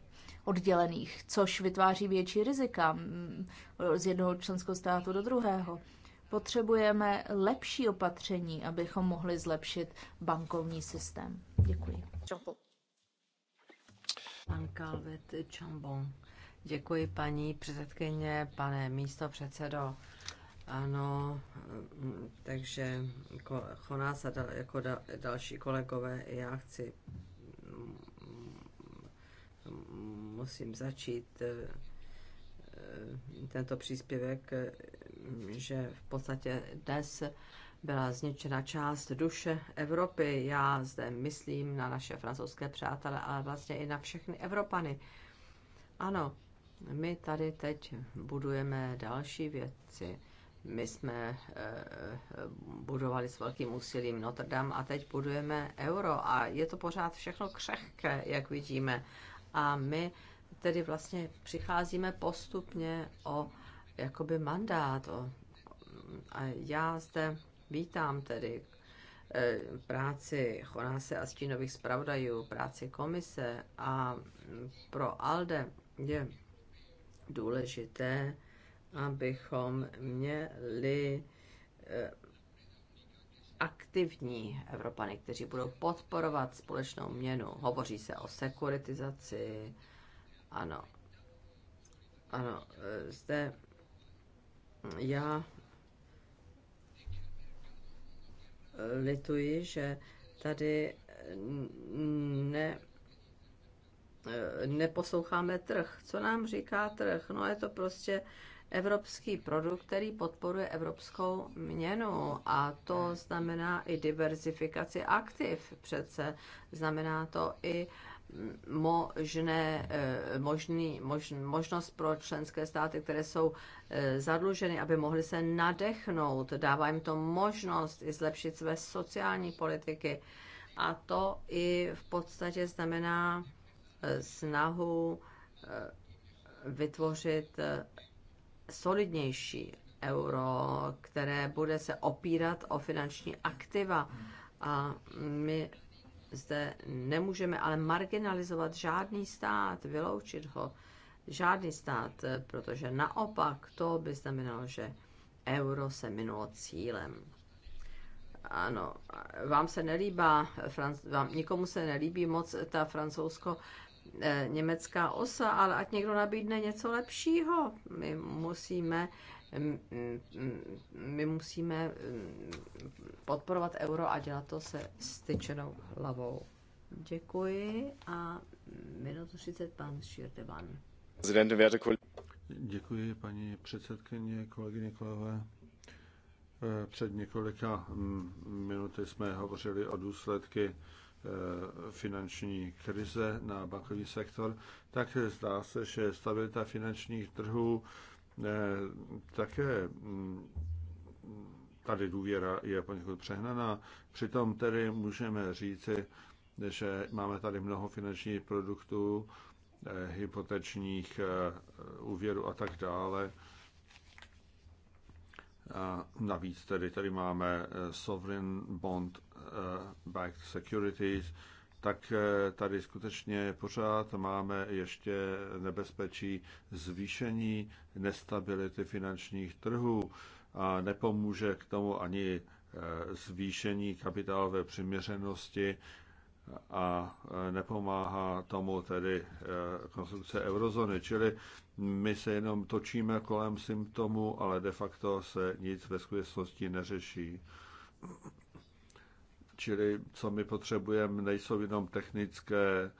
oddělených, což vytváří větší rizika mm, z jednoho členského státu do druhého. Potřebujeme lepší opatření, abychom mohli zlepšit bankovní systém. Děkuji. Pan Děkuji paní předsedkyně, pane místo předsedo. Ano, mm, takže koná se jako další kolegové. Já chci musím začít eh, eh, tento příspěvek, eh, že v podstatě dnes byla zničena část duše Evropy. Já zde myslím na naše francouzské přátele, ale vlastně i na všechny Evropany. Ano, my tady teď budujeme další věci. My jsme budovali s velkým úsilím Notre Dame a teď budujeme euro a je to pořád všechno křehké, jak vidíme. A my tedy vlastně přicházíme postupně o jakoby mandát. O, a já zde vítám tedy e, práci Chonáse a stínových zpravodajů, práci komise a pro ALDE je důležité, abychom měli e, aktivní Evropany, kteří budou podporovat společnou měnu. Hovoří se o sekuritizaci. Ano. Ano, e, zde já e, lituji, že tady ne, e, neposloucháme trh. Co nám říká trh? No je to prostě evropský produkt, který podporuje evropskou měnu a to znamená i diverzifikaci aktiv. Přece znamená to i možné, eh, možný, mož, možnost pro členské státy, které jsou eh, zadluženy, aby mohly se nadechnout. Dává jim to možnost i zlepšit své sociální politiky. A to i v podstatě znamená eh, snahu vytvořit solidnější euro, které bude se opírat o finanční aktiva. A my zde nemůžeme ale marginalizovat žádný stát, vyloučit ho, žádný stát, protože naopak to by znamenalo, že euro se minulo cílem. Ano, vám se nelíbá, Franc- vám, nikomu se nelíbí moc ta francouzsko E, německá osa, ale ať někdo nabídne něco lepšího. My musíme my musíme podporovat euro a dělat to se styčenou hlavou. Děkuji a minutu 30 pan Širdevan. Děkuji paní předsedkyně, kolegyně, kolegové. E, před několika minuty jsme hovořili o důsledky Eh, finanční krize na bankovní sektor, tak zdá se, že stabilita finančních trhů eh, také mm, tady důvěra je poněkud přehnaná. Přitom tedy můžeme říci, že máme tady mnoho finančních produktů, eh, hypotečních úvěrů a tak dále, a navíc tedy tady máme eh, Sovereign Bond eh, Backed Securities, tak eh, tady skutečně pořád máme ještě nebezpečí zvýšení nestability finančních trhů a nepomůže k tomu ani zvýšení kapitálové přiměřenosti a nepomáhá tomu tedy konstrukce eurozóny. Čili my se jenom točíme kolem symptomu, ale de facto se nic ve skutečnosti neřeší. Čili co my potřebujeme, nejsou jenom technické,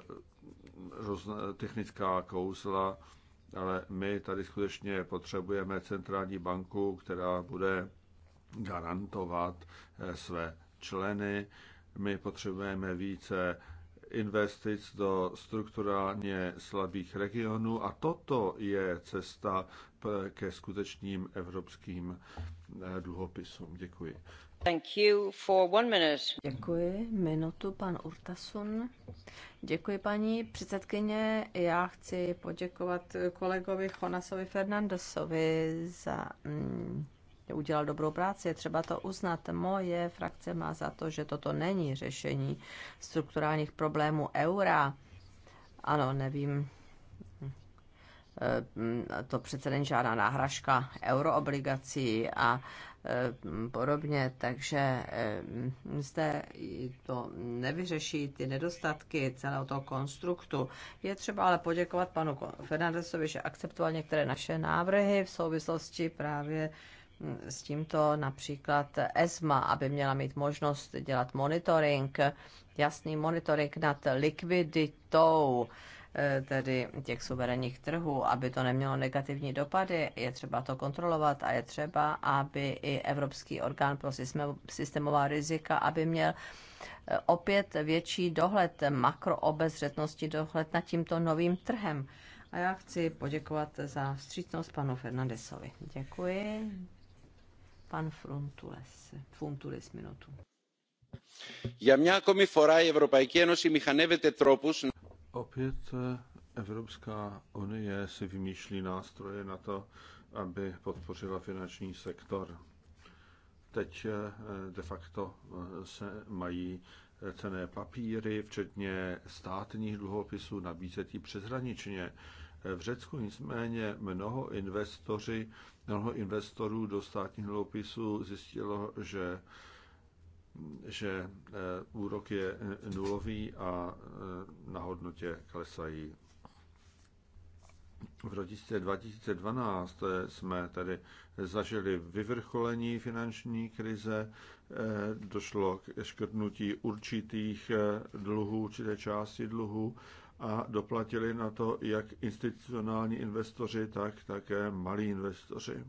eh, technická kouzla, ale my tady skutečně potřebujeme centrální banku, která bude garantovat eh, své členy. My potřebujeme více investic do strukturálně slabých regionů a toto je cesta ke skutečným evropským eh, dluhopisům. Děkuji. Thank you for one minute. Děkuji. Minutu, pan Urtasun. Děkuji, paní předsedkyně. Já chci poděkovat kolegovi Jonasovi Fernandesovi za mm, udělal dobrou práci, je třeba to uznat. Moje frakce má za to, že toto není řešení strukturálních problémů eura. Ano, nevím, eh, to přece není žádná náhražka euroobligací a eh, podobně, takže eh, zde to nevyřeší ty nedostatky celého toho konstruktu. Je třeba ale poděkovat panu Fernandesovi, že akceptoval některé naše návrhy v souvislosti právě s tímto například ESMA, aby měla mít možnost dělat monitoring, jasný monitoring nad likviditou eh, tedy těch suverénních trhů, aby to nemělo negativní dopady, je třeba to kontrolovat a je třeba, aby i Evropský orgán pro systémová rizika, aby měl eh, opět větší dohled, makroobezřetnosti dohled nad tímto novým trhem. A já chci poděkovat za vstřícnost panu Fernandesovi. Děkuji. Για μια ακόμη φορά η Ευρωπαϊκή Ένωση μηχανεύεται τρόπους... Opět eh, Evropská unie si vymýšlí nástroje na to, aby podpořila finanční sektor. Teď eh, de facto eh, se mají cené papíry, včetně státních dluhopisů, nabízet i přeshraničně. V Řecku nicméně mnoho, investoři, mnoho investorů do státních dluhopisů zjistilo, že že e, úrok je nulový a e, na hodnotě klesají. V roce 2012 e, jsme tedy zažili vyvrcholení finanční krize, došlo k škrtnutí určitých dluhů, určité části dluhů a doplatili na to jak institucionální investoři, tak také malí investoři.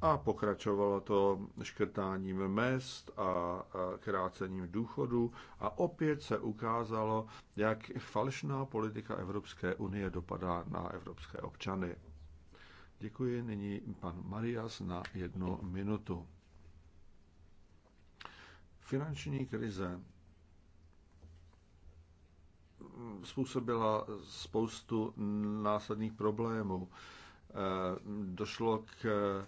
A pokračovalo to škrtáním mest a krácením důchodů a opět se ukázalo, jak falešná politika Evropské unie dopadá na evropské občany. Děkuji nyní pan Marias na jednu minutu. Finanční krize způsobila spoustu následných problémů. E, došlo k e,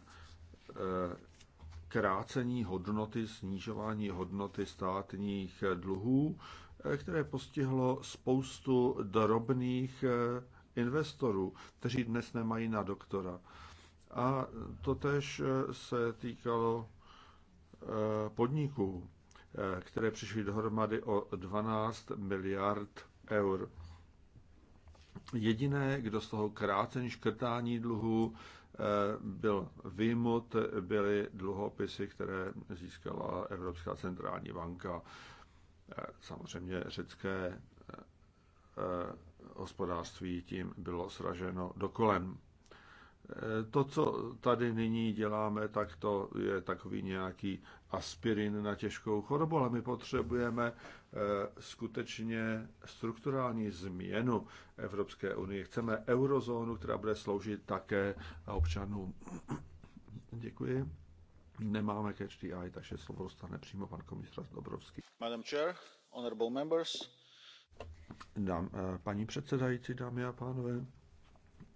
krácení hodnoty, snižování hodnoty státních dluhů, e, které postihlo spoustu drobných investorů, kteří dnes nemají na doktora. A to tež se týkalo podniků, které přišly dohromady o 12 miliard eur. Jediné, kdo z toho krácení škrtání dluhu eh, byl výmot, byly dluhopisy, které získala Evropská centrální banka. Eh, samozřejmě řecké eh, hospodářství tím bylo sraženo do kolem. Eh, to, co tady nyní děláme, tak to je takový nějaký aspirin na těžkou chorobu, ale my potřebujeme eh, skutečně strukturální změnu Evropské unie. Chceme eurozónu, která bude sloužit také občanům. [clears throat] Děkuji. Nemáme catch the eye, takže slovo dostane přímo pan komisař Dobrovský. Madam Chair, honorable members. Dám, eh, paní předsedající, dámy a pánové,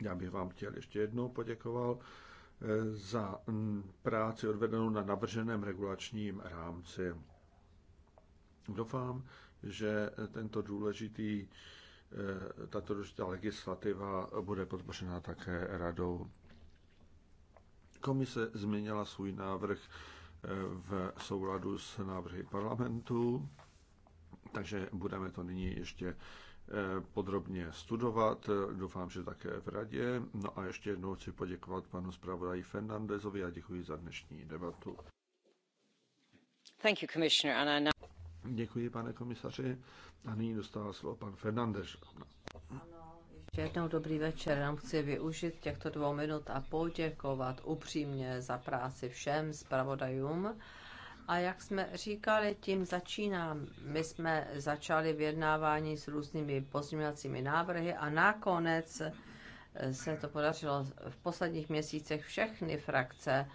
já bych vám chtěl ještě jednou poděkoval eh, za mm, práci odvedenou na navrženém regulačním rámci. Doufám, že eh, tento důležitý, eh, tato důležitá legislativa bude podpořena také radou. Komise změnila svůj návrh v souladu s návrhy parlamentu, takže budeme to nyní ještě podrobně studovat, doufám, že také v radě. No a ještě jednou chci poděkovat panu zpravodaji Fernandezovi a děkuji za dnešní debatu. Thank you, Commissioner. And I now... Děkuji, pane komisaři. A nyní dostává slovo pan Fernandez. Ano, ještě jednou dobrý večer. Nám chci využít těchto dvou minut a poděkovat upřímně za práci všem zpravodajům a jak jsme říkali, tím začínám. My jsme začali vyjednávání s různými pozměňovacími návrhy a nakonec eh, se to podařilo v posledních měsících všechny frakce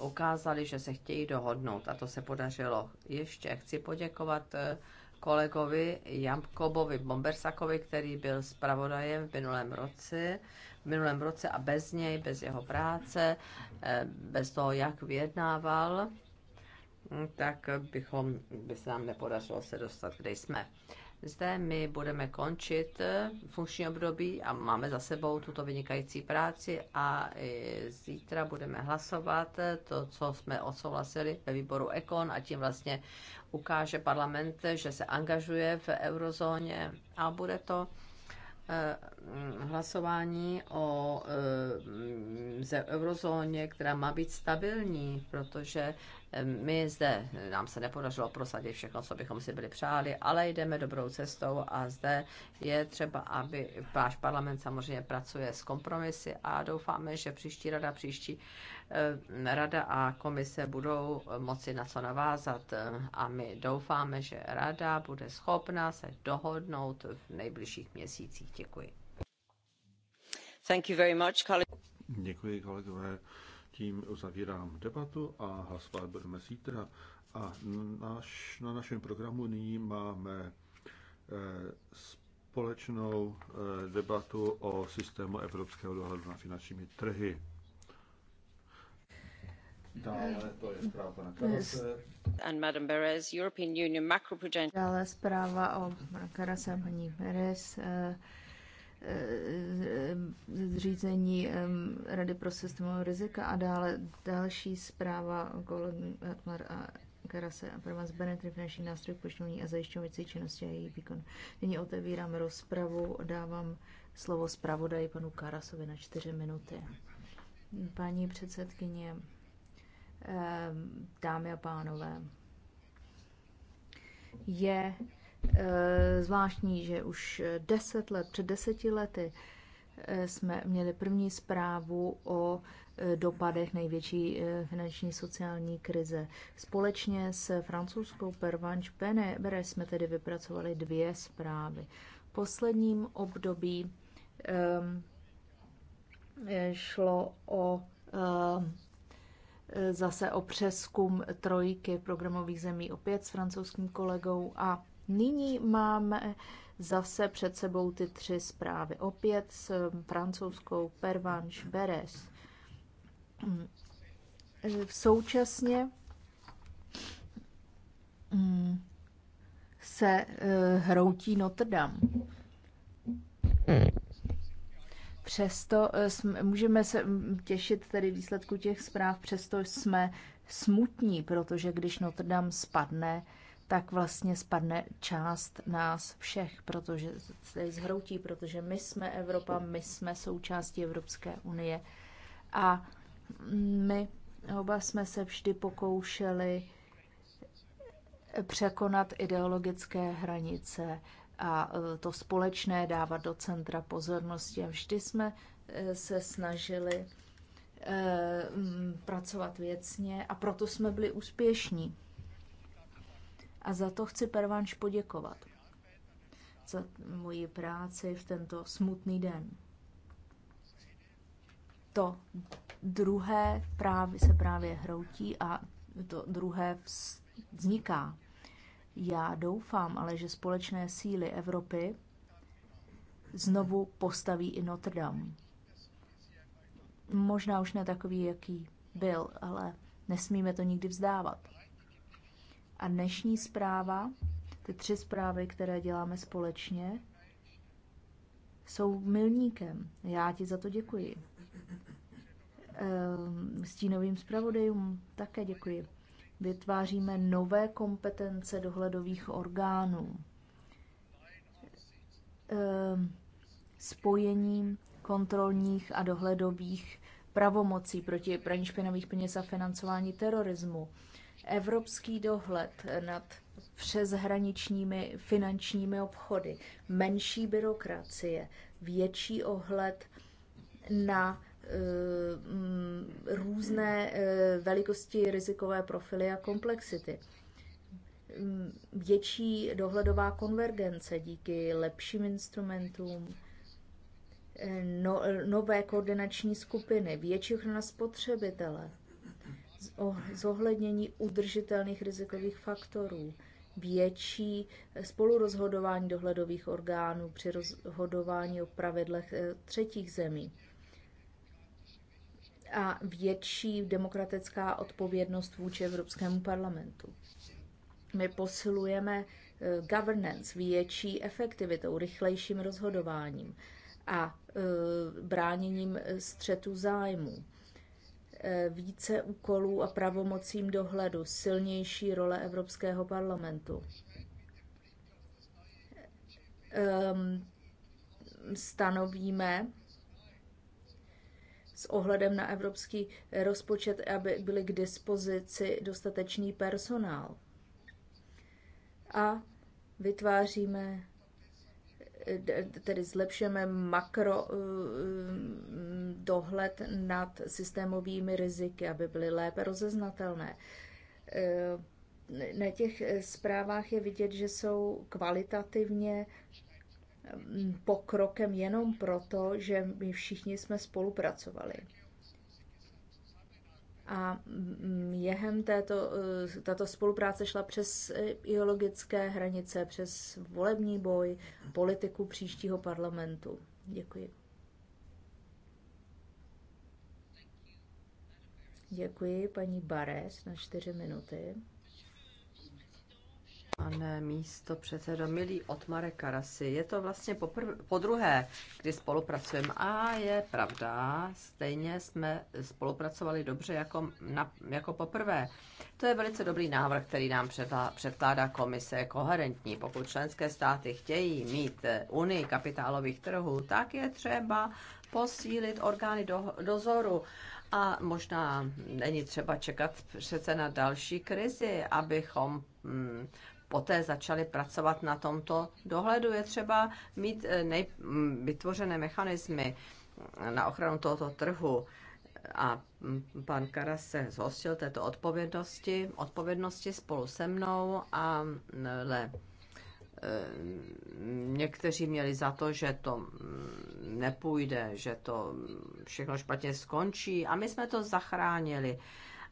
ukázali, že se chtějí dohodnout a to se podařilo. Ještě chci poděkovat eh, kolegovi Jamkobovi Bombersakovi, který byl zpravodajem v minulém roce, v minulém roce a bez něj, bez jeho práce, eh, bez toho, jak vyjednával, tak bychom, by se nám nepodařilo se dostat, kde jsme. Zde my budeme končit eh, funkční období a máme za sebou tuto vynikající práci a eh, zítra budeme hlasovat eh, to, co jsme odsouhlasili ve výboru Ekon a tím vlastně ukáže parlament, že se angažuje v eurozóně a bude to mm, hlasování o mm, eurozóně, která má být stabilní, protože my zde, eh, nám se nepodařilo prosadit všechno, co bychom si byli přáli, ale jdeme dobrou cestou a zde je třeba, aby váš parlament samozřejmě pracuje s kompromisy a doufáme, že příští rada, příští eh, rada a komise budou eh, moci na co navázat a my doufáme, že rada bude schopna se dohodnout v nejbližších měsících. Děkuji. Thank you very much, Děkuji kolegové tím uzavírám debatu a hlasovat budeme zítra. A naš, na našem programu nyní máme eh, společnou eh, debatu o systému evropského dohledu na finančními trhy. Dále to je zpráva Karase. And Madam European Union Dále zpráva o Karase a paní Beres. Eh, Eh, eh, zřízení Rady pro systémové rizika a dále další zpráva kolegů Atmar a Karase a Prmas Benetry finanční nástroj poštovní a zajišťovací činnosti a její výkon. Nyní otevírám rozpravu, dávám slovo zpravodaji panu Karasovi na čtyři minuty. Paní předsedkyně, dámy a pánové, je Eh, zvláštní, že už eh, deset let, před deseti lety eh, jsme měli první zprávu o dopadech největší finanční sociální krize. Společně s francouzskou Pervanche Beres jsme tedy vypracovali dvě zprávy. V posledním období ehm, šlo o zase o přeskum trojky programových zemí opět s francouzským kolegou a Nyní máme zase před sebou ty tři zprávy. Opět s francouzskou Pervanche Beres. Současně mm, se eh, hroutí Notre Dame. Přesto jsme, eh, můžeme se mm, těšit tedy výsledku těch zpráv, přesto jsme smutní, protože když Notre Dame spadne, tak vlastně spadne část nás všech, protože se zhroutí, protože my jsme Evropa, my jsme součástí Evropské unie a my oba jsme se vždy pokoušeli překonat ideologické hranice a e, to společné dávat do centra pozornosti. A vždy jsme e, se snažili e, pracovat věcně a proto jsme byli úspěšní a za to chci Pervanš poděkovat za moji práci v tento smutný den. To druhé právě se právě hroutí a to druhé vzniká. Já doufám ale, že společné síly Evropy znovu postaví i Notre Dame. Možná už ne takový, jaký byl, ale nesmíme to nikdy vzdávat. A dnešní zpráva, ty tři zprávy, které děláme společně, jsou milníkem. Já ti za to děkuji. Ehm, stínovým zpravodajům také děkuji. Vytváříme nové kompetence dohledových orgánů. Ehm, spojením kontrolních a dohledových pravomocí proti praní špinavých peněz a financování terorismu Evropský dohled nad přeshraničními finančními obchody, menší byrokracie, větší ohled na eh, mm, různé eh, velikosti rizikové profily a komplexity. Mm, větší dohledová konvergence díky lepším instrumentům, eh, no, nové koordinační skupiny, větší ochrana spotřebitele, zohlednění udržitelných rizikových faktorů, větší spolurozhodování dohledových orgánů při rozhodování o pravidlech eh, třetích zemí a větší demokratická odpovědnost vůči Evropskému parlamentu. My posilujeme eh, governance větší efektivitou, rychlejším rozhodováním a eh, bráněním střetu zájmů Eh, více úkolů a pravomocím dohledu, silnější role Evropského parlamentu. Ehm, stanovíme s ohledem na evropský rozpočet, aby byly k dispozici dostatečný personál. A vytváříme tedy zlepšeme makro eh, dohled nad systémovými riziky, aby byly lépe rozeznatelné. Eh, na těch eh, zprávách je vidět, že jsou kvalitativně hm, pokrokem jenom proto, že my všichni jsme spolupracovali. A mm, během této, eh, tato spolupráce šla přes eh, ideologické hranice, přes volební boj, politiku příštího parlamentu. Děkuji. Děkuji paní Bares na čtyři minuty. Pane místo předsedo, milý Otmare Karasi, je to vlastně poprv, po druhé, kdy spolupracujeme. A je pravda, stejně jsme spolupracovali dobře jako, na, jako poprvé. To je velice dobrý návrh, který nám předla, předkládá komise koherentní. Pokud členské státy chtějí mít unii kapitálových trhů, tak je třeba posílit orgány do, dozoru. A možná není třeba čekat přece na další krizi, abychom hm, poté začali pracovat na tomto dohledu. Je třeba mít eh, nej, mm, vytvořené mechanismy na ochranu tohoto trhu a mm, pan Karas se zhostil této odpovědnosti, odpovědnosti spolu se mnou a mm, le, eh, někteří měli za to, že to nepůjde, že to všechno špatně skončí a my jsme to zachránili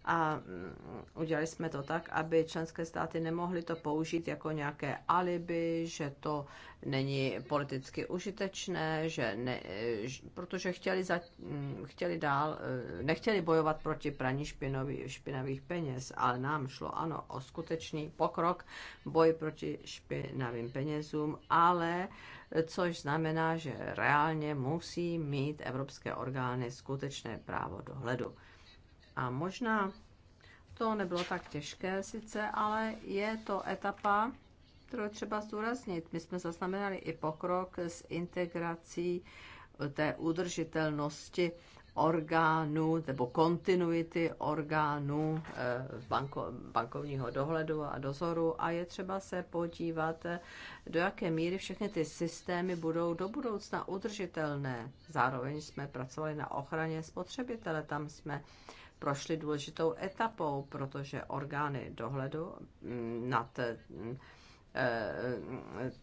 a mm, udělali jsme to tak, aby členské státy nemohly to použít jako nějaké alibi, že to není politicky užitečné, že ne, eh, protože chtěli, za, mm, chtěli dál, eh, nechtěli bojovat proti praní špinový, špinavých peněz, ale nám šlo ano o skutečný pokrok, boj proti špinavým penězům, ale eh, což znamená, že reálně musí mít evropské orgány skutečné právo dohledu. A možná to nebylo tak těžké sice, ale je to etapa, kterou třeba zdůraznit. My jsme zaznamenali i pokrok s integrací té udržitelnosti orgánů nebo kontinuity orgánů eh, banko, bankovního dohledu a dozoru a je třeba se podívat, eh, do jaké míry všechny ty systémy budou do budoucna udržitelné. Zároveň jsme pracovali na ochraně spotřebitele, tam jsme prošli důležitou etapou, protože orgány dohledu mm, nad mm, eh,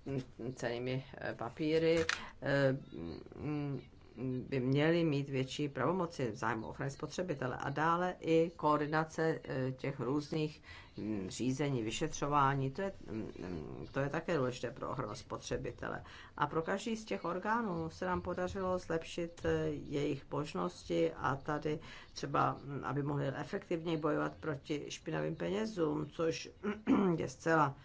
mm, cenými eh, papíry eh, by měly mít větší pravomoci v zájmu ochrany spotřebitele a dále i koordinace eh, těch různých hm, řízení, vyšetřování, to je, hm, hm, to je také důležité pro ochranu spotřebitele. A pro každý z těch orgánů se nám podařilo zlepšit eh, jejich možnosti a tady třeba, aby mohli efektivněji bojovat proti špinavým penězům, což [clears throat] je zcela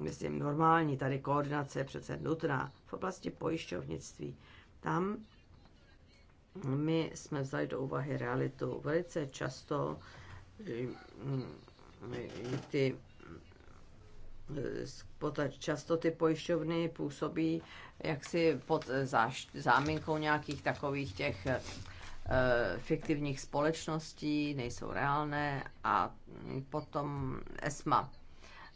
myslím, normální. Tady koordinace je přece nutná v oblasti pojišťovnictví. Tam my jsme vzali do úvahy realitu. Velice často mm, ty eh, často ty pojišťovny působí jaksi pod záš, záminkou nějakých takových těch eh, fiktivních společností, nejsou reálné a potom ESMA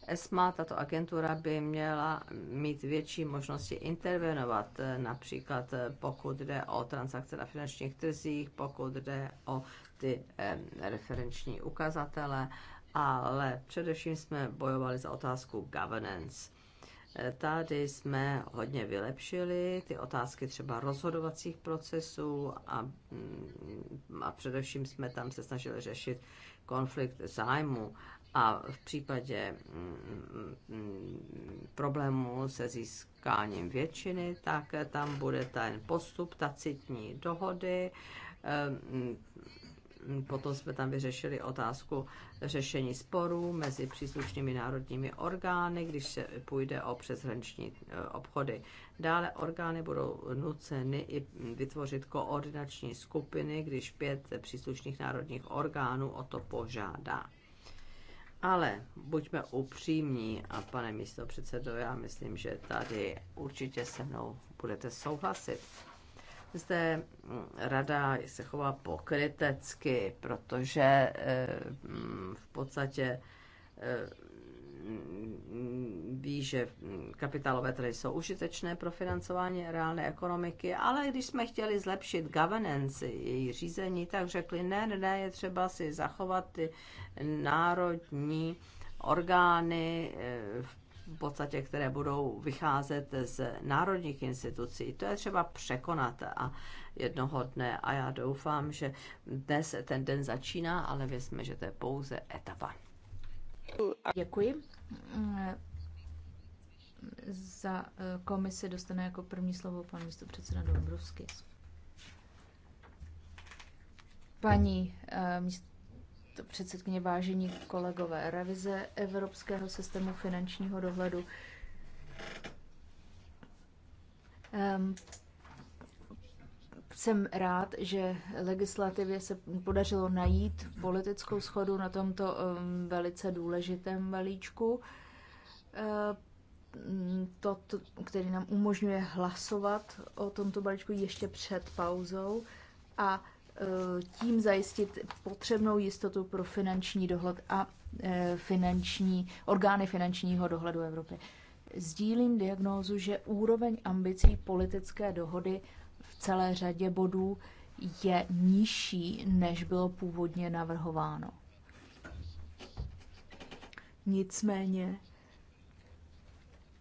ESMA, tato agentura, by měla mít větší možnosti intervenovat, například pokud jde o transakce na finančních trzích, pokud jde o ty referenční ukazatele, ale především jsme bojovali za otázku governance. E, tady jsme hodně vylepšili ty otázky třeba rozhodovacích procesů a, mm, a především jsme tam se snažili řešit konflikt zájmu a v případě mm, mm, problému se získáním většiny, tak tam bude ten postup tacitní dohody. Ehm, mm, potom jsme tam vyřešili otázku řešení sporů mezi příslušnými národními orgány, když se půjde o přeshraniční e, obchody. Dále orgány budou nuceny i vytvořit koordinační skupiny, když pět příslušných národních orgánů o to požádá. Ale buďme upřímní a pane místo předsedo, já myslím, že tady určitě se mnou budete souhlasit. Zde mm, rada se chová pokrytecky, protože eh, mm, v podstatě eh, ví, že kapitálové trhy jsou užitečné pro financování reálné ekonomiky, ale když jsme chtěli zlepšit governance, její řízení, tak řekli, ne, ne, ne, je třeba si zachovat ty národní orgány eh, v podstatě, které budou vycházet z národních institucí. To je třeba překonat a jednoho dne a já doufám, že dnes ten den začíná, ale věřme, že to je pouze etapa. Děkuji. Za eh, komisi dostane jako první slovo pan předseda Dombrovský. Paní eh, místo předsedkyně, vážení kolegové, revize Evropského systému finančního dohledu jsem rád, že legislativě se podařilo najít politickou schodu na tomto um, velice důležitém balíčku, uh, to, který nám umožňuje hlasovat o tomto balíčku ještě před pauzou a uh, tím zajistit potřebnou jistotu pro finanční dohled a uh, finanční, orgány finančního dohledu Evropy. Sdílím diagnózu, že úroveň ambicí politické dohody v celé řadě bodů je nižší, než bylo původně navrhováno. Nicméně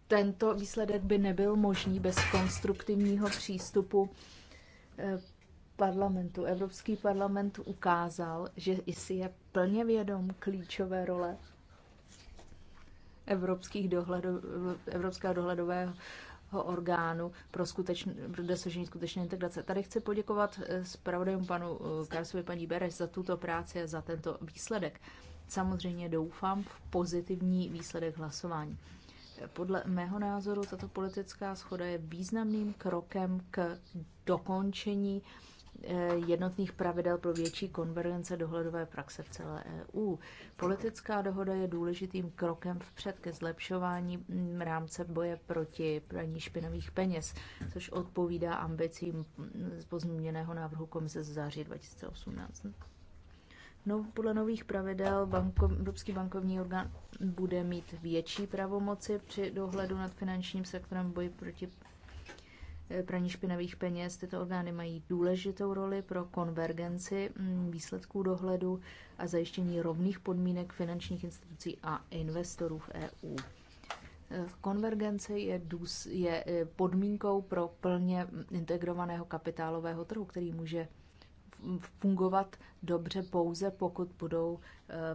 tento výsledek by nebyl možný bez konstruktivního přístupu eh, parlamentu. Evropský parlament ukázal, že si je plně vědom klíčové role evropských dohledo, evropského dohledového orgánu pro, skutečn, pro dosažení skutečné integrace. Tady chci poděkovat eh, zpravodajům panu eh, Karsovi paní Bereš za tuto práci a za tento výsledek. Samozřejmě doufám v pozitivní výsledek hlasování. Podle mého názoru tato politická schoda je významným krokem k dokončení uh, Eh, jednotných pravidel pro větší konvergence dohledové praxe v celé EU. Politická dohoda je důležitým krokem vpřed ke zlepšování mm, rámce boje proti praní špinavých peněz, což odpovídá ambicím mm, z pozměněného návrhu komise z září 2018. No, podle nových pravidel banko, Evropský bankovní orgán bude mít větší pravomoci při dohledu nad finančním sektorem boji proti Eh, praní špinavých peněz. Tyto orgány mají důležitou roli pro konvergenci mm, výsledků dohledu a zajištění rovných podmínek finančních institucí a investorů v EU. Eh, Konvergence je, důs, je eh, podmínkou pro plně integrovaného kapitálového trhu, který může fungovat dobře pouze, pokud budou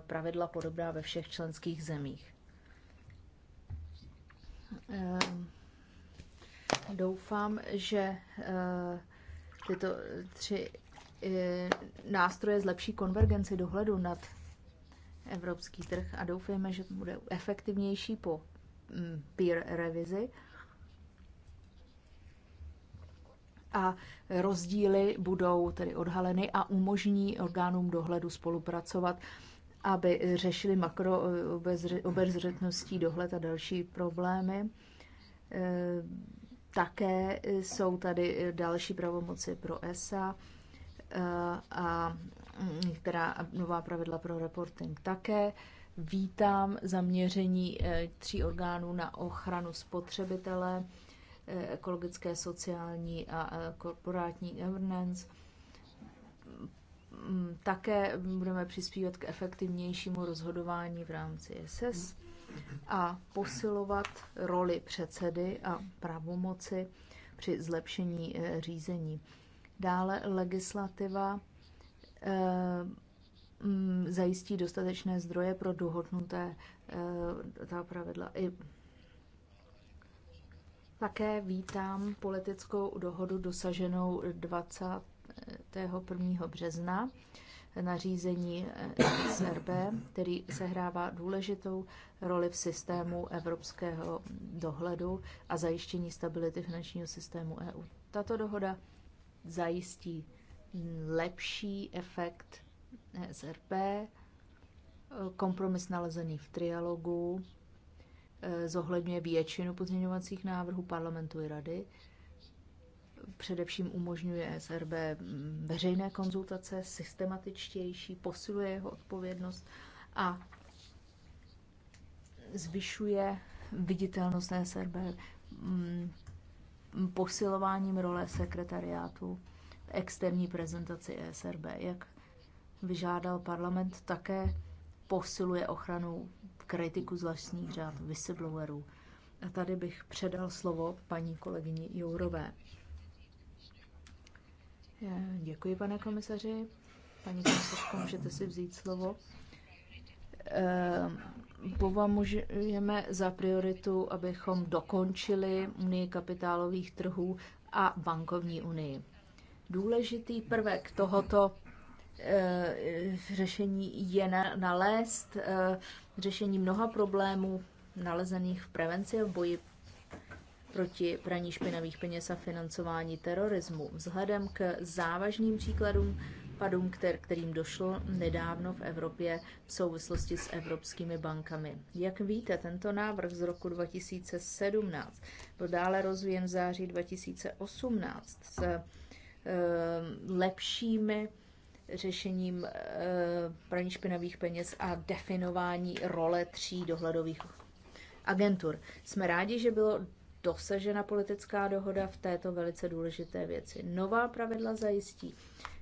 pravidla podobná ve všech členských zemích. Doufám, že eh, tyto tři eh, nástroje zlepší konvergenci dohledu nad evropský trh a doufejme, že to bude efektivnější po mm, peer revizi. A rozdíly budou tedy odhaleny a umožní orgánům dohledu spolupracovat, aby řešili eh, obezřetností dohled a další problémy také e, jsou tady e, další pravomoci pro ESA a e, mm, některá nová pravidla pro reporting také. Vítám zaměření tří orgánů na ochranu spotřebitele, ekologické, sociální a korporátní governance. Mm, také budeme přispívat k efektivnějšímu rozhodování v rámci SS a posilovat roli předsedy a pravomoci při zlepšení eh, řízení. Dále legislativa eh, mm, zajistí dostatečné zdroje pro dohodnuté eh, ta pravidla. I také vítám politickou dohodu dosaženou 21. března nařízení eh, SRB, který sehrává důležitou roli v systému evropského dohledu a zajištění stability finančního systému EU. Tato dohoda zajistí lepší efekt SRB, kompromis nalezený v trialogu, eh, zohledňuje většinu pozměňovacích návrhů parlamentu i rady Především umožňuje SRB veřejné konzultace, systematičtější, posiluje jeho odpovědnost a zvyšuje viditelnost SRB mm, posilováním role sekretariátu v externí prezentaci SRB. Jak vyžádal parlament, také posiluje ochranu kritiku z vlastních řád whistleblowerů. A tady bych předal slovo paní kolegyni Jourové. Děkuji, pane komisaři. Paní komisařko, můžete si vzít slovo. Ehm, považujeme za prioritu, abychom dokončili unii kapitálových trhů a bankovní unii. Důležitý prvek tohoto eh, řešení je nalézt eh, řešení mnoha problémů nalezených v prevenci a v boji proti praní špinavých peněz a financování terorismu. Vzhledem k závažným příkladům padům, kterým došlo nedávno v Evropě v souvislosti s evropskými bankami. Jak víte, tento návrh z roku 2017 byl dále rozvíjen v září 2018 s e, lepšími řešením e, praní špinavých peněz a definování role tří dohledových agentur. Jsme rádi, že bylo dosažena politická dohoda v této velice důležité věci. Nová pravidla zajistí,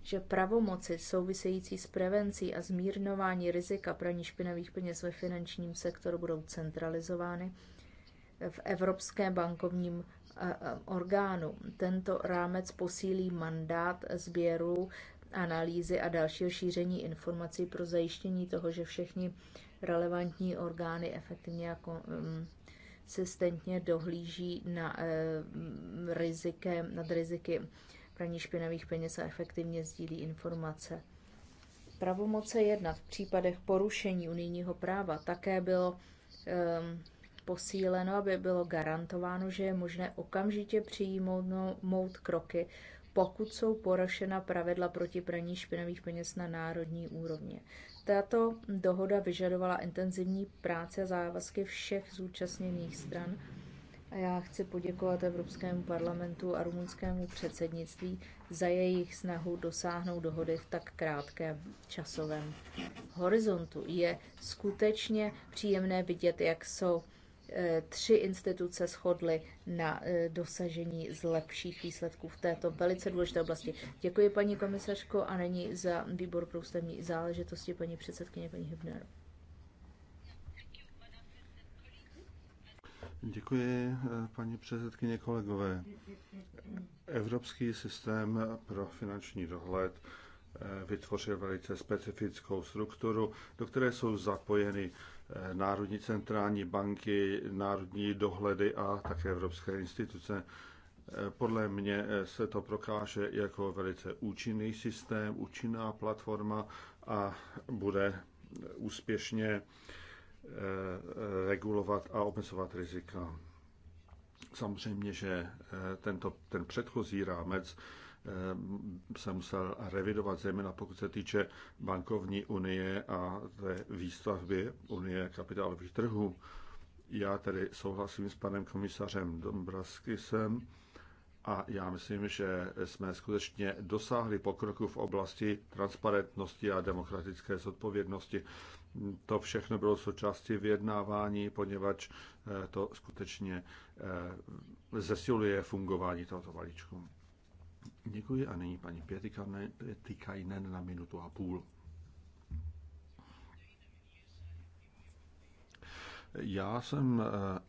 že pravomoci související s prevencí a zmírnování rizika praní špinavých peněz ve finančním sektoru budou centralizovány v Evropském bankovním eh, eh, orgánu. Tento rámec posílí mandát sběru, analýzy a dalšího šíření informací pro zajištění toho, že všechny relevantní orgány efektivně a mm, konzistentně dohlíží na eh, rizikem, nad riziky praní špinavých peněz a efektivně sdílí informace. Pravomoce jednat v případech porušení unijního práva také bylo eh, posíleno, aby bylo garantováno, že je možné okamžitě přijmout no, kroky, pokud jsou porušena pravidla proti praní špinavých peněz na národní úrovni. Tato dohoda vyžadovala intenzivní práci a závazky všech zúčastněných stran a já chci poděkovat Evropskému parlamentu a rumunskému předsednictví za jejich snahu dosáhnout dohody v tak krátkém časovém horizontu. Je skutečně příjemné vidět, jak jsou Eh, tři instituce shodly na eh, dosažení zlepších výsledků v této velice důležité oblasti. Děkuji paní komisařko a není za výbor pro ústavní záležitosti paní předsedkyně paní Hübner. Děkuji, eh, paní předsedkyně, kolegové. Evropský systém pro finanční dohled vytvořil velice specifickou strukturu, do které jsou zapojeny Eh, národní centrální banky, národní dohledy a také evropské instituce. Eh, podle mě eh, se to prokáže jako velice účinný systém, účinná platforma a bude úspěšně regulovat a omezovat rizika. Samozřejmě, že tento, ten předchozí rámec Eh, se musel revidovat, zejména pokud se týče bankovní unie a té výstavby unie kapitálových trhů. Já tedy souhlasím s panem komisařem Dombraskisem a já myslím, že jsme skutečně dosáhli pokroku v oblasti transparentnosti a demokratické zodpovědnosti. To všechno bylo součástí vyjednávání, poněvadž eh, to skutečně eh, zesiluje fungování tohoto balíčku. Děkuji a nyní paní Pětikajnen na minutu a půl. Já jsem eh, eh,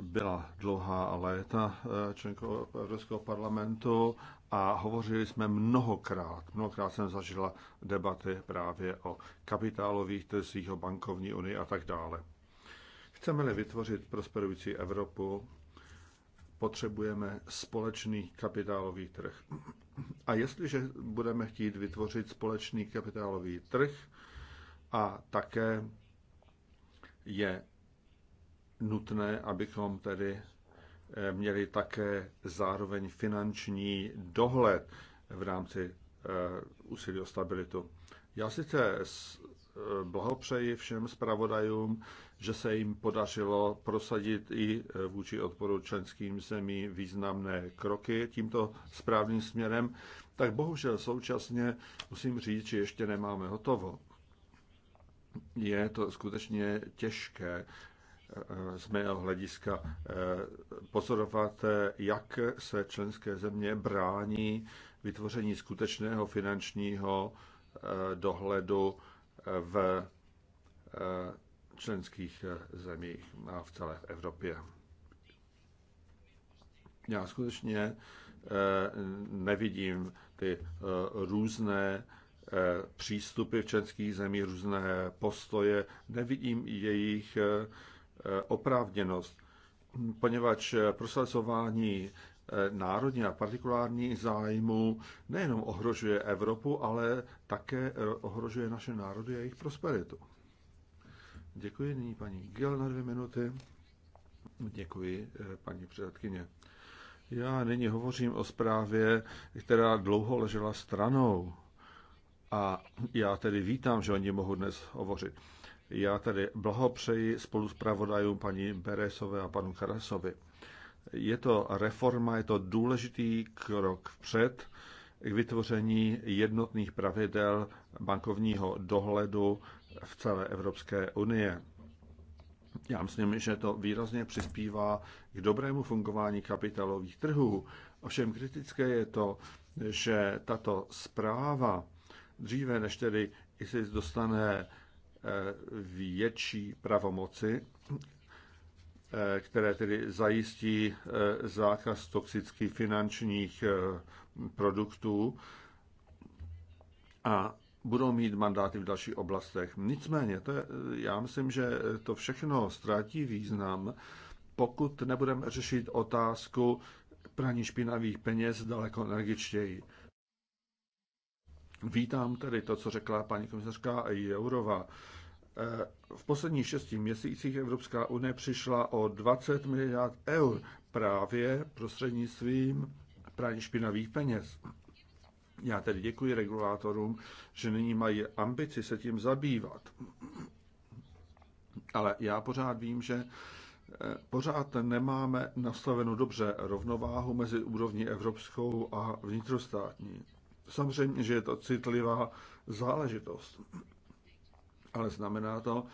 byla dlouhá léta eh, členkou Evropského parlamentu a hovořili jsme mnohokrát. Mnohokrát jsem zažila debaty právě o kapitálových trzích, o bankovní unii a tak dále. Chceme-li vytvořit prosperující Evropu, potřebujeme společný kapitálový trh. A jestliže budeme chtít vytvořit společný kapitálový trh a také je nutné, abychom tedy eh, měli také zároveň finanční dohled v rámci eh, úsilí o stabilitu. Já sice blahopřeji všem zpravodajům, že se jim podařilo prosadit i vůči odporu členským zemí významné kroky tímto správným směrem, tak bohužel současně musím říct, že ještě nemáme hotovo. Je to skutečně těžké eh, z mého hlediska eh, pozorovat, eh, jak se členské země brání vytvoření skutečného finančního dohledu v eh, členských eh, zemích a v celé Evropě. Já skutečně eh, nevidím ty různé přístupy v českých zemích, různé postoje, nevidím jejich oprávněnost, poněvadž prosazování Eh, národní a partikulární zájmu nejenom ohrožuje Evropu, ale také eh, ohrožuje naše národy a jejich prosperitu. Děkuji nyní paní Gil na dvě minuty. Děkuji, eh, paní předsedkyně. Já nyní hovořím o zprávě, která dlouho ležela stranou. A já tedy vítám, že o ní mohu dnes hovořit. Já tedy blahopřeji spolu s pravodajům paní Beresové a panu Karasovi. Je to reforma, je to důležitý krok vpřed k vytvoření jednotných pravidel bankovního dohledu v celé Evropské unie. Já myslím, že to výrazně přispívá k dobrému fungování kapitálových trhů. Ovšem kritické je to, že tato zpráva dříve než tedy ISIS dostane eh, větší pravomoci, Eh, které tedy zajistí eh, zákaz toxických finančních eh, produktů a budou mít mandáty v dalších oblastech. Nicméně, to je, já myslím, že to všechno ztratí význam, pokud nebudeme řešit otázku praní špinavých peněz daleko energičtěji. Vítám tedy to, co řekla paní komisařka Jourova. Eh, v posledních šesti měsících Evropská unie přišla o 20 miliard eur právě prostřednictvím praní špinavých peněz. Já tedy děkuji regulátorům, že nyní mají ambici se tím zabývat. Ale já pořád vím, že eh, pořád nemáme nastavenou dobře rovnováhu mezi úrovní evropskou a vnitrostátní. Samozřejmě, že je to citlivá záležitost ale znamená to,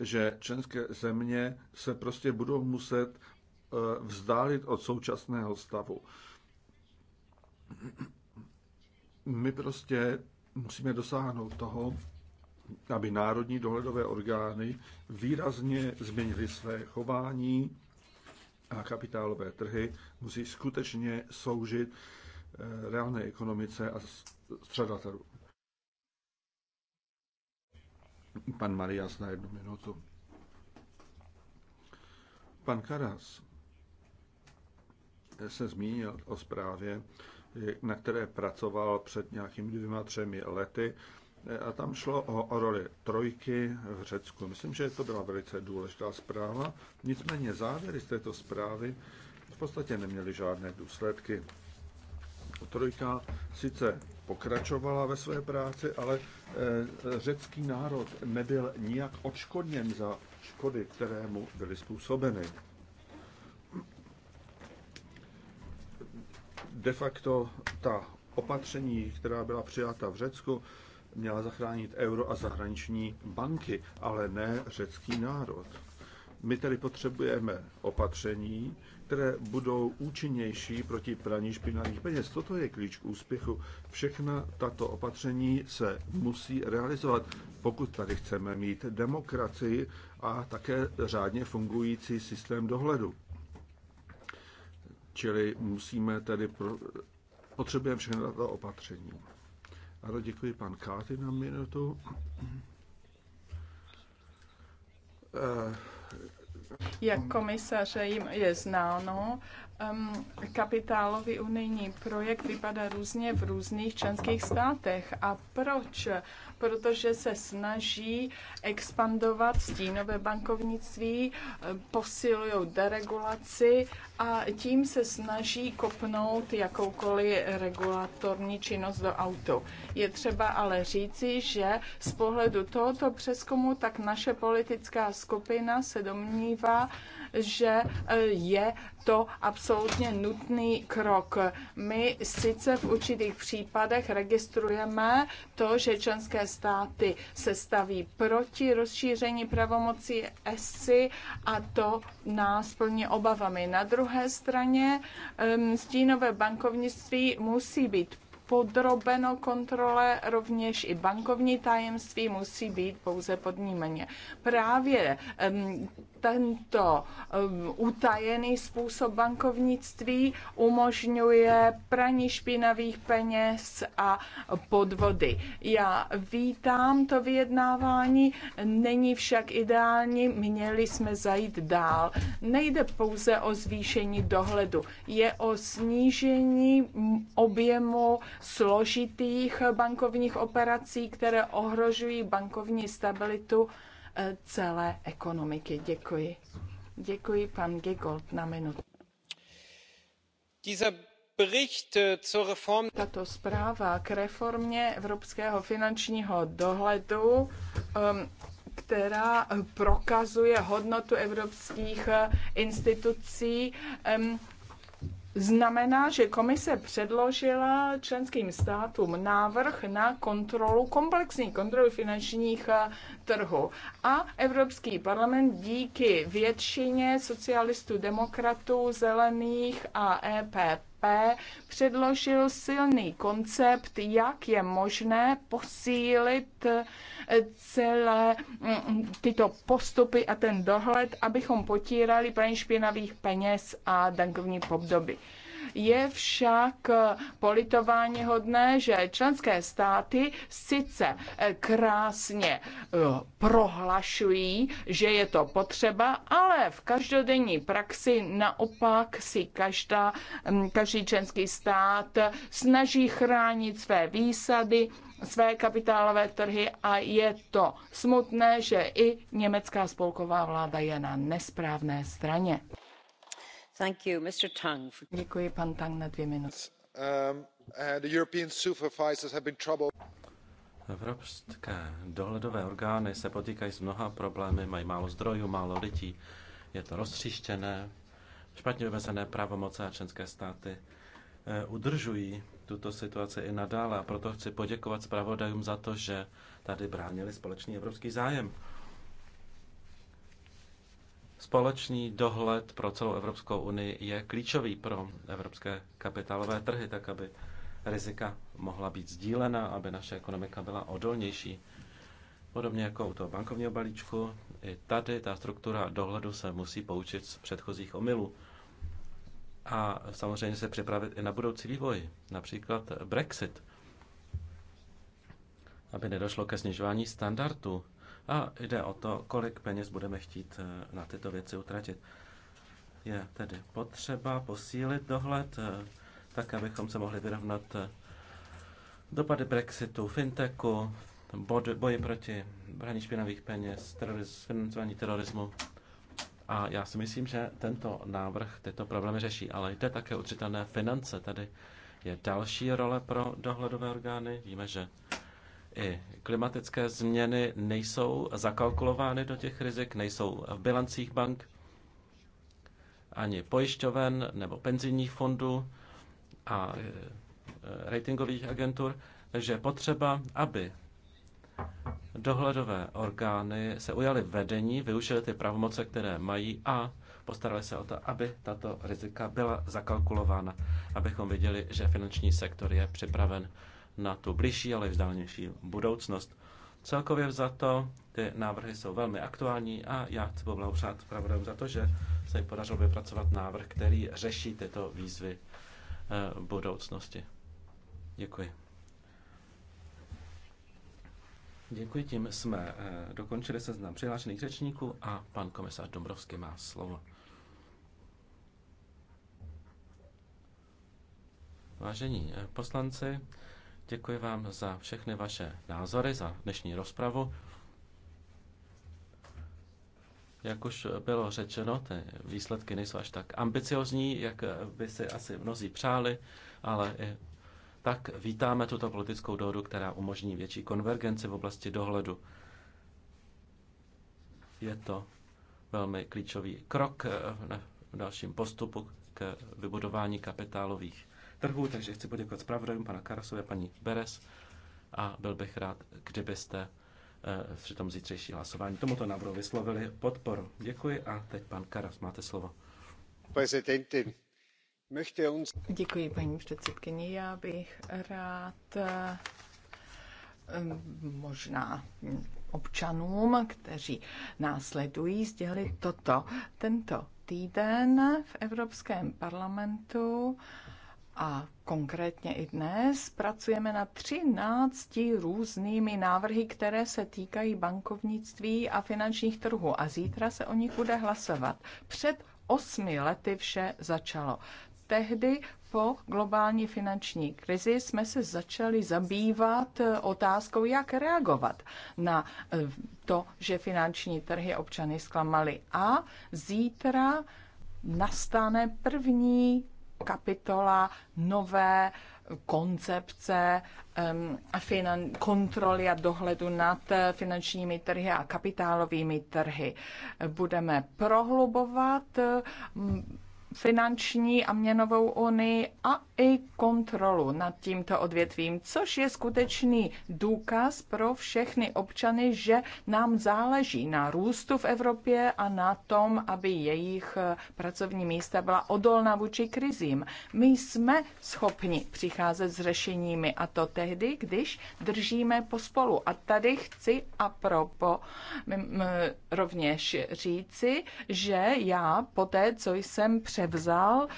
že členské země se prostě budou muset eh, vzdálit od současného stavu. My prostě musíme dosáhnout toho, aby národní dohledové orgány výrazně změnily své chování a kapitálové trhy musí skutečně soužit eh, reálné ekonomice a střadatelům. Pan Marias na jednu minutu. Pan Karas se zmínil o zprávě, na které pracoval před nějakými dvěma, třemi lety. A tam šlo o roli trojky v Řecku. Myslím, že to byla velice důležitá zpráva. Nicméně závěry z této zprávy v podstatě neměly žádné důsledky. Trojka sice pokračovala ve své práci, ale eh, řecký národ nebyl nijak odškodněn za škody, které mu byly způsobeny. De facto ta opatření, která byla přijata v Řecku, měla zachránit euro a zahraniční banky, ale ne řecký národ. My tedy potřebujeme opatření, které budou účinnější proti praní špinavých peněz. Toto je klíč k úspěchu. Všechna tato opatření se musí realizovat, pokud tady chceme mít demokracii a také řádně fungující systém dohledu. Čili musíme tedy pro... potřebujeme všechna tato opatření. Ano, děkuji pan Káty na minutu. Eh, jak komisaře jim je znáno, um, kapitálový unijní projekt vypadá různě v různých členských státech. A proč? Protože se snaží expandovat stínové bankovnictví, eh, posilují deregulaci a tím se snaží kopnout jakoukoliv regulatorní činnost do autu. Je třeba ale říci, že z pohledu tohoto přeskumu tak naše politická skupina se domnívá, že eh, je to absolutně nutný krok. My sice v určitých případech registrujeme to, že členské státy se staví proti rozšíření pravomocí ESI a to nás plně obavami. Na druhé straně ehm, stínové bankovnictví musí být podrobeno kontrole, rovněž i bankovní tajemství musí být pouze podnímeně. Právě ehm, tento um, utajený způsob bankovnictví umožňuje praní špinavých peněz a podvody. Já vítám to vyjednávání, není však ideální, měli jsme zajít dál. Nejde pouze o zvýšení dohledu, je o snížení objemu složitých bankovních operací, které ohrožují bankovní stabilitu celé ekonomiky. Děkuji. Děkuji, pan Gigold, na minutu. Äh, Tato zpráva k reformě evropského finančního dohledu, um, která prokazuje hodnotu evropských eh, institucí, znamená, že komise předložila členským státům návrh na kontrolu, komplexní kontrolu finančních eh, trhů. A Evropský parlament díky většině socialistů, demokratů, zelených a EPP předložil silný koncept, jak je možné posílit eh, celé mm, mm, tyto postupy a ten dohled, abychom potírali praní špinavých peněz a dankovní podoby. Je však politování hodné, že členské státy sice eh, krásně eh, prohlašují, že je to potřeba, ale v každodenní praxi naopak si každá, mm, každý členský stát snaží chránit své výsady, své kapitálové trhy a je to smutné, že i německá spolková vláda je na nesprávné straně. Děkuji, na dvě minuty. Um, uh, Evropské dohledové orgány se potýkají s mnoha problémy, mají málo zdrojů, málo lidí, je to roztříštěné, špatně vymezené pravomoce a členské státy eh, udržují tuto situaci i nadále a proto chci poděkovat zpravodajům za to, že tady bránili společný evropský zájem. Společný dohled pro celou Evropskou unii je klíčový pro evropské kapitálové trhy, tak aby rizika mohla být sdílena, aby naše ekonomika byla odolnější. Podobně jako u toho bankovního balíčku, i tady ta struktura dohledu se musí poučit z předchozích omylů a samozřejmě se připravit i na budoucí vývoj, například Brexit, aby nedošlo ke snižování standardů a jde o to, kolik peněz budeme chtít eh, na tyto věci utratit. Je tedy potřeba posílit dohled, eh, tak abychom se mohli vyrovnat eh, dopady Brexitu, fintechu, boji proti braní špinavých peněz, teroriz, financování terorismu. A já si myslím, že tento návrh tyto problémy řeší, ale jde také o finance. Tady je další role pro dohledové orgány. Víme, že i klimatické změny nejsou zakalkulovány do těch rizik, nejsou v bilancích bank, ani pojišťoven nebo penzijních fondů a e, e, ratingových agentur, že je potřeba, aby dohledové orgány se ujaly vedení, využili ty pravomoce, které mají a postarali se o to, aby tato rizika byla zakalkulována, abychom viděli, že finanční sektor je připraven na tu bližší, ale vzdálenější budoucnost. Celkově za to ty návrhy jsou velmi aktuální a já chci poblahopřát pravdou za to, že se jim podařilo vypracovat návrh, který řeší tyto výzvy eh, budoucnosti. Děkuji. Děkuji, tím jsme eh, dokončili seznam přihlášených řečníků a pan komisař Dombrovský má slovo. Vážení eh, poslanci, Děkuji vám za všechny vaše názory, za dnešní rozpravu. Jak už bylo řečeno, ty výsledky nejsou až tak ambiciozní, jak by si asi mnozí přáli, ale i tak vítáme tuto politickou dohodu, která umožní větší konvergenci v oblasti dohledu. Je to velmi klíčový krok v dalším postupu k vybudování kapitálových trhu, takže chci poděkovat zpravodajům pana Karasové, paní Beres a byl bych rád, kdybyste eh, při tom zítřejší hlasování tomuto návrhu vyslovili podporu. Děkuji a teď pan Karas, máte slovo. Děkuji, paní předsedkyni. Já bych rád eh, možná občanům, kteří následují, sdělit toto. Tento týden v Evropském parlamentu a konkrétně i dnes pracujeme na 13 různými návrhy, které se týkají bankovnictví a finančních trhů. A zítra se o nich bude hlasovat. Před osmi lety vše začalo. Tehdy po globální finanční krizi jsme se začali zabývat otázkou, jak reagovat na eh, to, že finanční trhy občany zklamaly. A zítra nastane první kapitola nové koncepce finan, kontroly a dohledu nad finančními trhy a kapitálovými trhy. Budeme prohlubovat finanční a měnovou unii a i kontrolu nad tímto odvětvím, což je skutečný důkaz pro všechny občany, že nám záleží na růstu v Evropě a na tom, aby jejich eh, pracovní místa byla odolná vůči krizím. My jsme schopni přicházet s řešeními a to tehdy, když držíme pospolu. A tady chci a propo mm, mm, rovněž říci, že já poté, co jsem před převzal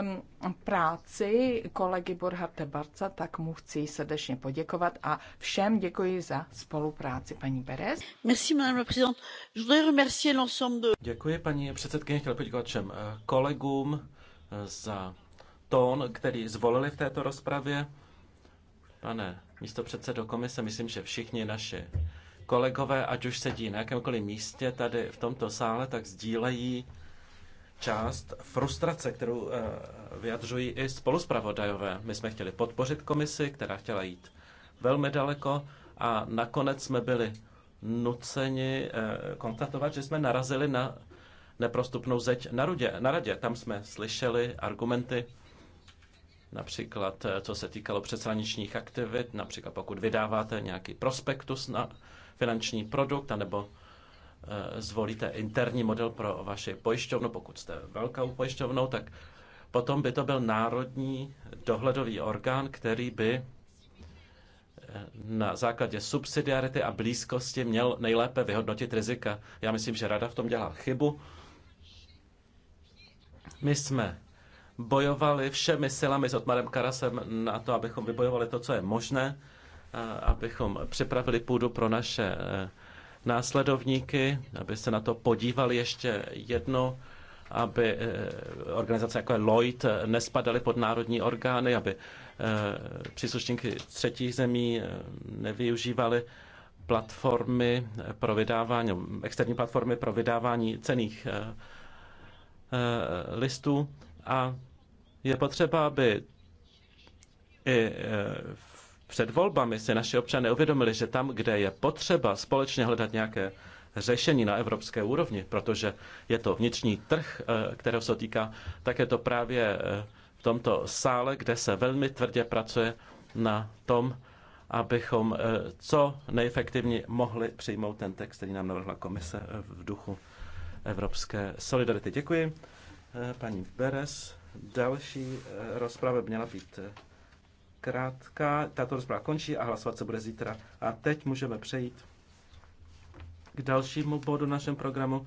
um, práci kolegy Borharte Barca, tak mu chci srdečně poděkovat a všem děkuji za spolupráci, paní Perez. Merci, madame la présidente. Je voudrais remercier l'ensemble de... Děkuji, paní předsedkyně, chtěl poděkovat všem eh, kolegům eh, za tón, který zvolili v této rozpravě. Pane místo předsedo komise, myslím, že všichni naši kolegové, ať už sedí na jakémkoliv místě tady v tomto sále, tak sdílejí část frustrace, kterou eh, vyjadřují i spoluspravodajové. My jsme chtěli podpořit komisi, která chtěla jít velmi daleko a nakonec jsme byli nuceni eh, konstatovat, že jsme narazili na neprostupnou zeď na, rudě, na radě. Tam jsme slyšeli argumenty, například eh, co se týkalo přeshraničních aktivit, například pokud vydáváte nějaký prospektus na finanční produkt, anebo Eh, zvolíte interní model pro vaši pojišťovnu, pokud jste velkou pojišťovnou, tak potom by to byl národní dohledový orgán, který by eh, na základě subsidiarity a blízkosti měl nejlépe vyhodnotit rizika. Já myslím, že Rada v tom dělá chybu. My jsme bojovali všemi silami s Otmarem Karasem na to, abychom vybojovali to, co je možné, abychom připravili půdu pro naše eh, následovníky, aby se na to podívali ještě jedno, aby eh, organizace jako je Lloyd eh, nespadaly pod národní orgány, aby eh, příslušníky třetích zemí nevyužívali platformy pro vydávání, externí platformy pro vydávání cených listů a je potřeba, aby i v před volbami si naši občané uvědomili, že tam, kde je potřeba společně hledat nějaké řešení na evropské úrovni, protože je to vnitřní trh, eh, kterého se týká, tak je to právě eh, v tomto sále, kde se velmi tvrdě pracuje na tom, abychom eh, co nejefektivně mohli přijmout ten text, který nám navrhla komise v duchu evropské solidarity. Děkuji. Paní Beres, další rozprava měla být zkrátka Tato rozprava končí a hlasovat se bude zítra. A teď můžeme přejít k dalšímu bodu našem programu,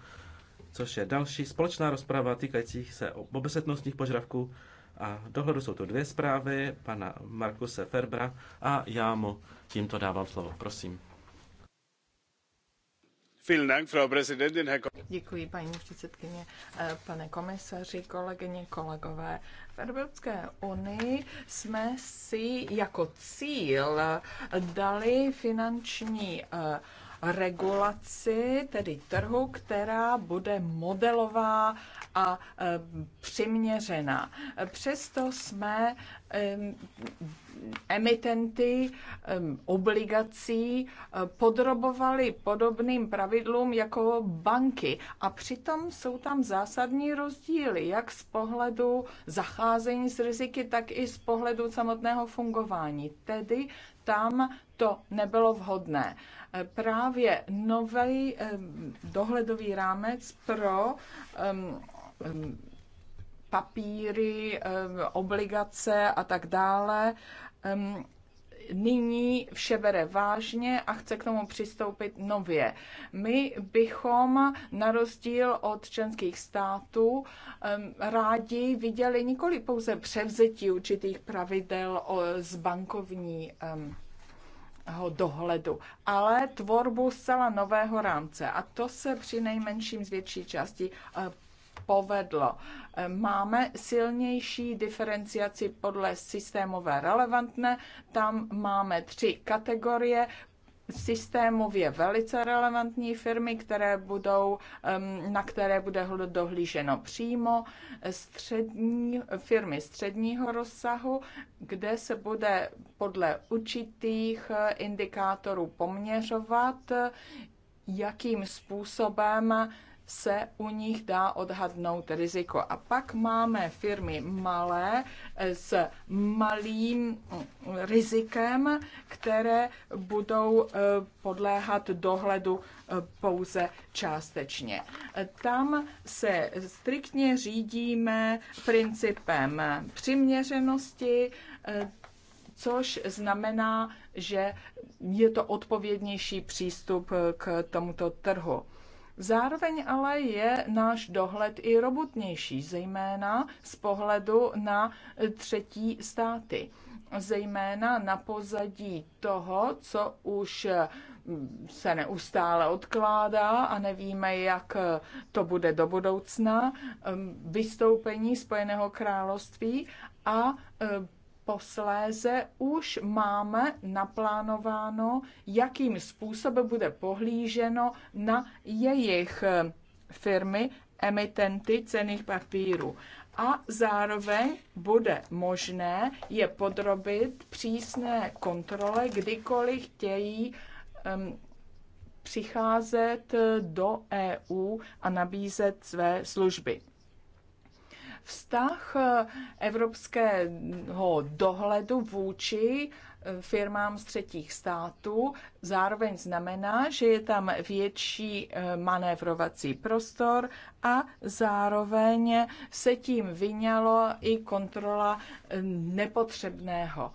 což je další společná rozprava týkající se obesetnostních požadavků a dohledu jsou to dvě zprávy pana Markuse Ferbra a já mu tímto dávám slovo. Prosím. Děkuji, paní předsedkyně, eh, pane komisaři, kolegyně, kolegové. V Evropské unii jsme si jako cíl dali finanční uh, regulaci, tedy trhu, která bude modelová a e, přiměřená. Přesto jsme e, emitenty e, obligací podrobovali podobným pravidlům jako banky. A přitom jsou tam zásadní rozdíly, jak z pohledu zacházení s riziky, tak i z pohledu samotného fungování. Tedy tam to nebylo vhodné právě nový dohledový rámec pro papíry, obligace a tak dále nyní vše bere vážně a chce k tomu přistoupit nově. My bychom na rozdíl od členských států rádi viděli nikoli pouze převzetí určitých pravidel z bankovní dohledu, ale tvorbu zcela nového rámce. A to se při nejmenším z větší části eh, povedlo. Eh, máme silnější diferenciaci podle systémové relevantné. Tam máme tři kategorie, systémově velice relevantní firmy, které budou, na které bude dohlíženo přímo, střední, firmy středního rozsahu, kde se bude podle určitých eh, indikátorů poměřovat, jakým způsobem se u nich dá odhadnout riziko. A pak máme firmy malé s malým mm, rizikem, které budou eh, podléhat dohledu eh, pouze částečně. Tam se striktně řídíme principem přiměřenosti, eh, což znamená, že je to odpovědnější přístup k tomuto trhu. Zároveň ale je náš dohled i robotnější, zejména z pohledu na třetí státy. Zejména na pozadí toho, co už mm, se neustále odkládá a nevíme, jak to bude do budoucna, ehm, vystoupení Spojeného království a ehm, posléze už máme naplánováno, jakým způsobem bude pohlíženo na jejich eh, firmy, emitenty cených papírů. A zároveň bude možné je podrobit přísné kontrole, kdykoliv chtějí um, přicházet eh, do EU a nabízet své služby. Vztah eh, evropského dohledu vůči eh, firmám z třetích států zároveň znamená, že je tam větší eh, manévrovací prostor a zároveň se tím vyňalo i kontrola nepotřebného.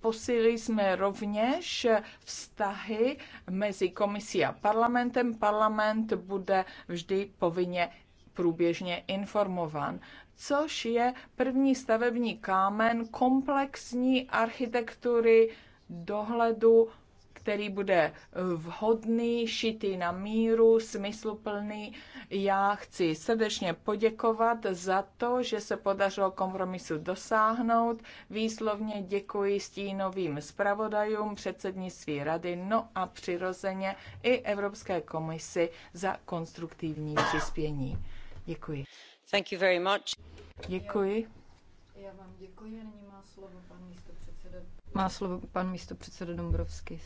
Posílili jsme rovněž vztahy mezi komisí a parlamentem. Parlament bude vždy povinně průběžně informován což je první stavební kámen komplexní architektury dohledu, který bude vhodný, šitý na míru, smysluplný. Já chci srdečně poděkovat za to, že se podařilo kompromisu dosáhnout. Výslovně děkuji stínovým zpravodajům, předsednictví rady, no a přirozeně i Evropské komisi za konstruktivní přispění. Děkuji. Děkuji. má slovo pan místopředseda. Dombrovský.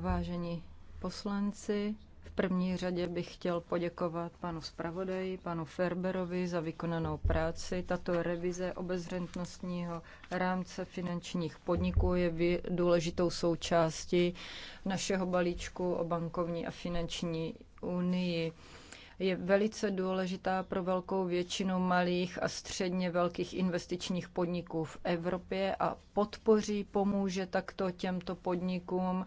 Vážení poslanci, v první řadě bych chtěl poděkovat panu zpravodaji, panu Ferberovi za vykonanou práci. Tato revize obezřetnostního rámce finančních podniků je důležitou součástí našeho balíčku o bankovní a finanční unii je velice důležitá pro velkou většinu malých a středně velkých investičních podniků v Evropě a podpoří, pomůže takto těmto podnikům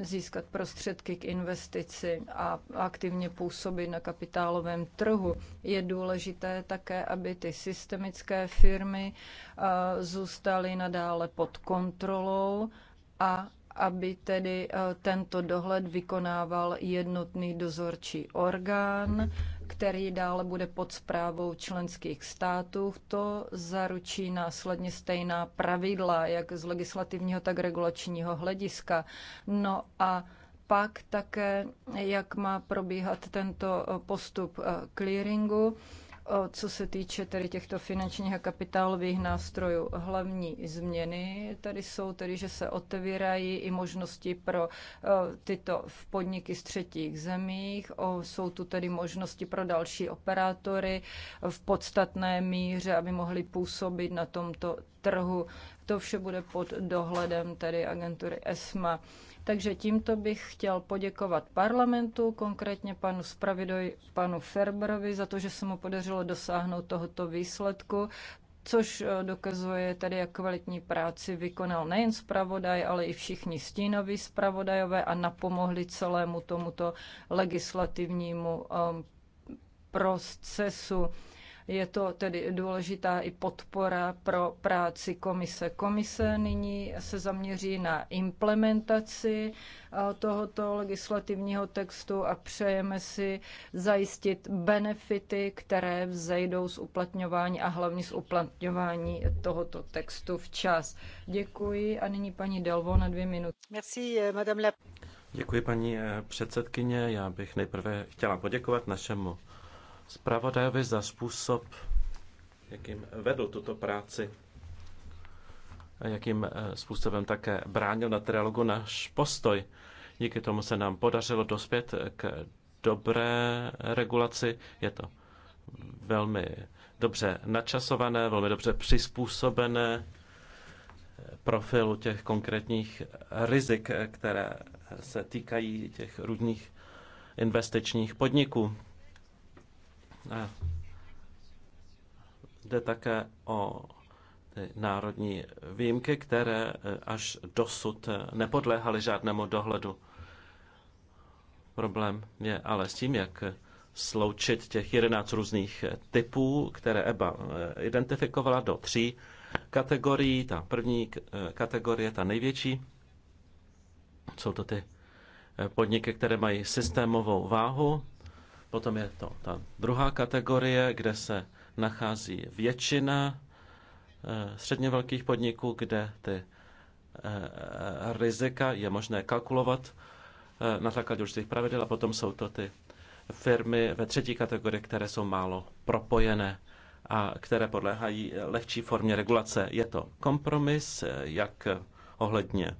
získat prostředky k investici a aktivně působit na kapitálovém trhu. Je důležité také, aby ty systemické firmy zůstaly nadále pod kontrolou a aby tedy eh, tento dohled vykonával jednotný dozorčí orgán, který dále bude pod zprávou členských států. To zaručí následně stejná pravidla, jak z legislativního, tak regulačního hlediska. No a pak také, jak má probíhat tento eh, postup eh, clearingu co se týče tady těchto finančních a kapitálových nástrojů, hlavní změny tady jsou tedy, že se otevírají i možnosti pro tyto podniky z třetích zemích, jsou tu tedy možnosti pro další operátory v podstatné míře, aby mohli působit na tomto trhu. To vše bude pod dohledem tedy agentury ESMA. Takže tímto bych chtěl poděkovat parlamentu, konkrétně panu Spravidoj, panu Ferberovi, za to, že se mu podařilo dosáhnout tohoto výsledku což eh, dokazuje tady, jak kvalitní práci vykonal nejen zpravodaj, ale i všichni stínoví zpravodajové a napomohli celému tomuto legislativnímu eh, procesu. Je to tedy důležitá i podpora pro práci komise. Komise nyní se zaměří na implementaci eh, tohoto legislativního textu a přejeme si zajistit benefity, které vzejdou z uplatňování a hlavně z uplatňování tohoto textu včas. Děkuji a nyní paní Delvo na dvě minuty. Merci, eh, madame la... Děkuji, paní eh, předsedkyně. Já bych nejprve chtěla poděkovat našemu zpravodajovi za způsob, jakým vedl tuto práci a jakým eh, způsobem také bránil na trialogu náš postoj. Díky tomu se nám podařilo dospět eh, k dobré regulaci. Je to velmi dobře načasované, velmi dobře přizpůsobené eh, profilu těch konkrétních rizik, které se týkají těch různých investičních podniků. Jde také o ty národní výjimky, které e, až dosud e, nepodléhaly žádnému dohledu. Problém je ale s tím, jak sloučit těch 11 různých e, typů, které EBA identifikovala do tří kategorií. Ta první kategorie, ta největší, jsou to ty podniky, které mají systémovou váhu, Potom je to ta druhá kategorie, kde se nachází většina eh, středně velkých podniků, kde ty eh, rizika je možné kalkulovat eh, na základě určitých pravidel a potom jsou to ty firmy ve třetí kategorii, které jsou málo propojené a které podléhají lehčí formě regulace. Je to kompromis, jak ohledně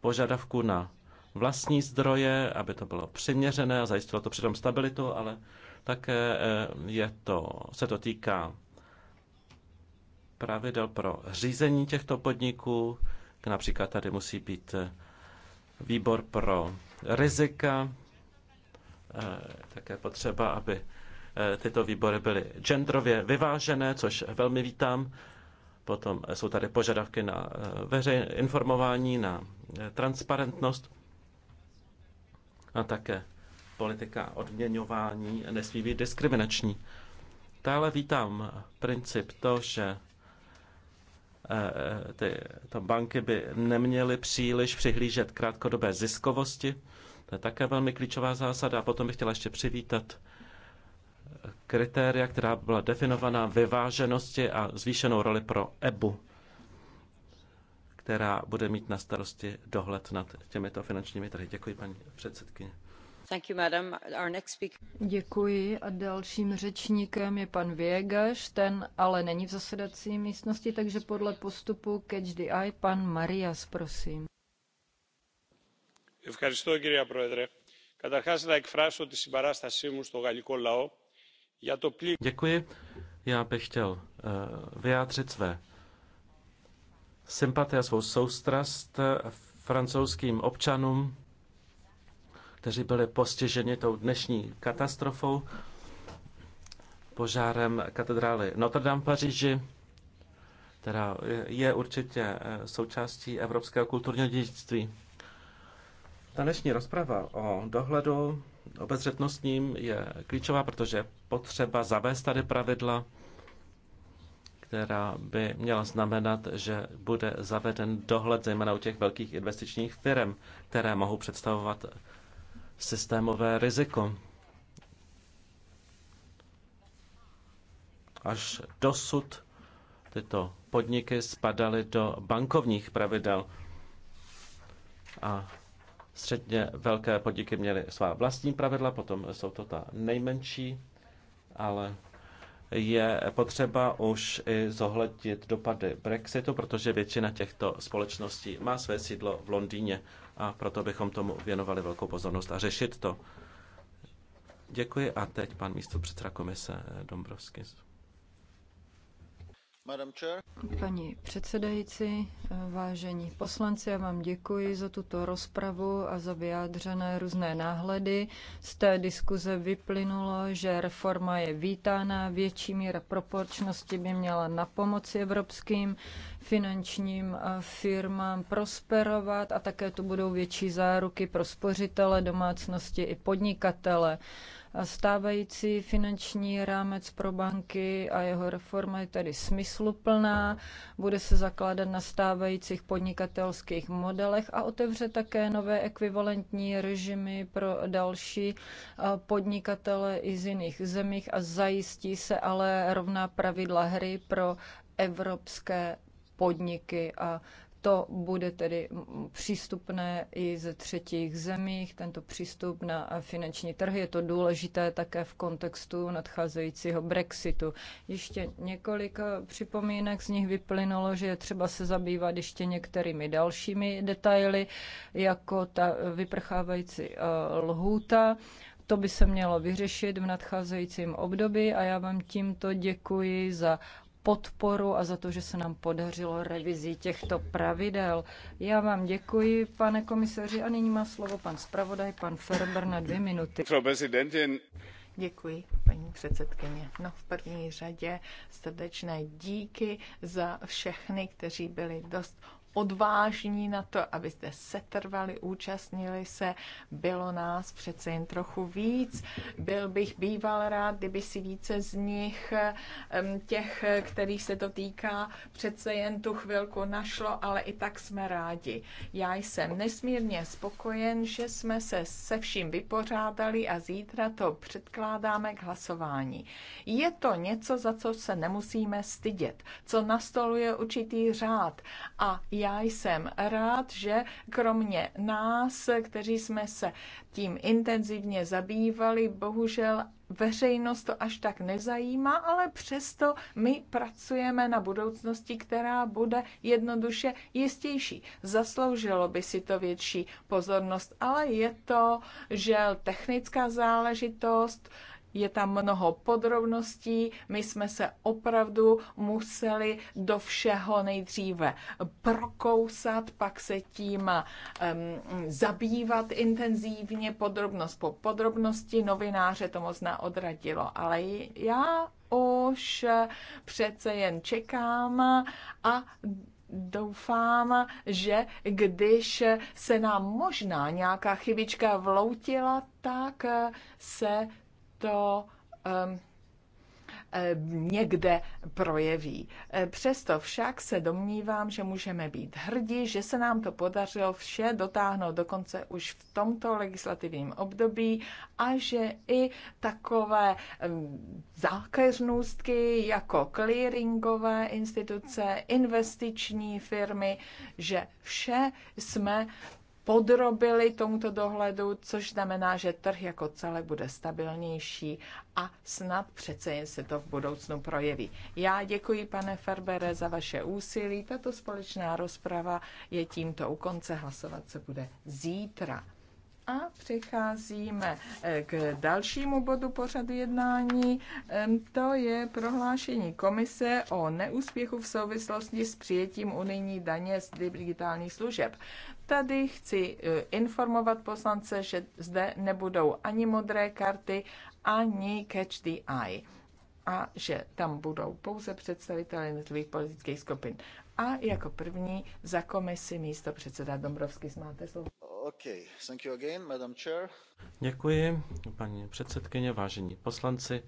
požadavku na vlastní zdroje, aby to bylo přiměřené a zajistilo to přitom stabilitu, ale také eh, je to, se to týká pravidel pro řízení těchto podniků. Například tady musí být eh, výbor pro rizika. Eh, také potřeba, aby tyto výbory byly genderově vyvážené, což velmi vítám. Potom jsou tady požadavky na veřejné informování, na transparentnost. A také politika odměňování nesmí být diskriminační. Dále vítám princip to, že eh, eh, ty, to banky by neměly příliš přihlížet krátkodobé ziskovosti. To je také velmi klíčová zásada. A potom bych chtěla ještě přivítat eh, kritéria, která byla definovaná vyváženosti a zvýšenou roli pro EBU která bude mít na starosti dohled nad těmito finančními trhy. Děkuji, paní předsedkyně. Thank you, madam. Our next speaker... Děkuji a dalším řečníkem je pan Viegaš, ten ale není v zasedací místnosti, takže podle postupu Catch the Eye pan Marias, prosím. Ευχαριστώ, κυρία Πρόεδρε. Καταρχάς, να εκφράσω τη συμπαράστασή μου στο γαλλικό λαό για το πλήγμα. Děkuji. Já bych chtěl uh, vyjádřit své Sympatie a svou soustrast francouzským občanům, kteří byli postiženi tou dnešní katastrofou, požárem katedrály Notre Dame v Paříži, která je určitě eh, součástí evropského kulturního dědictví. Ta dnešní rozprava o dohledu obezřetnostním je klíčová, protože potřeba zavést tady pravidla, která by měla znamenat, že bude zaveden dohled zejména u těch velkých investičních firm, které mohou představovat systémové riziko. Až dosud tyto podniky spadaly do bankovních pravidel a středně velké podniky měly svá vlastní pravidla, potom jsou to ta nejmenší, ale je potřeba už i zohlednit dopady Brexitu, protože většina těchto společností má své sídlo v Londýně a proto bychom tomu věnovali velkou pozornost a řešit to. Děkuji a teď pan místo předseda komise Dombrovskis. Paní předsedající, vážení poslanci, já vám děkuji za tuto rozpravu a za vyjádřené různé náhledy. Z té diskuze vyplynulo, že reforma je vítána, větší míra proporčnosti by měla na pomoci evropským finančním eh, firmám prosperovat a také tu budou větší záruky pro spořitele, domácnosti i podnikatele. Stávající finanční rámec pro banky a jeho reforma je tedy smysluplná, bude se zakládat na stávajících podnikatelských modelech a otevře také nové ekvivalentní režimy pro další eh, podnikatele i z jiných zemích a zajistí se ale rovná pravidla hry pro evropské podniky a to bude tedy přístupné i ze třetích zemích, tento přístup na finanční trhy. Je to důležité také v kontextu nadcházejícího Brexitu. Ještě několik připomínek z nich vyplynulo, že je třeba se zabývat ještě některými dalšími detaily, jako ta e, vyprchávající e, lhůta. To by se mělo vyřešit v nadcházejícím období a já vám tímto děkuji za podporu a za to, že se nám podařilo revizi těchto pravidel. Já vám děkuji, pane komisaři, a nyní má slovo pan zpravodaj, pan Ferber na dvě minuty. Děkuji, paní předsedkyně. No, v první řadě srdečné díky za všechny, kteří byli dost odvážní na to, abyste setrvali, účastnili se. Bylo nás přece jen trochu víc. Byl bych býval rád, kdyby si více z nich, těch, kterých se to týká, přece jen tu chvilku našlo, ale i tak jsme rádi. Já jsem nesmírně spokojen, že jsme se se vším vypořádali a zítra to předkládáme k hlasování. Je to něco, za co se nemusíme stydět, co nastoluje určitý řád a je já jsem rád, že kromě nás, kteří jsme se tím intenzivně zabývali, bohužel veřejnost to až tak nezajímá, ale přesto my pracujeme na budoucnosti, která bude jednoduše jistější. Zasloužilo by si to větší pozornost, ale je to, že technická záležitost, je tam mnoho podrobností. My jsme se opravdu museli do všeho nejdříve prokousat, pak se tím um, zabývat intenzívně podrobnost po podrobnosti. Novináře to možná odradilo, ale já už přece jen čekám a doufám, že když se nám možná nějaká chybička vloutila, tak se to um, někde projeví. E, přesto však se domnívám, že můžeme být hrdí, že se nám to podařilo vše dotáhnout dokonce už v tomto legislativním období a že i takové zákeřnůstky jako clearingové instituce, investiční firmy, že vše jsme podrobili tomuto dohledu, což znamená, že trh jako celek bude stabilnější a snad přece jen se to v budoucnu projeví. Já děkuji, pane Ferbere, za vaše úsilí. Tato společná rozprava je tímto u konce. Hlasovat se bude zítra. A přecházíme eh, k dalšímu bodu pořadu jednání. To je prohlášení komise o neúspěchu v souvislosti s přijetím unijní daně z digitálních služeb tady chci e, informovat poslance, že zde nebudou ani modré karty, ani catch the eye a že tam budou pouze představitelé jednotlivých politických skupin. A jako první za komisi místo předseda Dombrovský. Máte slovo. Okay. Thank you again, Madam Chair. Děkuji, paní předsedkyně, vážení poslanci.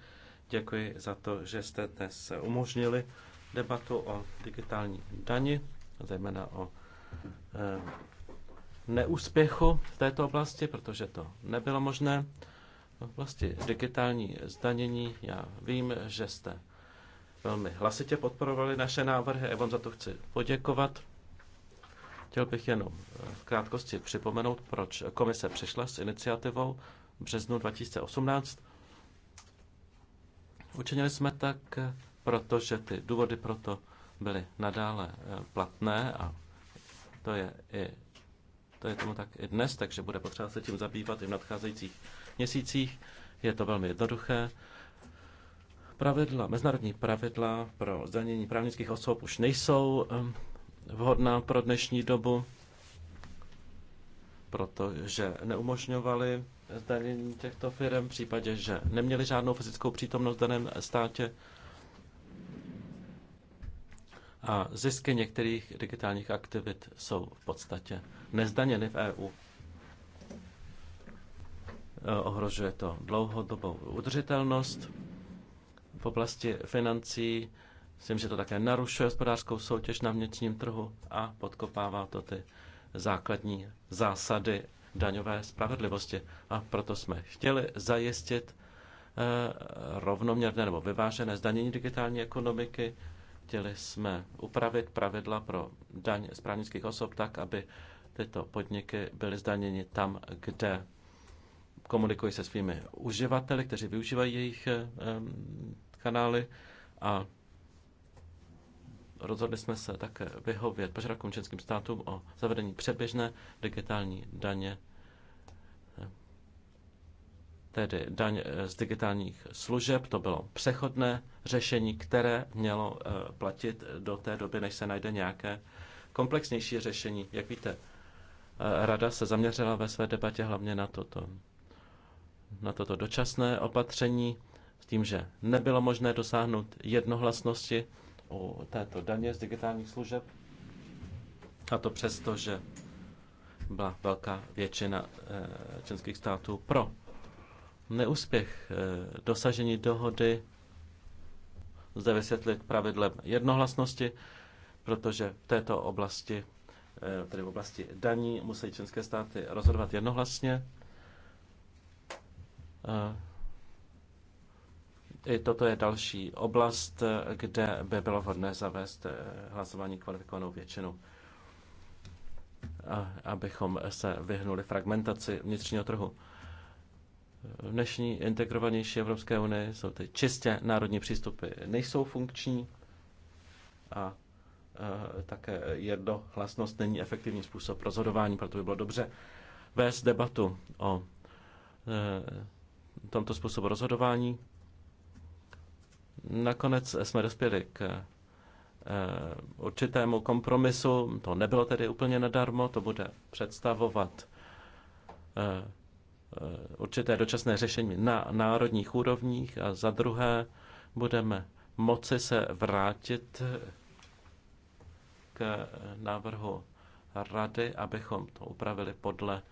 Děkuji za to, že jste dnes umožnili debatu o digitální dani, zejména o e, neúspěchu v této oblasti, protože to nebylo možné. V oblasti digitální zdanění já vím, že jste velmi hlasitě podporovali naše návrhy. Já vám za to chci poděkovat. Chtěl bych jenom v krátkosti připomenout, proč komise přišla s iniciativou v březnu 2018. Učinili jsme tak, protože ty důvody pro to byly nadále platné a to je i to je tomu tak i dnes, takže bude potřeba se tím zabývat i v nadcházejících měsících. Je to velmi jednoduché. Pravidla, mezinárodní pravidla pro zdanění právnických osob už nejsou vhodná pro dnešní dobu, protože neumožňovaly zdanění těchto firm v případě, že neměli žádnou fyzickou přítomnost v daném státě a zisky některých digitálních aktivit jsou v podstatě nezdaněny v EU. E, ohrožuje to dlouhodobou udržitelnost v oblasti financí, myslím, že to také narušuje hospodářskou soutěž na vnitřním trhu a podkopává to ty základní zásady daňové spravedlivosti. A proto jsme chtěli zajistit e, rovnoměrné nebo vyvážené zdanění digitální ekonomiky Chtěli jsme upravit pravidla pro daň z právnických osob tak, aby tyto podniky byly zdaněny tam, kde komunikují se svými uživateli, kteří využívají jejich kanály a rozhodli jsme se také vyhovět požadavkům českým státům o zavedení předběžné digitální daně tedy daň eh, z digitálních služeb, to bylo přechodné řešení, které mělo eh, platit eh, do té doby, než se najde nějaké komplexnější řešení. Jak víte, Rada se zaměřila ve své debatě hlavně na toto, na toto dočasné opatření, s tím, že nebylo možné dosáhnout jednohlasnosti u této daně z digitálních služeb, a to přesto, že byla velká většina členských států pro neúspěch eh, dosažení dohody zde vysvětlit pravidlem jednohlasnosti, protože v této oblasti, eh, tedy v oblasti daní, musí členské státy rozhodovat jednohlasně. Eh, I toto je další oblast, kde by bylo vhodné zavést hlasování kvalifikovanou většinou, abychom se vyhnuli fragmentaci vnitřního trhu v dnešní integrovanější Evropské unii jsou ty čistě národní přístupy, nejsou funkční a e, také jednohlasnost není efektivní způsob rozhodování, proto by bylo dobře vést debatu o e, tomto způsobu rozhodování. Nakonec jsme dospěli k e, určitému kompromisu, to nebylo tedy úplně nadarmo, to bude představovat e, Eh, určité dočasné řešení na národních úrovních a za druhé budeme moci se vrátit k návrhu rady, abychom to upravili podle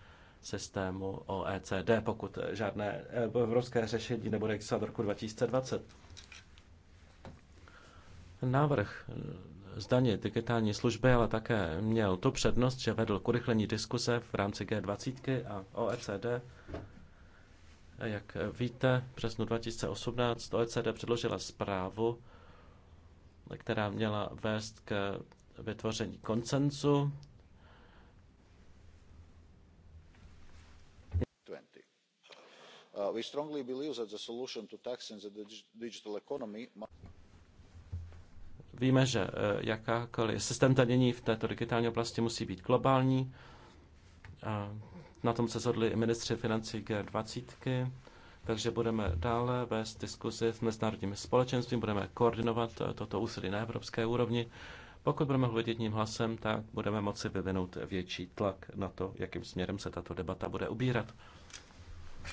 systému OECD, pokud žádné eh, evropské řešení nebude existovat v roku 2020. Návrh zdanit digitální služby, ale také měl tu přednost, že vedl k urychlení diskuse v rámci G20 a OECD. Jak víte, v březnu 2018 OECD předložila zprávu, která měla vést k vytvoření koncensu. Uh, we strongly believe that the solution to taxing the digital economy must... Víme, že eh, jakákoliv systém danění v této digitální oblasti musí být globální. Na tom se shodli i ministři financí G20, takže budeme dále vést diskuzi s mezinárodním společenstvím, budeme koordinovat eh, toto úsilí na evropské úrovni. Pokud budeme mluvit jedním hlasem, tak budeme moci vyvinout větší tlak na to, jakým směrem se tato debata bude ubírat.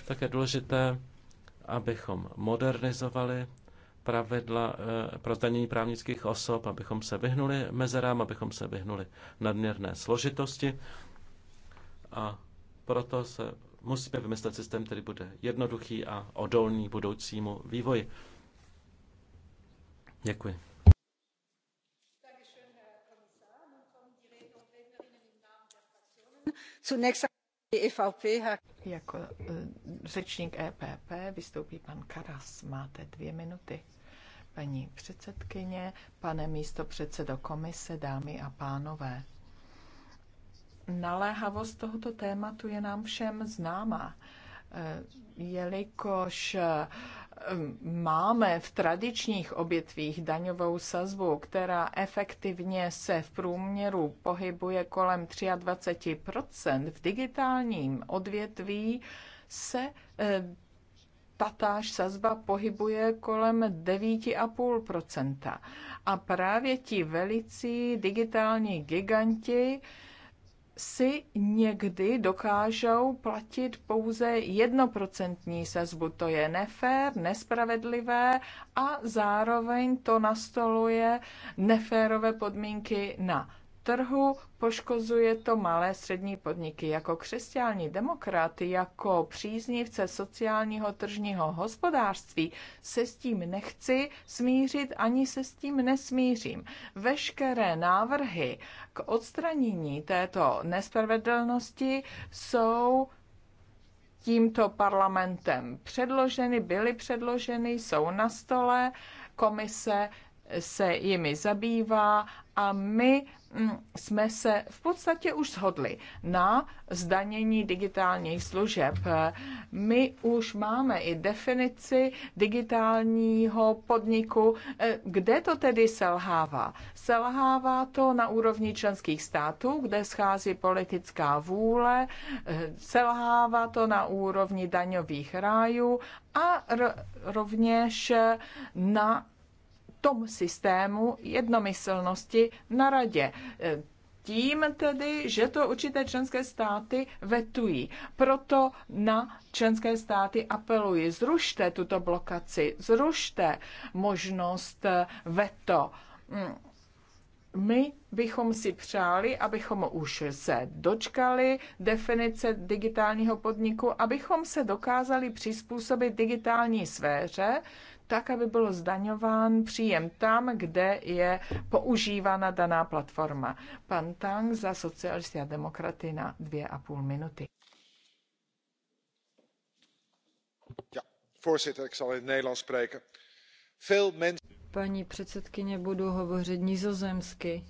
Také důležité, abychom modernizovali pravidla eh, pro zdanění právnických osob, abychom se vyhnuli mezerám, abychom se vyhnuli nadměrné složitosti. A proto se musíme vymyslet systém, který bude jednoduchý a odolný budoucímu vývoji. Děkuji. Zunächst jako e, řečník EPP vystoupí pan Karas. Máte dvě minuty. Paní předsedkyně, pane místo předsedo komise, dámy a pánové. Naléhavost tohoto tématu je nám všem známa. E, jelikož máme v tradičních obětvích daňovou sazbu, která efektivně se v průměru pohybuje kolem 23%, v digitálním odvětví se eh, tatáž sazba pohybuje kolem 9,5%. A právě ti velicí digitální giganti si někdy dokážou platit pouze jednoprocentní sazbu. To je nefér, nespravedlivé a zároveň to nastoluje neférové podmínky na trhu, poškozuje to malé střední podniky. Jako křesťální demokraty, jako příznivce sociálního tržního hospodářství se s tím nechci smířit, ani se s tím nesmířím. Veškeré návrhy k odstranění této nespravedlnosti jsou tímto parlamentem předloženy, byly předloženy, jsou na stole, komise se jimi zabývá a my Mm, jsme se v podstatě už shodli na zdanění digitálních služeb. My už máme i definici digitálního podniku. Eh, kde to tedy selhává? Selhává to na úrovni členských států, kde schází politická vůle, eh, selhává to na úrovni daňových rájů a rovněž na tom systému jednomyslnosti na radě e, tím tedy, že to určité členské státy vetují. Proto na členské státy apeluji, zrušte tuto blokaci, zrušte možnost e, veto. Mm. My bychom si přáli, abychom už se dočkali definice digitálního podniku, abychom se dokázali přizpůsobit digitální sféře, tak, aby byl zdaňován příjem tam, kde je používána daná platforma. Pan Tang za socialisty a demokraty na dvě a půl minuty. Ja, voorzitter, ik zal in het Nederlands spreken. Veel mensen paní předsedkyně, budu hovořit nizozemsky.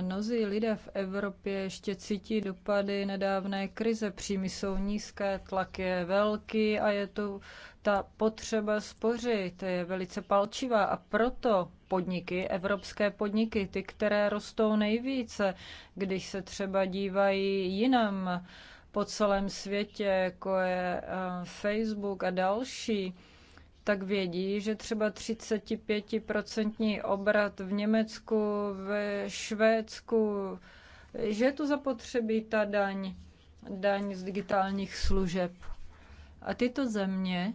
Mnozí lidé v Evropě ještě cítí dopady nedávné krize. Příjmy jsou nízké, tlak je velký a je tu ta potřeba spořit. Je velice palčivá a proto podniky, evropské podniky, ty, které rostou nejvíce, když se třeba dívají jinam po celém světě, jako je eh, Facebook a další, tak vědí, že třeba 35% obrat v Německu, ve Švédsku, že je tu zapotřebí ta daň, daň z digitálních služeb. A tyto země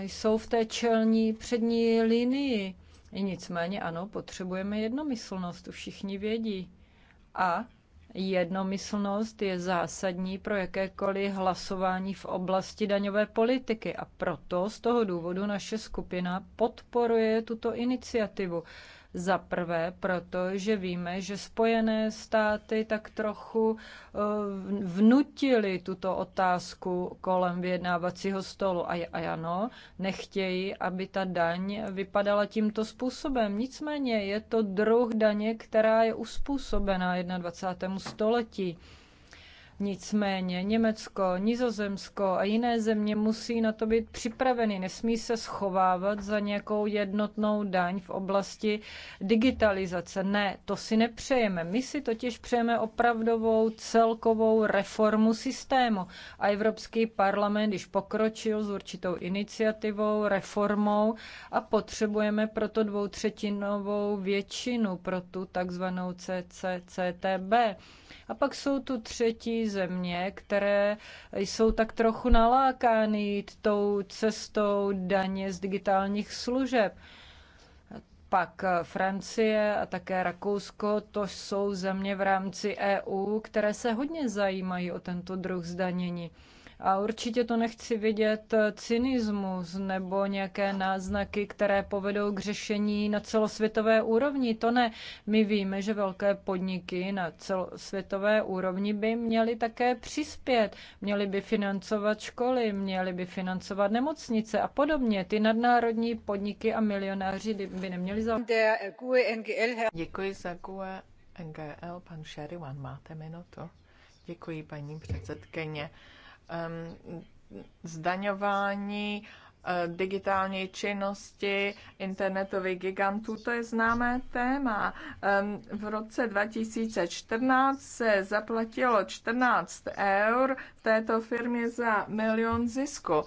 jsou v té čelní přední linii. Nicméně ano, potřebujeme jednomyslnost, to všichni vědí. A Jednomyslnost je zásadní pro jakékoliv hlasování v oblasti daňové politiky a proto z toho důvodu naše skupina podporuje tuto iniciativu. Za prvé, protože víme, že Spojené státy tak trochu eh, vnutili tuto otázku kolem vyjednávacího stolu. A, a ano, nechtějí, aby ta daň vypadala tímto způsobem. Nicméně je to druh daně, která je uspůsobená 21. století. Nicméně Německo, Nizozemsko a jiné země musí na to být připraveny. Nesmí se schovávat za nějakou jednotnou daň v oblasti digitalizace. Ne, to si nepřejeme. My si totiž přejeme opravdovou celkovou reformu systému. A Evropský parlament již pokročil s určitou iniciativou, reformou a potřebujeme proto dvoutřetinovou většinu pro tu takzvanou CCCTB. A pak jsou tu třetí země, které jsou tak trochu nalákány tou cestou daně z digitálních služeb. Pak Francie a také Rakousko, to jsou země v rámci EU, které se hodně zajímají o tento druh zdanění. A určitě to nechci vidět eh, cynismus nebo nějaké náznaky, které povedou k řešení na celosvětové úrovni. To ne. My víme, že velké podniky na celosvětové úrovni by měly také přispět. Měly by financovat školy, měly by financovat nemocnice a podobně. Ty nadnárodní podniky a milionáři by neměli za... E Děkuji za GUE NGL. Pan Šeriwan, máte minutu. Děkuji, paní předsedkyně zdaňování e, digitální činnosti internetových gigantů, to je známé téma. V roce 2014 se zaplatilo 14 eur této firmě za milion zisku.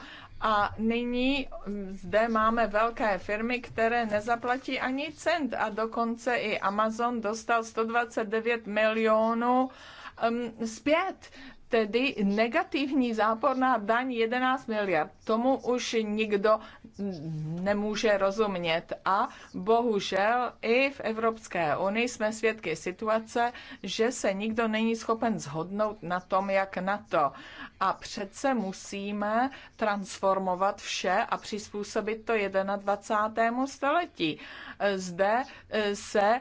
A nyní zde máme velké firmy, které nezaplatí ani cent a dokonce i Amazon dostal 129 milionů zpět tedy negativní záporná daň 11 miliard. Tomu už nikdo nemůže rozumět. A bohužel i v Evropské unii jsme svědky situace, že se nikdo není schopen zhodnout na tom, jak na to. A přece musíme transformovat vše a přizpůsobit to 21. století. Zde eh, se eh,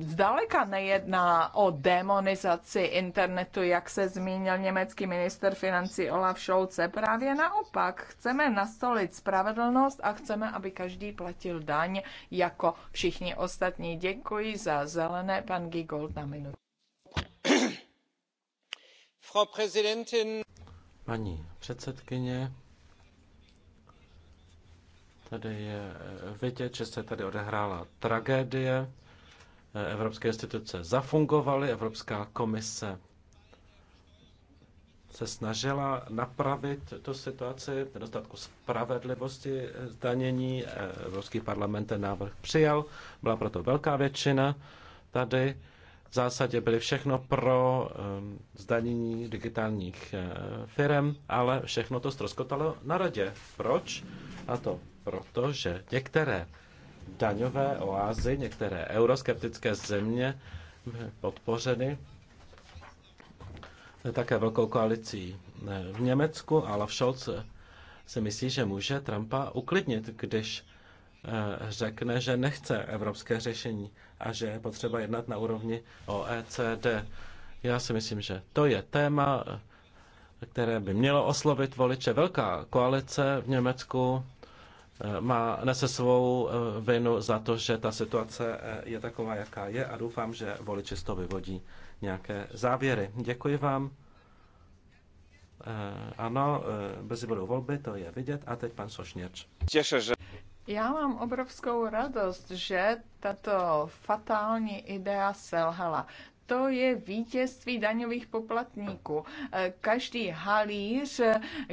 zdaleka nejedná o demonizaci internetu, jak se zmíní zmínil německý minister financí Olaf Scholze. Právě naopak, chceme nastolit spravedlnost a chceme, aby každý platil daň jako všichni ostatní. Děkuji za zelené, pan Gigold na minutu. Paní předsedkyně, tady je vidět, že se tady odehrála tragédie. Evropské instituce zafungovaly, Evropská komise se snažila napravit tu situaci nedostatku spravedlivosti zdanění. Evropský parlament ten návrh přijal, byla proto velká většina tady. V zásadě byly všechno pro ehm, zdanění digitálních eh, firm, ale všechno to ztroskotalo na radě. Proč? A to proto, že některé daňové oázy, některé euroskeptické země podpořeny také velkou koalicí v Německu. v Šolce si myslí, že může Trumpa uklidnit, když eh, řekne, že nechce evropské řešení a že je potřeba jednat na úrovni OECD. Já si myslím, že to je téma, eh, které by mělo oslovit voliče. Velká koalice v Německu eh, má, nese svou vinu za to, že ta situace je taková, jaká je a doufám, že voliči z toho vyvodí nějaké závěry. Děkuji vám. Eh, ano, eh, brzy budou volby, to je vidět. A teď pan Sošněč. Těšu, že... Já mám obrovskou radost, že tato fatální idea selhala to je vítězství daňových poplatníků. Eh, každý halíř,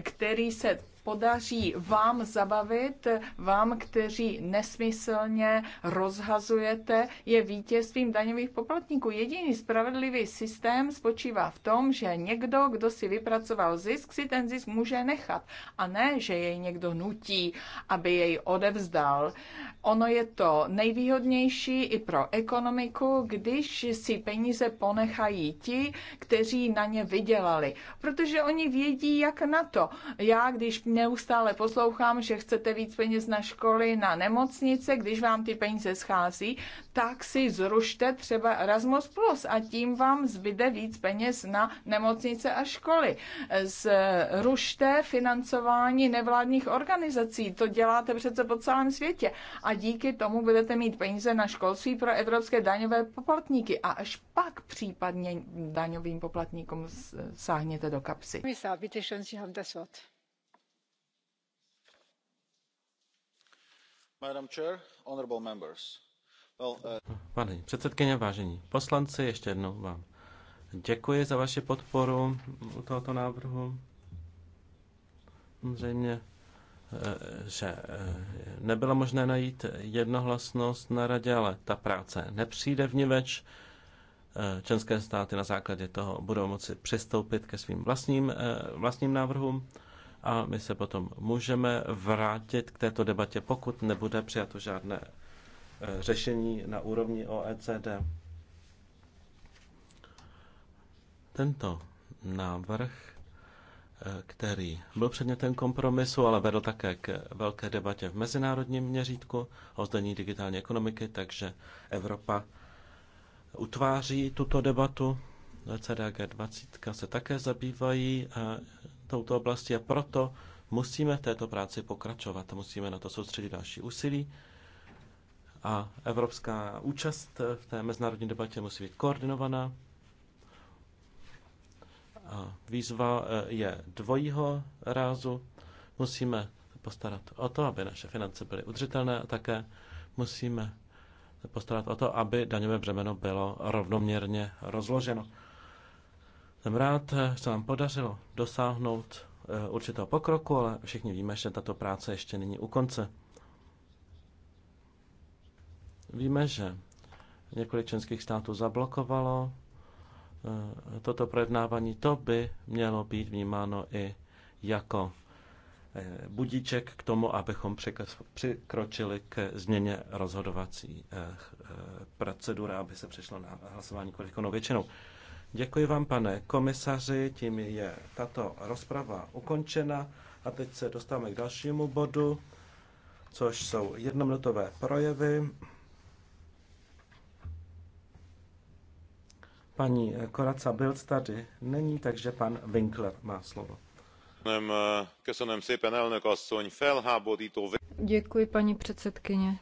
který se podaří vám zabavit, vám, kteří nesmyslně rozhazujete, je vítězstvím daňových poplatníků. Jediný spravedlivý systém spočívá v tom, že někdo, kdo si vypracoval zisk, si ten zisk může nechat a ne, že jej někdo nutí, aby jej odevzdal. Ono je to nejvýhodnější i pro ekonomiku, když si peníze ponechají ti, kteří na ně vydělali, protože oni vědí, jak na to. Já, když neustále poslouchám, že chcete víc peněz na školy, na nemocnice, když vám ty peníze schází, tak si zrušte třeba Erasmus+, Plus a tím vám zbyde víc peněz na nemocnice a školy. Zrušte financování nevládních organizací, to děláte přece po celém světě a díky tomu budete mít peníze na školství pro evropské daňové poplatníky a až pak případně daňovým poplatníkům sáhněte do kapsy. Kommissar, bitte schön, Sie haben das Wort. Uh, Pane předsedkyně, vážení poslanci, ještě jednou vám děkuji za vaši podporu u tohoto návrhu. Samozřejmě, eh, že eh, nebylo možné najít jednohlasnost na radě, ale ta práce nepřijde v niveč. Eh, české státy na základě toho budou moci přistoupit ke svým vlastním, vlastním návrhům a my se potom můžeme vrátit k této debatě, pokud nebude přijato žádné e, řešení na úrovni OECD. Tento návrh, e, který byl předmětem kompromisu, ale vedl také k velké debatě v mezinárodním měřítku o zdanění digitální ekonomiky, takže Evropa utváří tuto debatu. E CDG 20 se také zabývají touto oblasti a proto musíme v této práci pokračovat. Musíme na to soustředit další úsilí a evropská účast v té mezinárodní debatě musí být koordinovaná. A výzva eh, je dvojího rázu. Musíme postarat o to, aby naše finance byly udržitelné a také musíme postarat o to, aby daňové břemeno bylo rovnoměrně rozloženo. Jsem rád, že se nám podařilo dosáhnout eh, určitého pokroku, ale všichni víme, že tato práce ještě není u konce. Víme, že několik členských států zablokovalo eh, toto projednávání. To by mělo být vnímáno i jako eh, budíček k tomu, abychom přikročili k změně rozhodovací procedury, aby se přešlo na hlasování kvalifikovanou většinou. Děkuji vám, pane komisaři, tím je tato rozprava ukončena a teď se dostáváme k dalšímu bodu, což jsou jednominutové projevy. Paní Koraca Bilc tady není, takže pan Winkler má slovo. Děkuji, paní předsedkyně.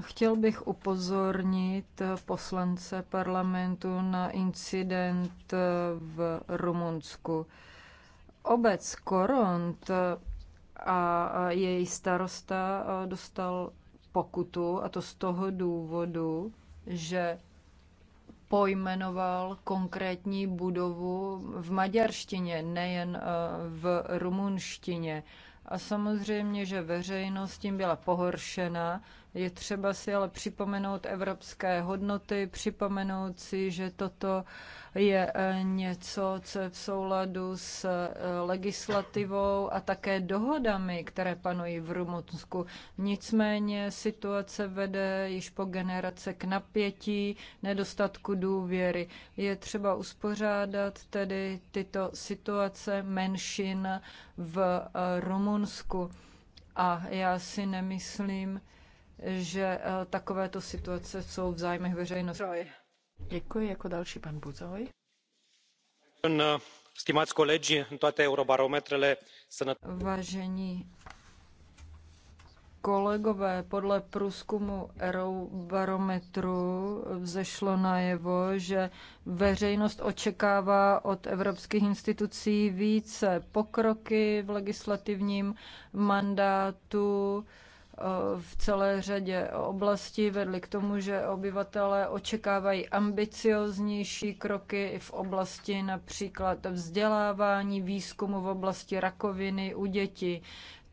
Chtěl bych upozornit poslance parlamentu na incident v Rumunsku. Obec Koront a její starosta dostal pokutu, a to z toho důvodu, že pojmenoval konkrétní budovu v maďarštině, nejen eh, v rumunštině. A samozřejmě, že veřejnost tím byla pohoršena, je třeba si ale připomenout evropské hodnoty, připomenout si, že toto je e, něco, co je v souladu s e, legislativou a také dohodami, které panují v Rumunsku. Nicméně situace vede již po generace k napětí, nedostatku důvěry. Je třeba uspořádat tedy tyto situace menšin v e, Rumunsku. A já si nemyslím, že eh, takovéto situace jsou v zájmech veřejnosti. Děkuji. Jako další pan Buzoj. Eh, stimați colegi, în toate eurobarometrele sănătății. Vážení kolegové, podle průzkumu Eurobarometru vzešlo najevo, že veřejnost očekává od evropských institucí více pokroky v legislativním mandátu, Eh, v celé řadě oblastí vedly k tomu, že obyvatelé očekávají ambicioznější kroky i v oblasti například vzdělávání, výzkumu v oblasti rakoviny u dětí.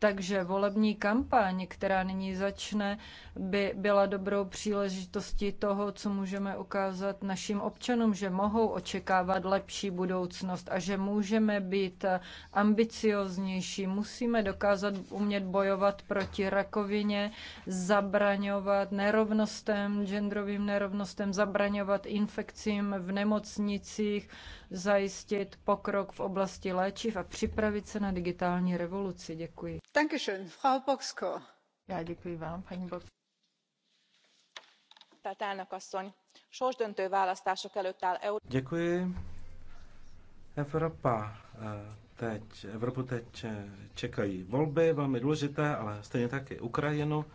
Takže volební kampaň, která nyní začne, by byla dobrou příležitostí toho, co můžeme ukázat našim občanům, že mohou očekávat lepší budoucnost a že můžeme být ambicioznější. Musíme dokázat umět bojovat proti rakovině, zabraňovat nerovnostem, genderovým nerovnostem, zabraňovat infekcím v nemocnicích, zajistit pokrok v oblasti léčiv a připravit se na digitální revoluci. Děkuji. Dankeschön, Frau Boxko. Já děkuji vám, paní Boxko. Děkuji. Evropa eh, teď, Evropu teď eh, čekají volby, velmi důležité, ale stejně tak i Ukrajinu.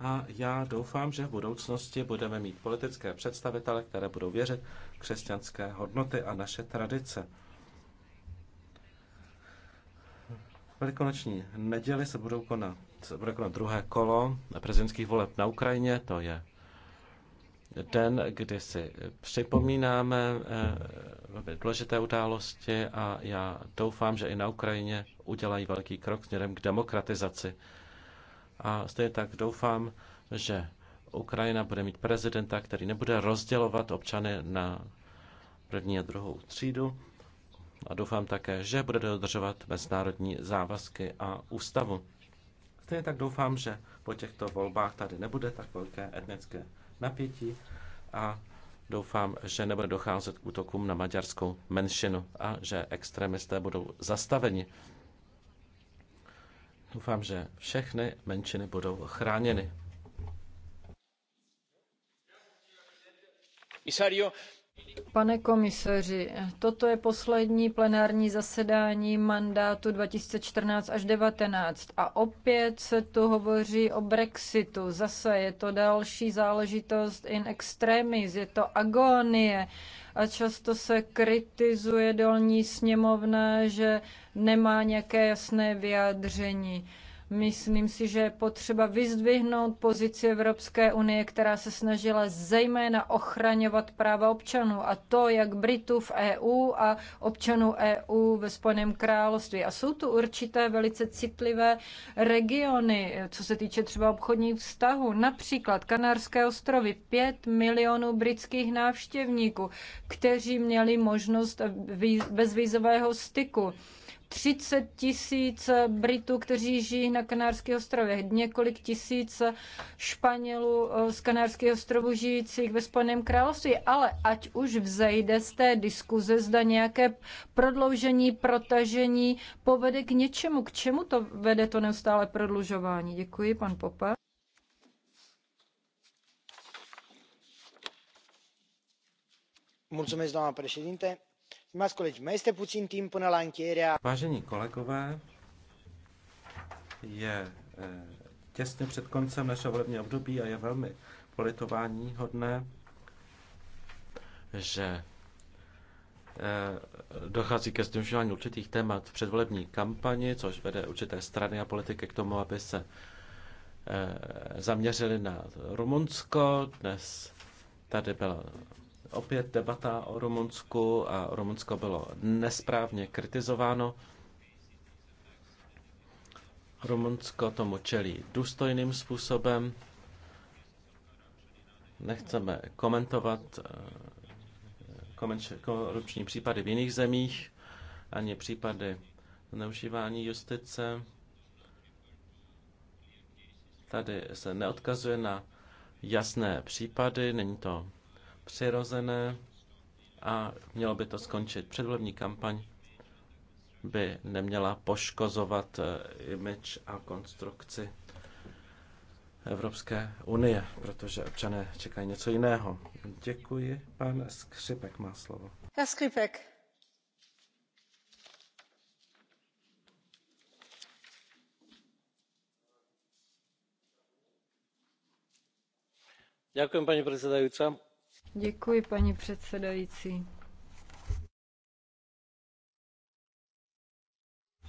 A já doufám, že v budoucnosti budeme mít politické představitele, které budou věřit, křesťanské hodnoty a naše tradice. Velikonoční neděli se budou konat, se bude konat druhé kolo prezidentských voleb na Ukrajině. To je den, kdy si připomínáme eh, velmi důležité události a já doufám, že i na Ukrajině udělají velký krok směrem k demokratizaci. A stejně tak doufám, že Ukrajina bude mít prezidenta, který nebude rozdělovat občany na první a druhou třídu. A doufám také, že bude dodržovat mezinárodní závazky a ústavu. Stejně tak doufám, že po těchto volbách tady nebude tak velké etnické napětí a doufám, že nebude docházet k útokům na maďarskou menšinu a že extremisté budou zastaveni. Doufám, že všechny menšiny budou chráněny. Pane komisaři, toto je poslední plenární zasedání mandátu 2014 až 2019 a opět se tu hovoří o Brexitu. Zase je to další záležitost in extremis, je to agonie a často se kritizuje dolní sněmovna, že nemá nějaké jasné vyjádření. Myslím si, že je potřeba vyzdvihnout pozici Evropské unie, která se snažila zejména ochraňovat práva občanů a to jak Britů v EU a občanů EU ve Spojeném království. A jsou tu určité velice citlivé regiony, co se týče třeba obchodních vztahů, například Kanárské ostrovy, 5 milionů britských návštěvníků, kteří měli možnost bezvízového styku. 30 tisíc Britů, kteří žijí na Kanárských ostrovech, několik tisíc Španělů eh, z Kanárských ostrovů žijících ve Spojeném království, ale ať už vzejde z té diskuze, zda nějaké prodloužení, protažení povede k něčemu, k čemu to vede to neustále prodlužování. Děkuji, pan Popa. doamna președinte. Vážení kolegové, je eh, těsně před koncem našeho volebního období a je velmi politování hodné, že eh, dochází ke snižování určitých témat v předvolební kampani, což vede určité strany a politiky k tomu, aby se eh, zaměřili na Rumunsko. Dnes tady byla opět debata o Rumunsku a Rumunsko bylo nesprávně kritizováno. Rumunsko tomu čelí důstojným způsobem. Nechceme komentovat eh, korupční případy v jiných zemích, ani případy zneužívání justice. Tady se neodkazuje na jasné případy, není to přirozené a mělo by to skončit. Předvolební kampaň by neměla poškozovat eh, image a konstrukci Evropské unie, protože občané čekají něco jiného. Děkuji. Pan Skřipek má slovo. Pan Skřipek. Děkuji, paní předsedající Děkuji, paní předsedající.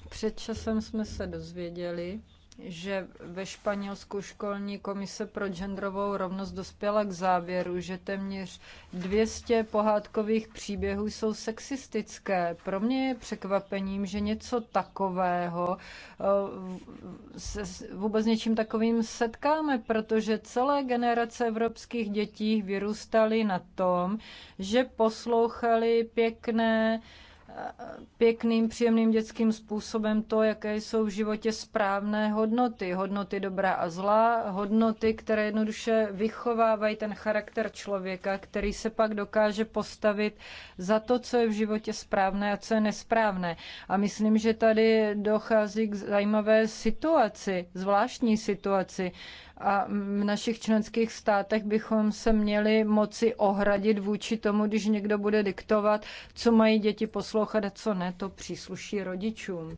Před časem jsme se dozvěděli, že ve Španělsku školní komise pro genderovou rovnost dospěla k závěru, že téměř 200 pohádkových příběhů jsou sexistické. Pro mě je překvapením, že něco takového eh, se vůbec něčím takovým setkáme, protože celé generace evropských dětí vyrůstaly na tom, že poslouchali pěkné pěkným, příjemným dětským způsobem to, jaké jsou v životě správné hodnoty. Hodnoty dobrá a zlá, hodnoty, které jednoduše vychovávají ten charakter člověka, který se pak dokáže postavit za to, co je v životě správné a co je nesprávné. A myslím, že tady dochází k zajímavé situaci, zvláštní situaci a v našich členských státech bychom se měli moci ohradit vůči tomu, když někdo bude diktovat, co mají děti poslouchat a co ne, to přísluší rodičům.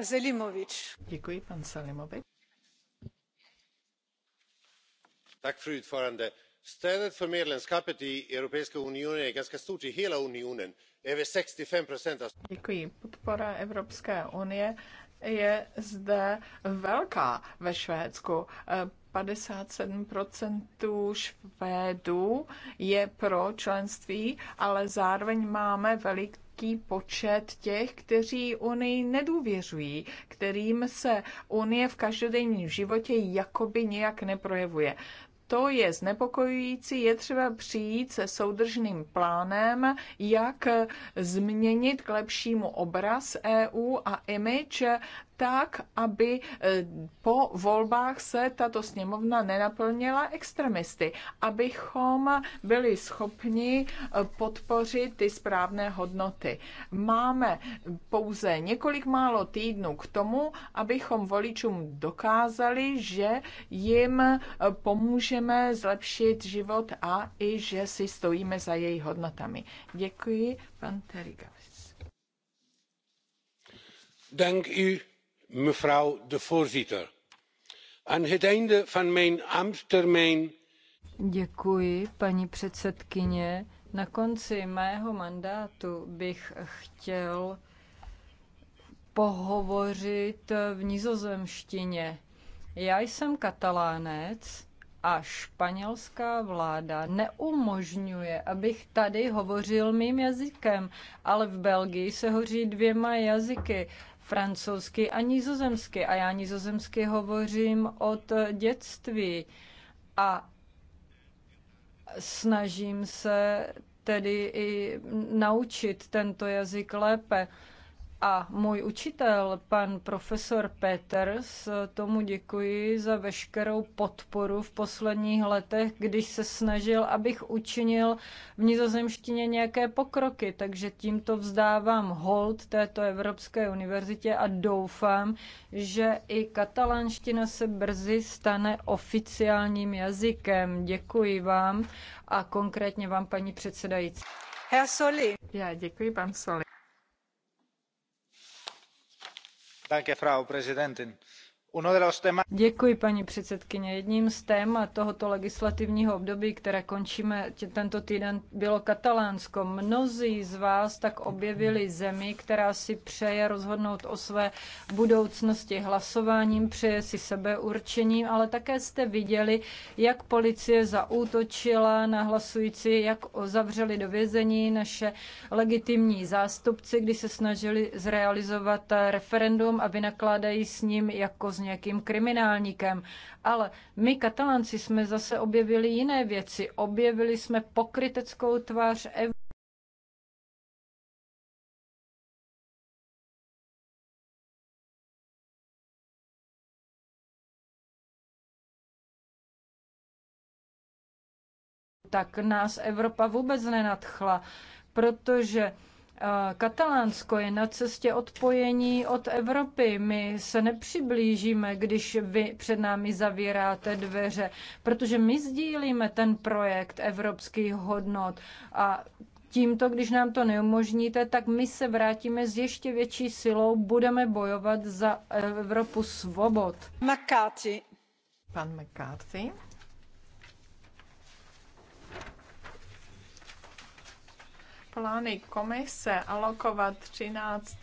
Zelimovič. Děkuji, pan Selimovič. Tak, fru utförande. Stödet för medlemskapet i Europeiska unionen är ganska stort i hela unionen. Över 65 procent av... Děkuji. Podpora Evropské unie je zde velká ve Švédsku. 57% eh, Švédů je pro členství, ale zároveň máme velik počet těch, kteří Unii nedůvěřují, kterým se Unie v každodenním životě jakoby nějak neprojevuje to je znepokojující, je třeba přijít se soudržným plánem, jak změnit k lepšímu obraz EU a image tak, aby e, po volbách se tato sněmovna nenaplnila extremisty, abychom byli schopni e, podpořit ty správné hodnoty. Máme pouze několik málo týdnů k tomu, abychom voličům dokázali, že jim e, pomůžeme zlepšit život a i že si stojíme za její hodnotami. Děkuji, pan Terigavis. Dank u mevrouw de voorzitter. aan het einde van mijn ambtstermijn. Děkuji, paní předsedkyně. Na konci mého mandátu bych chtěl pohovořit v nizozemštině. Já jsem katalánec a španělská vláda neumožňuje, abych tady hovořil mým jazykem, ale v Belgii se hoří dvěma jazyky francouzsky a nizozemsky. A já nizozemsky hovořím od dětství. A snažím se tedy i naučit tento jazyk lépe. A můj učitel, pan profesor Peters, tomu děkuji za veškerou podporu v posledních letech, když se snažil, abych učinil v nizozemštině nějaké pokroky. Takže tímto vzdávám hold této Evropské univerzitě a doufám, že i katalánština se brzy stane oficiálním jazykem. Děkuji vám a konkrétně vám, paní předsedající. Herr Soli. Já děkuji, pan Soli. frau präsidentin! Děkuji, paní předsedkyně. Jedním z témat tohoto legislativního období, které končíme tento týden, bylo Katalánsko. Mnozí z vás tak objevili zemi, která si přeje rozhodnout o své budoucnosti hlasováním, přeje si sebeurčením, ale také jste viděli, jak policie zaútočila na hlasující, jak zavřeli do vězení naše legitimní zástupci, kdy se snažili zrealizovat referendum a vynakládají s ním jako z nějakým kriminálníkem. Ale my, Katalanci, jsme zase objevili jiné věci. Objevili jsme pokryteckou tvář Ev- tak nás Evropa vůbec nenadchla, protože Katalánsko je na cestě odpojení od Evropy. My se nepřiblížíme, když vy před námi zavíráte dveře, protože my sdílíme ten projekt evropských hodnot a Tímto, když nám to neumožníte, tak my se vrátíme s ještě větší silou, budeme bojovat za Evropu svobod. McCarthy. Pan McCarthy. plány komise alokovat 13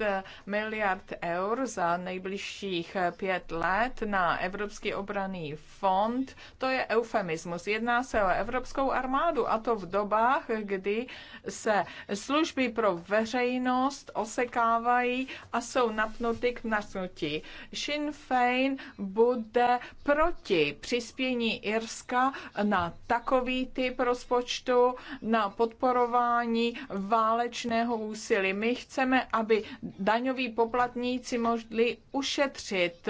miliard eur za nejbližších pět let na Evropský obraný fond, to je eufemismus. Jedná se o Evropskou armádu a to v dobách, kdy se služby pro veřejnost osekávají a jsou napnuty k nasnutí. Sinn Féin bude proti přispění Irska na takový typ rozpočtu, na podporování válečného úsilí. My chceme, aby daňoví poplatníci mohli ušetřit.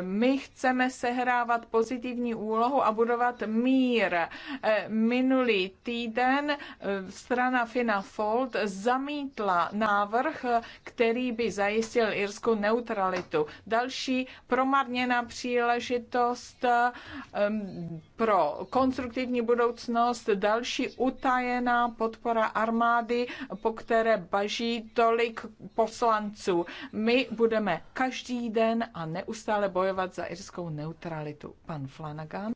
My chceme sehrávat pozitivní úlohu a budovat mír. Minulý týden strana Fina Fold zamítla návrh, který by zajistil irskou neutralitu. Další promarněná příležitost pro konstruktivní budoucnost, další utajená podpora armády vlády, po které baží tolik poslanců. My budeme každý den a neustále bojovat za irskou neutralitu. Pan Flanagan.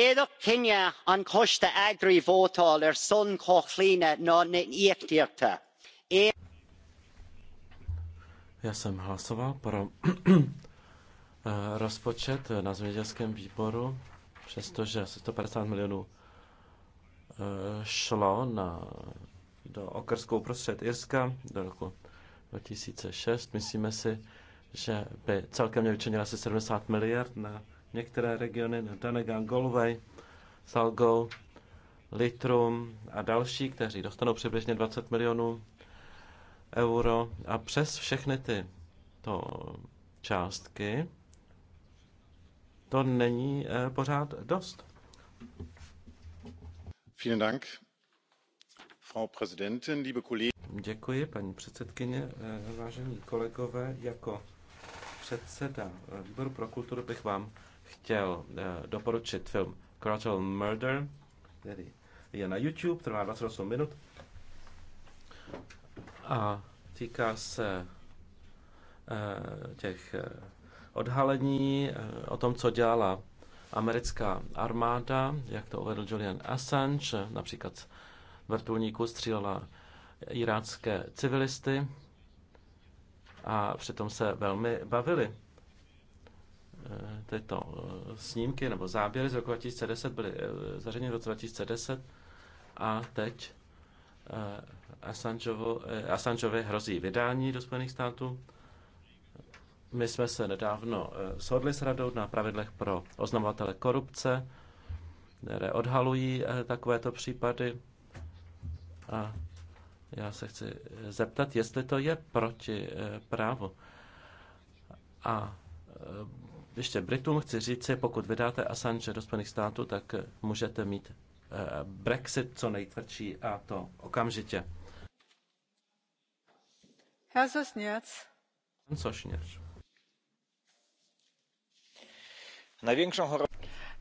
Éadach cinenne an coiste eagraí vótáil ar er son cochlíne ná na íochtíochta. E- Já jsem hlasoval pro [clears throat] eh, rozpočet na zemědělském výboru, přestože 150 milionů šlo na, do okrskou prostřed Irska do roku 2006. Myslíme si, že by celkem vyčenila asi 70 miliard na některé regiony, na Danegan, Galway, Salgo, Litrum a další, kteří dostanou přibližně 20 milionů euro. A přes všechny ty to částky to není eh, pořád dost. Děkuji, paní předsedkyně, eh, vážení kolegové. Jako předseda eh, výboru pro kulturu bych vám chtěl eh, doporučit film Collateral Murder, který je na YouTube, trvá 28 minut a týká se těch odhalení o tom, co dělala americká armáda, jak to uvedl Julian Assange, například vrtulníku střílela irácké civilisty a přitom se velmi bavili. Eh, tyto eh, snímky nebo záběry z roku 2010 byly eh, zařazeny v roce 2010 a teď Assangeovi hrozí vydání do Spojených států. My jsme se nedávno eh, shodli s radou na pravidlech pro oznamovatele korupce, které odhalují eh, takovéto případy. A já se chci eh, zeptat, jestli to je proti právu. A ještě Britům chci říct, pokud vydáte Assange do Spojených států, tak můžete mít Brexit co nejtvrdší a to okamžitě. Herr Sosněc. Pan Sošněř. największą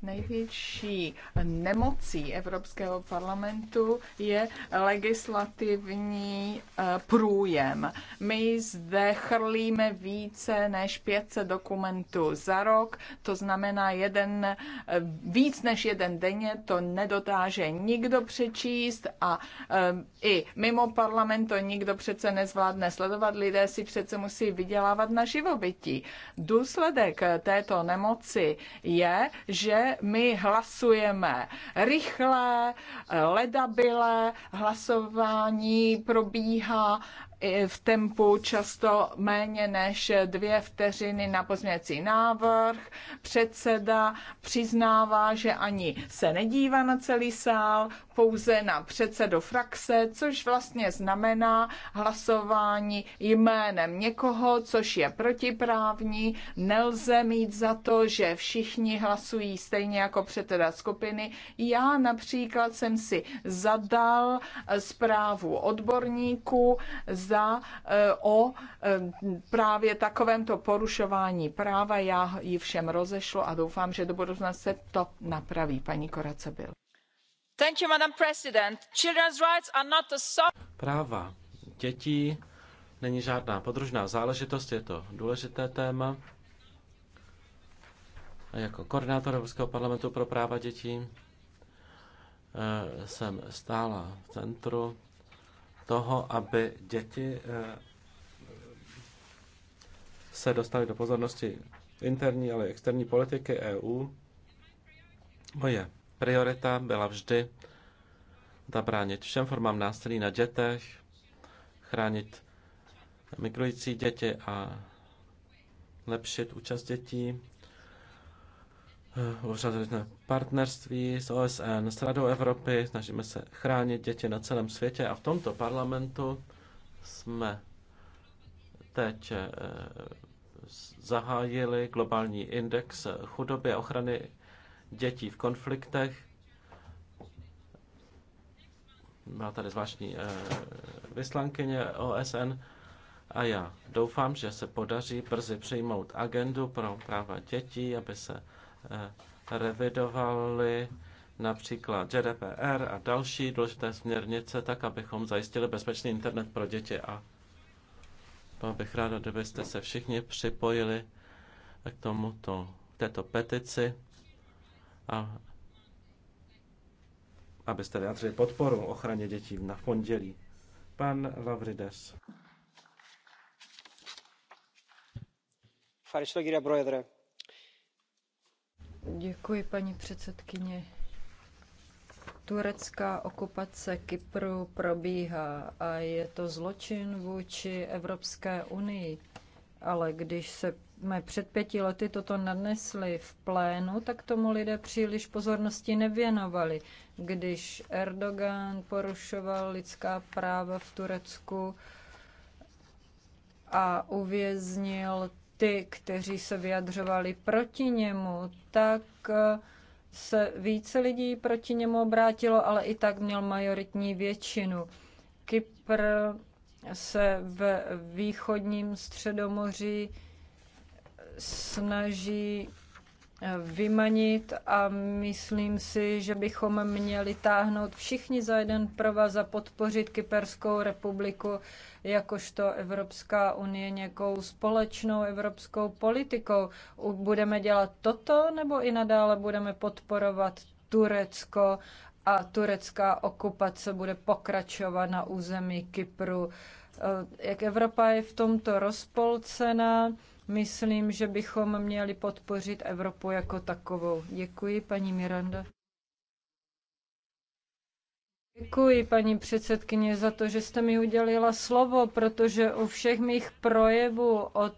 Největší nemocí Evropského parlamentu je legislativní eh, průjem. My zde chrlíme více než 500 dokumentů za rok, to znamená jeden, eh, víc než jeden denně, to nedotáže nikdo přečíst a eh, i mimo parlament to nikdo přece nezvládne sledovat. Lidé si přece musí vydělávat na živobytí. Důsledek této nemoci je, že my hlasujeme rychle, eh, ledabile, hlasování probíhá v tempu často méně než dvě vteřiny na pozměňovací návrh. Předseda přiznává, že ani se nedívá na celý sál, pouze na předsedu frakce, což vlastně znamená hlasování jménem někoho, což je protiprávní. Nelze mít za to, že všichni hlasují stejně jako předseda skupiny. Já například jsem si zadal zprávu odborníků z za, eh, o eh, právě takovémto porušování práva. Já ji všem rozešlo a doufám, že do budoucna se to napraví, paní Korace byl. You, Madam President. Children's rights are not a so Práva dětí není žádná podružná záležitost, je to důležité téma. A jako koordinátor Evropského parlamentu pro práva dětí eh, jsem stála v centru toho, aby děti eh, se dostaly do pozornosti interní, ale i externí politiky EU. Moje priorita byla vždy zabránit všem formám násilí na dětech, chránit migrující děti a lepšit účast dětí Uřadili eh, partnerství s OSN, s Radou Evropy, snažíme se chránit děti na celém světě a v tomto parlamentu jsme teď eh, zahájili globální index chudoby a ochrany dětí v konfliktech. Má tady zvláštní eh, vyslankyně OSN a já doufám, že se podaří brzy přijmout agendu pro práva dětí, aby se Eh, revidovali například GDPR a další důležité směrnice, tak abychom zajistili bezpečný internet pro děti. A to bych rád, kdybyste se všichni připojili k tomuto, k této petici a abyste vyjádřili podporu ochraně dětí na pondělí. Pan Lavrides. Farišlo, gira, Πρόεδρε. Děkuji, paní předsedkyně. Turecká okupace Kypru probíhá a je to zločin vůči Evropské unii. Ale když se jsme před pěti lety toto nadnesli v plénu, tak tomu lidé příliš pozornosti nevěnovali. Když Erdogan porušoval lidská práva v Turecku a uvěznil ty, kteří se vyjadřovali proti němu, tak eh, se více lidí proti němu obrátilo, ale i tak měl majoritní většinu. Kypr se v východním středomoří snaží vymanit a myslím si, že bychom měli táhnout všichni za jeden provaz a podpořit Kyperskou republiku jakožto Evropská unie nějakou společnou evropskou politikou. Budeme dělat toto nebo i nadále budeme podporovat Turecko a turecká okupace bude pokračovat na území Kypru. Eh, jak Evropa je v tomto rozpolcená, Myslím, že bychom měli podpořit Evropu jako takovou. Děkuji, paní Miranda. Děkuji, paní předsedkyně, za to, že jste mi udělila slovo, protože u všech mých projevů od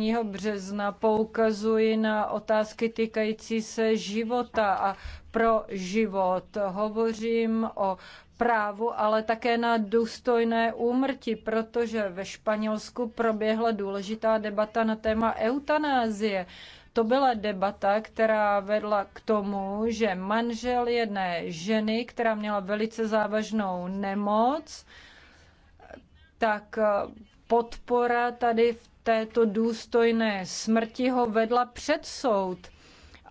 1. března poukazuji na otázky týkající se života a pro život. Hovořím o právu, ale také na důstojné úmrtí, protože ve Španělsku proběhla důležitá debata na téma eutanázie. To byla debata, která vedla k tomu, že manžel jedné ženy, která měla velice závažnou nemoc, tak eh, podpora tady v této důstojné smrti ho vedla před soud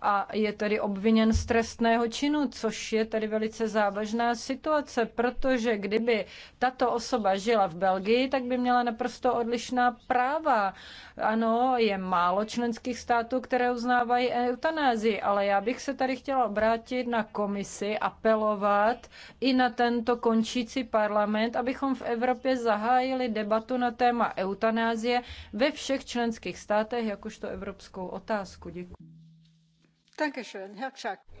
a je tedy obviněn z trestného činu, což je tedy velice závažná situace, protože kdyby tato osoba žila v Belgii, tak by měla naprosto odlišná práva. Ano, je málo členských států, které uznávají eutanázii, ale já bych se tady chtěla obrátit na komisi, apelovat i na tento končící parlament, abychom v Evropě zahájili debatu na téma eutanázie ve všech členských státech, jakožto evropskou otázku. Děkuji.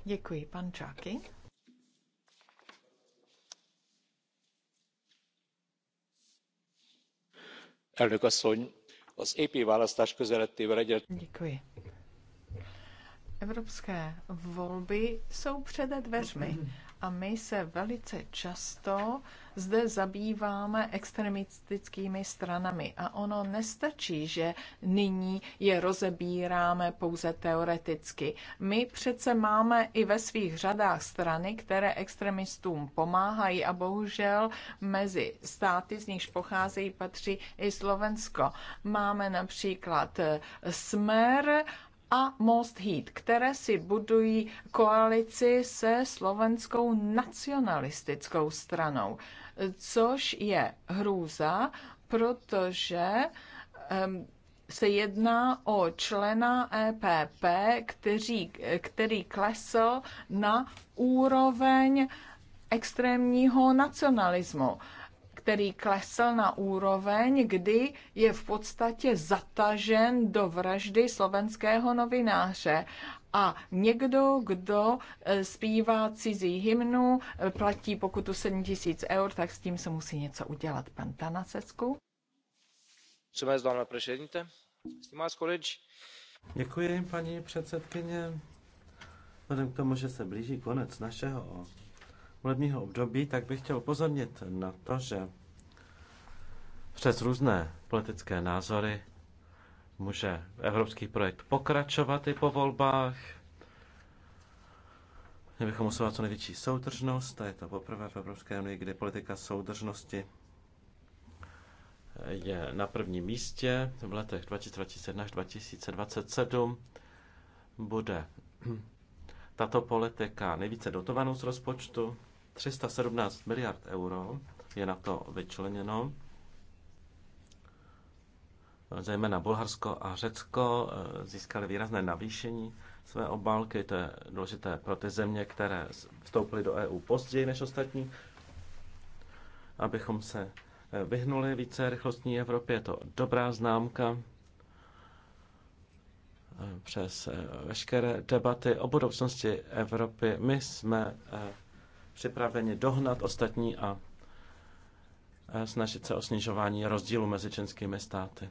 Děkuji, pan Čáky. elnök asszony az ep választás közeledtével egyre. Děkuji. Evropské volby jsou přede dveřmi a my se velice často zde zabýváme extremistickými stranami a ono nestačí, že nyní je rozebíráme pouze teoreticky. My přece máme i ve svých řadách strany, které extremistům pomáhají a bohužel mezi státy, z nichž pocházejí, patří i Slovensko. Máme například eh, Smer, a Most Heat, které si budují koalici se slovenskou nacionalistickou stranou což je hrůza, protože se jedná o člena EPP, který, který klesl na úroveň extrémního nacionalismu, který klesl na úroveň, kdy je v podstatě zatažen do vraždy slovenského novináře a někdo, kdo e, zpívá cizí hymnu, e, platí pokutu 7 tisíc eur, tak s tím se musí něco udělat. Pan Tanasecku. doamnă președinte. Stimați colegi. Děkuji, paní předsedkyně. Vzhledem k tomu, že se blíží konec našeho volebního období, tak bych chtěl upozornit na to, že přes různé politické názory Může evropský projekt pokračovat i po volbách. Měli bychom usilovat co největší soudržnost a je to poprvé v Evropské unii, kdy politika soudržnosti je na prvním místě. V letech 2021 až 2027 bude tato politika nejvíce dotovanou z rozpočtu. 317 miliard euro je na to vyčleněno. Zejména Bulharsko a Řecko eh, získali výrazné navýšení své obálky, to je důležité pro ty země, které vstoupily do EU později než ostatní, abychom se eh, vyhnuli více rychlostní Evropě. Je to dobrá známka eh, přes veškeré debaty o budoucnosti Evropy. My jsme připraveni dohnat ostatní a snažit se o snižování rozdílu mezi členskými státy.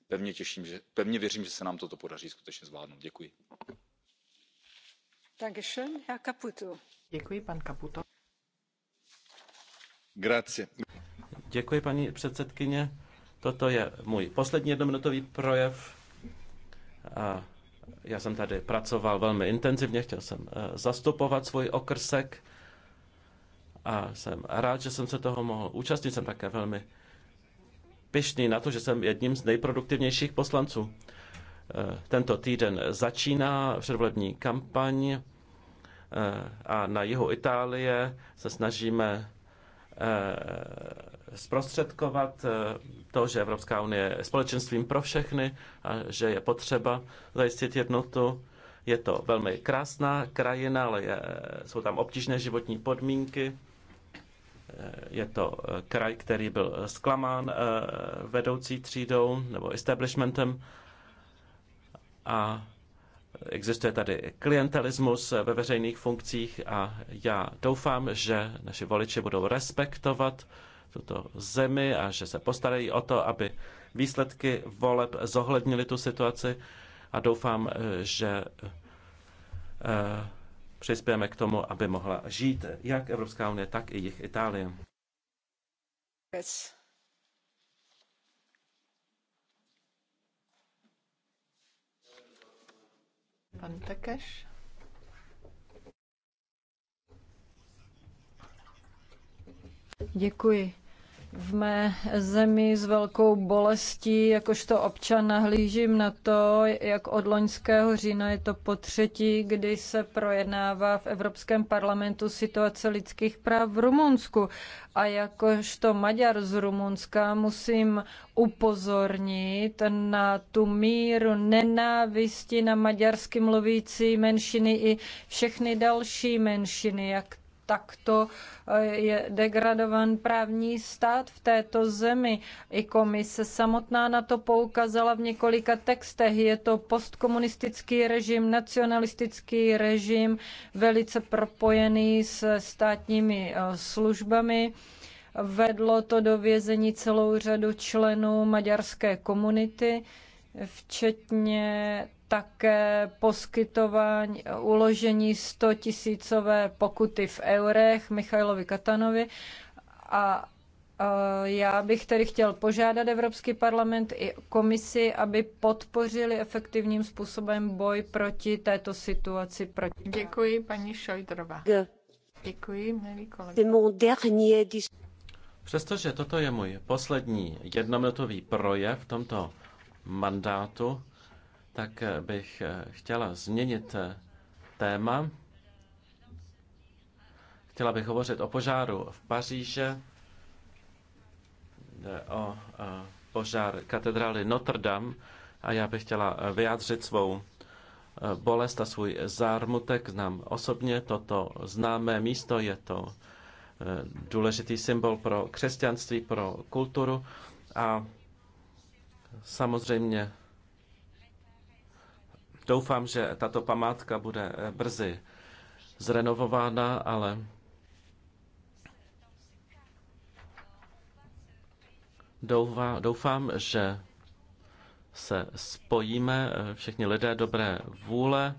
pevně věřím že se nám toto podaří skutečně zvládnout. děkuji. děkuji, děkuji paní předsedkyně toto je můj poslední jednominutový projev a já jsem tady pracoval velmi intenzivně chtěl jsem eh, zastupovat svůj okrsek a jsem rád že jsem se toho mohl účastnit jsem také velmi pišný na to, že jsem jedním z nejproduktivnějších poslanců. Eh, tento týden začíná předvolební kampaň eh, a na jihu Itálie se snažíme eh, zprostředkovat to, že Evropská unie je společenstvím pro všechny a že je potřeba zajistit jednotu. Je to velmi krásná krajina, ale je, jsou tam obtížné životní podmínky Eh, je to eh, kraj, který byl eh, zklamán vedoucí třídou nebo establishmentem a existuje tady klientelismus ve veřejných funkcích a já doufám, že naši voliči budou respektovat tuto zemi a že se postarají o to, aby výsledky voleb zohlednily tu situaci a doufám, že přispějeme k tomu, aby mohla žít jak Evropská unie, tak i jich Itálie. Yes. Pan Tekeš. Děkuji v mé zemi s velkou bolestí, jakožto občan nahlížím na to, jak od loňského října je to po třetí, kdy se projednává v Evropském parlamentu situace lidských práv v Rumunsku. A jakožto Maďar z Rumunska musím upozornit na tu míru nenávisti na maďarsky mluvící menšiny i všechny další menšiny, jak takto eh, je degradovan právní stát v této zemi. I komise samotná na to poukazala v několika textech. Je to postkomunistický režim, nacionalistický režim, velice propojený s státními eh, službami. Vedlo to do vězení celou řadu členů maďarské komunity, včetně také poskytování, uložení 100 tisícové pokuty v eurech Michailovi Katanovi a já bych tedy chtěl požádat Evropský parlament i komisi, aby podpořili efektivním způsobem boj proti této situaci. Proti... Děkuji, paní Šojdrová. Děkuji, milí kolegové. Přestože toto je můj poslední jednominutový projev v tomto mandátu, tak eh, bych eh, chtěla změnit eh, téma. Chtěla bych hovořit o požáru v Paříže, o požár katedrály Notre Dame a já bych chtěla vyjádřit svou bolest a svůj zármutek. Znám osobně toto známé místo, je to důležitý symbol pro křesťanství, pro kulturu a samozřejmě Doufám, že tato památka bude eh, brzy zrenovována, ale doufám, že se spojíme eh, všichni lidé dobré vůle,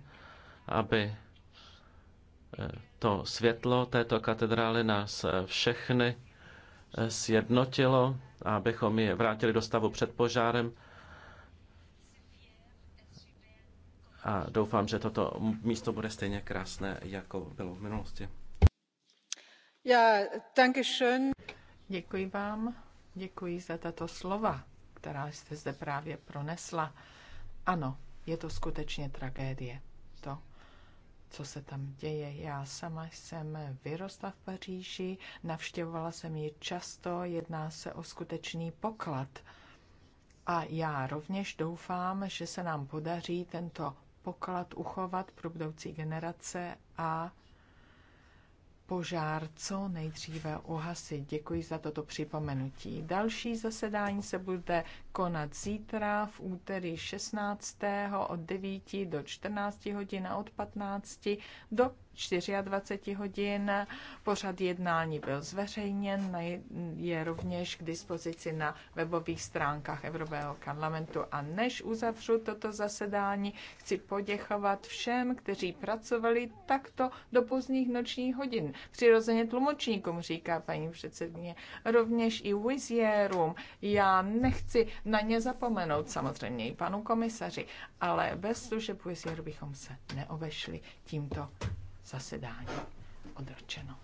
aby eh, to světlo této katedrály nás všechny sjednotilo, abychom ji vrátili do stavu před požárem. a doufám, že toto místo bude stejně krásné, jako bylo v minulosti. Ja, danke schön. Děkuji vám, děkuji za tato slova, která jste zde právě pronesla. Ano, je to skutečně tragédie, to, co se tam děje. Já sama jsem vyrostla v Paříži, navštěvovala jsem ji často, jedná se o skutečný poklad. A já rovněž doufám, že se nám podaří tento poklad uchovat pro budoucí generace a požár co nejdříve uhasit. Děkuji za toto připomenutí. Další zasedání se bude konat zítra v úterý 16. od 9 do 14 hodin a od 15 do 24 hodin. Pořad jednání byl zveřejněn, je rovněž k dispozici na webových stránkách Evropského parlamentu. A než uzavřu toto zasedání, chci poděkovat všem, kteří pracovali takto do pozdních nočních hodin. Přirozeně tlumočníkům, říká paní předsedně, rovněž i Wizierům. Já nechci na ně zapomenout, samozřejmě i panu komisaři, ale bez služeb Wizier bychom se neobešli tímto zasedání odročeno.